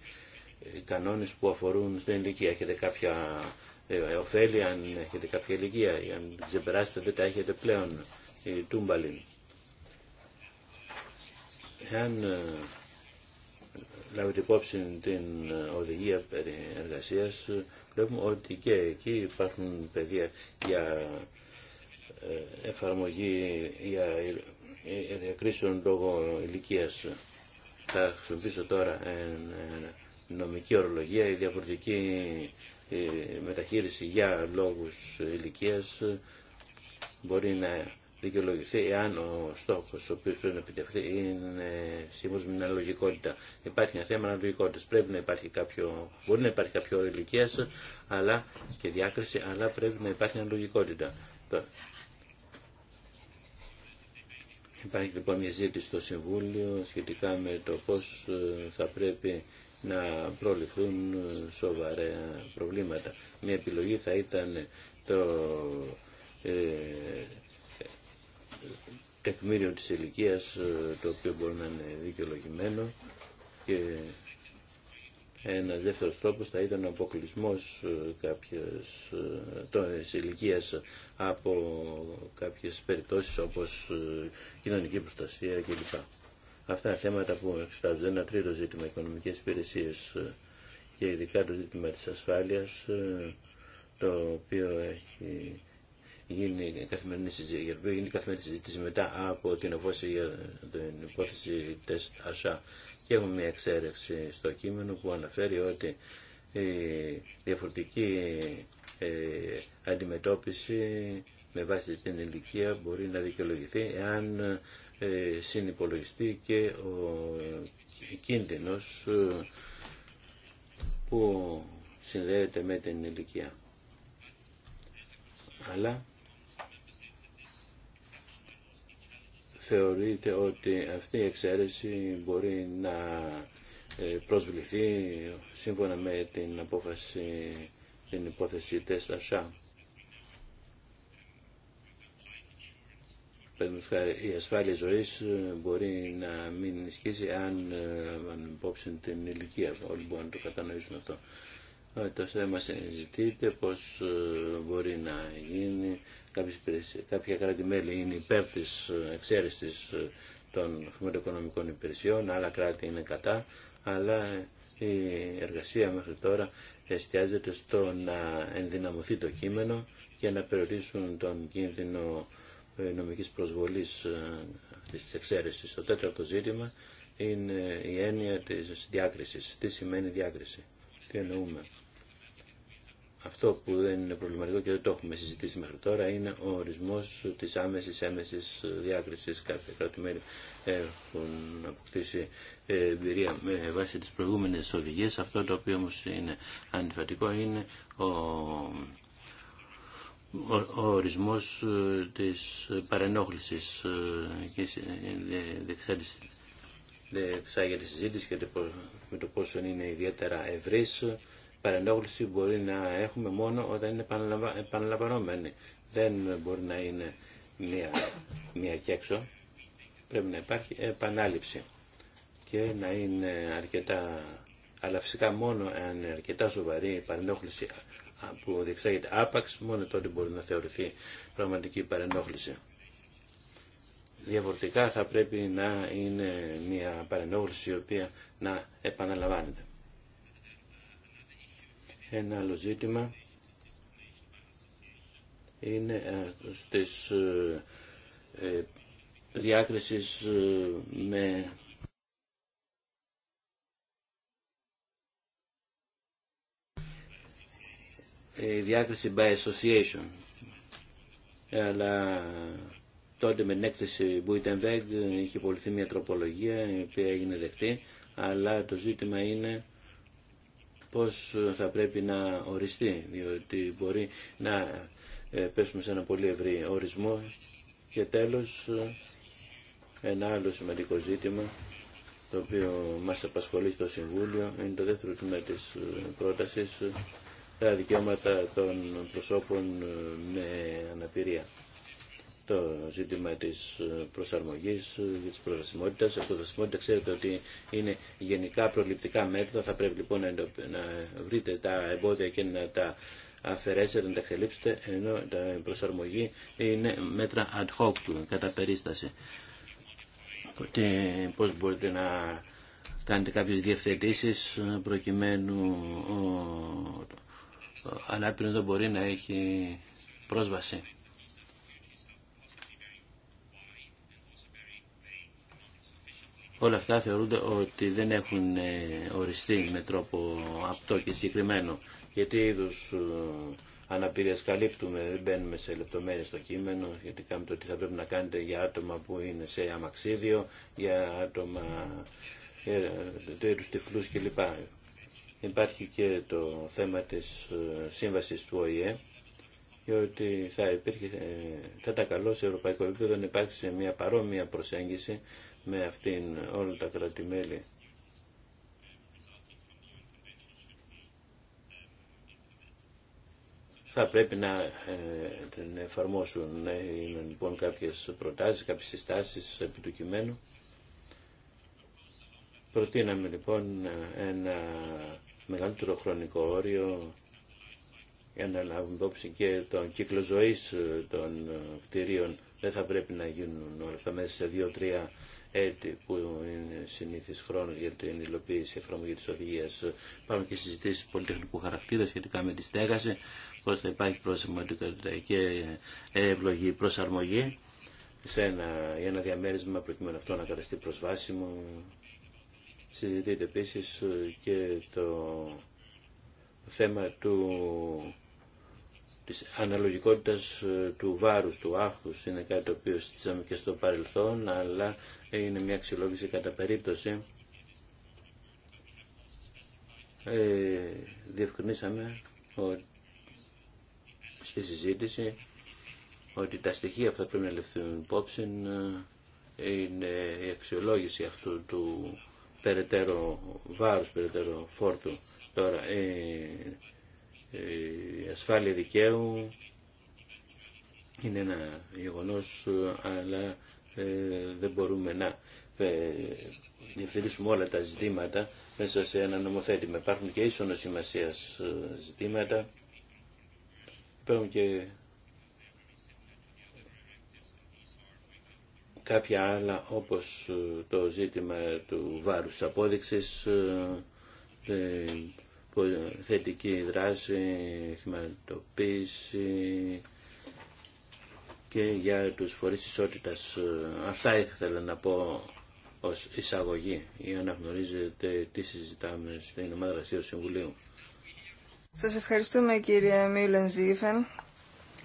κανόνες που αφορούν στην ηλικία. Έχετε κάποια ε, ωφέλη αν έχετε κάποια ηλικία, αν ξεπεράσετε δεν τα έχετε πλέον η Τούμπαλιν. Εάν ε, λάβετε υπόψη την ε, οδηγία περί εργασίας, βλέπουμε ότι και εκεί υπάρχουν παιδεία για ε, εφαρμογή για ε, ε, διακρίσεων λόγω ηλικία. Θα χρησιμοποιήσω τώρα νομική ορολογία, η διαφορετική μεταχείριση για λόγους ηλικίας μπορεί να δικαιολογηθεί εάν ο στόχο ο οποίο πρέπει να επιτευχθεί είναι σύμφωνο με την αναλογικότητα. Υπάρχει ένα θέμα αναλογικότητα. Πρέπει να υπάρχει κάποιο, μπορεί να υπάρχει κάποιο όριο ηλικία και διάκριση, αλλά πρέπει να υπάρχει αναλογικότητα. Υπάρχει λοιπόν μια ζήτηση στο Συμβούλιο σχετικά με το πώς ε, θα πρέπει να προληφθούν ε, σοβαρά προβλήματα. Μια επιλογή θα ήταν το, ε, τεκμήριο της ηλικία ε, το οποίο μπορεί να είναι δικαιολογημένο και ένα δεύτερο τρόπο θα ήταν ο αποκλεισμό ε, κάποιες ε, ηλικία από κάποιες περιπτώσεις όπως κοινωνική προστασία κλπ. Αυτά είναι θέματα που εξετάζουν Ένα τρίτο ζήτημα οικονομικές υπηρεσίε και ειδικά το ζήτημα της ασφάλειας το οποίο έχει γίνει καθημερινή συζήτηση, γίνει καθημερινή συζήτηση μετά από την απόφαση για την υπόθεση τεστ ΑΣΑ. Και έχουμε μια εξαίρεση στο κείμενο που αναφέρει ότι η διαφορετική ε, αντιμετώπιση με βάση την ηλικία μπορεί να δικαιολογηθεί εάν ε, συνυπολογιστεί και ο κίνδυνος ε, που συνδέεται με την ηλικία. Αλλά θεωρείτε ότι αυτή η εξαίρεση μπορεί να ε, προσβληθεί σύμφωνα με την απόφαση την υπόθεση τεστ ΑΣΑ. η ασφάλεια ζωής ε, μπορεί να μην ισχύσει αν, ε, αν υπόψη την ηλικία. Όλοι μπορούν να το κατανοήσουν αυτό. Ε, το θέμα συζητείται πως ε, μπορεί να γίνει κάποια κράτη-μέλη είναι υπέρ της ε, εξαίρεσης των χρηματοοικονομικών υπηρεσιών άλλα κράτη είναι κατά αλλά η εργασία μέχρι τώρα εστιάζεται στο να ενδυναμωθεί το κείμενο και να περιορίσουν τον κίνδυνο νομικής προσβολής της εξαίρεσης. Το τέταρτο ζήτημα είναι η έννοια της διάκρισης. Τι σημαίνει διάκριση, τι εννοούμε. Αυτό που δεν είναι προβληματικό και δεν το έχουμε συζητήσει μέχρι τώρα είναι ο ορισμός της άμεσης έμεσης διάκρισης. κάποια κράτη έχουν αποκτήσει εμπειρία με βάση τις προηγούμενες οδηγίες. Αυτό το οποίο όμως είναι αντιφατικό είναι ο ο ορισμός της παρενόχλησης και διεξάγεται συζήτηση και με το πόσο είναι ιδιαίτερα ευρύς παρενόχληση μπορεί να έχουμε μόνο όταν είναι επαναλαμβανόμενη. Δεν μπορεί να είναι μία, μία και έξω. Πρέπει να υπάρχει επανάληψη και να είναι αρκετά, αλλά φυσικά μόνο αν είναι αρκετά σοβαρή η παρενόχληση που διεξάγεται άπαξ, μόνο τότε μπορεί να θεωρηθεί πραγματική παρενόχληση. Διαφορετικά θα πρέπει να είναι μια παρενόχληση η οποία να επαναλαμβάνεται. Ένα άλλο ζήτημα είναι ε, στις ε, ε, διάκρισεις με η διάκριση by association. Αλλά τότε με την έκθεση Buitenweg είχε υπολυθεί μια τροπολογία η οποία έγινε δεκτή, αλλά το ζήτημα είναι πώς θα πρέπει να οριστεί, διότι μπορεί να ε, πέσουμε σε ένα πολύ ευρύ ορισμό. Και τέλος, ένα άλλο σημαντικό ζήτημα, το οποίο μας απασχολεί στο Συμβούλιο, είναι το δεύτερο τμήμα της ε, πρότασης, ε, τα δικαιώματα των προσώπων με αναπηρία το ζήτημα της προσαρμογής, της προσβασιμότητας. Η προσβασιμότητα ξέρετε ότι είναι γενικά προληπτικά μέτρα. Θα πρέπει λοιπόν να βρείτε τα εμπόδια και να τα αφαιρέσετε, να τα εξελίψετε, ενώ η προσαρμογή είναι μέτρα ad hoc, κατά περίσταση. Οπότε πώς μπορείτε να κάνετε κάποιες διευθετήσεις προκειμένου ο δεν μπορεί να έχει πρόσβαση όλα αυτά θεωρούνται ότι δεν έχουν ε, οριστεί με τρόπο απτό και συγκεκριμένο. Γιατί είδου ε, αναπηρία καλύπτουμε, δεν μπαίνουμε σε λεπτομέρειε στο κείμενο γιατί κάνουμε το τι θα πρέπει να κάνετε για άτομα που είναι σε αμαξίδιο, για άτομα ε, του τυφλού κλπ. Υπάρχει και το θέμα της σύμβασης του ΟΗΕ, διότι θα, υπήρχε, θα ήταν καλό σε ευρωπαϊκό επίπεδο να υπάρξει μια παρόμοια προσέγγιση με αυτήν όλα τα κρατημέλη. Θα πρέπει να την ε, εφαρμόσουν να είναι λοιπόν κάποιες προτάσεις, κάποιες συστάσεις επί του κειμένου. Προτείναμε λοιπόν ένα μεγαλύτερο χρονικό όριο για να λάβουμε υπόψη και τον κύκλο ζωής των κτηρίων. Δεν θα πρέπει να γίνουν όλα αυτά μέσα σε δύο-τρία έτη που είναι συνήθις χρόνο για την υλοποίηση εφαρμογή της οδηγίας. Υπάρχουν και συζητήσεις πολυτεχνικού χαρακτήρα σχετικά με τη στέγαση, πώς θα υπάρχει προσαρμογικότητα και ευλογή προσαρμογή σε ένα, για ένα διαμέρισμα προκειμένου αυτό να καταστεί προσβάσιμο. Συζητείται επίσης και το θέμα του της αναλογικότητας ε, του βάρους, του άχθους είναι κάτι το οποίο συζητήσαμε και στο παρελθόν αλλά είναι μια αξιολόγηση κατά περίπτωση ε, διευκρινίσαμε ότι στη συζήτηση ότι τα στοιχεία αυτά πρέπει να ληφθούν υπόψη ε, είναι η αξιολόγηση αυτού του περαιτέρω βάρους, περαιτέρω φόρτου. Τώρα, ε, η ασφάλεια δικαίου είναι ένα γεγονός, αλλά ε, δεν μπορούμε να ε, διευθυντήσουμε όλα τα ζητήματα μέσα σε ένα νομοθέτημα. Υπάρχουν και ίσονο σημασία ε, ζητήματα. Υπάρχουν και κάποια άλλα όπως το ζήτημα του βάρους απόδειξης, θετική δράση, χρηματοποίηση και για τους φορείς ισότητας. Αυτά ήθελα να πω ως εισαγωγή για να γνωρίζετε τι συζητάμε στην ομάδα του Συμβουλίου. Σας ευχαριστούμε κύριε Μίλεν Ζήφεν.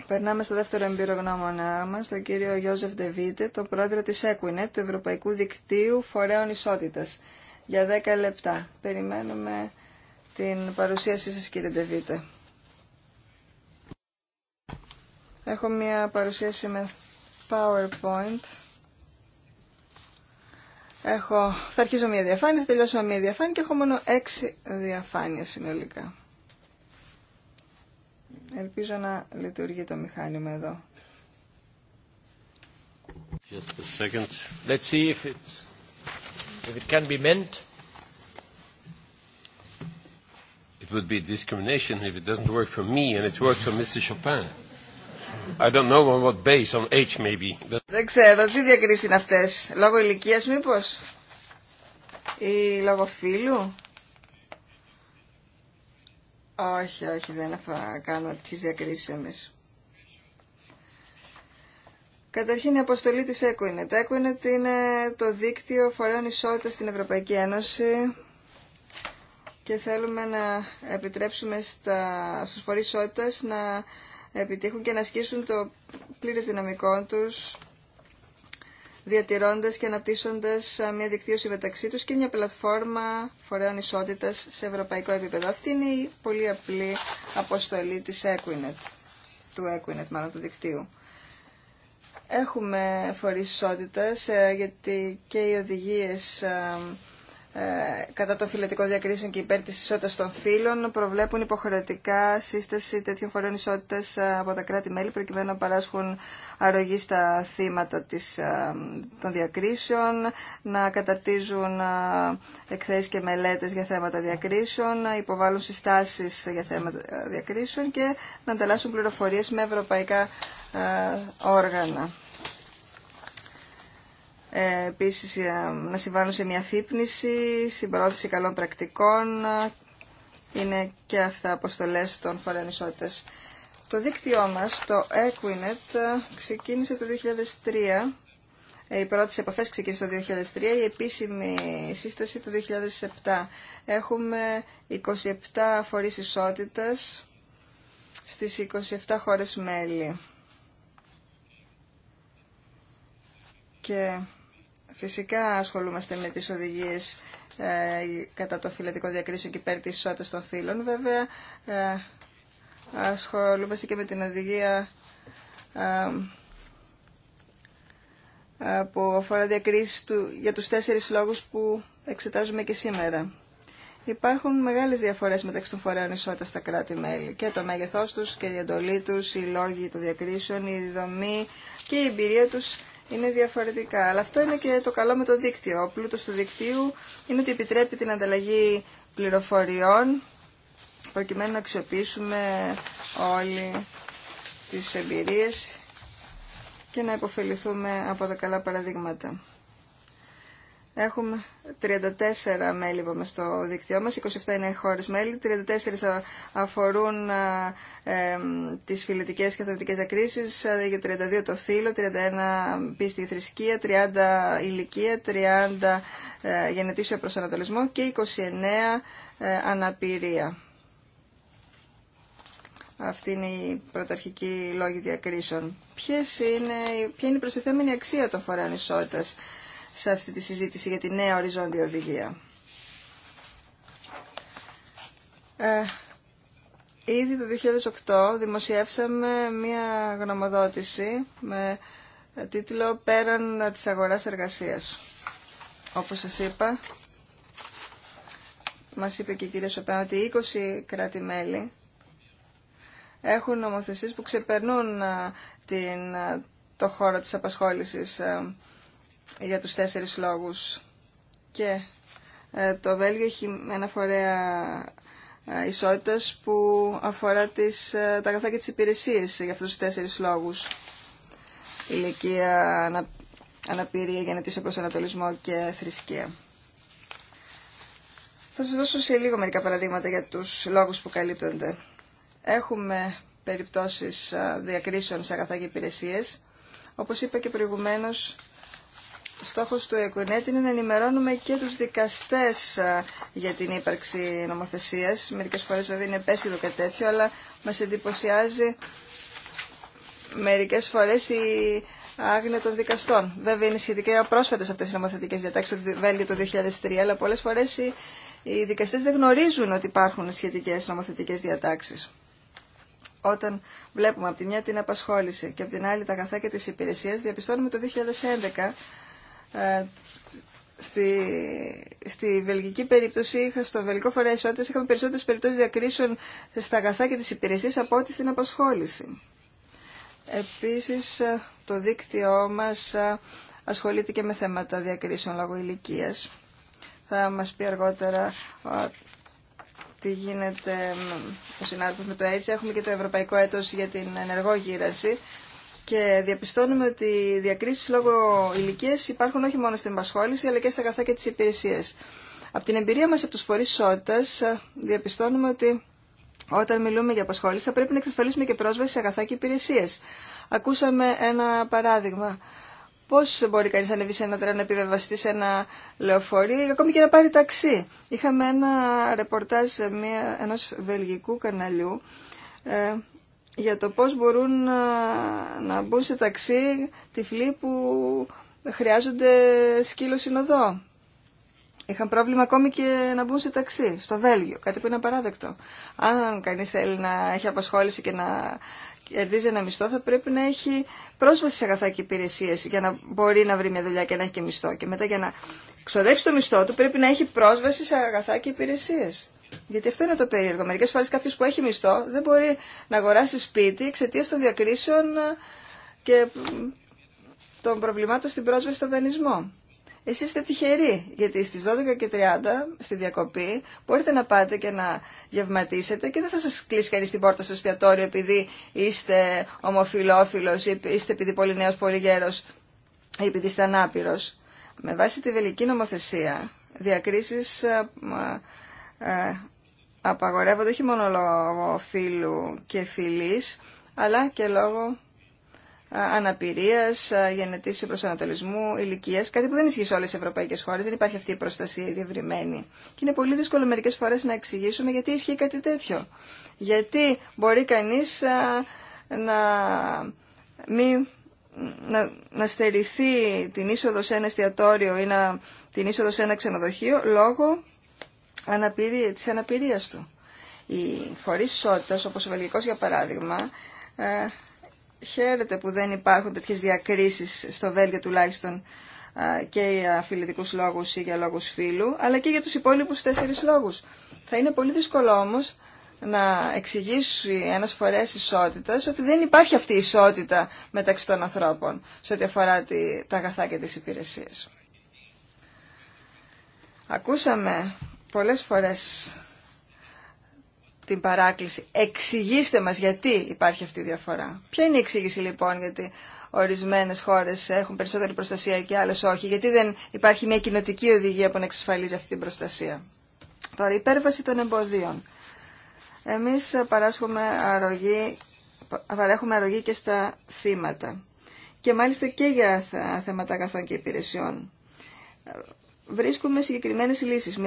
Περνάμε στο δεύτερο εμπειρογνώμονά μας, τον κύριο Γιώζεφ Ντεβίτε, τον πρόεδρο της ΕΚΟΙΝΕΤ, του Ευρωπαϊκού Δικτύου Φορέων Ισότητας, για 10 λεπτά. Περιμένουμε την παρουσίασή σας κύριε Ντεβίτε. Έχω μια παρουσίαση με PowerPoint. Έχω, θα αρχίσω μια διαφάνεια, θα τελειώσω μια διαφάνεια και έχω μόνο έξι διαφάνειες συνολικά. Ελπίζω να λειτουργεί το μηχάνημα εδώ. Just a second. Let's see if it can be meant. Δεν ξέρω, τι διακρίσεις είναι αυτές. Λόγω ηλικίας μήπως ή λόγω φίλου. Όχι, όχι, δεν θα κάνω τις διακρίσεις εμείς. Καταρχήν η αποστολή της ΕΚΟΙΝΕΤ. ΕΚΟΙΝΕΤ είναι το δίκτυο φορέων ισότητας στην Ευρωπαϊκή Ένωση και θέλουμε να επιτρέψουμε στα, στους φορείς ισότητας να επιτύχουν και να ασκήσουν το πλήρες δυναμικό τους διατηρώντας και αναπτύσσοντας μια δικτύωση μεταξύ τους και μια πλατφόρμα φορέων ισότητας σε ευρωπαϊκό επίπεδο. Αυτή είναι η πολύ απλή αποστολή της Equinet, του Equinet μάλλον του δικτύου. Έχουμε φορείς ισότητας ε, γιατί και οι οδηγίες ε, ε, κατά των φυλετικών διακρίσεων και υπέρ τη ισότητα των φύλων προβλέπουν υποχρεωτικά σύσταση τέτοιων φορέων ισότητα ε, από τα κράτη-μέλη προκειμένου να παράσχουν αρρωγή στα θύματα της, ε, των διακρίσεων, να καταρτίζουν εκθέσει και μελέτε για θέματα διακρίσεων, να υποβάλουν συστάσεις για θέματα διακρίσεων και να ανταλλάσσουν πληροφορίε με ευρωπαϊκά όργανα. Ε, επίσης ε, να συμβάλλουν σε μια φύπνιση, στην καλών πρακτικών, είναι και αυτά αποστολές των φορέων ισότητα. Το δίκτυό μας, το Equinet, ε, ξεκίνησε το 2003. Οι πρώτε επαφέ ξεκίνησε το 2003, η επίσημη σύσταση το 2007. Έχουμε 27 φορεί ισότητα στις 27 χώρε μέλη. Και Φυσικά ασχολούμαστε με τις οδηγίες ε, κατά το φυλετικό διακρίσιο και υπέρ της ισότητας των φύλων. Βέβαια, ε, ασχολούμαστε και με την οδηγία ε, που αφορά διακρίσεις του, για τους τέσσερις λόγους που εξετάζουμε και σήμερα. Υπάρχουν μεγάλες διαφορές μεταξύ των φορέων ισότητας στα κράτη-μέλη και το μέγεθός τους και η εντολή τους, οι λόγοι των διακρίσεων, η δομή και η εμπειρία τους είναι διαφορετικά. Αλλά αυτό είναι και το καλό με το δίκτυο. Ο πλούτο του δικτύου είναι ότι επιτρέπει την ανταλλαγή πληροφοριών προκειμένου να αξιοποιήσουμε όλοι τις εμπειρίες και να υποφεληθούμε από τα καλά παραδείγματα. Έχουμε 34 μέλη είπαμε, στο δίκτυό μας, 27 είναι χώρες μέλη, 34 αφορούν ε, τις φιλετικές και θεωρητικές ακρίσεις, για 32 το φύλλο, 31 πίστη θρησκεία, 30 ηλικία, 30 ε, γενετήσιο προσανατολισμό και 29 ε, αναπηρία. Αυτή είναι η πρωταρχική λόγη διακρίσεων. Ποιες είναι, ποια είναι η προσθεθέμενη αξία των φορέων ισότητας σε αυτή τη συζήτηση για τη νέα οριζόντια οδηγία. Ε, ήδη το 2008 δημοσιεύσαμε μία γνωμοδότηση με τίτλο «Πέραν της αγοράς εργασίας». Όπως σας είπα, μας είπε και η κυρία Σοπέν ότι 20 κράτη-μέλη έχουν νομοθεσίες που ξεπερνούν ε, την, ε, το χώρο της απασχόλησης ε, για τους τέσσερις λόγους. Και ε, το Βέλγιο έχει ένα φορέα ε, ισότητας που αφορά τις, ε, τα αγαθά και τις υπηρεσίες για αυτούς τους τέσσερις λόγους. Ηλικία, ανα, αναπηρία, γενετήσιο προσανατολισμό και θρησκεία. Θα σας δώσω σε λίγο μερικά παραδείγματα για τους λόγους που καλύπτονται. Έχουμε περιπτώσεις διακρίσεων σε αγαθά και υπηρεσίες. Όπως είπα και προηγουμένως, στόχος του ΕΚΟΝΕΤ είναι να ενημερώνουμε και τους δικαστές για την ύπαρξη νομοθεσίας. Μερικές φορές βέβαια είναι επέσχυρο και τέτοιο, αλλά μας εντυπωσιάζει μερικές φορές η άγνοια των δικαστών. Βέβαια είναι σχετικά πρόσφατες αυτές οι νομοθετικές διατάξεις το Βέλγιο το 2003, αλλά πολλές φορές οι, δικαστές δεν γνωρίζουν ότι υπάρχουν σχετικές νομοθετικές διατάξεις. Όταν βλέπουμε από τη μια την απασχόληση και από την άλλη τα αγαθά και τις υπηρεσίες, διαπιστώνουμε το 2011 ε, στη, στη βελγική περίπτωση, είχα, στο βελγικό φορέα ισότητα, είχαμε περισσότερε περιπτώσει διακρίσεων στα αγαθά και τι υπηρεσίε από ό,τι στην απασχόληση. Επίση, ε, το δίκτυό μα ε, ασχολείται και με θέματα διακρίσεων λόγω ηλικία. Θα μα πει αργότερα τι γίνεται ο συνάδελφο με το έτσι. Έχουμε και το Ευρωπαϊκό Έτος για την ενεργό και διαπιστώνουμε ότι οι διακρίσεις λόγω ηλικία υπάρχουν όχι μόνο στην απασχόληση αλλά και στα αγαθά και τις υπηρεσίε. Από την εμπειρία μα από του φορεί ισότητα, ε, διαπιστώνουμε ότι όταν μιλούμε για απασχόληση θα πρέπει να εξασφαλίσουμε και πρόσβαση σε αγαθά και υπηρεσίες. Ακούσαμε ένα παράδειγμα. Πώ μπορεί κανεί να ανεβεί σε ένα τρένο, να επιβεβαστεί σε ένα λεωφορείο, ακόμη και να πάρει ταξί. Είχαμε ένα ρεπορτάζ ενό βελγικού καναλιού ε, για το πώς μπορούν να, ε, να μπουν σε ταξί τυφλοί που χρειάζονται σκύλο συνοδό. Είχαν πρόβλημα ακόμη και να μπουν σε ταξί, στο Βέλγιο, κάτι που είναι απαράδεκτο. Αν κανείς θέλει να έχει απασχόληση και να κερδίζει ένα μισθό, θα πρέπει να έχει πρόσβαση σε αγαθά και υπηρεσίε για να μπορεί να βρει μια δουλειά και να έχει και μισθό. Και μετά για να ξοδέψει το μισθό του πρέπει να έχει πρόσβαση σε αγαθά και υπηρεσίε. Γιατί αυτό είναι το περίεργο. Μερικέ φορέ κάποιο που έχει μισθό δεν μπορεί να αγοράσει σπίτι εξαιτία των διακρίσεων ε, και των προβλημάτων στην πρόσβαση στο δανεισμό. Εσεί είστε τυχεροί, γιατί στι 12.30 στη διακοπή μπορείτε να πάτε και να γευματίσετε και δεν θα σα κλείσει κανεί την πόρτα στο εστιατόριο επειδή είστε ομοφυλόφιλο ή είστε επειδή πολύ νέο, πολύ γέρο ή επειδή είστε ανάπηρο. Με βάση τη βελική νομοθεσία, διακρίσει ε, απαγορεύονται όχι μόνο λόγω φίλου και φιλής, αλλά και λόγω αναπηρίας, γενετής προσανατολισμού, ηλικία, κάτι που δεν ισχύει σε όλες τις ευρωπαϊκές χώρες, δεν υπάρχει αυτή η προστασία η διευρυμένη. Και είναι πολύ δύσκολο μερικές φορές να εξηγήσουμε γιατί ισχύει κάτι τέτοιο. Γιατί μπορεί κανείς να, μη, να, να στερηθεί την είσοδο σε ένα εστιατόριο ή να, την είσοδο σε ένα ξενοδοχείο λόγω αναπηρία, της αναπηρίας του. Οι φορείς ισότητας, όπως ο Βελγικός για παράδειγμα, ε, χαίρεται που δεν υπάρχουν τέτοιες διακρίσεις στο Βέλγιο τουλάχιστον ε, και για φιλετικούς λόγους ή για λόγους φίλου αλλά και για τους υπόλοιπους τέσσερις λόγους. Θα είναι πολύ δύσκολο όμως να εξηγήσει ένας φορέας ισότητας ότι δεν υπάρχει αυτή η ισότητα μεταξύ των ανθρώπων σε ό,τι αφορά τα αγαθά και τις υπηρεσίες. Ακούσαμε πολλές φορές την παράκληση. Εξηγήστε μας γιατί υπάρχει αυτή η διαφορά. Ποια είναι η εξήγηση λοιπόν γιατί ορισμένες χώρες έχουν περισσότερη προστασία και άλλες όχι. Γιατί δεν υπάρχει μια κοινοτική οδηγία που να εξασφαλίζει αυτή την προστασία. Τώρα, υπέρβαση των εμποδίων. Εμείς παράσχουμε αρρωγή, παρέχουμε αρρωγή και στα θύματα. Και μάλιστα και για θέματα αγαθών και υπηρεσιών. Βρίσκουμε συγκεκριμένες λύσεις.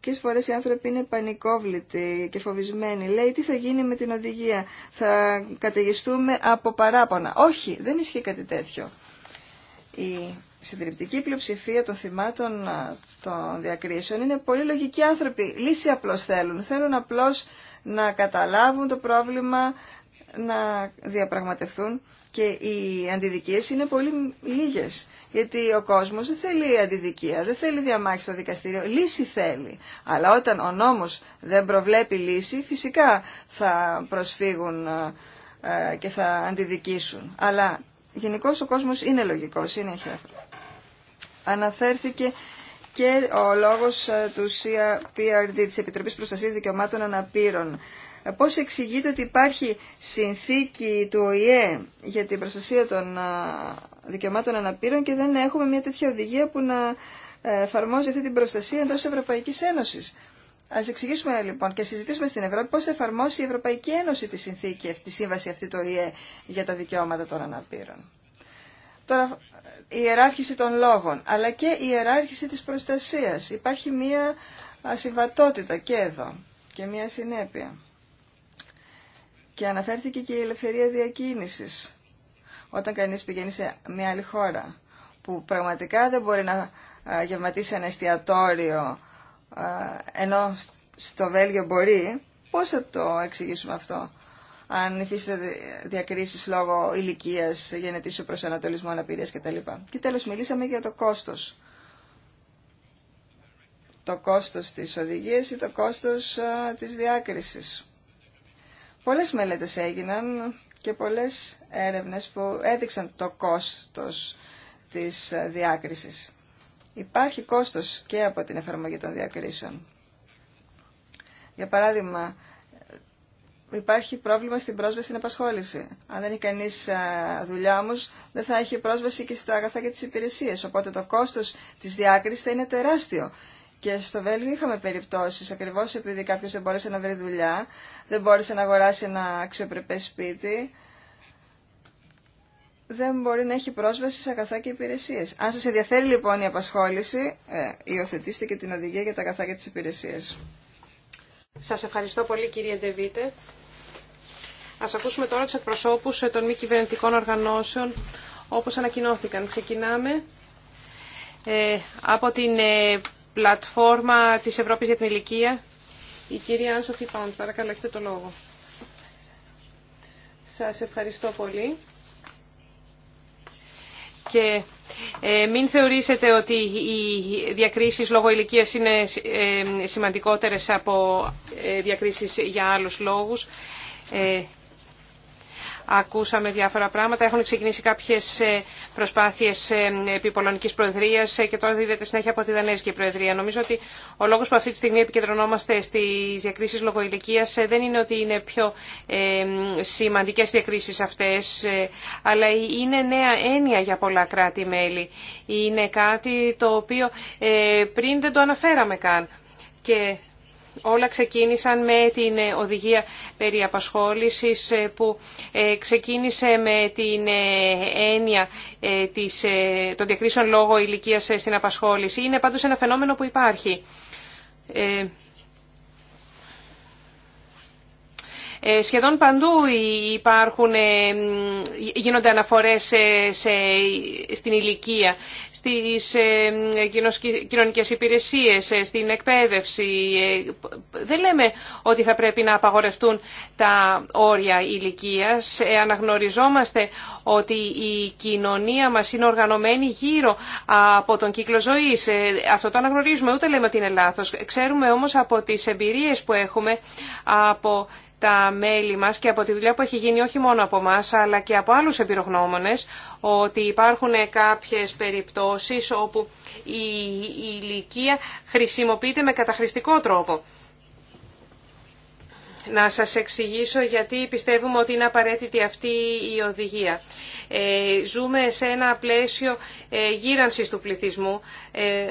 Μερικές φορέ οι άνθρωποι είναι πανικόβλητοι και φοβισμένοι. Λέει τι θα γίνει με την οδηγία, θα καταιγιστούμε από παράπονα. Όχι, δεν ισχύει κάτι τέτοιο. Η συντριπτική πλειοψηφία των θυμάτων των διακρίσεων είναι πολύ λογικοί άνθρωποι. Λύση απλώ θέλουν. Θέλουν απλώ να καταλάβουν το πρόβλημα, να διαπραγματευτούν και οι αντιδικίες είναι πολύ λίγες. Γιατί ο κόσμος δεν θέλει αντιδικία, δεν θέλει διαμάχη στο δικαστήριο, λύση θέλει. Αλλά όταν ο νόμος δεν προβλέπει λύση, φυσικά θα προσφύγουν ε, και θα αντιδικήσουν. Αλλά γενικώ ο κόσμος είναι λογικός, είναι Αναφέρθηκε και ο λόγος ε, του CPRD, της Επιτροπής Προστασίας Δικαιωμάτων Αναπήρων, Πώς εξηγείται ότι υπάρχει συνθήκη του ΟΗΕ για την προστασία των δικαιωμάτων αναπήρων και δεν έχουμε μια τέτοια οδηγία που να ε, εφαρμόζει αυτή την προστασία εντός Ευρωπαϊκής Ένωσης. Ας εξηγήσουμε λοιπόν και συζητήσουμε στην Ευρώπη πώς θα εφαρμόσει η Ευρωπαϊκή Ένωση τη συνθήκη, τη σύμβαση αυτή του ΟΗΕ για τα δικαιώματα των αναπήρων. Τώρα, η ιεράρχηση των λόγων, αλλά και η ιεράρχηση της προστασίας. Υπάρχει μία ασυμβατότητα και εδώ και μία συνέπεια. Και αναφέρθηκε και η ελευθερία διακίνησης. Όταν κανείς πηγαίνει σε μια άλλη χώρα που πραγματικά δεν μπορεί να γευματίσει ένα εστιατόριο ενώ στο Βέλγιο μπορεί, πώς θα το εξηγήσουμε αυτό αν υφίσταται διακρίσεις λόγω ηλικίας, γενετήσεων ανατολισμό, αναπηρίας κτλ. Και τέλος μιλήσαμε για το κόστος. Το κόστος της οδηγίας ή το κόστος της διάκρισης. Πολλές μελέτες έγιναν και πολλές έρευνες που έδειξαν το κόστος της ε, διάκρισης. Υπάρχει κόστος και από την εφαρμογή των διακρίσεων. Για παράδειγμα, υπάρχει πρόβλημα στην πρόσβαση στην απασχόληση. Αν δεν έχει κανεί ε, δουλειά όμω, δεν θα έχει πρόσβαση και στα αγαθά και τις υπηρεσίες. Οπότε το κόστος της διάκρισης θα είναι τεράστιο και στο Βέλγιο είχαμε περιπτώσει ακριβώ επειδή κάποιο δεν μπόρεσε να βρει δουλειά, δεν μπόρεσε να αγοράσει ένα αξιοπρεπές σπίτι, δεν μπορεί να έχει πρόσβαση σε αγαθά και υπηρεσίε. Αν σα ενδιαφέρει λοιπόν η απασχόληση, ε, υιοθετήστε και την οδηγία για τα αγαθά και τι υπηρεσίε. Σας ευχαριστώ πολύ κύριε Ντεβίτε. Α ακούσουμε τώρα του εκπροσώπου ε, των μη κυβερνητικών οργανώσεων όπω ανακοινώθηκαν. Ξεκινάμε ε, από την ε, πλατφόρμα της Ευρώπης για την ηλικία. Η κυρία Άνσοφη Πάουντ, παρακαλώ, έχετε το λόγο. Σας ευχαριστώ πολύ. Και ε, μην θεωρήσετε ότι οι διακρίσεις λόγω ηλικία είναι ε, σημαντικότερες από ε, διακρίσεις για άλλους λόγους. Ε, Ακούσαμε διάφορα πράγματα. Έχουν ξεκινήσει κάποιες ε, προσπάθειες ε, επί Πολωνικής Προεδρίας ε, και τώρα δίδεται συνέχεια από τη Δανέζικη Προεδρία. Νομίζω ότι ο λόγος που αυτή τη στιγμή επικεντρωνόμαστε στι διακρίσει λογοηλικίας δεν είναι ότι είναι πιο σημαντικές διακρίσει αυτές, αλλά είναι νέα έννοια για πολλά κράτη-μέλη. Είναι κάτι το οποίο πριν δεν το αναφέραμε καν. Και όλα ξεκίνησαν με την ε, οδηγία περί απασχόλησης ε, που ε, ξεκίνησε με την έννοια της, των διακρίσεων λόγω ηλικίας στην απασχόληση. Είναι πάντως ένα φαινόμενο που υπάρχει. Σχεδόν παντού υπάρχουν, γίνονται αναφορές σε, στην ηλικία στις ε, κοινωνικές υπηρεσίες, ε, στην εκπαίδευση. Ε, δεν λέμε ότι θα πρέπει να απαγορευτούν τα όρια ηλικίας. Αναγνωριζόμαστε ότι η κοινωνία μας είναι οργανωμένη γύρω από τον κύκλο ζωής. Αυτό το αναγνωρίζουμε, ούτε λέμε ότι είναι λάθος. Ξέρουμε όμως από τις εμπειρίες που έχουμε από τα μέλη μας και από τη δουλειά που έχει γίνει όχι μόνο από μας αλλά και από άλλους εμπειρογνώμονες ότι υπάρχουν κάποιες περιπτώσεις όπου η ηλικία χρησιμοποιείται με καταχρηστικό τρόπο. Να σας εξηγήσω γιατί πιστεύουμε ότι είναι απαραίτητη αυτή η οδηγία. Ε, ζούμε σε ένα πλαίσιο ε, γύρανσης του πληθυσμού ε,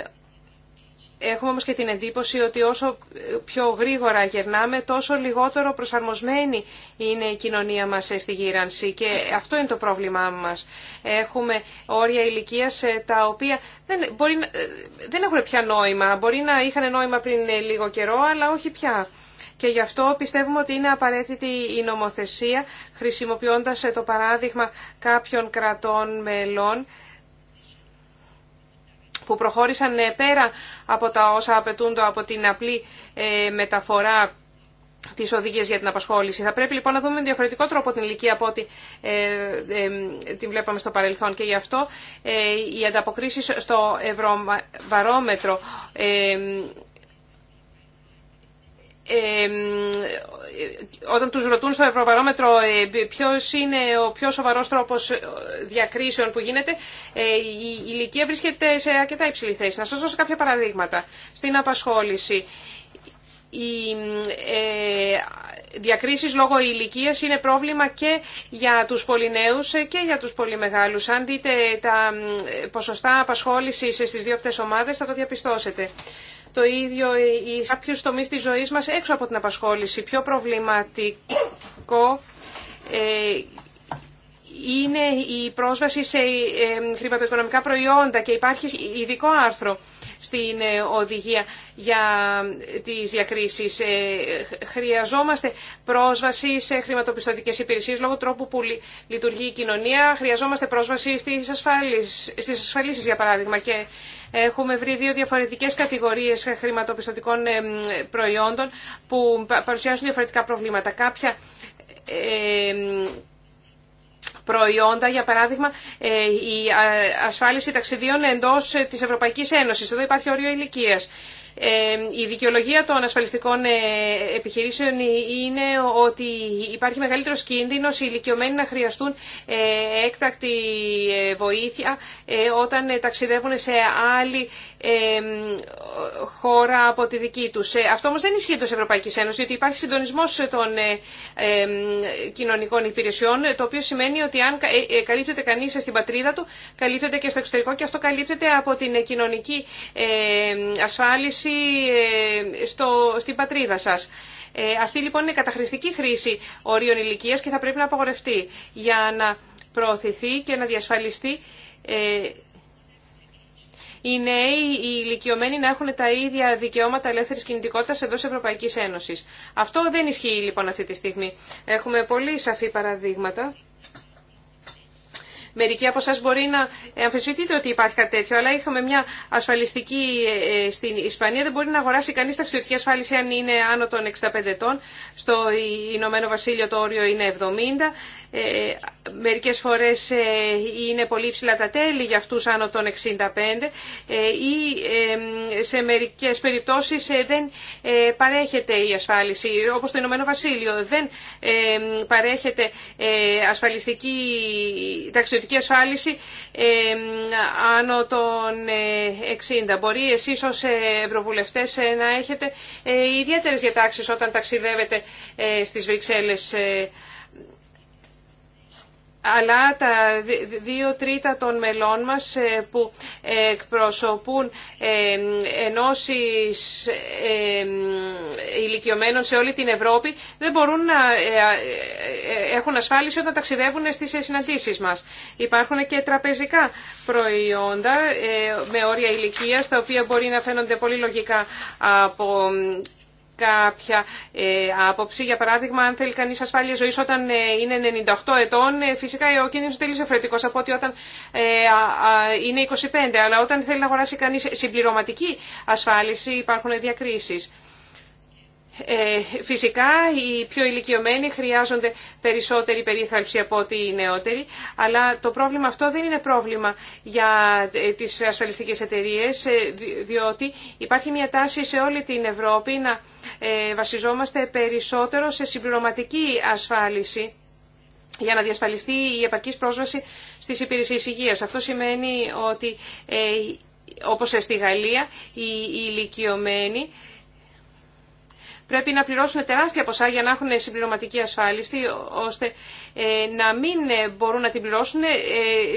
Έχουμε όμως και την εντύπωση ότι όσο πιο γρήγορα γερνάμε, τόσο λιγότερο προσαρμοσμένη είναι η κοινωνία μας ε, στη γύρανση και αυτό είναι το πρόβλημά μας. Έχουμε όρια ηλικίας ε, τα οποία δεν, μπορεί, ε, δεν έχουν πια νόημα. Μπορεί να είχαν νόημα πριν λίγο καιρό, αλλά όχι πια. Και γι' αυτό πιστεύουμε ότι είναι απαραίτητη η νομοθεσία, χρησιμοποιώντας το παράδειγμα κάποιων κρατών μελών, που προχώρησαν ε, πέρα από τα όσα απαιτούνται από την απλή ε, μεταφορά τι οδηγίε για την απασχόληση. Θα πρέπει λοιπόν να δούμε με διαφορετικό τρόπο την ηλικία από ό,τι ε, ε την βλέπαμε στο παρελθόν. Και γι' αυτό ε, οι ανταποκρίσει στο ευρωβαρόμετρο όταν τους ρωτούν στο Ευρωβαρόμετρο ε, ποιος είναι ο πιο σοβαρός τρόπος ε, διακρίσεων που γίνεται, ε, η ηλικία βρίσκεται σε αρκετά υψηλή θέση. Να σας δώσω κάποια παραδείγματα. Στην απασχόληση, οι διακρίσεις λόγω ηλικίας είναι πρόβλημα και για τους πολυνέους και για τους πολυμεγάλους. Αν δείτε τα ποσοστά απασχόλησης στις δύο αυτές ομάδες θα το διαπιστώσετε το ίδιο ή σε κάποιους τομείς της ζωής μας έξω από την απασχόληση. Πιο προβληματικό ε, είναι η πρόσβαση σε ε, χρηματοοικονομικά προϊόντα και υπάρχει ειδικό άρθρο στην ε, οδηγία για τις διακρίσεις. Χρειαζόμαστε πρόσβαση σε χρηματοπιστωτικές υπηρεσίες λόγω τρόπου που λειτουργεί η κοινωνία. Χρειαζόμαστε πρόσβαση στις, ασφάλεις, στις ασφαλίσεις, για παράδειγμα. Και Έχουμε βρει δύο διαφορετικές κατηγορίες χρηματοπιστωτικών ε, προϊόντων που παρουσιάζουν διαφορετικά προβλήματα. Κάποια ε, προϊόντα, για παράδειγμα ε, η ασφάλιση ταξιδίων εντός της Ευρωπαϊκής Ένωσης. Εδώ υπάρχει όριο ηλικίας. Ε, η δικαιολογία των ασφαλιστικών ε, επιχειρήσεων ε, είναι ότι υπάρχει μεγαλύτερος κίνδυνος οι ηλικιωμένοι να χρειαστούν έκτακτη βοήθεια όταν ταξιδεύουν σε άλλη χώρα από τη δική τους. Αυτό όμως δεν ισχύει εντός Ευρωπαϊκή Ένωση, γιατί υπάρχει συντονισμός των κοινωνικών υπηρεσιών, το οποίο σημαίνει ότι αν καλύπτεται κανείς στην πατρίδα του, καλύπτεται και στο εξωτερικό και αυτό καλύπτεται από την κοινωνική ασφάλιση ε, στο, στην πατρίδα σας. Ε, αυτή λοιπόν είναι καταχρηστική χρήση ορίων ηλικίας και θα πρέπει να απαγορευτεί για να προωθηθεί και να διασφαλιστεί ε, οι νέοι, οι ηλικιωμένοι να έχουν τα ίδια δικαιώματα ελεύθερη κινητικότητα εντό Ευρωπαϊκή Ένωση. Αυτό δεν ισχύει λοιπόν αυτή τη στιγμή. Έχουμε πολύ σαφή παραδείγματα. Μερικοί από εσά μπορεί να αμφισβητείτε ότι υπάρχει κάτι τέτοιο, αλλά είχαμε μια ασφαλιστική ε, ε, στην Ισπανία. Δεν μπορεί να αγοράσει κανεί ταξιδιωτική ασφάλιση αν είναι άνω των 65 ετών. Στο Ηνωμένο Βασίλειο το όριο είναι 70. Ε, μερικές φορές ε, είναι πολύ ψηλά τα τέλη για αυτούς άνω των 65 ε, ή σε μερικές περιπτώσεις δεν παρέχεται η ασφάλιση, όπως το Ηνωμένο Βασίλειο. Δεν παρέχεται ασφαλιστική, ταξιδιωτική ασφάλιση άνω των 60. Μπορεί εσείς ως ευρωβουλευτές να έχετε ιδιαίτερες διατάξεις όταν ταξιδεύετε στις Βρυξέλλες αλλά τα δύο τρίτα των μελών μας ε, που ε, εκπροσωπούν ε, ενώσεις ηλικιωμένων σε όλη την Ευρώπη δεν μπορούν να έχουν ασφάλιση όταν ταξιδεύουν στις συναντήσεις μας. Υπάρχουν και τραπεζικά προϊόντα με όρια ηλικίας τα οποία μπορεί να φαίνονται πολύ λογικά από κάποια ε, άποψη. Για παράδειγμα, αν θέλει κανείς ασφάλεια ζωής όταν ε, είναι 98 ετών, ε, φυσικά ο κίνδυνο είναι τελείω διαφορετικό από ότι όταν είναι 25. Αλλά όταν θέλει να αγοράσει κανείς συμπληρωματική ασφάλιση υπάρχουν διακρίσεις. Ε, φυσικά οι πιο ηλικιωμένοι χρειάζονται περισσότερη περίθαλψη από ότι οι νεότεροι, αλλά το πρόβλημα αυτό δεν είναι πρόβλημα για ε, τις ασφαλιστικές εταιρείες, ε, διότι υπάρχει μια τάση σε όλη την Ευρώπη να βασιζόμαστε περισσότερο σε συμπληρωματική ασφάλιση για να διασφαλιστεί η επαρκής πρόσβαση στις υπηρεσίες υγείας. Αυτό σημαίνει ότι, όπως στη Γαλλία, οι ηλικιωμένοι πρέπει να πληρώσουν τεράστια ποσά για να έχουν συμπληρωματική ασφάλιση, ώστε ε, να μην ε, μπορούν να την πληρώσουν ε,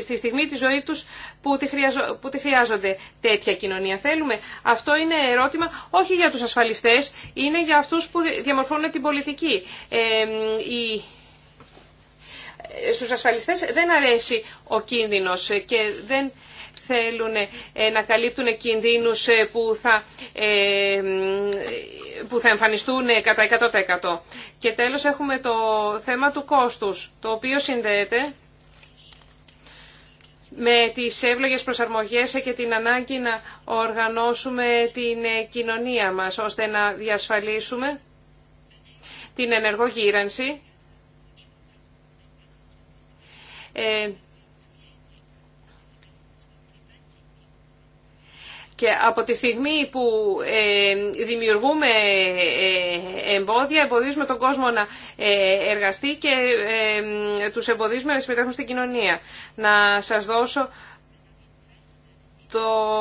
στη στιγμή τη ζωή τους που τη χρειάζονται. Τέτοια κοινωνία θέλουμε. Αυτό είναι ερώτημα όχι για τους ασφαλιστές, είναι για αυτούς που διαμορφώνουν την πολιτική. Η στους ασφαλιστές δεν αρέσει ο κίνδυνος και δεν θέλουν ε, να καλύπτουν κινδύνους ε, που θα, ε, που θα εμφανιστούν κατά 100%. Και τέλος έχουμε το θέμα του κόστους, το οποίο συνδέεται με τις εύλογες προσαρμογές και την ανάγκη να οργανώσουμε την κοινωνία μας, ώστε να διασφαλίσουμε την ενεργογύρανση. Και από τη στιγμή που ε, δημιουργούμε ε, εμπόδια, εμποδίζουμε τον κόσμο να ε, εργαστεί και τους εμποδίζουμε να συμμετέχουν στην κοινωνία. Να σας δώσω το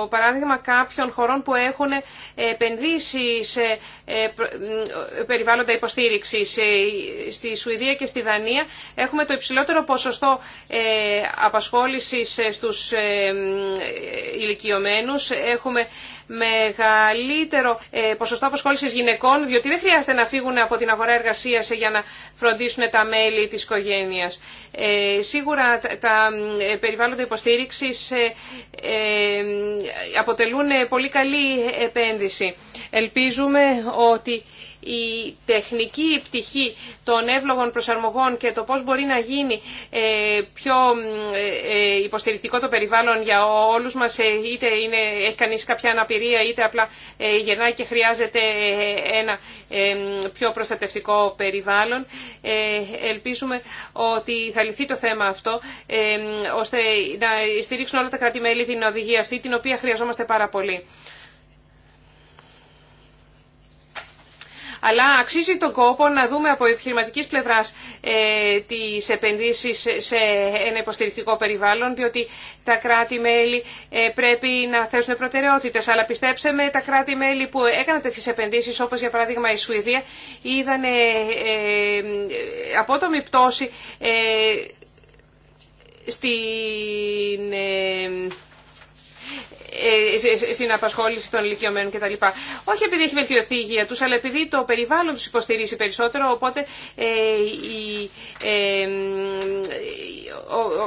παράδειγμα κάποιων χωρών που έχουν επενδύσει σε ε, ε, περιβάλλοντα υποστήριξη. Στη Σουηδία και στη Δανία έχουμε το υψηλότερο ποσοστό ε, απασχόλησης στους ηλικιωμένους. Έχουμε μεγαλύτερο ε, ποσοστό αποσχόληση γυναικών, διότι δεν χρειάζεται να φύγουν από την αγορά εργασία ε, για να φροντίσουν τα μέλη της οικογένειας. Ε, σίγουρα τα περιβάλλοντα υποστήριξης αποτελούν πολύ καλή επένδυση. Ελπίζουμε ότι η τεχνική πτυχή των εύλογων προσαρμογών και το πώς μπορεί να γίνει ε, πιο ε, ε, υποστηρικτικό το περιβάλλον για όλους μας, είτε είναι, έχει κανείς κάποια αναπηρία, είτε απλά γεννάει και χρειάζεται ένα πιο προστατευτικό περιβάλλον. Ελπίζουμε ότι θα λυθεί το θέμα αυτό, ώστε να στηρίξουν όλα τα κράτη-μέλη την οδηγία αυτή, την οποία χρειαζόμαστε πάρα πολύ. αλλά αξίζει τον κόπο να δούμε από επιχειρηματικής πλευράς ε, τις επενδύσεις σε ένα υποστηρικτικό περιβάλλον, διότι τα κράτη-μέλη ε, πρέπει να θέσουν προτεραιότητες. Αλλά πιστέψτε με, τα κράτη-μέλη που έκαναν τέτοιες επενδύσεις, όπως για παράδειγμα η Σουηδία, είδαν ε, απότομη πτώση ε, στην ε, ε, ε, ε, στην απασχόληση των ηλικιωμένων κτλ. Όχι επειδή έχει βελτιωθεί η υγεία τους, αλλά επειδή το περιβάλλον του υποστηρίζει περισσότερο, οπότε οι,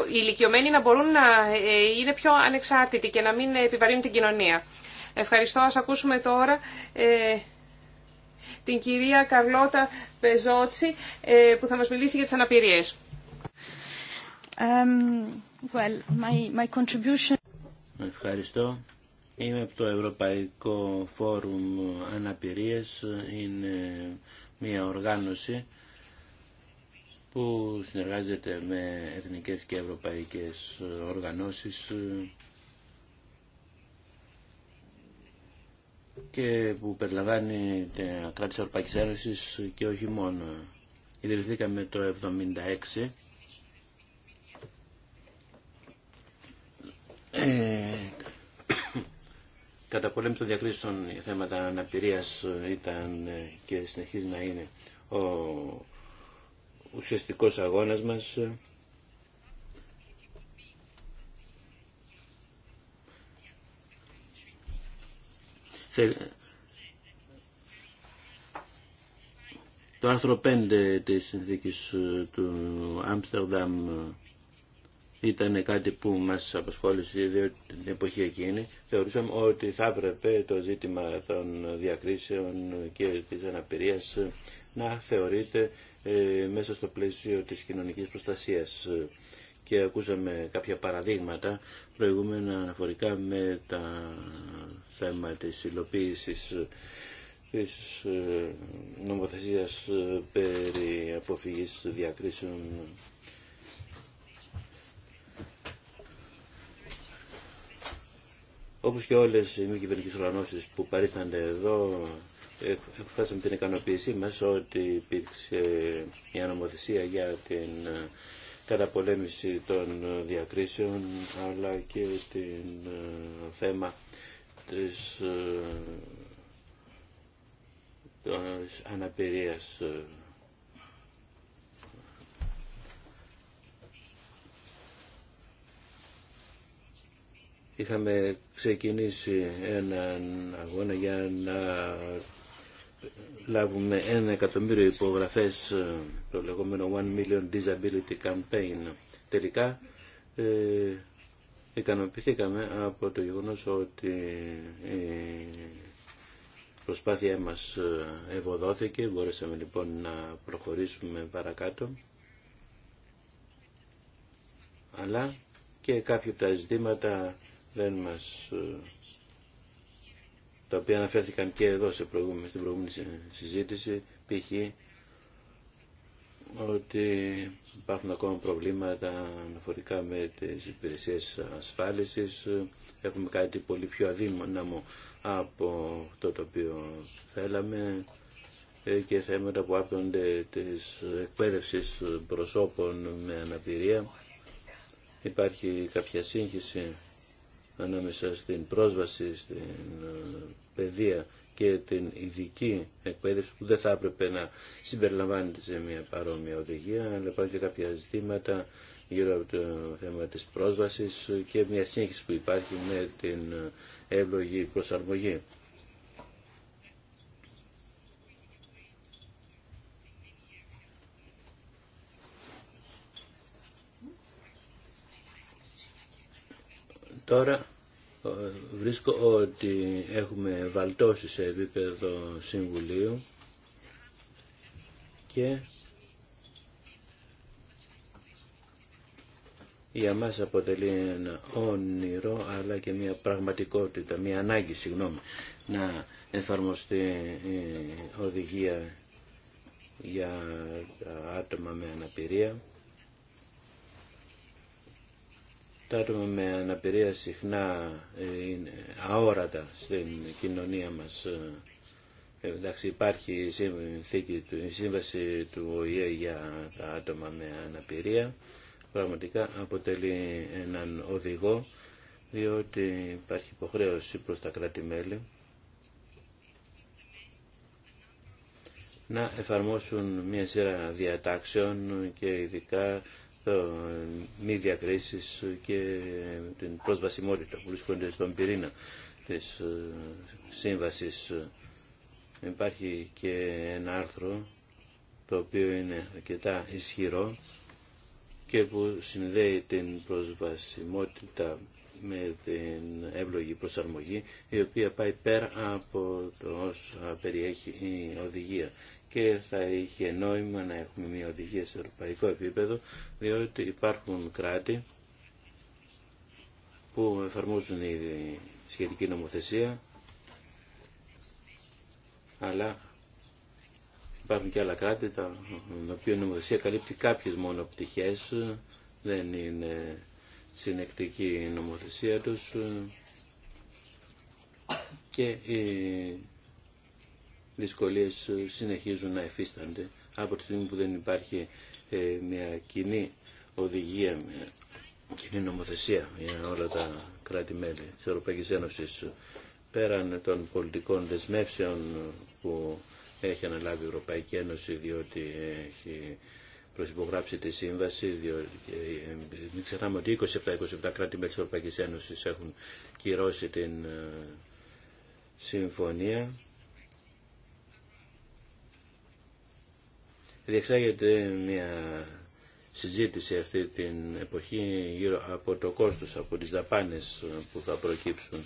οι ηλικιωμένοι να μπορούν να είναι πιο ανεξάρτητοι και να μην επιβαρύνουν την κοινωνία. Ευχαριστώ. Ας ακούσουμε τώρα την κυρία Καρλώτα Πεζότσι που θα μας μιλήσει για τις αναπηρίες. Ευχαριστώ. Είμαι από το Ευρωπαϊκό Φόρουμ Αναπηρίες. Είναι μια οργάνωση που συνεργάζεται με εθνικές και ευρωπαϊκές οργανώσεις και που περιλαμβάνει τα κράτη της Ευρωπαϊκής Ένωσης και όχι μόνο. Ιδρυθήκαμε το 1976 Ε, κατά πολέμη των διακρίσεων θέματα αναπηρίας ήταν ε, και συνεχίζει να είναι ο ουσιαστικός αγώνας μας. Το άρθρο 5 της συνθήκης ε, του Άμστερνταμ ήταν κάτι που μας απασχόλησε διότι την εποχή εκείνη. Θεωρούσαμε ότι θα έπρεπε το ζήτημα των διακρίσεων και της αναπηρίας να θεωρείται ε, μέσα στο πλαίσιο της κοινωνικής προστασίας. Και ακούσαμε κάποια παραδείγματα προηγούμενα αναφορικά με τα θέμα της υλοποίησης της ε, νομοθεσίας ε, περί αποφυγής διακρίσεων Όπως και όλες οι μη κυβερνικές οργανώσεις που παρίστανται εδώ, εκφράσαμε την ικανοποίησή μας ότι υπήρξε μια νομοθεσία για την καταπολέμηση των διακρίσεων, αλλά και την ε, θέμα της ε, αναπηρίας ε, είχαμε ξεκινήσει έναν αγώνα για να λάβουμε ένα εκατομμύριο υπογραφές το λεγόμενο One Million Disability Campaign. Τελικά ε, ικανοποιηθήκαμε από το γεγονός ότι η προσπάθειά μας ε, ευωδόθηκε, μπορέσαμε λοιπόν να προχωρήσουμε παρακάτω. Αλλά και κάποια από τα ζητήματα δεν μας ε, τα οποία αναφέρθηκαν και εδώ σε προηγούμενη, στην προηγούμενη συζήτηση, π.χ. ότι υπάρχουν ακόμα προβλήματα αναφορικά με τις υπηρεσίες ασφάλισης. Έχουμε κάτι πολύ πιο αδύναμο από το το οποίο θέλαμε ε, και θέματα που άπτονται της εκπαίδευσης προσώπων με αναπηρία. Υπάρχει κάποια σύγχυση ανάμεσα στην πρόσβαση στην ε, παιδεία και την ειδική εκπαίδευση που δεν θα έπρεπε να συμπεριλαμβάνεται σε μια παρόμοια οδηγία, αλλά υπάρχουν και κάποια ζητήματα γύρω από το θέμα της πρόσβασης και μια σύγχυση που υπάρχει με την εύλογη προσαρμογή. Τώρα βρίσκω ότι έχουμε βαλτώσει σε επίπεδο Συμβουλίου και για μας αποτελεί ένα όνειρο αλλά και μια πραγματικότητα, μια ανάγκη συγγνώμη, να εφαρμοστεί οδηγία για άτομα με αναπηρία Τα άτομα με αναπηρία συχνά ε, είναι αόρατα στην κοινωνία μας. Ε, εντάξει, υπάρχει η σύμβαση, σύμβαση του ΟΗΕ για τα άτομα με αναπηρία. Πραγματικά αποτελεί έναν οδηγό, διότι υπάρχει υποχρέωση προς τα κράτη-μέλη να εφαρμόσουν μια σειρά διατάξεων και ειδικά ε, μη διακρίσεις και την προσβασιμότητα που βρίσκονται στον πυρήνα της ε, σύμβαση. Υπάρχει και ένα άρθρο το οποίο είναι αρκετά ισχυρό και που συνδέει την προσβασιμότητα με την εύλογη προσαρμογή η οποία πάει πέρα από το όσο περιέχει η οδηγία και θα είχε νόημα να έχουμε μια οδηγία σε ευρωπαϊκό επίπεδο, διότι υπάρχουν κράτη που εφαρμόζουν ήδη σχετική νομοθεσία, αλλά υπάρχουν και άλλα κράτη τα οποία η νομοθεσία καλύπτει κάποιες μόνο πτυχές, δεν είναι συνεκτική η νομοθεσία τους και η δυσκολίες ε, συνεχίζουν να εφίστανται από τη στιγμή που δεν υπάρχει ε, μια κοινή οδηγία, μια κοινή νομοθεσία για όλα τα κράτη-μέλη της Ευρωπαϊκής Ένωσης πέραν των πολιτικών δεσμεύσεων που έχει αναλάβει η Ευρωπαϊκή Ένωση διότι έχει προσυπογράψει τη σύμβαση, διότι ε, μην ξεχνάμε ότι 27-27 κράτη μέλη της Ευρωπαϊκής Ένωσης έχουν κυρώσει την συμφωνία διεξάγεται μια συζήτηση αυτή την εποχή γύρω από το κόστος, από τις δαπάνες που θα προκύψουν.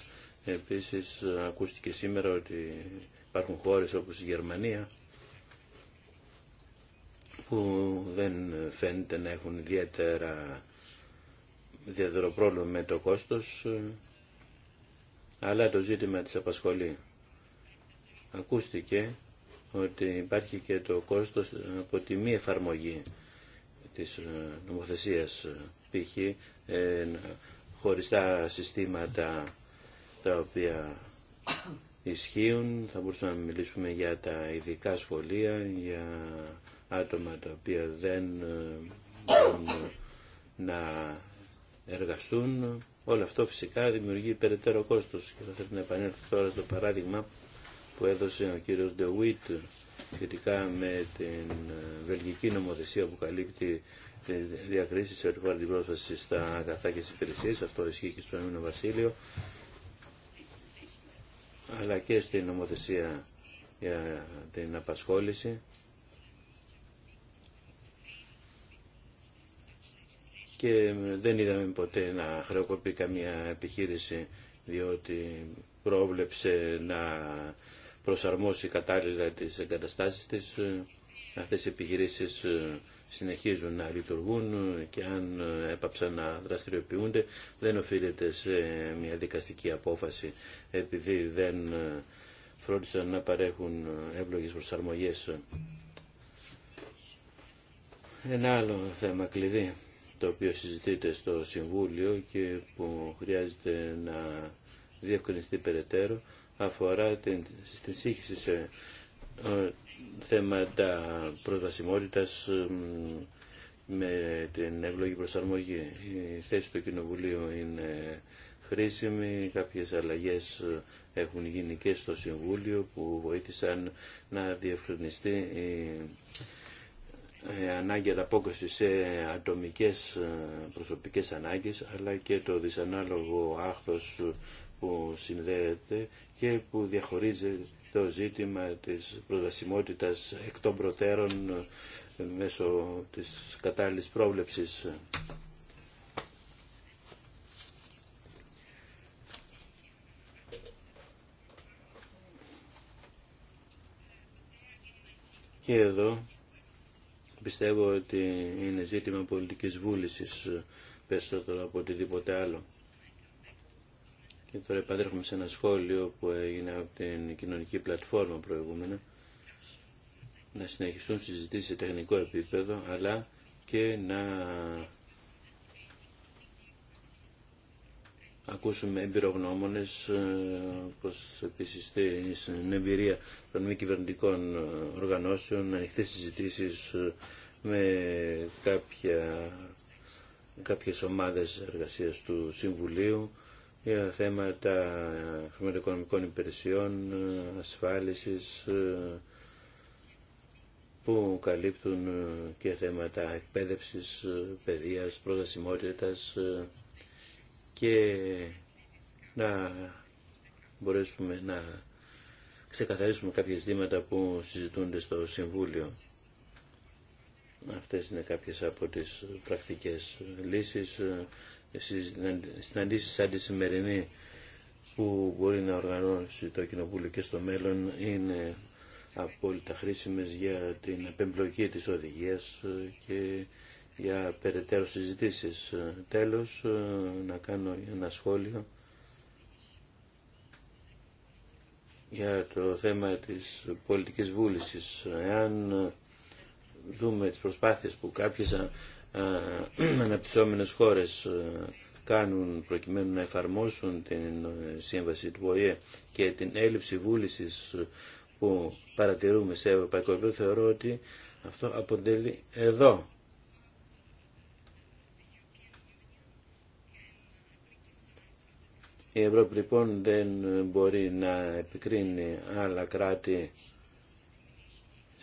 Επίσης ακούστηκε σήμερα ότι υπάρχουν χώρες όπως η Γερμανία που δεν φαίνεται να έχουν ιδιαίτερα ιδιαίτερο με το κόστος αλλά το ζήτημα της απασχολεί. Ακούστηκε ότι υπάρχει και το κόστος από τη μη εφαρμογή της ε, νομοθεσίας ε, π.χ. Ε, χωριστά συστήματα τα οποία ισχύουν. Θα μπορούσαμε να μιλήσουμε για τα ειδικά σχολεία, για άτομα τα οποία δεν μπορούν να εργαστούν. Όλο αυτό φυσικά δημιουργεί περαιτέρω κόστος και θα θέλω να επανέλθω τώρα στο παράδειγμα που έδωσε ο κύριος Ντεουίτ σχετικά με την ε, βελγική νομοθεσία που καλύπτει ε, διακρίσεις σε αφορά την πρόσβαση στα αγαθά και στις υπηρεσίες. Αυτό ισχύει και στο ο Βασίλειο αλλά και στην νομοθεσία για την απασχόληση και δεν είδαμε ποτέ να χρεοκοπεί καμία επιχείρηση διότι πρόβλεψε να προσαρμόσει κατάλληλα τις εγκαταστάσεις της. Αυτές οι επιχειρήσεις ε, συνεχίζουν να λειτουργούν και αν ε, έπαψαν να δραστηριοποιούνται δεν οφείλεται σε μια δικαστική απόφαση επειδή δεν ε, φρόντισαν να παρέχουν εύλογες προσαρμογές. Ένα άλλο θέμα κλειδί το οποίο συζητείται στο Συμβούλιο και που χρειάζεται να διευκρινιστεί περαιτέρω αφορά την σύγχυση σε ε, θέματα προσβασιμότητας με την ευλογή προσαρμογή. Η θέση του Κοινοβουλίου είναι χρήσιμη, κάποιες αλλαγές ε, έχουν γίνει και στο Συμβούλιο που βοήθησαν να διευκρινιστεί η ανάγκη ανταπόκριση σε ατομικές ε, προσωπικές ανάγκες αλλά και το δυσανάλογο άχθος που συνδέεται και που διαχωρίζει το ζήτημα της προδασιμότητας εκ των προτέρων ε, μέσω της κατάλληλης πρόβλεψης. Και εδώ πιστεύω ότι είναι ζήτημα πολιτικής βούλησης ε, περισσότερο από οτιδήποτε άλλο. Και τώρα επανέρχομαι σε ένα σχόλιο που έγινε από την κοινωνική πλατφόρμα προηγούμενα να συνεχιστούν συζητήσεις σε τεχνικό επίπεδο, αλλά και να ακούσουμε εμπειρογνώμονες, ε, πως επίσης στην εμπειρία των μη κυβερνητικών ε, οργανώσεων, να ανοιχθεί συζητήσεις ε, με κάποια, κάποιες ομάδες εργασίας του Συμβουλίου, για θέματα χρηματοοικονομικών υπηρεσιών, ασφάλισης, που καλύπτουν και θέματα εκπαίδευσης, παιδείας, προσβασιμότητας και να μπορέσουμε να ξεκαθαρίσουμε κάποια δήματα που συζητούνται στο Συμβούλιο. Αυτές είναι κάποιες από τις πρακτικές λύσεις συναντήσεις σαν τη σημερινή που μπορεί να οργανώσει το Κοινοβούλιο και στο μέλλον είναι απόλυτα χρήσιμες για την επεμπλοκή της οδηγίας και για περαιτέρω συζητήσεις. Τέλος, να κάνω ένα σχόλιο για το θέμα της πολιτικής βούλησης. Εάν δούμε τις προσπάθειες που κάποιες [clears throat] αναπτυσσόμενες χώρες κάνουν προκειμένου να εφαρμόσουν την ε, σύμβαση του ΟΗΕ και την έλλειψη βούλησης ε, που παρατηρούμε σε ευρωπαϊκό επίπεδο θεωρώ ότι αυτό αποτελεί εδώ Η Ευρώπη λοιπόν δεν μπορεί να επικρίνει άλλα κράτη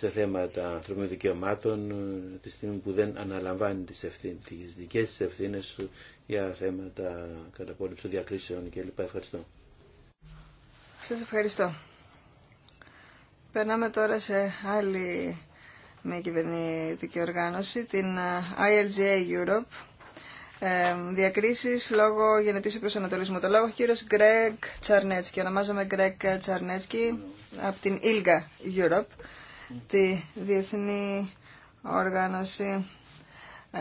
σε θέματα ανθρωπίνων δικαιωμάτων ε, τη στιγμή που δεν αναλαμβάνει τις, δικέ τις δικές της ευθύνες για θέματα καταπόλυψης διακρίσεων κλπ. Ευχαριστώ. Σας ευχαριστώ. Περνάμε τώρα σε άλλη μια κυβερνητική οργάνωση, την ε, ILGA Europe, ε, διακρίσεις λόγω γενετήσου προσανατολισμού. Το λόγο κύριος Γκρέγκ Τσαρνέτσκι, ονομάζομαι Γκρέγκ Τσαρνέτσκι από την ILGA Europe τη διεθνή οργάνωση ε,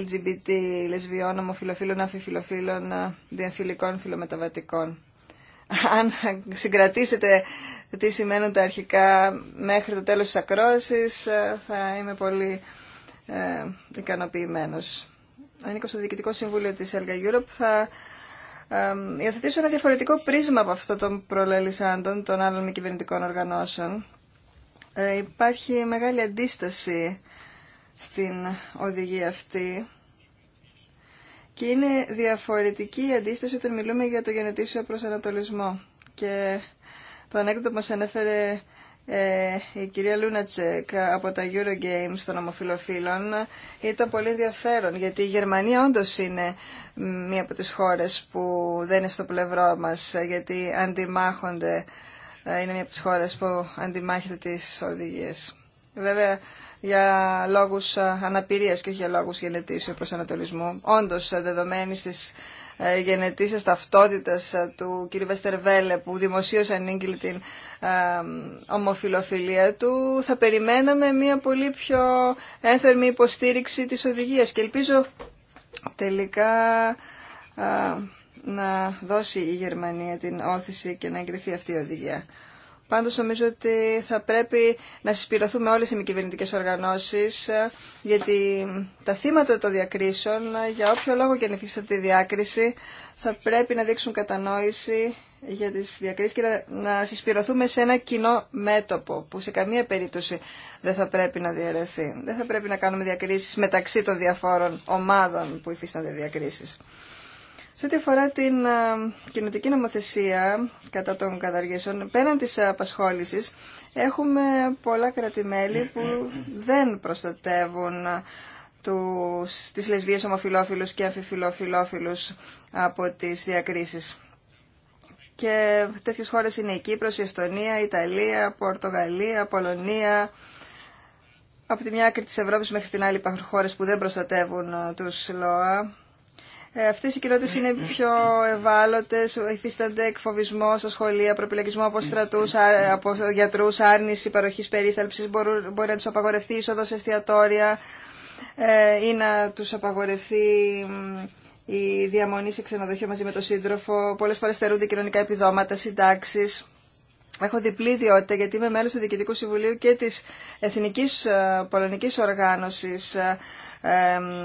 LGBT, λεσβιών, ομοφιλοφίλων, αφιφιλοφίλων, ε, διαφιλικών, φιλομεταβατικών. Αν συγκρατήσετε τι σημαίνουν τα αρχικά μέχρι το τέλος της ακρόασης, ε, θα είμαι πολύ ε, ικανοποιημένος. Ανήκω στο Διοικητικό Συμβούλιο της Elga Europe, θα ε, υιοθετήσω ένα διαφορετικό πρίσμα από αυτό των προλελισάντων των άλλων κυβερνητικών οργανώσεων ε, υπάρχει μεγάλη αντίσταση στην οδηγία αυτή και είναι διαφορετική η αντίσταση όταν μιλούμε για το γενετήσιο προσανατολισμό. Και το ανέκδοτο που μας ανέφερε ε, η κυρία Λούνατσεκ από τα Eurogames των ομοφιλοφίλων ήταν πολύ ενδιαφέρον γιατί η Γερμανία όντως είναι μία από τις χώρες που δεν είναι στο πλευρό μας γιατί αντιμάχονται ε, είναι μια από τις χώρες που αντιμάχεται τις οδηγίες. Βέβαια, για λόγους ε, αναπηρίας και όχι για λόγους γενετήσεων προσανατολισμού. Όντως, ε, δεδομένη της γενετήσεις ταυτότητας του κ. Βεστερβέλε που δημοσίως ανήγγειλε την ομοφιλοφιλία του, θα περιμέναμε μια πολύ πιο ένθερμη υποστήριξη της οδηγίας και ελπίζω τελικά να δώσει η Γερμανία την όθηση και να εγκριθεί αυτή η οδηγία. Πάντω νομίζω ότι θα πρέπει να συσπηρωθούμε όλε οι μη κυβερνητικέ οργανώσει, ε, γιατί τα θύματα των διακρίσεων, ε, για όποιο λόγο και αν υφίσταται τη διάκριση, θα πρέπει να δείξουν κατανόηση για τι διακρίσει και να συσπηρωθούμε σε ένα κοινό μέτωπο, που σε καμία περίπτωση δεν θα πρέπει να διαιρεθεί. Δεν θα πρέπει να κάνουμε διακρίσει μεταξύ των διαφόρων ομάδων που υφίστανται διακρίσει. Σε ό,τι αφορά την ε, κοινωτική νομοθεσία κατά των καταργήσεων, πέραν της απασχόλησης, έχουμε πολλά κρατημέλη που δεν προστατεύουν ε, τους, τις λεσβίες ομοφιλόφιλους και αμφιφιλόφιλόφιλους από τις διακρίσεις. Και τέτοιες χώρες είναι η Κύπρος, η Εστονία, η Ιταλία, η Πορτογαλία, η Πολωνία. Από τη μια άκρη της Ευρώπης μέχρι την άλλη υπάρχουν χώρες που δεν προστατεύουν ε, τους ΛΟΑ ε, Αυτέ οι κοινότητε είναι πιο ευάλωτε, υφίστανται εκφοβισμό στα σχολεία, προπυλακισμό από στρατού, από γιατρού, άρνηση παροχή περίθαλψη. μπορεί να του απαγορευτεί σε εστιατόρια ε, ή να του απαγορευτεί η διαμονή σε ξενοδοχείο μαζί με τον σύντροφο. Πολλέ φορέ θερούνται κοινωνικά επιδόματα, συντάξει. Έχω διπλή ιδιότητα γιατί είμαι μέλο του Διοικητικού Συμβουλίου και τη εθνική ε, Πολωνικής οργάνωση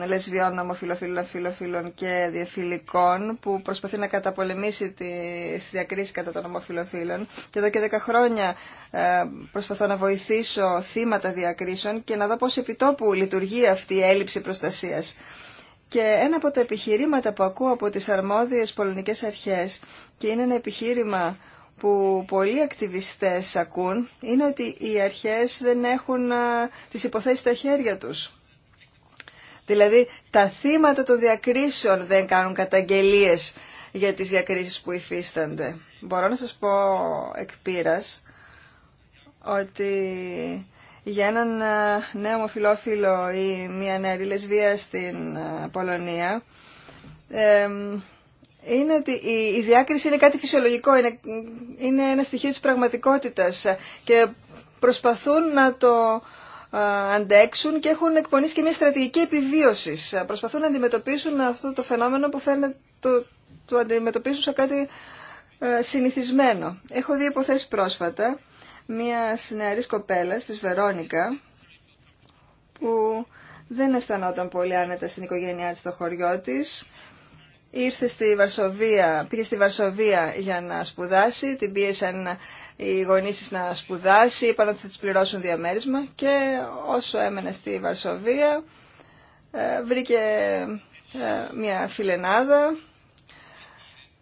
λεσβιών, ομοφιλοφίλων, φιλοφίλων και διαφιλικών που προσπαθεί να καταπολεμήσει τι διακρίσει κατά των ομοφιλοφίλων. Και εδώ και δέκα χρόνια προσπαθώ να βοηθήσω θύματα διακρίσεων και να δω πώς επιτόπου λειτουργεί αυτή η έλλειψη προστασίας. Και ένα από τα επιχειρήματα που ακούω από τις αρμόδιες πολωνικές αρχές και είναι ένα επιχείρημα που πολλοί ακτιβιστές ακούν είναι ότι οι αρχές δεν έχουν ε, τις υποθέσεις στα χέρια τους. Δηλαδή τα θύματα των διακρίσεων δεν κάνουν καταγγελίες για τις διακρίσεις που υφίστανται. Μπορώ να σας πω εκ πείρας ότι για έναν ε, νέο ομοφιλόφιλο ή μια νεαρή λεσβία φιλόφιλο ή μια νέα ριλεσβία στην ε, Πολωνία η, διάκριση είναι κάτι φυσιολογικό, είναι, είναι ένα στοιχείο της πραγματικότητας και προσπαθούν να το αντέξουν και έχουν εκπονήσει και μια στρατηγική επιβίωση. Προσπαθούν να αντιμετωπίσουν αυτό το φαινόμενο που φαίνεται το, το αντιμετωπίσουν σε κάτι συνηθισμένο. Έχω δει υποθέσει πρόσφατα μια νεαρή κοπέλα τη Βερόνικα που δεν αισθανόταν πολύ άνετα στην οικογένειά της στο χωριό της ήρθε στη Βαρσοβία, πήγε στη Βαρσοβία για να σπουδάσει, την πίεσαν οι γονείς της να σπουδάσει, είπαν ότι θα της πληρώσουν διαμέρισμα και όσο έμενε στη Βαρσοβία ε, βρήκε ε, μια φιλενάδα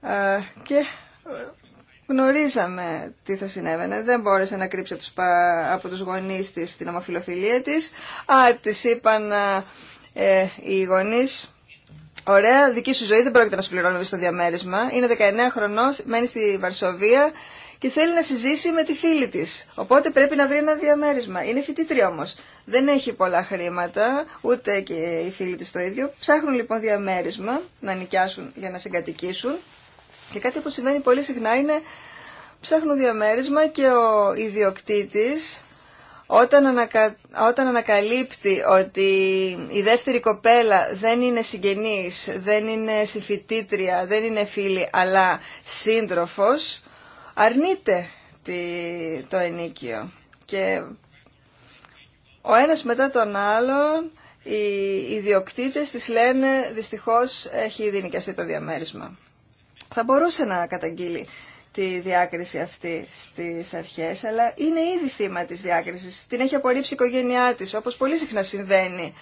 ε, και γνωρίζαμε τι θα συνέβαινε. Δεν μπόρεσε να κρύψει από τους γονείς της την ομοφιλοφιλία της. Α, της είπαν οι γονείς Ωραία, δική σου ζωή δεν πρόκειται να σου στο διαμέρισμα. Είναι 19 χρονών, μένει στη Βαρσοβία και θέλει να συζήσει με τη φίλη τη. Οπότε πρέπει να βρει ένα διαμέρισμα. Είναι φοιτήτρια όμω. Δεν έχει πολλά χρήματα, ούτε και η φίλη τη το ίδιο. Ψάχνουν λοιπόν διαμέρισμα να νοικιάσουν για να συγκατοικήσουν. Και κάτι που συμβαίνει πολύ συχνά είναι ψάχνουν διαμέρισμα και ο ιδιοκτήτη όταν, ανακα... όταν ανακαλύπτει ότι η δεύτερη κοπέλα δεν είναι συγγενής, δεν είναι συμφοιτήτρια, δεν είναι φίλη, αλλά σύντροφος, αρνείται τη... το ενίκιο. Και ο ένας μετά τον άλλο οι ιδιοκτήτες της λένε δυστυχώς έχει δινικιαστεί το διαμέρισμα. Θα μπορούσε να καταγγείλει τη διάκριση αυτή στις αρχές, αλλά είναι ήδη θύμα της διάκρισης. Την έχει απορρίψει η οικογένειά της, όπως πολύ συχνά συμβαίνει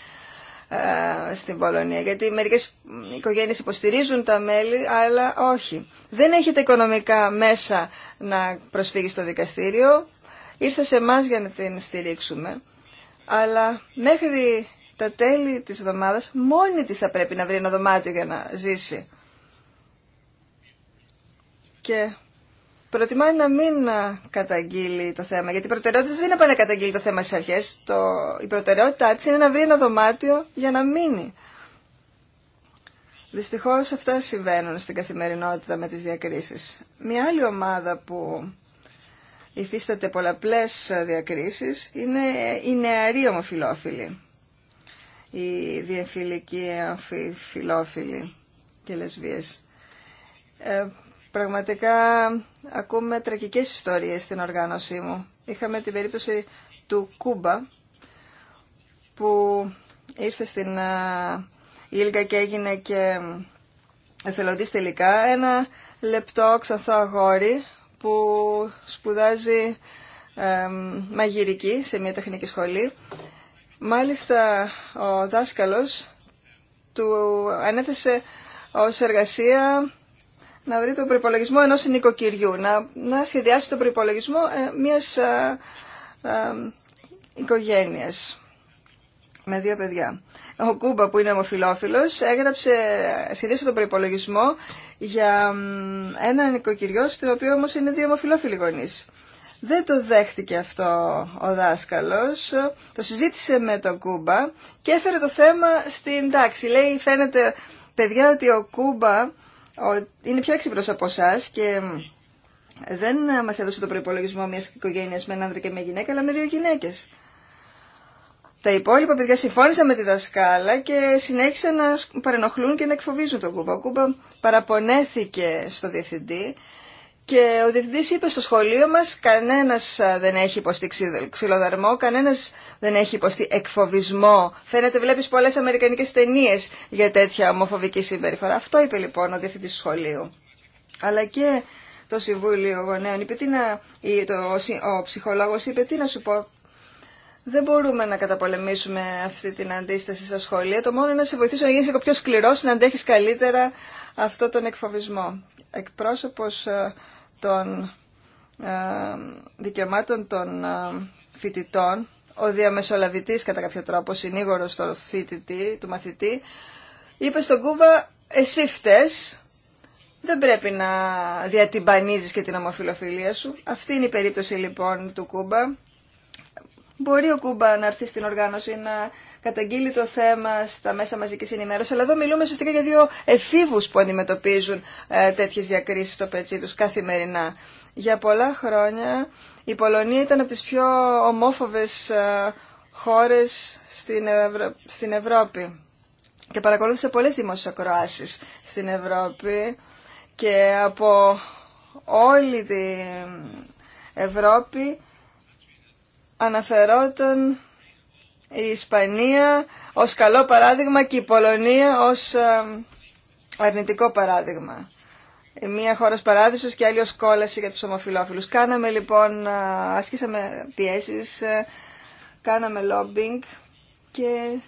ε, στην Πολωνία. Γιατί μερικές οικογένειες υποστηρίζουν τα μέλη, αλλά όχι. Δεν έχετε οικονομικά μέσα να προσφύγει στο δικαστήριο. Ήρθε σε εμά για να την στηρίξουμε. Αλλά μέχρι τα τέλη της εβδομάδα μόνη της θα πρέπει να βρει ένα δωμάτιο για να ζήσει προτιμάει να μην καταγγείλει το θέμα. Γιατί η προτεραιότητα δεν είναι να να καταγγείλει το θέμα στι αρχέ. Το... Η προτεραιότητά τη είναι να βρει ένα δωμάτιο για να μείνει. Δυστυχώ αυτά συμβαίνουν στην καθημερινότητα με τι διακρίσει. Μια άλλη ομάδα που υφίσταται πολλαπλέ διακρίσει είναι οι νεαροί ομοφυλόφιλοι. Οι διεμφυλικοί, αμφιφυλόφιλοι και λεσβείες ε, Πραγματικά ακούμε τραγικές ιστορίες στην οργάνωσή μου. Είχαμε την περίπτωση του Κούμπα που ήρθε στην Ήλγα και έγινε και εθελοντής τελικά ένα λεπτό ξανθό αγόρι που σπουδάζει ε, μαγειρική σε μια τεχνική σχολή. Μάλιστα ο δάσκαλος του ανέθεσε ως εργασία να βρει τον προπολογισμό ενός νοικοκυριού, να, να σχεδιάσει τον προπολογισμό ε, μιας ε, ε, οικογένειας με δύο παιδιά. Ο Κούμπα που είναι ομοφιλόφιλος έγραψε, σχεδίασε τον προπολογισμό για ένα νοικοκυριό στο οποίο όμως είναι δύο ομοφυλόφιλοι γονείς. Δεν το δέχτηκε αυτό ο δάσκαλος, το συζήτησε με τον Κούμπα και έφερε το θέμα στην τάξη. Λέει, φαίνεται παιδιά ότι ο Κούμπα είναι πιο έξυπνο από εσά και δεν μας έδωσε το προπολογισμό μιας οικογένεια με έναν άντρα και μια γυναίκα, αλλά με δύο γυναίκες. Τα υπόλοιπα παιδιά συμφώνησαν με τη δασκάλα και συνέχισαν να παρενοχλούν και να εκφοβίζουν τον Κούμπα. Ο Κούμπα παραπονέθηκε στο διευθυντή, και ο διευθύντη είπε στο σχολείο μα: κανένας ε, δεν έχει υποστεί ξυλοδαρμό, κανένας δεν έχει υποστεί εκφοβισμό. Φαίνεται βλέπει πολλέ αμερικανικέ ταινίε για τέτοια ομοφοβική συμπεριφορά. Αυτό είπε λοιπόν ο διευθυντής του σχολείου. Αλλά και το Συμβούλιο Γονέων είπε τι να, ο ψυχολόγο είπε τι να σου πω. Δεν μπορούμε να καταπολεμήσουμε αυτή την αντίσταση στα σχολεία. Το μόνο είναι να σε βοηθήσει να γίνει λίγο πιο σκληρό, να αντέχει καλύτερα αυτό τον εκφοβισμό εκπρόσωπος ε, των ε, δικαιωμάτων των ε, φοιτητών, ο διαμεσολαβητής κατά κάποιο τρόπο, συνήγορος του φοιτητή, του μαθητή, είπε στον Κούβα «Εσύ φταίς, δεν πρέπει να διατυμπανίζεις και την ομοφιλοφιλία σου». Αυτή είναι η περίπτωση λοιπόν του Κούμπα Μπορεί ο Κούμπα να έρθει στην οργάνωση να καταγγείλει το θέμα στα μέσα μαζικής ενημέρωσης, αλλά εδώ μιλούμε ουσιαστικά για δύο εφήβους που αντιμετωπίζουν ε, τέτοιες διακρίσεις στο πετσί τους καθημερινά. Για πολλά χρόνια η Πολωνία ήταν από τις πιο ομόφοβες ε, χώρες στην, στην Ευρώπη και παρακολούθησε πολλές δημόσιες ακροάσεις στην Ευρώπη και από όλη την Ευρώπη αναφερόταν η Ισπανία ως καλό παράδειγμα και η Πολωνία ως ε, αρνητικό παράδειγμα. μία χώρα παράδεισος και άλλη ως κόλαση για τους ομοφιλόφιλους. Κάναμε λοιπόν, ε, ασκήσαμε πιέσεις, ε, κάναμε lobbying και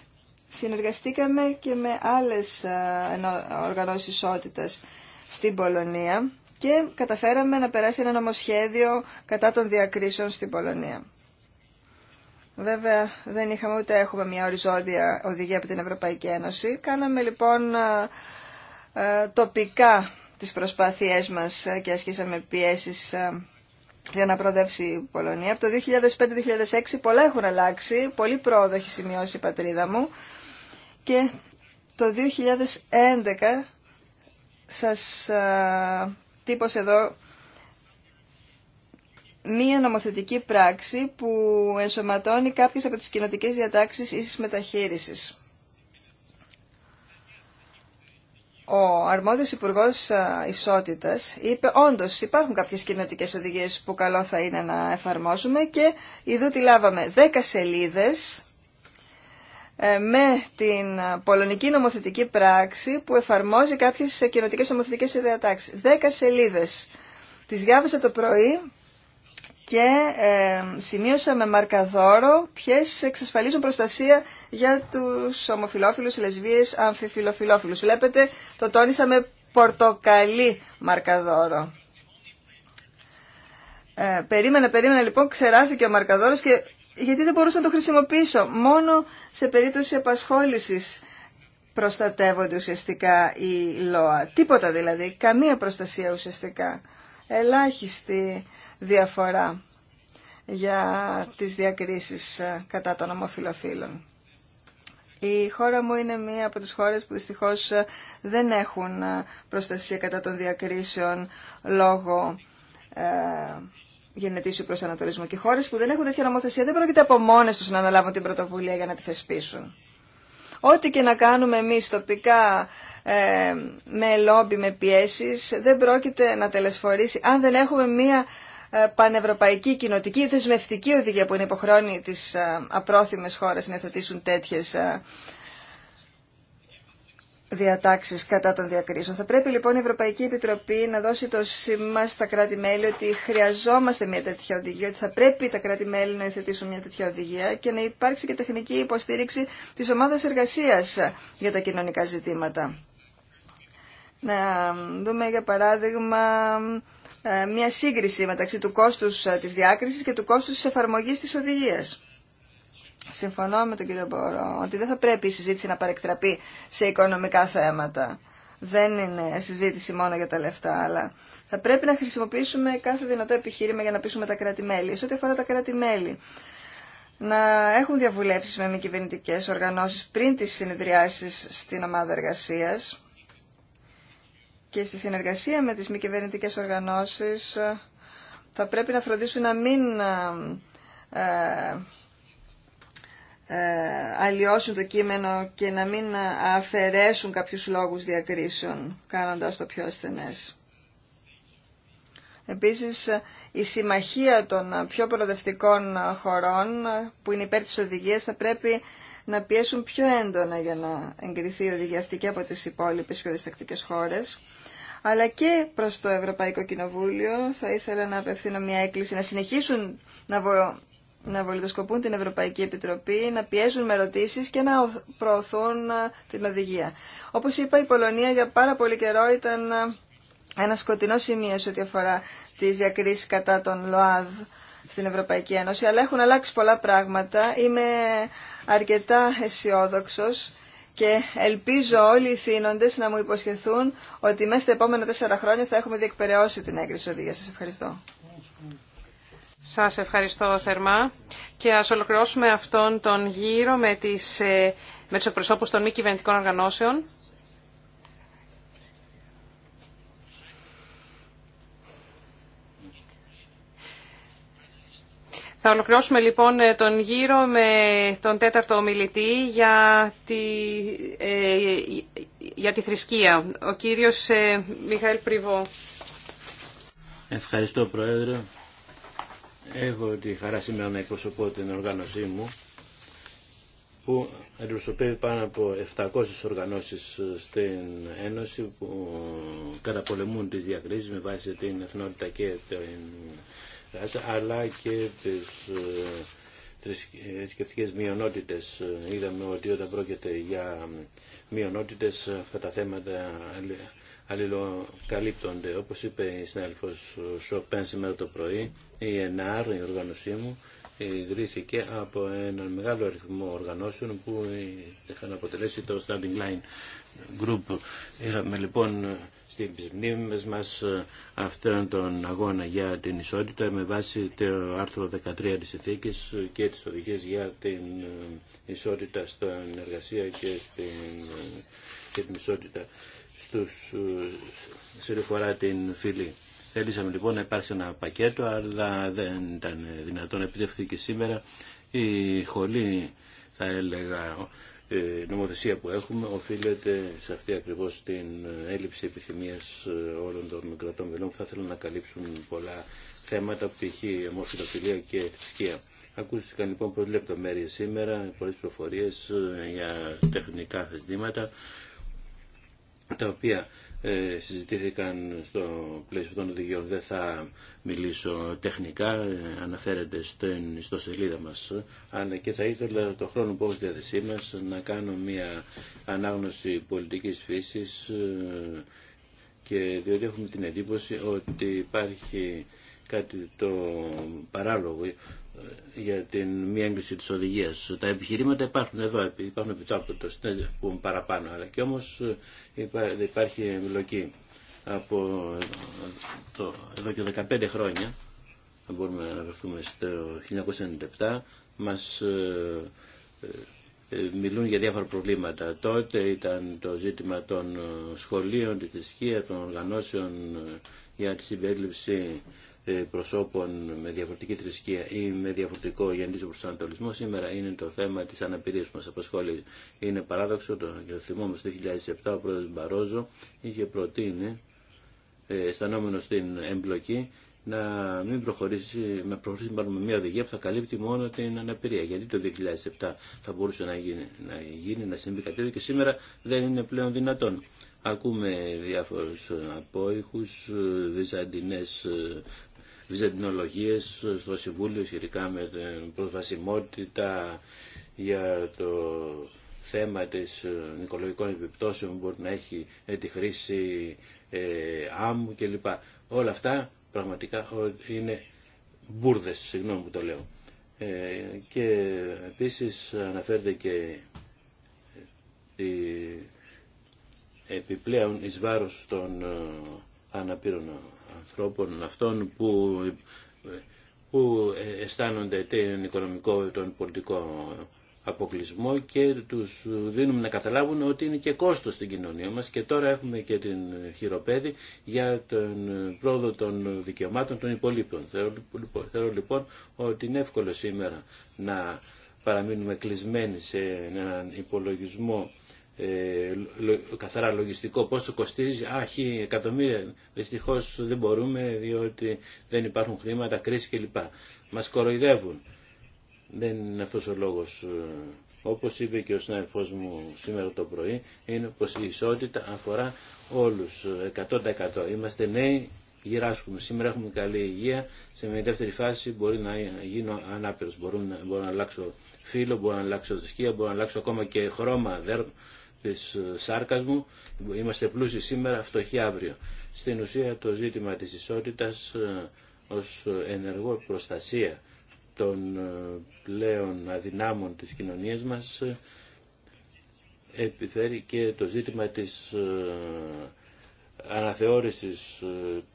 συνεργαστήκαμε και με άλλες οργανώσεις ισότητας στην Πολωνία και καταφέραμε να περάσει ένα νομοσχέδιο κατά των διακρίσεων στην Πολωνία. Βέβαια δεν είχαμε ούτε έχουμε μια οριζόντια οδηγία από την Ευρωπαϊκή Ένωση. Κάναμε λοιπόν ε, ε, τοπικά τις προσπάθειές μας και ασκήσαμε πιέσεις ε, για να προοδεύσει η Πολωνία. Από το 2005-2006 πολλά έχουν αλλάξει, πολύ πρόοδο έχει σημειώσει η πατρίδα μου και το 2011 σας τύπωσε εδώ μία νομοθετική πράξη που ενσωματώνει κάποιες από τις κοινοτικές διατάξεις ίσης μεταχείρισης. Ο αρμόδιος Υπουργός Ισότητας είπε όντως υπάρχουν κάποιες κοινοτικές οδηγίες που καλό θα είναι να εφαρμόσουμε και ειδού τη λάβαμε 10 σελίδες ε, με την πολωνική νομοθετική πράξη που εφαρμόζει κάποιες κοινοτικές νομοθετικές διατάξεις. 10 σελίδες. Τις διάβασα το πρωί και ε, σημείωσα με μαρκαδόρο ποιες εξασφαλίζουν προστασία για τους ομοφιλόφιλους, λεσβίες, αμφιφιλοφιλόφιλους. Βλέπετε, το τόνισα με πορτοκαλί μαρκαδόρο. Ε, περίμενα, περίμενα λοιπόν, ξεράθηκε ο μαρκαδόρος και γιατί δεν μπορούσα να το χρησιμοποιήσω. Μόνο σε περίπτωση επασχόλησης προστατεύονται ουσιαστικά οι ΛΟΑ. Τίποτα δηλαδή, καμία προστασία ουσιαστικά. Ελάχιστη διαφορά για τις διακρίσεις ε, κατά των ομοφιλοφίλων. Η χώρα μου είναι μία από τις χώρες που δυστυχώς ε, δεν έχουν ε, προστασία κατά των διακρίσεων λόγω ε, γενετήσιου προσανατολισμού. Και χώρες που δεν έχουν τέτοια νομοθεσία δεν πρόκειται από μόνες τους να αναλάβουν την πρωτοβουλία για να τη θεσπίσουν. Ό,τι και να κάνουμε εμείς τοπικά ε, με λόμπι, με πιέσεις, δεν πρόκειται να τελεσφορήσει αν δεν έχουμε μία ε, πανευρωπαϊκή, κοινοτική, δεσμευτική οδηγία που είναι υποχρόνη τις ε, απρόθυμες χώρες να θετήσουν τέτοιες ε, διατάξεις κατά των διακρίσεων. Θα πρέπει λοιπόν η Ευρωπαϊκή Επιτροπή να δώσει το σήμα στα κράτη-μέλη ότι χρειαζόμαστε μια τέτοια οδηγία, ότι θα πρέπει τα κράτη-μέλη να υιοθετήσουν μια τέτοια οδηγία και να υπάρξει και τεχνική υποστήριξη της ομάδας εργασίας για τα κοινωνικά ζητήματα. Να δούμε για παράδειγμα ε, μια σύγκριση μεταξύ του κόστους ε, της διάκρισης και του κόστους της εφαρμογής της οδηγίας. Συμφωνώ με τον κύριο Μπορό ότι δεν θα πρέπει η συζήτηση να παρεκτραπεί σε οικονομικά θέματα. Δεν είναι συζήτηση μόνο για τα λεφτά, αλλά θα πρέπει να χρησιμοποιήσουμε κάθε δυνατό επιχείρημα για να πείσουμε τα κράτη-μέλη. Σε ό,τι αφορά τα κράτη-μέλη, να έχουν διαβουλεύσει με μη κυβερνητικέ οργανώσεις πριν τι συνεδριάσει στην ομάδα εργασία και στη συνεργασία με τις μη κυβερνητικέ οργανώσεις θα πρέπει να φροντίσουν να μην ε, ε, αλλοιώσουν το κείμενο και να μην αφαιρέσουν κάποιους λόγους διακρίσεων, κάνοντας το πιο ασθενές. Επίσης, η συμμαχία των πιο προοδευτικών χωρών που είναι υπέρ της οδηγίας θα πρέπει να πιέσουν πιο έντονα για να εγκριθεί η οδηγία αυτή και από τις υπόλοιπες πιο διστακτικές χώρες αλλά και προς το Ευρωπαϊκό Κοινοβούλιο. Θα ήθελα να απευθύνω μια έκκληση να συνεχίσουν να, βο... να βολιδοσκοπούν την Ευρωπαϊκή Επιτροπή, να πιέζουν με ερωτήσει και να προωθούν την οδηγία. Όπως είπα, η Πολωνία για πάρα πολύ καιρό ήταν ένα σκοτεινό σημείο σε ό,τι αφορά τις διακρίσεις κατά τον ΛΟΑΔ στην Ευρωπαϊκή Ένωση, αλλά έχουν αλλάξει πολλά πράγματα. Είμαι αρκετά αισιόδοξο και ελπίζω όλοι οι θύνοντες να μου υποσχεθούν ότι μέσα στα επόμενα τέσσερα χρόνια θα έχουμε διεκπαιρεώσει την έγκριση οδηγία. Σας ευχαριστώ. Σας ευχαριστώ θερμά και ας ολοκληρώσουμε αυτόν τον γύρο με, τις, ε, με τους εκπροσώπους των μη κυβερνητικών οργανώσεων. Θα ολοκληρώσουμε λοιπόν ε, τον γύρο με τον τέταρτο ομιλητή για τη, ε, για τη θρησκεία, ο κύριος ε, Μιχαήλ Πριβό. Ευχαριστώ Πρόεδρε. Έχω τη χαρά σήμερα να εκπροσωπώ την οργάνωσή μου που αντιπροσωπεύει πάνω από 700 οργανώσεις στην Ένωση που καταπολεμούν τις διακρίσεις με βάση την εθνότητα και την αλλά και τις ε, θρησκευτικέ μειονότητες. Ε, είδαμε ότι όταν πρόκειται για μειονότητες αυτά τα θέματα αλληλοκαλύπτονται. Όπω είπε η συνάδελφο Σοπέν σήμερα το πρωί, η ΕΝΑΡ, η οργάνωσή μου, ιδρύθηκε από ένα μεγάλο αριθμό οργανώσεων που είχαν αποτελέσει το Standing Line Group. Είχαμε λοιπόν στις μνήμες μας ε, αυτόν τον αγώνα για την ισότητα με βάση το άρθρο 13 της Συνθήκης και τις οδηγίες για την ε, ισότητα στην εργασία και, στην, ε, και την ισότητα στους, σε φορά την φυλή. Θέλησαμε λοιπόν να υπάρξει ένα πακέτο, αλλά δεν ήταν δυνατόν να επιτευχθεί και σήμερα η χολή, θα έλεγα, ε, νομοθεσία που έχουμε οφείλεται σε αυτή ακριβώς την ε, έλλειψη επιθυμίας ε, όλων των κρατών μελών που θα θέλουν να καλύψουν πολλά θέματα, π.χ. ομοφιλοφιλία και θρησκεία. Ακούστηκαν λοιπόν πολλές λεπτομέρειες σήμερα, πολλές προφορίες για τεχνικά θεσμήματα, τα οποία ε, συζητήθηκαν στο πλαίσιο των οδηγιών. Δεν θα μιλήσω τεχνικά, ε, αναφέρεται στην ιστοσελίδα μας, αλλά και θα ήθελα το χρόνο που έχω στη διάθεσή μας να κάνω μια ανάγνωση πολιτικής φύσης ε, και διότι έχουμε την εντύπωση ότι υπάρχει κάτι το παράλογο για την μη έγκριση της οδηγίας. Τα επιχειρήματα υπάρχουν εδώ, υπάρχουν επιτόπιτο, δεν πούμε παραπάνω, αλλά και όμως ε, υπάρχει εμπλοκή από το, εδώ και 15 χρόνια, θα μπορούμε να βρεθούμε στο 1997, μας ε, ε, μιλούν για διάφορα προβλήματα. Τότε ήταν το ζήτημα των σχολείων, τη θρησκεία, των οργανώσεων για τη συμπερίληψη ε, προσώπων με διαφορετική θρησκεία ή με διαφορετικό γεννήσιο προσανατολισμό σήμερα είναι το θέμα τη αναπηρία που μα απασχολεί. Είναι παράδοξο, το θυμόμαστε το 2007 ο πρόεδρο Μπαρόζο είχε προτείνει ε, αισθανόμενο στην εμπλοκή να μην προχωρήσει, να προχωρήσει με μια οδηγία που θα καλύπτει μόνο την αναπηρία. Γιατί το 2007 θα μπορούσε να γίνει, να, γίνει, να συμβεί κάτι και σήμερα δεν είναι πλέον δυνατόν. Ακούμε διάφορους απόϊχους, ε, βυζαντινές βυζαντινολογίες στο Συμβούλιο σχετικά με την προσβασιμότητα για το θέμα της ε, οικολογικών επιπτώσεων που μπορεί να έχει ε, τη χρήση ε, άμμου κλπ. Όλα αυτά πραγματικά είναι μπουρδες, συγγνώμη που το λέω. και επίσης αναφέρεται και η επιπλέον εις βάρος των αναπήρων ανθρώπων αυτών που, που αισθάνονται τον οικονομικό τον πολιτικό αποκλεισμό και τους δίνουμε να καταλάβουν ότι είναι και κόστος στην κοινωνία μας και τώρα έχουμε και την χειροπέδη για τον πρόοδο των δικαιωμάτων των υπολείπων. Θέλω λοιπόν ότι είναι εύκολο σήμερα να παραμείνουμε κλεισμένοι σε έναν υπολογισμό ε, καθαρά λογιστικό πόσο κοστίζει άχι εκατομμύρια Δυστυχώ δεν μπορούμε διότι δεν υπάρχουν χρήματα κρίση κλπ μας κοροϊδεύουν δεν είναι αυτός ο λόγος ε, όπως είπε και ο συνάδελφός μου σήμερα το πρωί είναι πως η ισότητα αφορά όλους 100% είμαστε νέοι γυράσκουμε. Σήμερα έχουμε καλή υγεία. Σε μια δεύτερη φάση μπορεί να γίνω ανάπηρο. Μπορώ, να, αλλάξω φύλλο, μπορώ να αλλάξω θρησκεία, μπορώ να αλλάξω ακόμα και χρώμα, της ε, σάρκας μου. Είμαστε πλούσιοι σήμερα, φτωχοί αύριο. Στην ουσία το ζήτημα της ισότητας ε, ως ενεργό προστασία των ε, πλέον αδυνάμων της κοινωνίας μας επιφέρει και το ζήτημα της αναθεώρησης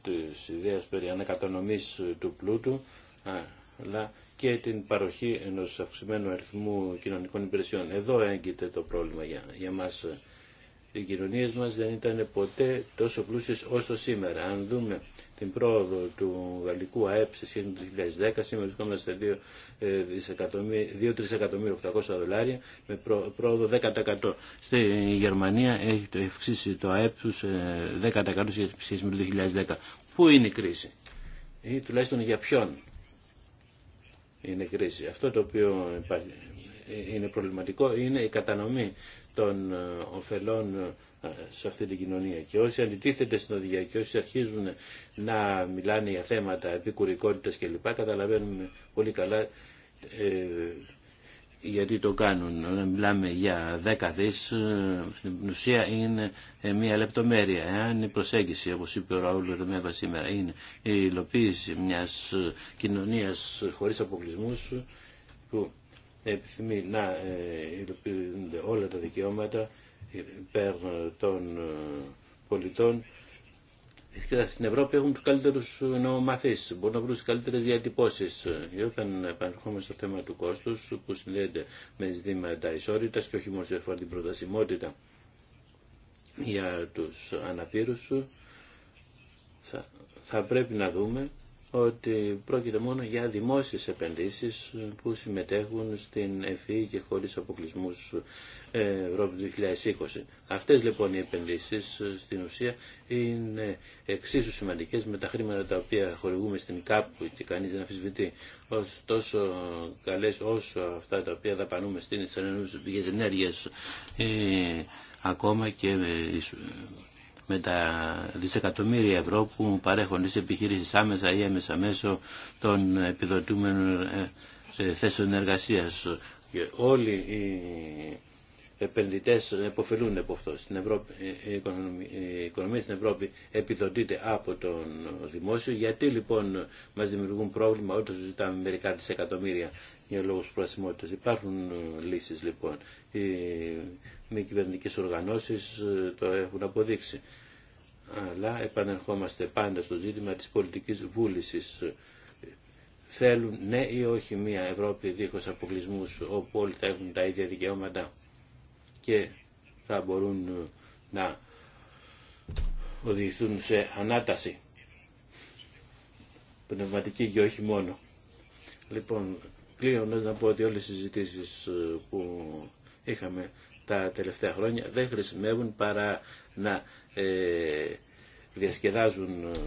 της ιδέας περί ανακατανομής του πλούτου αλλά και την παροχή ενός αυξημένου αριθμού κοινωνικών υπηρεσιών. Εδώ έγκυται το πρόβλημα για, για μας. Οι κοινωνίε μας δεν ήταν ποτέ τόσο πλούσιες όσο σήμερα. Αν δούμε την πρόοδο του γαλλικού ΑΕΠ σε σχέση με το 2010, σήμερα βρισκόμαστε 2-3 εκατομμύρια 800 δολάρια με πρόοδο 10%. Στη Γερμανία έχει το αυξήσει το ΑΕΠ τους 10% ε, σε σχέση με το 2010. Πού είναι η κρίση ή τουλάχιστον για ποιον είναι κρίση. Αυτό το οποίο είναι προβληματικό είναι η κατανομή των ε, ωφελών ε, σε αυτή την κοινωνία. Και όσοι αντιτίθεται στην οδηγία και όσοι αρχίζουν να μιλάνε για θέματα επικουρικότητας κλπ. καταλαβαίνουμε πολύ καλά ε, γιατί το κάνουν. Όταν μιλάμε για δέκα δις, ε, στην ουσία είναι ε, μια λεπτομέρεια. Εάν η προσέγγιση, όπως είπε ο Ραούλ Ρεμέβα σήμερα, είναι η υλοποίηση μιας ε, κοινωνίας χωρίς αποκλεισμούς, που επιθυμεί να υλοποιούνται όλα τα δικαιώματα υπέρ των πολιτών, στην Ευρώπη έχουν του καλύτερου νομομαθείς, μπορούν να βρουν τι καλύτερε διατυπώσεις. Και όταν επανερχόμαστε στο θέμα του κόστου που συνδέεται με ζητήματα ισότητα και όχι μόνο σε αφορά την προτασιμότητα για τους αναπήρους, θα πρέπει να δούμε ότι πρόκειται μόνο για δημόσιες επενδύσεις που συμμετέχουν στην ΕΦΗ και χωρίς αποκλεισμούς ε, Ευρώπη 2020. Αυτές λοιπόν οι επενδύσεις ε, στην ουσία είναι εξίσου σημαντικές με τα χρήματα τα οποία χορηγούμε στην ΚΑΠ και κανείς δεν αφισβητεί τόσο καλές όσο αυτά τα οποία δαπανούμε στην ενέργειες ενέργειας ε, ακόμα και με τα δισεκατομμύρια ευρώ που παρέχονται σε επιχειρήσεις άμεσα ή έμεσα μέσω των επιδοτούμενων ε, ε, θέσεων εργασίας. Όλοι οι επενδυτές εποφελούν από αυτό. Στην Ευρώπη, ε, η εμεσα μεσω των επιδοτουμενων θεσεων εργασία. ολοι οι επενδυτες εποφελουν απο αυτο η οικονομια επιδοτείται από τον δημόσιο. Γιατί λοιπόν μας δημιουργούν πρόβλημα όταν ζητάμε μερικά δισεκατομμύρια για λόγους προασιμότητας. Υπάρχουν λύσεις λοιπόν. Οι μη κυβερνητικέ οργανώσεις το έχουν αποδείξει αλλά επανερχόμαστε πάντα στο ζήτημα της πολιτικής βούλησης. Θέλουν ναι ή όχι μια Ευρώπη δίχως αποκλεισμού όπου όλοι θα έχουν τα ίδια δικαιώματα και θα μπορούν να οδηγηθούν σε ανάταση πνευματική και όχι μόνο. Λοιπόν, κλείνοντας να πω ότι όλες οι συζητήσεις ε, που είχαμε τα τελευταία χρόνια δεν χρησιμεύουν παρά να ε, διασκεδάζουν ε,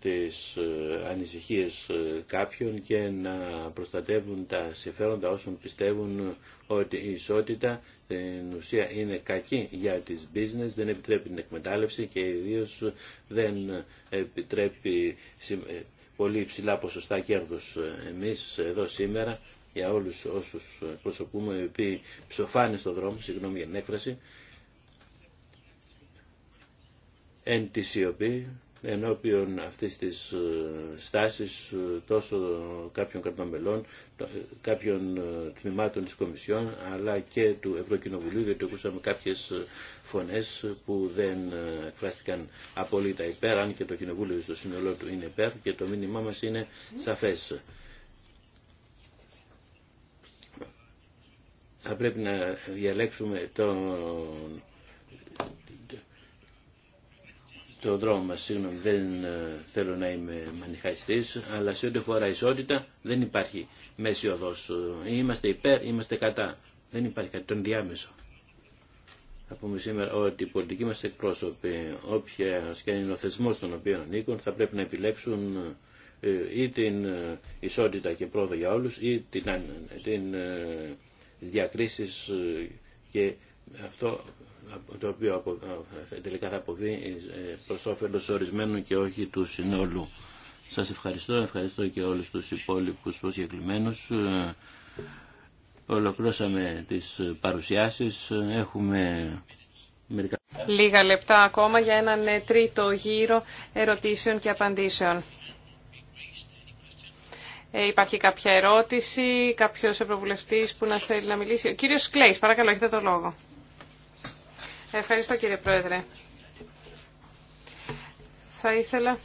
τις ε, ανησυχίες κάποιων και να προστατεύουν τα συμφέροντα όσων πιστεύουν ότι η ισότητα στην ουσία είναι κακή για τις business, δεν επιτρέπει την εκμετάλλευση και ιδίως δεν επιτρέπει πολύ υψηλά ποσοστά κέρδους εμείς εδώ σήμερα για όλους όσους προσωπούμε οι οποίοι ψοφάνε στον δρόμο, συγγνώμη για την έκφραση, εν τη σιωπή ενώπιον αυτής της ε, στάσης ε, τόσο κάποιων κρατομελών, ε, κάποιων τμήματων της Κομισιόν, αλλά και του Ευρωκοινοβουλίου, γιατί ακούσαμε κάποιες φωνές που δεν εκφράστηκαν απόλυτα υπέρ, αν και το Κοινοβούλιο στο σύνολό του είναι υπέρ και το μήνυμά μας είναι σαφές. Θα πρέπει να διαλέξουμε τον το δρόμο μας, συγγνώμη, δεν ε, θέλω να είμαι μανιχαϊστής, αλλά σε ό,τι φορά ισότητα δεν υπάρχει μέση οδός. Είμαστε υπέρ, είμαστε κατά. Δεν υπάρχει κάτι τον διάμεσο. Θα πούμε σήμερα ότι οι πολιτικοί μας εκπρόσωποι, όποια και είναι ο θεσμός των οποίων ανήκουν, θα πρέπει να επιλέξουν ε, ή την ε, ισότητα και πρόοδο για όλους ή την, την διακρίσεις και αυτό το οποίο τελικά θα αποβεί ε, προ όφελο ορισμένου και όχι του συνόλου. Σα ευχαριστώ, ευχαριστώ και όλου του υπόλοιπου προσκεκλημένου. Ε, ολοκλώσαμε τι παρουσιάσει. Έχουμε μερικά... Λίγα λεπτά ακόμα για έναν ε, τρίτο γύρο ερωτήσεων και απαντήσεων. υπάρχει κάποια ερώτηση, κάποιος ευρωβουλευτής που να θέλει να μιλήσει. Ο κύριος Κλέης, παρακαλώ, έχετε το λόγο. Ευχαριστώ κύριε Πρόεδρε. Θα ήθελα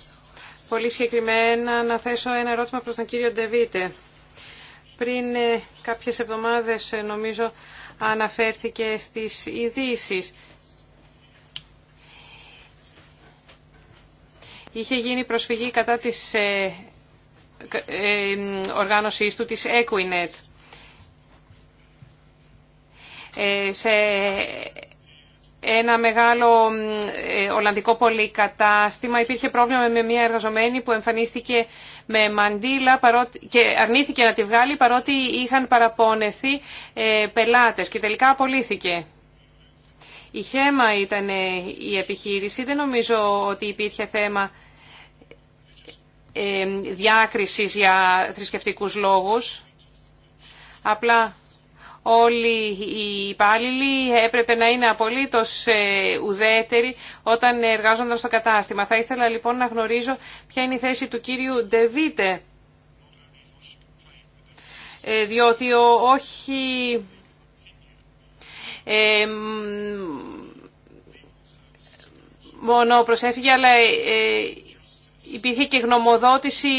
πολύ συγκεκριμένα να θέσω ένα ερώτημα προς τον κύριο Ντεβίτε. Πριν ε, κάποιες εβδομάδες ε, νομίζω αναφέρθηκε στις ειδήσει. Είχε γίνει προσφυγή κατά της ε, οργάνωσής του, της Equinet. Σε ένα μεγάλο ε, Ολλανδικό πολυκατάστημα. Υπήρχε πρόβλημα με μια εργαζομένη που εμφανίστηκε με μαντίλα και αρνήθηκε να τη βγάλει παρότι είχαν παραπονεθεί ε, πελάτες και τελικά απολύθηκε. Η χέμα ήταν ε, η επιχείρηση. Δεν νομίζω ότι υπήρχε θέμα διάκρισης για θρησκευτικούς λόγους. Απλά όλοι οι υπάλληλοι έπρεπε να είναι απολύτως ε, ουδέτεροι όταν εργάζονταν στο κατάστημα. Θα ήθελα λοιπόν να γνωρίζω ποια είναι η θέση του κύριου Ντεβίτε, ε, διότι όχι... Ε, μόνο προσέφυγε, αλλά ε, υπήρχε και γνωμοδότηση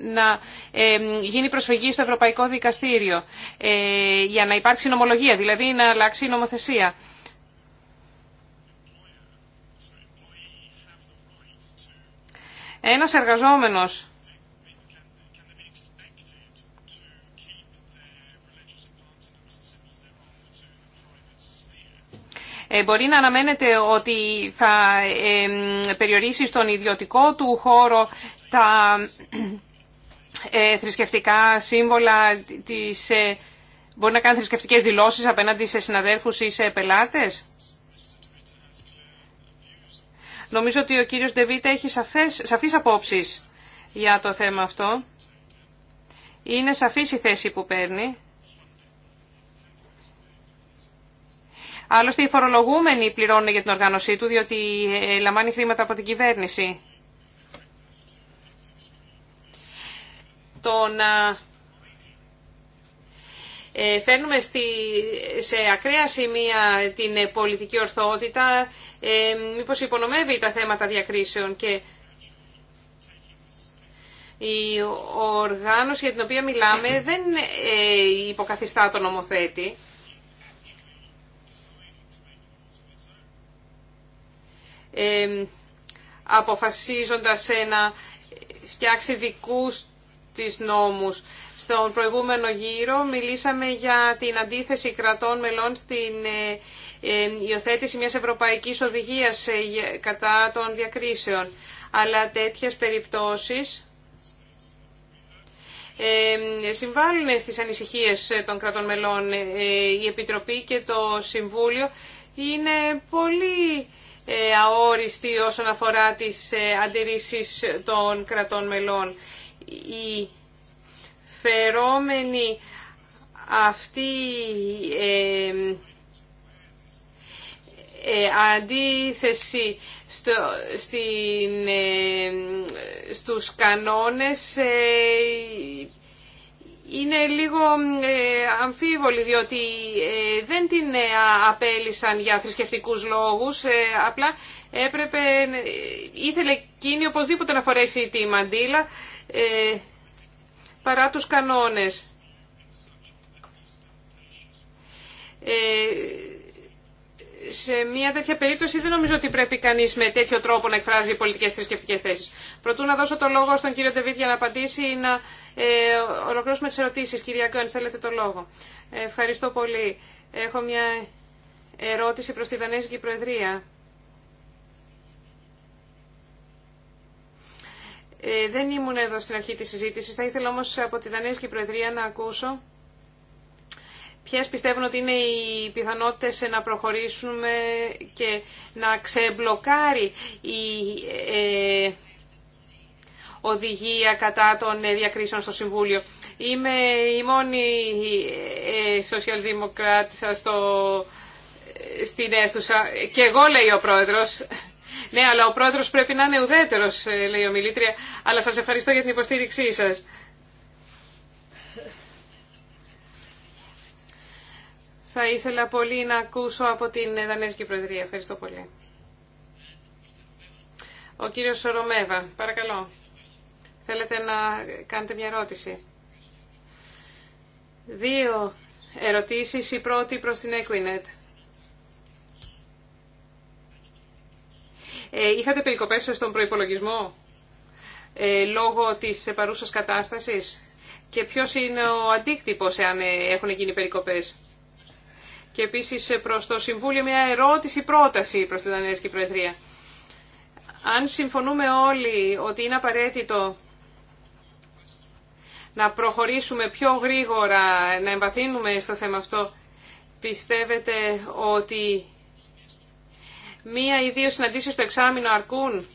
να γίνει προσφυγή στο Ευρωπαϊκό Δικαστήριο ε, για να υπάρξει νομολογία, δηλαδή να αλλάξει η νομοθεσία. Ένας εργαζόμενος Ε, μπορεί να αναμένεται ότι θα περιορίσει στον ιδιωτικό του χώρο τα ε, θρησκευτικά σύμβολα της ε, μπορεί να κάνει θρησκευτικέ δηλώσεις απέναντι σε συναδέρφους ή σε πελάτες. Νομίζω ότι ο κύριος Ντεβίτα έχει σαφές, σαφείς απόψεις για το θέμα αυτό. Είναι σαφής η θέση που παίρνει. Άλλωστε οι φορολογούμενοι πληρώνουν για την οργάνωσή του, διότι ε, λαμβάνει χρήματα από την κυβέρνηση. Το να ε, φέρνουμε στη, σε ακραία σημεία την ε, πολιτική ορθότητα, ε, μήπως υπονομεύει τα θέματα διακρίσεων και η οργάνωση για την οποία μιλάμε δεν υποκαθιστά τον νομοθέτη. αποφασίζοντας να φτιάξει δικούς της νόμους. Στον προηγούμενο γύρο μιλήσαμε για την αντίθεση κρατών μελών στην ε, υιοθέτηση μιας ευρωπαϊκής οδηγίας ε, κατά των διακρίσεων. Αλλά τέτοιες περιπτώσεις συμβάλλουν στις ανησυχίες των κρατών μελών. Ε, η Επιτροπή και το Συμβούλιο είναι πολύ ε, αόριστη όσον αφορά τις ε, αντιρρήσεις των κρατών μελών. Η φερόμενη αυτή ε, ε αντίθεση στο, στην, στους κανόνες είναι λίγο ε, αμφίβολη διότι ε, δεν την ε, απέλησαν για θρησκευτικούς λόγους, απλά έπρεπε, ήθελε εκείνη οπωσδήποτε να φορέσει τη μαντήλα παρά τους κανόνες σε μια τέτοια περίπτωση δεν νομίζω ότι πρέπει κανεί με τέτοιο τρόπο να εκφράζει πολιτικέ θρησκευτικέ θέσει. Προτού να δώσω το λόγο στον κύριο Ντεβίτ για να απαντήσει ή να ε, ολοκληρώσουμε τι ερωτήσει. Κυρία Κιόνι, θέλετε το λόγο. ευχαριστώ πολύ. Έχω μια ερώτηση προ τη Δανέζικη Προεδρία. Ε, δεν ήμουν εδώ στην αρχή τη συζήτηση. Θα ήθελα όμω από τη Δανέζικη Προεδρία να ακούσω ποιες πιστεύουν ότι είναι οι πιθανότητες να προχωρήσουμε και να ξεμπλοκάρει η ε, οδηγία κατά των ε, διακρίσεων στο Συμβούλιο. Είμαι η μόνη ε, σοσιαλδημοκράτησα στο, στην αίθουσα. Και εγώ λέει ο πρόεδρος. Ναι, αλλά ο πρόεδρος πρέπει να είναι ουδέτερος, λέει ο Μιλήτρια. Αλλά σας ευχαριστώ για την υποστήριξή σας. Θα ήθελα πολύ να ακούσω από την Δανέζικη Προεδρία. Ευχαριστώ πολύ. Ο κύριος Σορομέβα, παρακαλώ. Θέλετε να κάνετε μια ερώτηση. Δύο ερωτήσεις. Η πρώτη προς την Equinet. Ε, είχατε περικοπές στον προϋπολογισμό ε, λόγω της παρούσας κατάστασης και ποιος είναι ο αντίκτυπος εάν ε, έχουν γίνει περικοπές και επίσης ε, προς το Συμβούλιο μια ερώτηση-πρόταση προ την Δανέζικη Προεδρία. Αν συμφωνούμε όλοι ότι είναι απαραίτητο να προχωρήσουμε πιο γρήγορα, να εμβαθύνουμε στο θέμα αυτό, πιστεύετε ότι μία ή δύο συναντήσεις στο εξάμεινο αρκούν.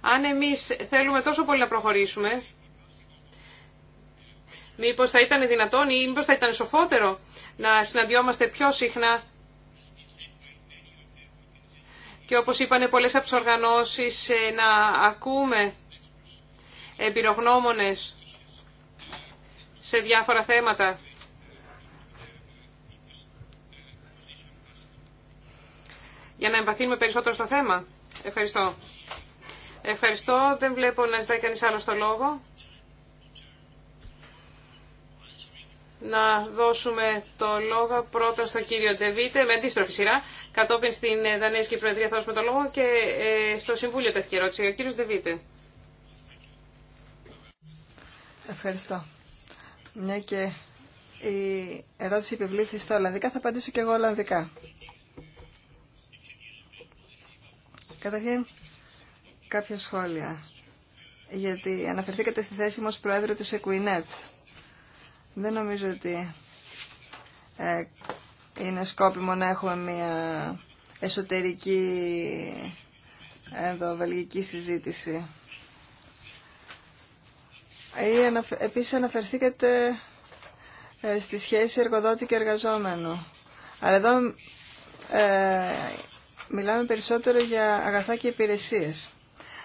Αν εμείς θέλουμε τόσο πολύ να προχωρήσουμε, Μήπως θα ήταν δυνατόν ή μήπως θα ήταν σοφότερο να συναντιόμαστε πιο συχνά και όπως είπανε πολλές από τις οργανώσεις ε, να ακούμε εμπειρογνώμονες σε διάφορα θέματα. Για να εμπαθύνουμε περισσότερο στο θέμα. Ευχαριστώ. Ευχαριστώ. Δεν βλέπω να ζητάει κανείς άλλο το λόγο. να δώσουμε το λόγο πρώτα στον κύριο Ντεβίτε, με αντίστροφη σειρά, κατόπιν στην ε, Δανέζικη Προεδρία θα δώσουμε το λόγο και ε, στο Συμβούλιο τέτοια ερώτηση. Ο κύριος Ντεβίτε. Ευχαριστώ. Μια και η ερώτηση επιβλήθη στα Ολλανδικά, θα απαντήσω και εγώ Ολλανδικά. Καταρχήν, κάποια σχόλια. Γιατί αναφερθήκατε στη θέση μας Προέδρου της Εκουινέτ. Δεν νομίζω ότι ε, είναι σκόπιμο να έχουμε μια εσωτερική βελγική συζήτηση. Επίσης αναφερθήκατε ε, στη σχέση εργοδότη και εργαζόμενου. Αλλά εδώ ε, μιλάμε περισσότερο για αγαθά και υπηρεσίες.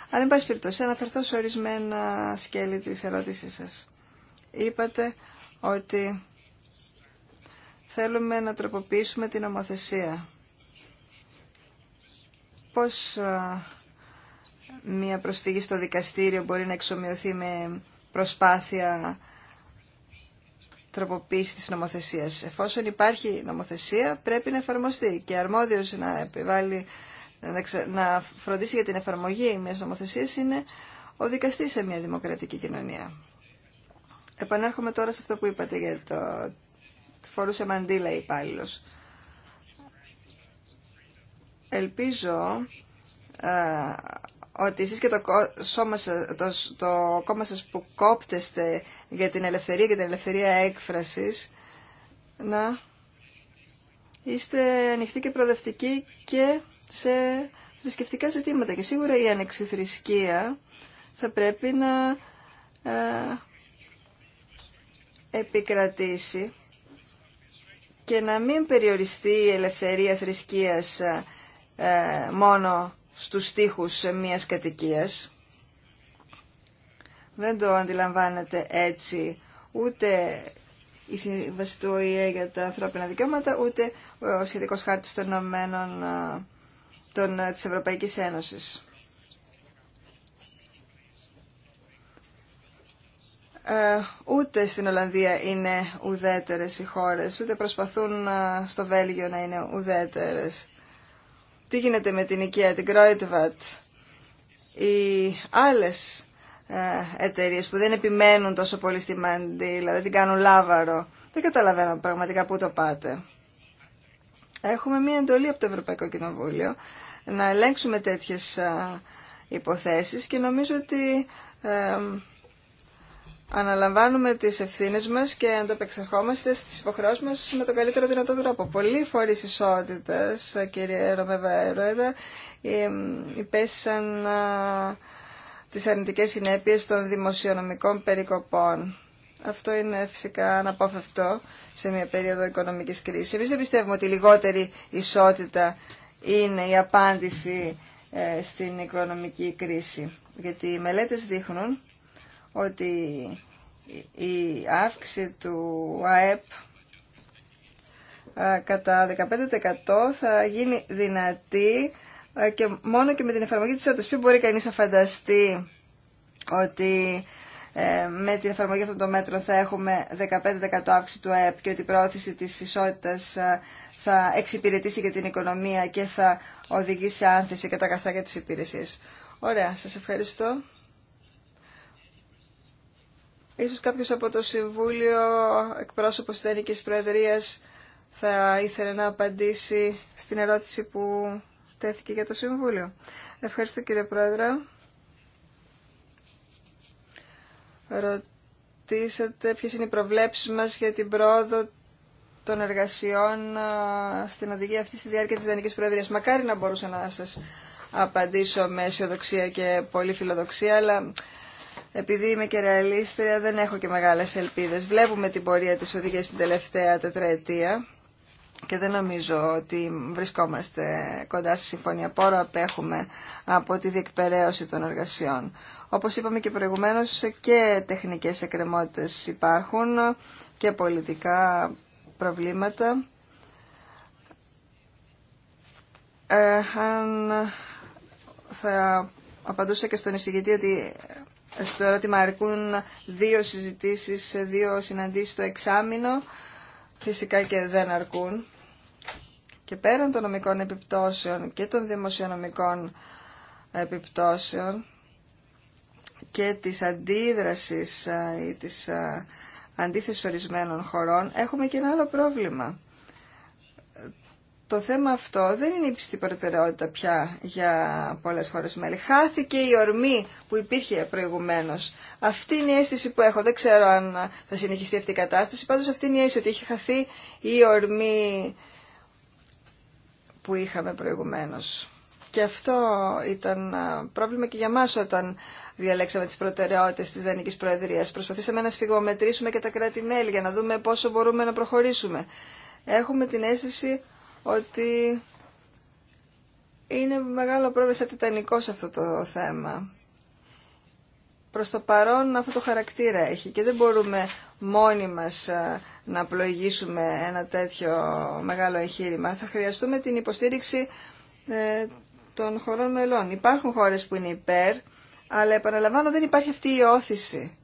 Αν εν πάση περιπτώσει, αναφερθώ σε ορισμένα σκέλη της ερώτησής σας. Είπατε ότι θέλουμε να τροποποιήσουμε την νομοθεσία. Πώς μια προσφυγή στο δικαστήριο μπορεί να εξομοιωθεί με προσπάθεια τροποποίηση της νομοθεσίας. Εφόσον υπάρχει νομοθεσία πρέπει να εφαρμοστεί και αρμόδιος να επιβάλλει να φροντίσει για την εφαρμογή μιας νομοθεσίας είναι ο δικαστής σε μια δημοκρατική κοινωνία. Επανέρχομαι τώρα σε αυτό που είπατε για το... Φορούσε μαντήλα υπάλληλο. Ελπίζω ε, ότι εσείς και το, σώμα, το, το κόμμα σας που κόπτεστε για την ελευθερία και την ελευθερία έκφρασης να είστε ανοιχτοί και προοδευτικοί και σε θρησκευτικά ζητήματα. Και σίγουρα η ανεξιθρησκεία θα πρέπει να ε, επικρατήσει και να μην περιοριστεί η ελευθερία θρησκείας ε, μόνο στους στίχους μιας κατοικίας. Δεν το αντιλαμβάνεται έτσι ούτε η σύμβαση του ΟΗΕ για τα ανθρώπινα δικαιώματα, ούτε ο σχετικός χάρτης των Ηνωμένων ε, των, ε, της Ευρωπαϊκής Ένωσης. Ε, ούτε στην Ολλανδία είναι ουδέτερες οι χώρες, ούτε προσπαθούν ε, στο Βέλγιο να είναι ουδέτερες. Τι γίνεται με την οικία, την Κρόιτβατ, οι άλλες ε, εταιρείε που δεν επιμένουν τόσο πολύ στη Μαντή, δηλαδή την κάνουν λάβαρο. Δεν καταλαβαίνω πραγματικά πού το πάτε. Έχουμε μία εντολή από το Ευρωπαϊκό Κοινοβούλιο να ελέγξουμε τέτοιες υποθέσεις και νομίζω ότι αναλαμβάνουμε τις ευθύνες μας και ανταπεξερχόμαστε στις υποχρεώσεις μας με τον καλύτερο δυνατό τρόπο. Πολλοί φορείς ισότητας, κύριε Ρωμέβα Ερόεδα, υπέστησαν τις αρνητικές συνέπειε των δημοσιονομικών περικοπών. Αυτό είναι φυσικά αναπόφευκτο σε μια περίοδο οικονομικής κρίσης. Εμεί δεν πιστεύουμε ότι η λιγότερη ισότητα είναι η απάντηση ε, στην οικονομική κρίση. Γιατί οι μελέτες δείχνουν ότι η αύξηση του ΑΕΠ ε, κατά 15% θα γίνει δυνατή ε, και μόνο και με την εφαρμογή της ισότητας. Ποιο μπορεί κανείς να φανταστεί ότι ε, με την εφαρμογή αυτών των μέτρων θα έχουμε 15% αύξηση του ΑΕΠ και ότι η πρόθεση της ισότητας θα εξυπηρετήσει και την οικονομία και θα οδηγήσει σε άνθηση κατά καθάκια της τις Ωραία, σας ευχαριστώ. Ίσως κάποιος από το Συμβούλιο, εκπρόσωπος της Ελληνικής Προεδρίας, θα ήθελε να απαντήσει στην ερώτηση που τέθηκε για το Συμβούλιο. Ευχαριστώ κύριε Πρόεδρε. Ρωτήσατε ποιες είναι οι προβλέψεις μας για την πρόοδο των εργασιών στην οδηγία αυτή στη διάρκεια της Δανικής Προεδρίας. Μακάρι να μπορούσα να σας απαντήσω με αισιοδοξία και πολύ φιλοδοξία, αλλά επειδή είμαι και ρεαλίστρια, δεν έχω και μεγάλες ελπίδες. Βλέπουμε την πορεία της οδηγίας την τελευταία τετραετία και δεν νομίζω ότι βρισκόμαστε κοντά στη συμφωνία. Πόρο απέχουμε από τη διεκπαιρέωση των εργασιών. Όπως είπαμε και προηγουμένως και τεχνικές εκκρεμότητες υπάρχουν και πολιτικά προβλήματα. Ε, αν θα απαντούσα και στον εισηγητή ότι στο ερώτημα αρκούν δύο συζητήσεις, δύο συναντήσεις το εξάμεινο. Φυσικά και δεν αρκούν. Και πέραν των νομικών επιπτώσεων και των δημοσιονομικών επιπτώσεων και της αντίδρασης ε, ή της ε, αντίθεσης ορισμένων χωρών, έχουμε και ένα άλλο πρόβλημα το θέμα αυτό δεν είναι υψηλή προτεραιότητα πια για πολλέ χώρε μέλη. Χάθηκε η ορμή που υπήρχε προηγουμένω. Αυτή είναι η αίσθηση που έχω. Δεν ξέρω αν θα συνεχιστεί αυτή η κατάσταση. Πάντω αυτή είναι η αίσθηση ότι έχει χαθεί η ορμή που είχαμε προηγουμένω. Και αυτό ήταν πρόβλημα και για μας όταν διαλέξαμε τις προτεραιότητες της Δανικής Προεδρίας. Προσπαθήσαμε να σφιγομετρήσουμε και τα κράτη-μέλη για να δούμε πόσο μπορούμε να προχωρήσουμε. Έχουμε την αίσθηση ότι είναι μεγάλο πρόβλημα σαν τιτανικό σε αυτό το θέμα. Προς το παρόν αυτό το χαρακτήρα έχει και δεν μπορούμε μόνοι μας να πλοηγήσουμε ένα τέτοιο μεγάλο εγχείρημα. Θα χρειαστούμε την υποστήριξη ε, των χωρών μελών. Υπάρχουν χώρες που είναι υπέρ, αλλά επαναλαμβάνω δεν υπάρχει αυτή η όθηση.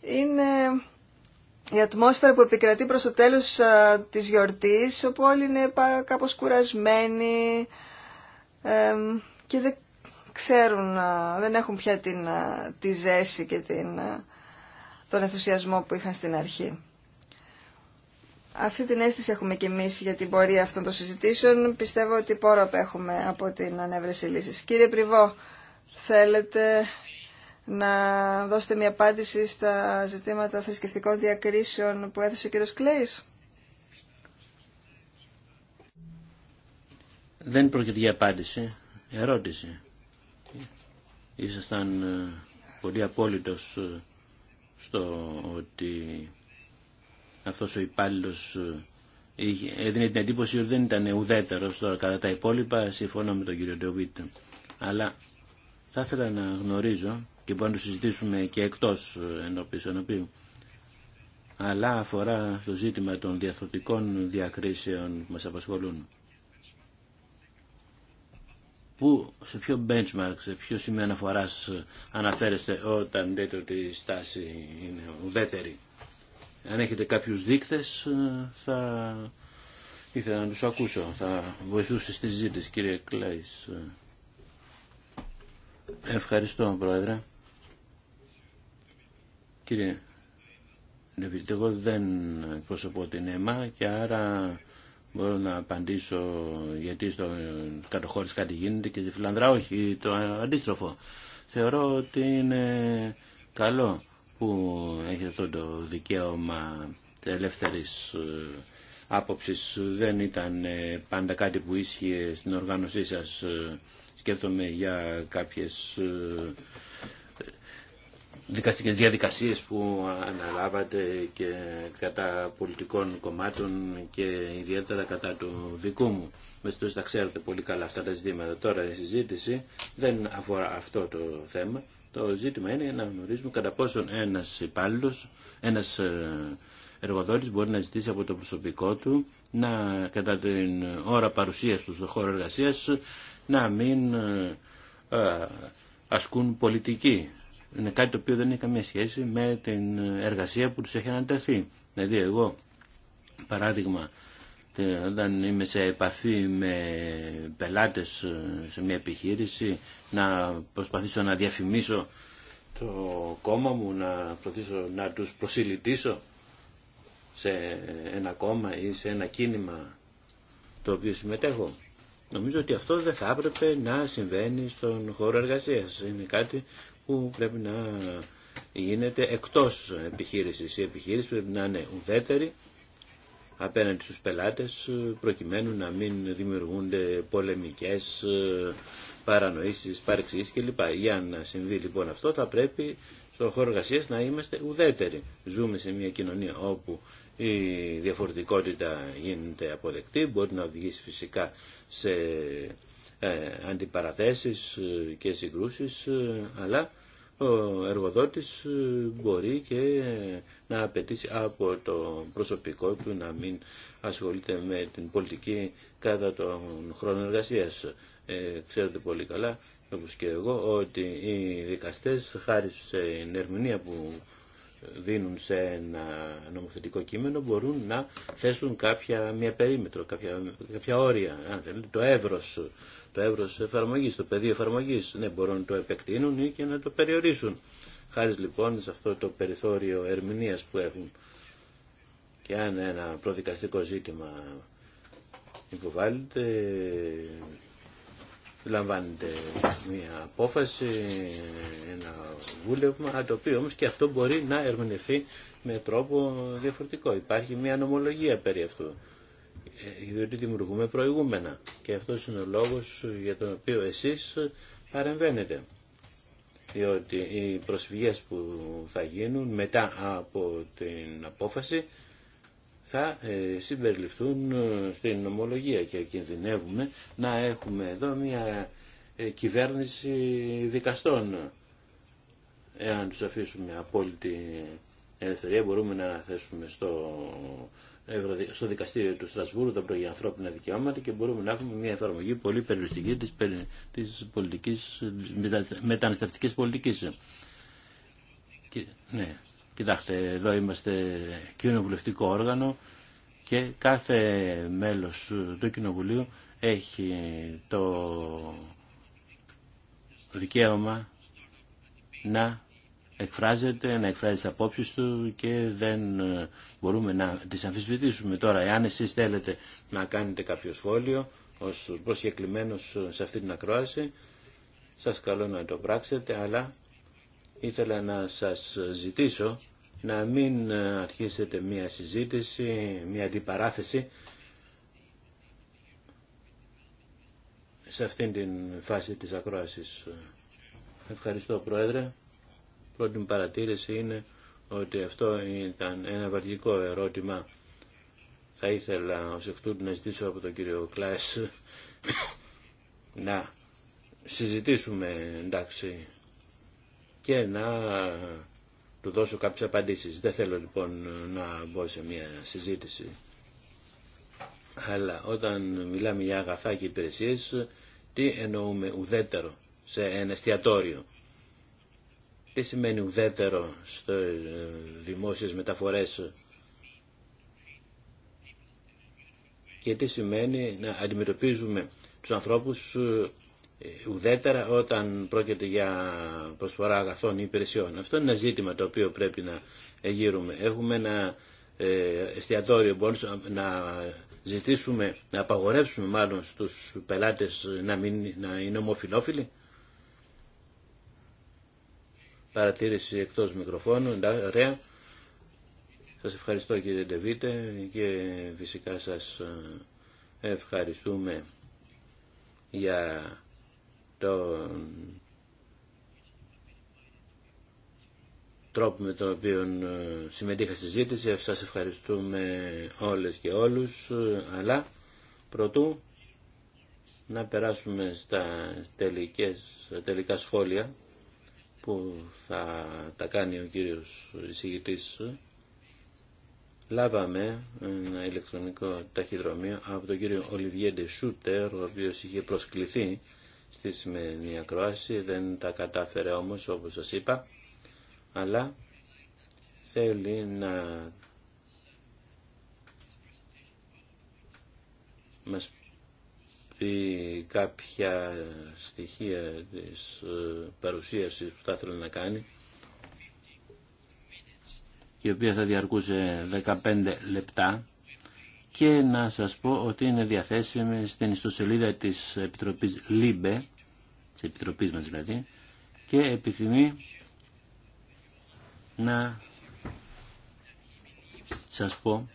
Είναι η ατμόσφαιρα που επικρατεί προς το τέλος της γιορτής, όπου όλοι είναι κάπως κουρασμένοι και δεν ξέρουν, δεν έχουν πια την, τη ζέση και την, τον ενθουσιασμό που είχαν στην αρχή. Αυτή την αίσθηση έχουμε κι εμείς για την πορεία αυτών των συζητήσεων. Πιστεύω ότι πόρο απέχουμε από την ανέβρεση λύσης. Κύριε Πριβό, θέλετε να δώσετε μια απάντηση στα ζητήματα θρησκευτικών διακρίσεων που έθεσε ο κύριος Κλέης. Δεν πρόκειται για απάντηση, ερώτηση. Ήσασταν ε, πολύ απόλυτος ε, στο ότι αυτός ο υπάλληλο ε, έδινε την εντύπωση ότι δεν ήταν ουδέτερος τώρα κατά τα υπόλοιπα συμφωνώ με τον κύριο Ντεοβίτ αλλά θα ήθελα να γνωρίζω και μπορούμε να το συζητήσουμε και εκτός ε, ενώπιση Αλλά αφορά το ζήτημα των διαθροτικών διακρίσεων που μας απασχολούν. Πού, σε ποιο benchmark, σε ποιο σημείο αναφορά ε, αναφέρεστε όταν λέτε ότι η στάση είναι ουδέτερη. Αν έχετε κάποιους δείκτες ε, θα ήθελα να τους ακούσω. Θα βοηθούσε στη συζήτηση κύριε Κλάης. Ευχαριστώ πρόεδρε. Κύριε εγώ δεν εκπροσωπώ την ΕΜΑ και άρα μπορώ να απαντήσω γιατί στο κατοχώρης κάτι γίνεται και στη Φιλανδρά όχι, το αντίστροφο. Θεωρώ ότι είναι καλό που έχει αυτό το δικαίωμα ελεύθερης ε, άποψης. Δεν ήταν ε, πάντα κάτι που ίσχυε στην οργάνωσή σας. Ε, σκέφτομαι για κάποιες δικαστικές διαδικασίες που αναλάβατε και κατά πολιτικών κομμάτων και ιδιαίτερα κατά του δικού μου. Με στους τα ξέρετε πολύ καλά αυτά τα ζητήματα. Τώρα η συζήτηση δεν αφορά αυτό το θέμα. Το ζήτημα είναι να γνωρίζουμε κατά πόσον ένας υπάλληλο, ένας ε, εργοδότης μπορεί να ζητήσει από το προσωπικό του να κατά την ώρα παρουσίας του στο χώρο εργασίας να μην ε, ε, ασκούν πολιτική είναι κάτι το οποίο δεν έχει καμία σχέση με την εργασία που τους έχει ανατεθεί. Δηλαδή εγώ, παράδειγμα, όταν είμαι σε επαφή με πελάτες ε, σε μια επιχείρηση, να προσπαθήσω να διαφημίσω το κόμμα μου, να, προσπαθήσω, να τους προσιλητήσω σε ένα κόμμα ή σε ένα κίνημα το οποίο συμμετέχω. Νομίζω ότι αυτό δεν θα έπρεπε να συμβαίνει στον χώρο εργασίας. Είναι κάτι που πρέπει να γίνεται εκτός επιχείρησης. Η επιχείρηση πρέπει να είναι ουδέτερη απέναντι στους πελάτες προκειμένου να μην δημιουργούνται πολεμικές ε, παρανοήσεις, παρεξηγήσεις κλπ. Για να συμβεί λοιπόν αυτό θα πρέπει στο χώρο εργασία να είμαστε ουδέτεροι. Ζούμε σε μια κοινωνία όπου η διαφορετικότητα γίνεται αποδεκτή, μπορεί να οδηγήσει φυσικά σε ε, αντιπαραθέσεις ε, και συγκρούσεις, ε, αλλά ο εργοδότης μπορεί και να απαιτήσει από το προσωπικό του να μην ασχολείται με την πολιτική κατά τον χρόνο εργασίας. Ξέρετε πολύ καλά, όπως και εγώ, ότι οι δικαστές χάρη στην ερμηνεία που δίνουν σε ένα νομοθετικό κείμενο μπορούν να θέσουν κάποια, μια περίμετρο, κάποια, όρια, αν το εύρος το εύρο εφαρμογή, το πεδίο εφαρμογή Ναι, μπορούν να το επεκτείνουν ή και να το περιορίσουν. Χάρη λοιπόν σε αυτό το περιθώριο ερμηνείας που έχουν. Και αν ένα προδικαστικό ζήτημα υποβάλλεται, λαμβάνεται μια απόφαση, ένα βούλευμα, το οποίο όμως και αυτό μπορεί να ερμηνευθεί με τρόπο διαφορετικό. Υπάρχει μια νομολογία περί αυτού. Ε, διότι δημιουργούμε προηγούμενα. Και αυτό είναι ο λόγος για τον οποίο εσείς παρεμβαίνετε. Διότι οι προσφυγές που θα γίνουν μετά από την απόφαση θα ε, συμπεριληφθούν ε, στην νομολογία και κινδυνεύουμε να έχουμε εδώ μια κυβέρνηση δικαστών. Εάν τους αφήσουμε απόλυτη ελευθερία μπορούμε να θέσουμε στο στο δικαστήριο του Στρασβούρου τα για ανθρώπινα δικαιώματα και μπορούμε να έχουμε μια εφαρμογή πολύ περιοριστική της, της, πολιτικής, πολιτικής. Και, ναι, κοιτάξτε, εδώ είμαστε κοινοβουλευτικό όργανο και κάθε μέλος του κοινοβουλίου έχει το δικαίωμα να εκφράζεται, να εκφράζει τι απόψει του και δεν ε, μπορούμε να τι αμφισβητήσουμε τώρα. Εάν εσεί θέλετε να κάνετε κάποιο σχόλιο ως προσκεκλημένο σε αυτή την ακρόαση, Σα καλώ να το πράξετε, αλλά ήθελα να σας ζητήσω να μην ε, αρχίσετε μία συζήτηση, μία αντιπαράθεση σε αυτήν την φάση της ακρόασης. Ευχαριστώ Πρόεδρε πρώτη μου παρατήρηση είναι ότι αυτό ήταν ένα βαριικό ερώτημα. Θα ήθελα ως εκ τούτου να ζητήσω από τον κύριο Κλάις να συζητήσουμε εντάξει και να του δώσω κάποιες απαντήσεις. Δεν θέλω λοιπόν να μπω σε μια συζήτηση. Αλλά όταν μιλάμε για αγαθά και υπηρεσίες, τι εννοούμε ουδέτερο σε ένα εστιατόριο. Τι σημαίνει ουδέτερο στο ε, δημόσιες μεταφορές και τι σημαίνει να αντιμετωπίζουμε τους ανθρώπους ε, ουδέτερα όταν πρόκειται για προσφορά αγαθών ή υπηρεσιών. Αυτό είναι ένα ζήτημα το οποίο πρέπει να γύρουμε. Έχουμε ένα ε, εστιατόριο, μπορούμε να ζητήσουμε, να απαγορεύσουμε μάλλον στους πελάτες να, να είναι ομοφιλόφιλοι παρατήρηση εκτός μικροφώνου. Ωραία. Σας ευχαριστώ κύριε Ντεβίτε και φυσικά σας ε, ευχαριστούμε για τον τρόπο με τον οποίο ε, συμμετείχα στη συζήτηση. Σας ευχαριστούμε όλες και όλους, ε, αλλά πρωτού να περάσουμε στα τελικές, τελικά σχόλια που θα τα κάνει ο κύριος εισηγητής λάβαμε ένα ηλεκτρονικό ταχυδρομείο από τον κύριο Ολιβιέντε Σούτερ ο οποίος είχε προσκληθεί στη σημερινή ακρόαση δεν τα κατάφερε όμως όπως σας είπα αλλά θέλει να μας ότι κάποια στοιχεία της ε, παρουσίασης που θα ήθελα να κάνει η οποία θα διαρκούσε 15 λεπτά και να σας πω ότι είναι διαθέσιμη στην ιστοσελίδα της Επιτροπής ΛΥΜΠΕ της Επιτροπής μας δηλαδή και επιθυμεί να σας πω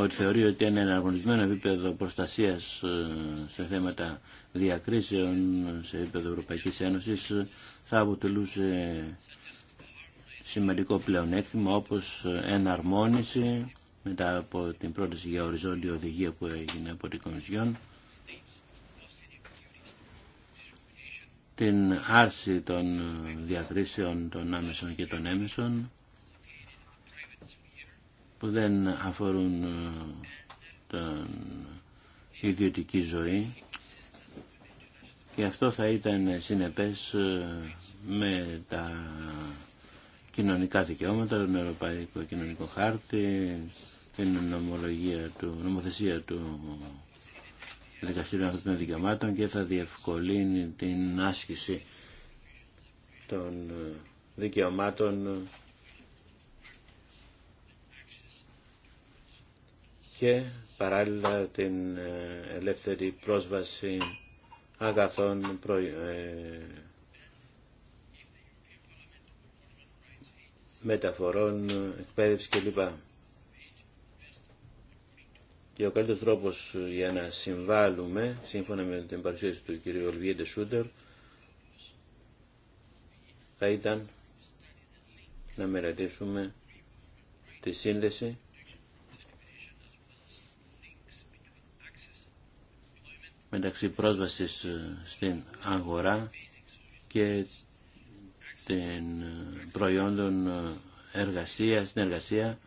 ότι θεωρεί ότι ένα εναρμονισμένο επίπεδο προστασία ε, σε θέματα διακρίσεων σε επίπεδο Ευρωπαϊκή Ένωσης ε, θα αποτελούσε σημαντικό πλεονέκτημα όπως εναρμόνιση μετά από την πρόταση για οριζόντια οδηγία που έγινε από την Κομισιόν την άρση των διακρίσεων των άμεσων και των έμεσων που δεν αφορούν ε, την ιδιωτική ζωή και αυτό θα ήταν συνεπές ε, με τα κοινωνικά δικαιώματα, τον Ευρωπαϊκό Κοινωνικό Χάρτη, την νομολογία του, νομοθεσία του Δικαστήριου Ανθρωπίνων Δικαιωμάτων και θα διευκολύνει την άσκηση των ε, δικαιωμάτων και παράλληλα την ε, ελεύθερη πρόσβαση αγαθών ε, μεταφορών, εκπαίδευση κλπ. Και ο καλύτερος τρόπος για να συμβάλλουμε, σύμφωνα με την παρουσίαση του κ. Ολβιέντε Σούντερ, θα ήταν να μελετήσουμε τη σύνδεση μεταξύ πρόσβασης ε, στην αγορά και την ε, προϊόντων ε, εργασία, στην εργασία,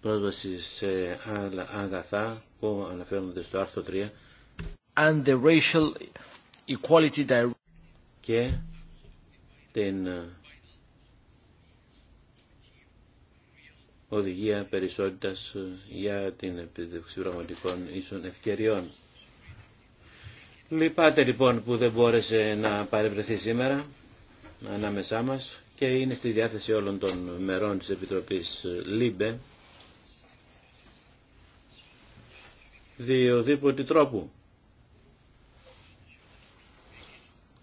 πρόσβαση σε άλλα αγαθά που αναφέρονται στο άρθρο 3 And the racial equality και την οδηγία περισσότητας για την επιδευξή πραγματικών ίσων ευκαιριών. Λυπάται λοιπόν που δεν μπόρεσε να παρευρεθεί σήμερα ανάμεσά μας και είναι στη διάθεση όλων των μερών της Επιτροπής ε, ΛΥΜΠΕ διοδήποτε τρόπου.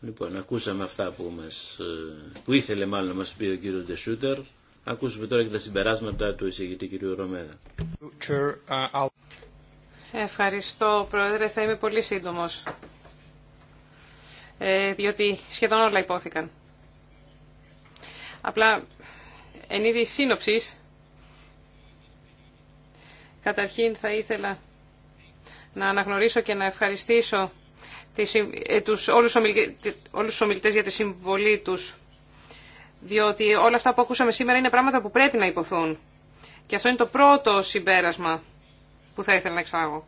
Λοιπόν, ακούσαμε αυτά που, μας, ε, που ήθελε μάλλον να μας πει ο κύριος Ντεσούτερ. Ακούσουμε τώρα και τα συμπεράσματα του εισηγητή κύριου Ρωμένα. Uh, Ευχαριστώ, Πρόεδρε. Θα είμαι πολύ σύντομος. Ε, διότι σχεδόν όλα υπόθηκαν. Απλά, εν είδη σύνοψης, καταρχήν θα ήθελα να αναγνωρίσω και να ευχαριστήσω ε, τους, όλους, όλους τους ομιλητές για τη συμβολή τους, διότι όλα αυτά που ακούσαμε σήμερα είναι πράγματα που πρέπει να υποθούν. Και αυτό είναι το πρώτο συμπέρασμα που θα ήθελα να εξάγω.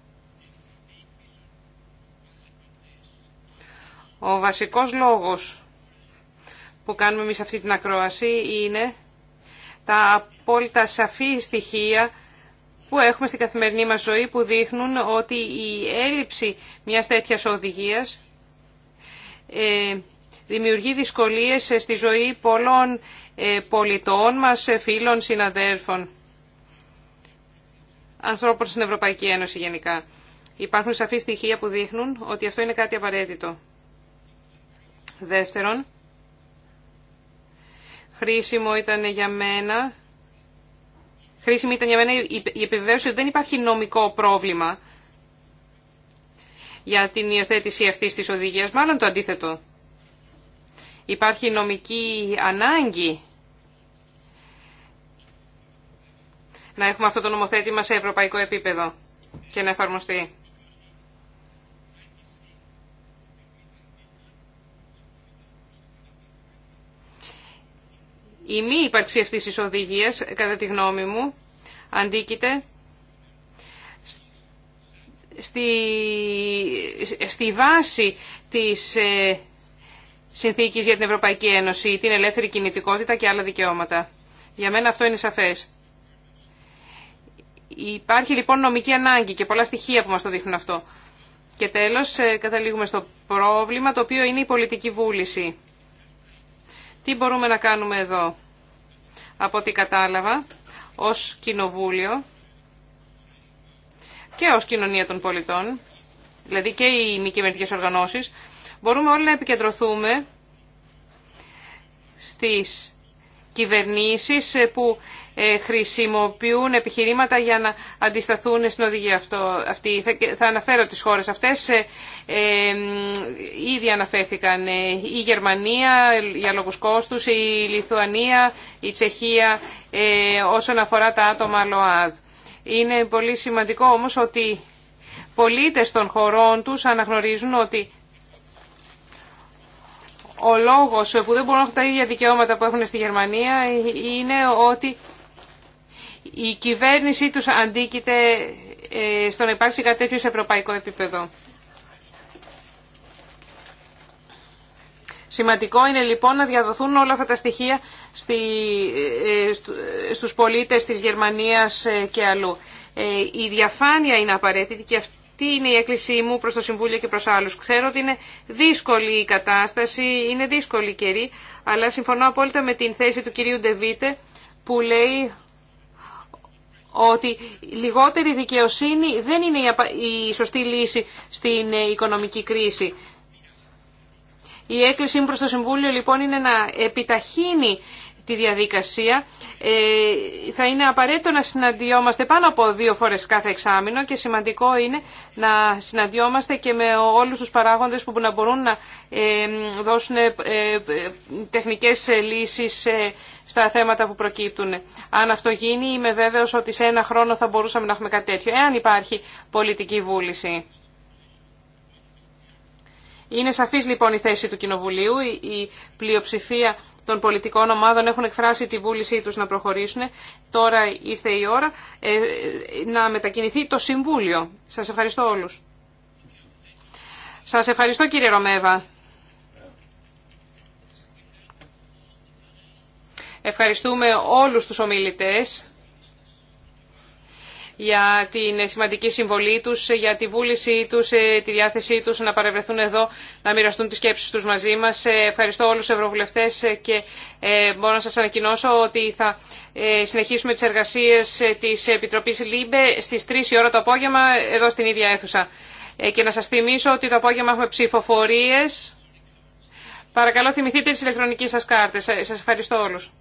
Ο βασικός λόγος που κάνουμε εμείς αυτή την ακρόαση είναι τα απόλυτα σαφή στοιχεία που έχουμε στην καθημερινή μας ζωή που δείχνουν ότι η έλλειψη μιας τέτοιας οδηγίας ε, δημιουργεί δυσκολίες στη ζωή πολλών ε, πολιτών μας, ε, φίλων, συναδέρφων, ανθρώπων στην Ευρωπαϊκή Ένωση γενικά. Υπάρχουν σαφή στοιχεία που δείχνουν ότι αυτό είναι κάτι απαραίτητο. Δεύτερον, χρήσιμο ήταν για μένα, χρήσιμη ήταν για μένα η επιβεβαίωση ότι δεν υπάρχει νομικό πρόβλημα για την υιοθέτηση αυτής της οδηγίας, μάλλον το αντίθετο. Υπάρχει νομική ανάγκη να έχουμε αυτό το νομοθέτημα σε ευρωπαϊκό επίπεδο και να εφαρμοστεί. Η μη ύπαρξη αυτής της οδηγίας, κατά τη γνώμη μου, αντίκειται στη, στη βάση της ε, συνθήκης για την Ευρωπαϊκή Ένωση, την ελεύθερη κινητικότητα και άλλα δικαιώματα. Για μένα αυτό είναι σαφές. Υπάρχει λοιπόν νομική ανάγκη και πολλά στοιχεία που μας το δείχνουν αυτό. Και τέλος ε, καταλήγουμε στο πρόβλημα το οποίο είναι η πολιτική βούληση. Τι μπορούμε να κάνουμε εδώ. Από ό,τι κατάλαβα, ως κοινοβούλιο και ως κοινωνία των πολιτών, δηλαδή και οι μη οργανώσεις, μπορούμε όλοι να επικεντρωθούμε στις κυβερνήσεις ε, που ε, χρησιμοποιούν επιχειρήματα για να αντισταθούν στην οδηγία αυτό, αυτή. Θα αναφέρω τις χώρες αυτές. Ε, ε, ήδη αναφέρθηκαν η Γερμανία για λόγους κόστους, η Λιθουανία, η Τσεχία όσον αφορά τα άτομα ΛΟΑΔ. Είναι πολύ σημαντικό όμως ότι πολίτες των χωρών τους αναγνωρίζουν ότι ο λόγος που δεν μπορούν να έχουν τα ίδια δικαιώματα που έχουν στη Γερμανία είναι ότι η κυβέρνησή τους αντίκειται ε, στο να υπάρξει κάτι σε ευρωπαϊκό επίπεδο. Σημαντικό είναι λοιπόν να διαδοθούν όλα αυτά τα στοιχεία ε, ε, στους πολίτες της Γερμανίας και αλλού. Η διαφάνεια είναι απαραίτητη και αυτή είναι η έκκλησή μου προς το Συμβούλιο και προς άλλους. Ξέρω ότι είναι δύσκολη η κατάσταση, είναι δύσκολη η καιρή, αλλά συμφωνώ απόλυτα με την θέση του κυρίου Ντεβίτε που λέει ότι λιγότερη δικαιοσύνη δεν είναι η σωστή λύση στην ε, οικονομική κρίση. Η έκκλησή μου προς το Συμβούλιο λοιπόν είναι να επιταχύνει τη διαδικασία. Ε, θα είναι απαραίτητο να συναντιόμαστε πάνω από δύο φορές κάθε εξάμεινο και σημαντικό είναι να συναντιόμαστε και με όλους τους παράγοντες που να μπορούν να ε, δώσουν ε, τεχνικές λύσεις στα θέματα που προκύπτουν. Αν αυτό γίνει είμαι βέβαιος ότι σε ένα χρόνο θα μπορούσαμε να έχουμε κάτι τέτοιο, εάν υπάρχει πολιτική βούληση. Είναι σαφής λοιπόν η θέση του Κοινοβουλίου, η πλειοψηφία των πολιτικών ομάδων έχουν εκφράσει τη βούλησή τους να προχωρήσουν. Τώρα ήρθε η ώρα ε, να μετακινηθεί το Συμβούλιο. Σας ευχαριστώ όλους. Σας ευχαριστώ κύριε Ρωμέβα. Ευχαριστούμε όλους τους ομιλητές για την σημαντική συμβολή του, για τη βούλησή τους, ε, τη διάθεσή του, να παρευρεθούν εδώ, να μοιραστούν τι σκέψει του μαζί μα. Ε, ευχαριστώ όλου του ευρωβουλευτέ ε, και μπορώ να σα ανακοινώσω ότι θα συνεχίσουμε τι εργασίε τη επιτροπή ΛΥΜΠΕ στι 3 η ώρα το απόγευμα εδώ στην ίδια αίθουσα. Και να σα θυμίσω ότι το απόγευμα έχουμε ψηφοφορίε. Παρακαλώ θυμηθείτε τις ηλεκτρονικές σας κάρτες. Σας ευχαριστώ όλους.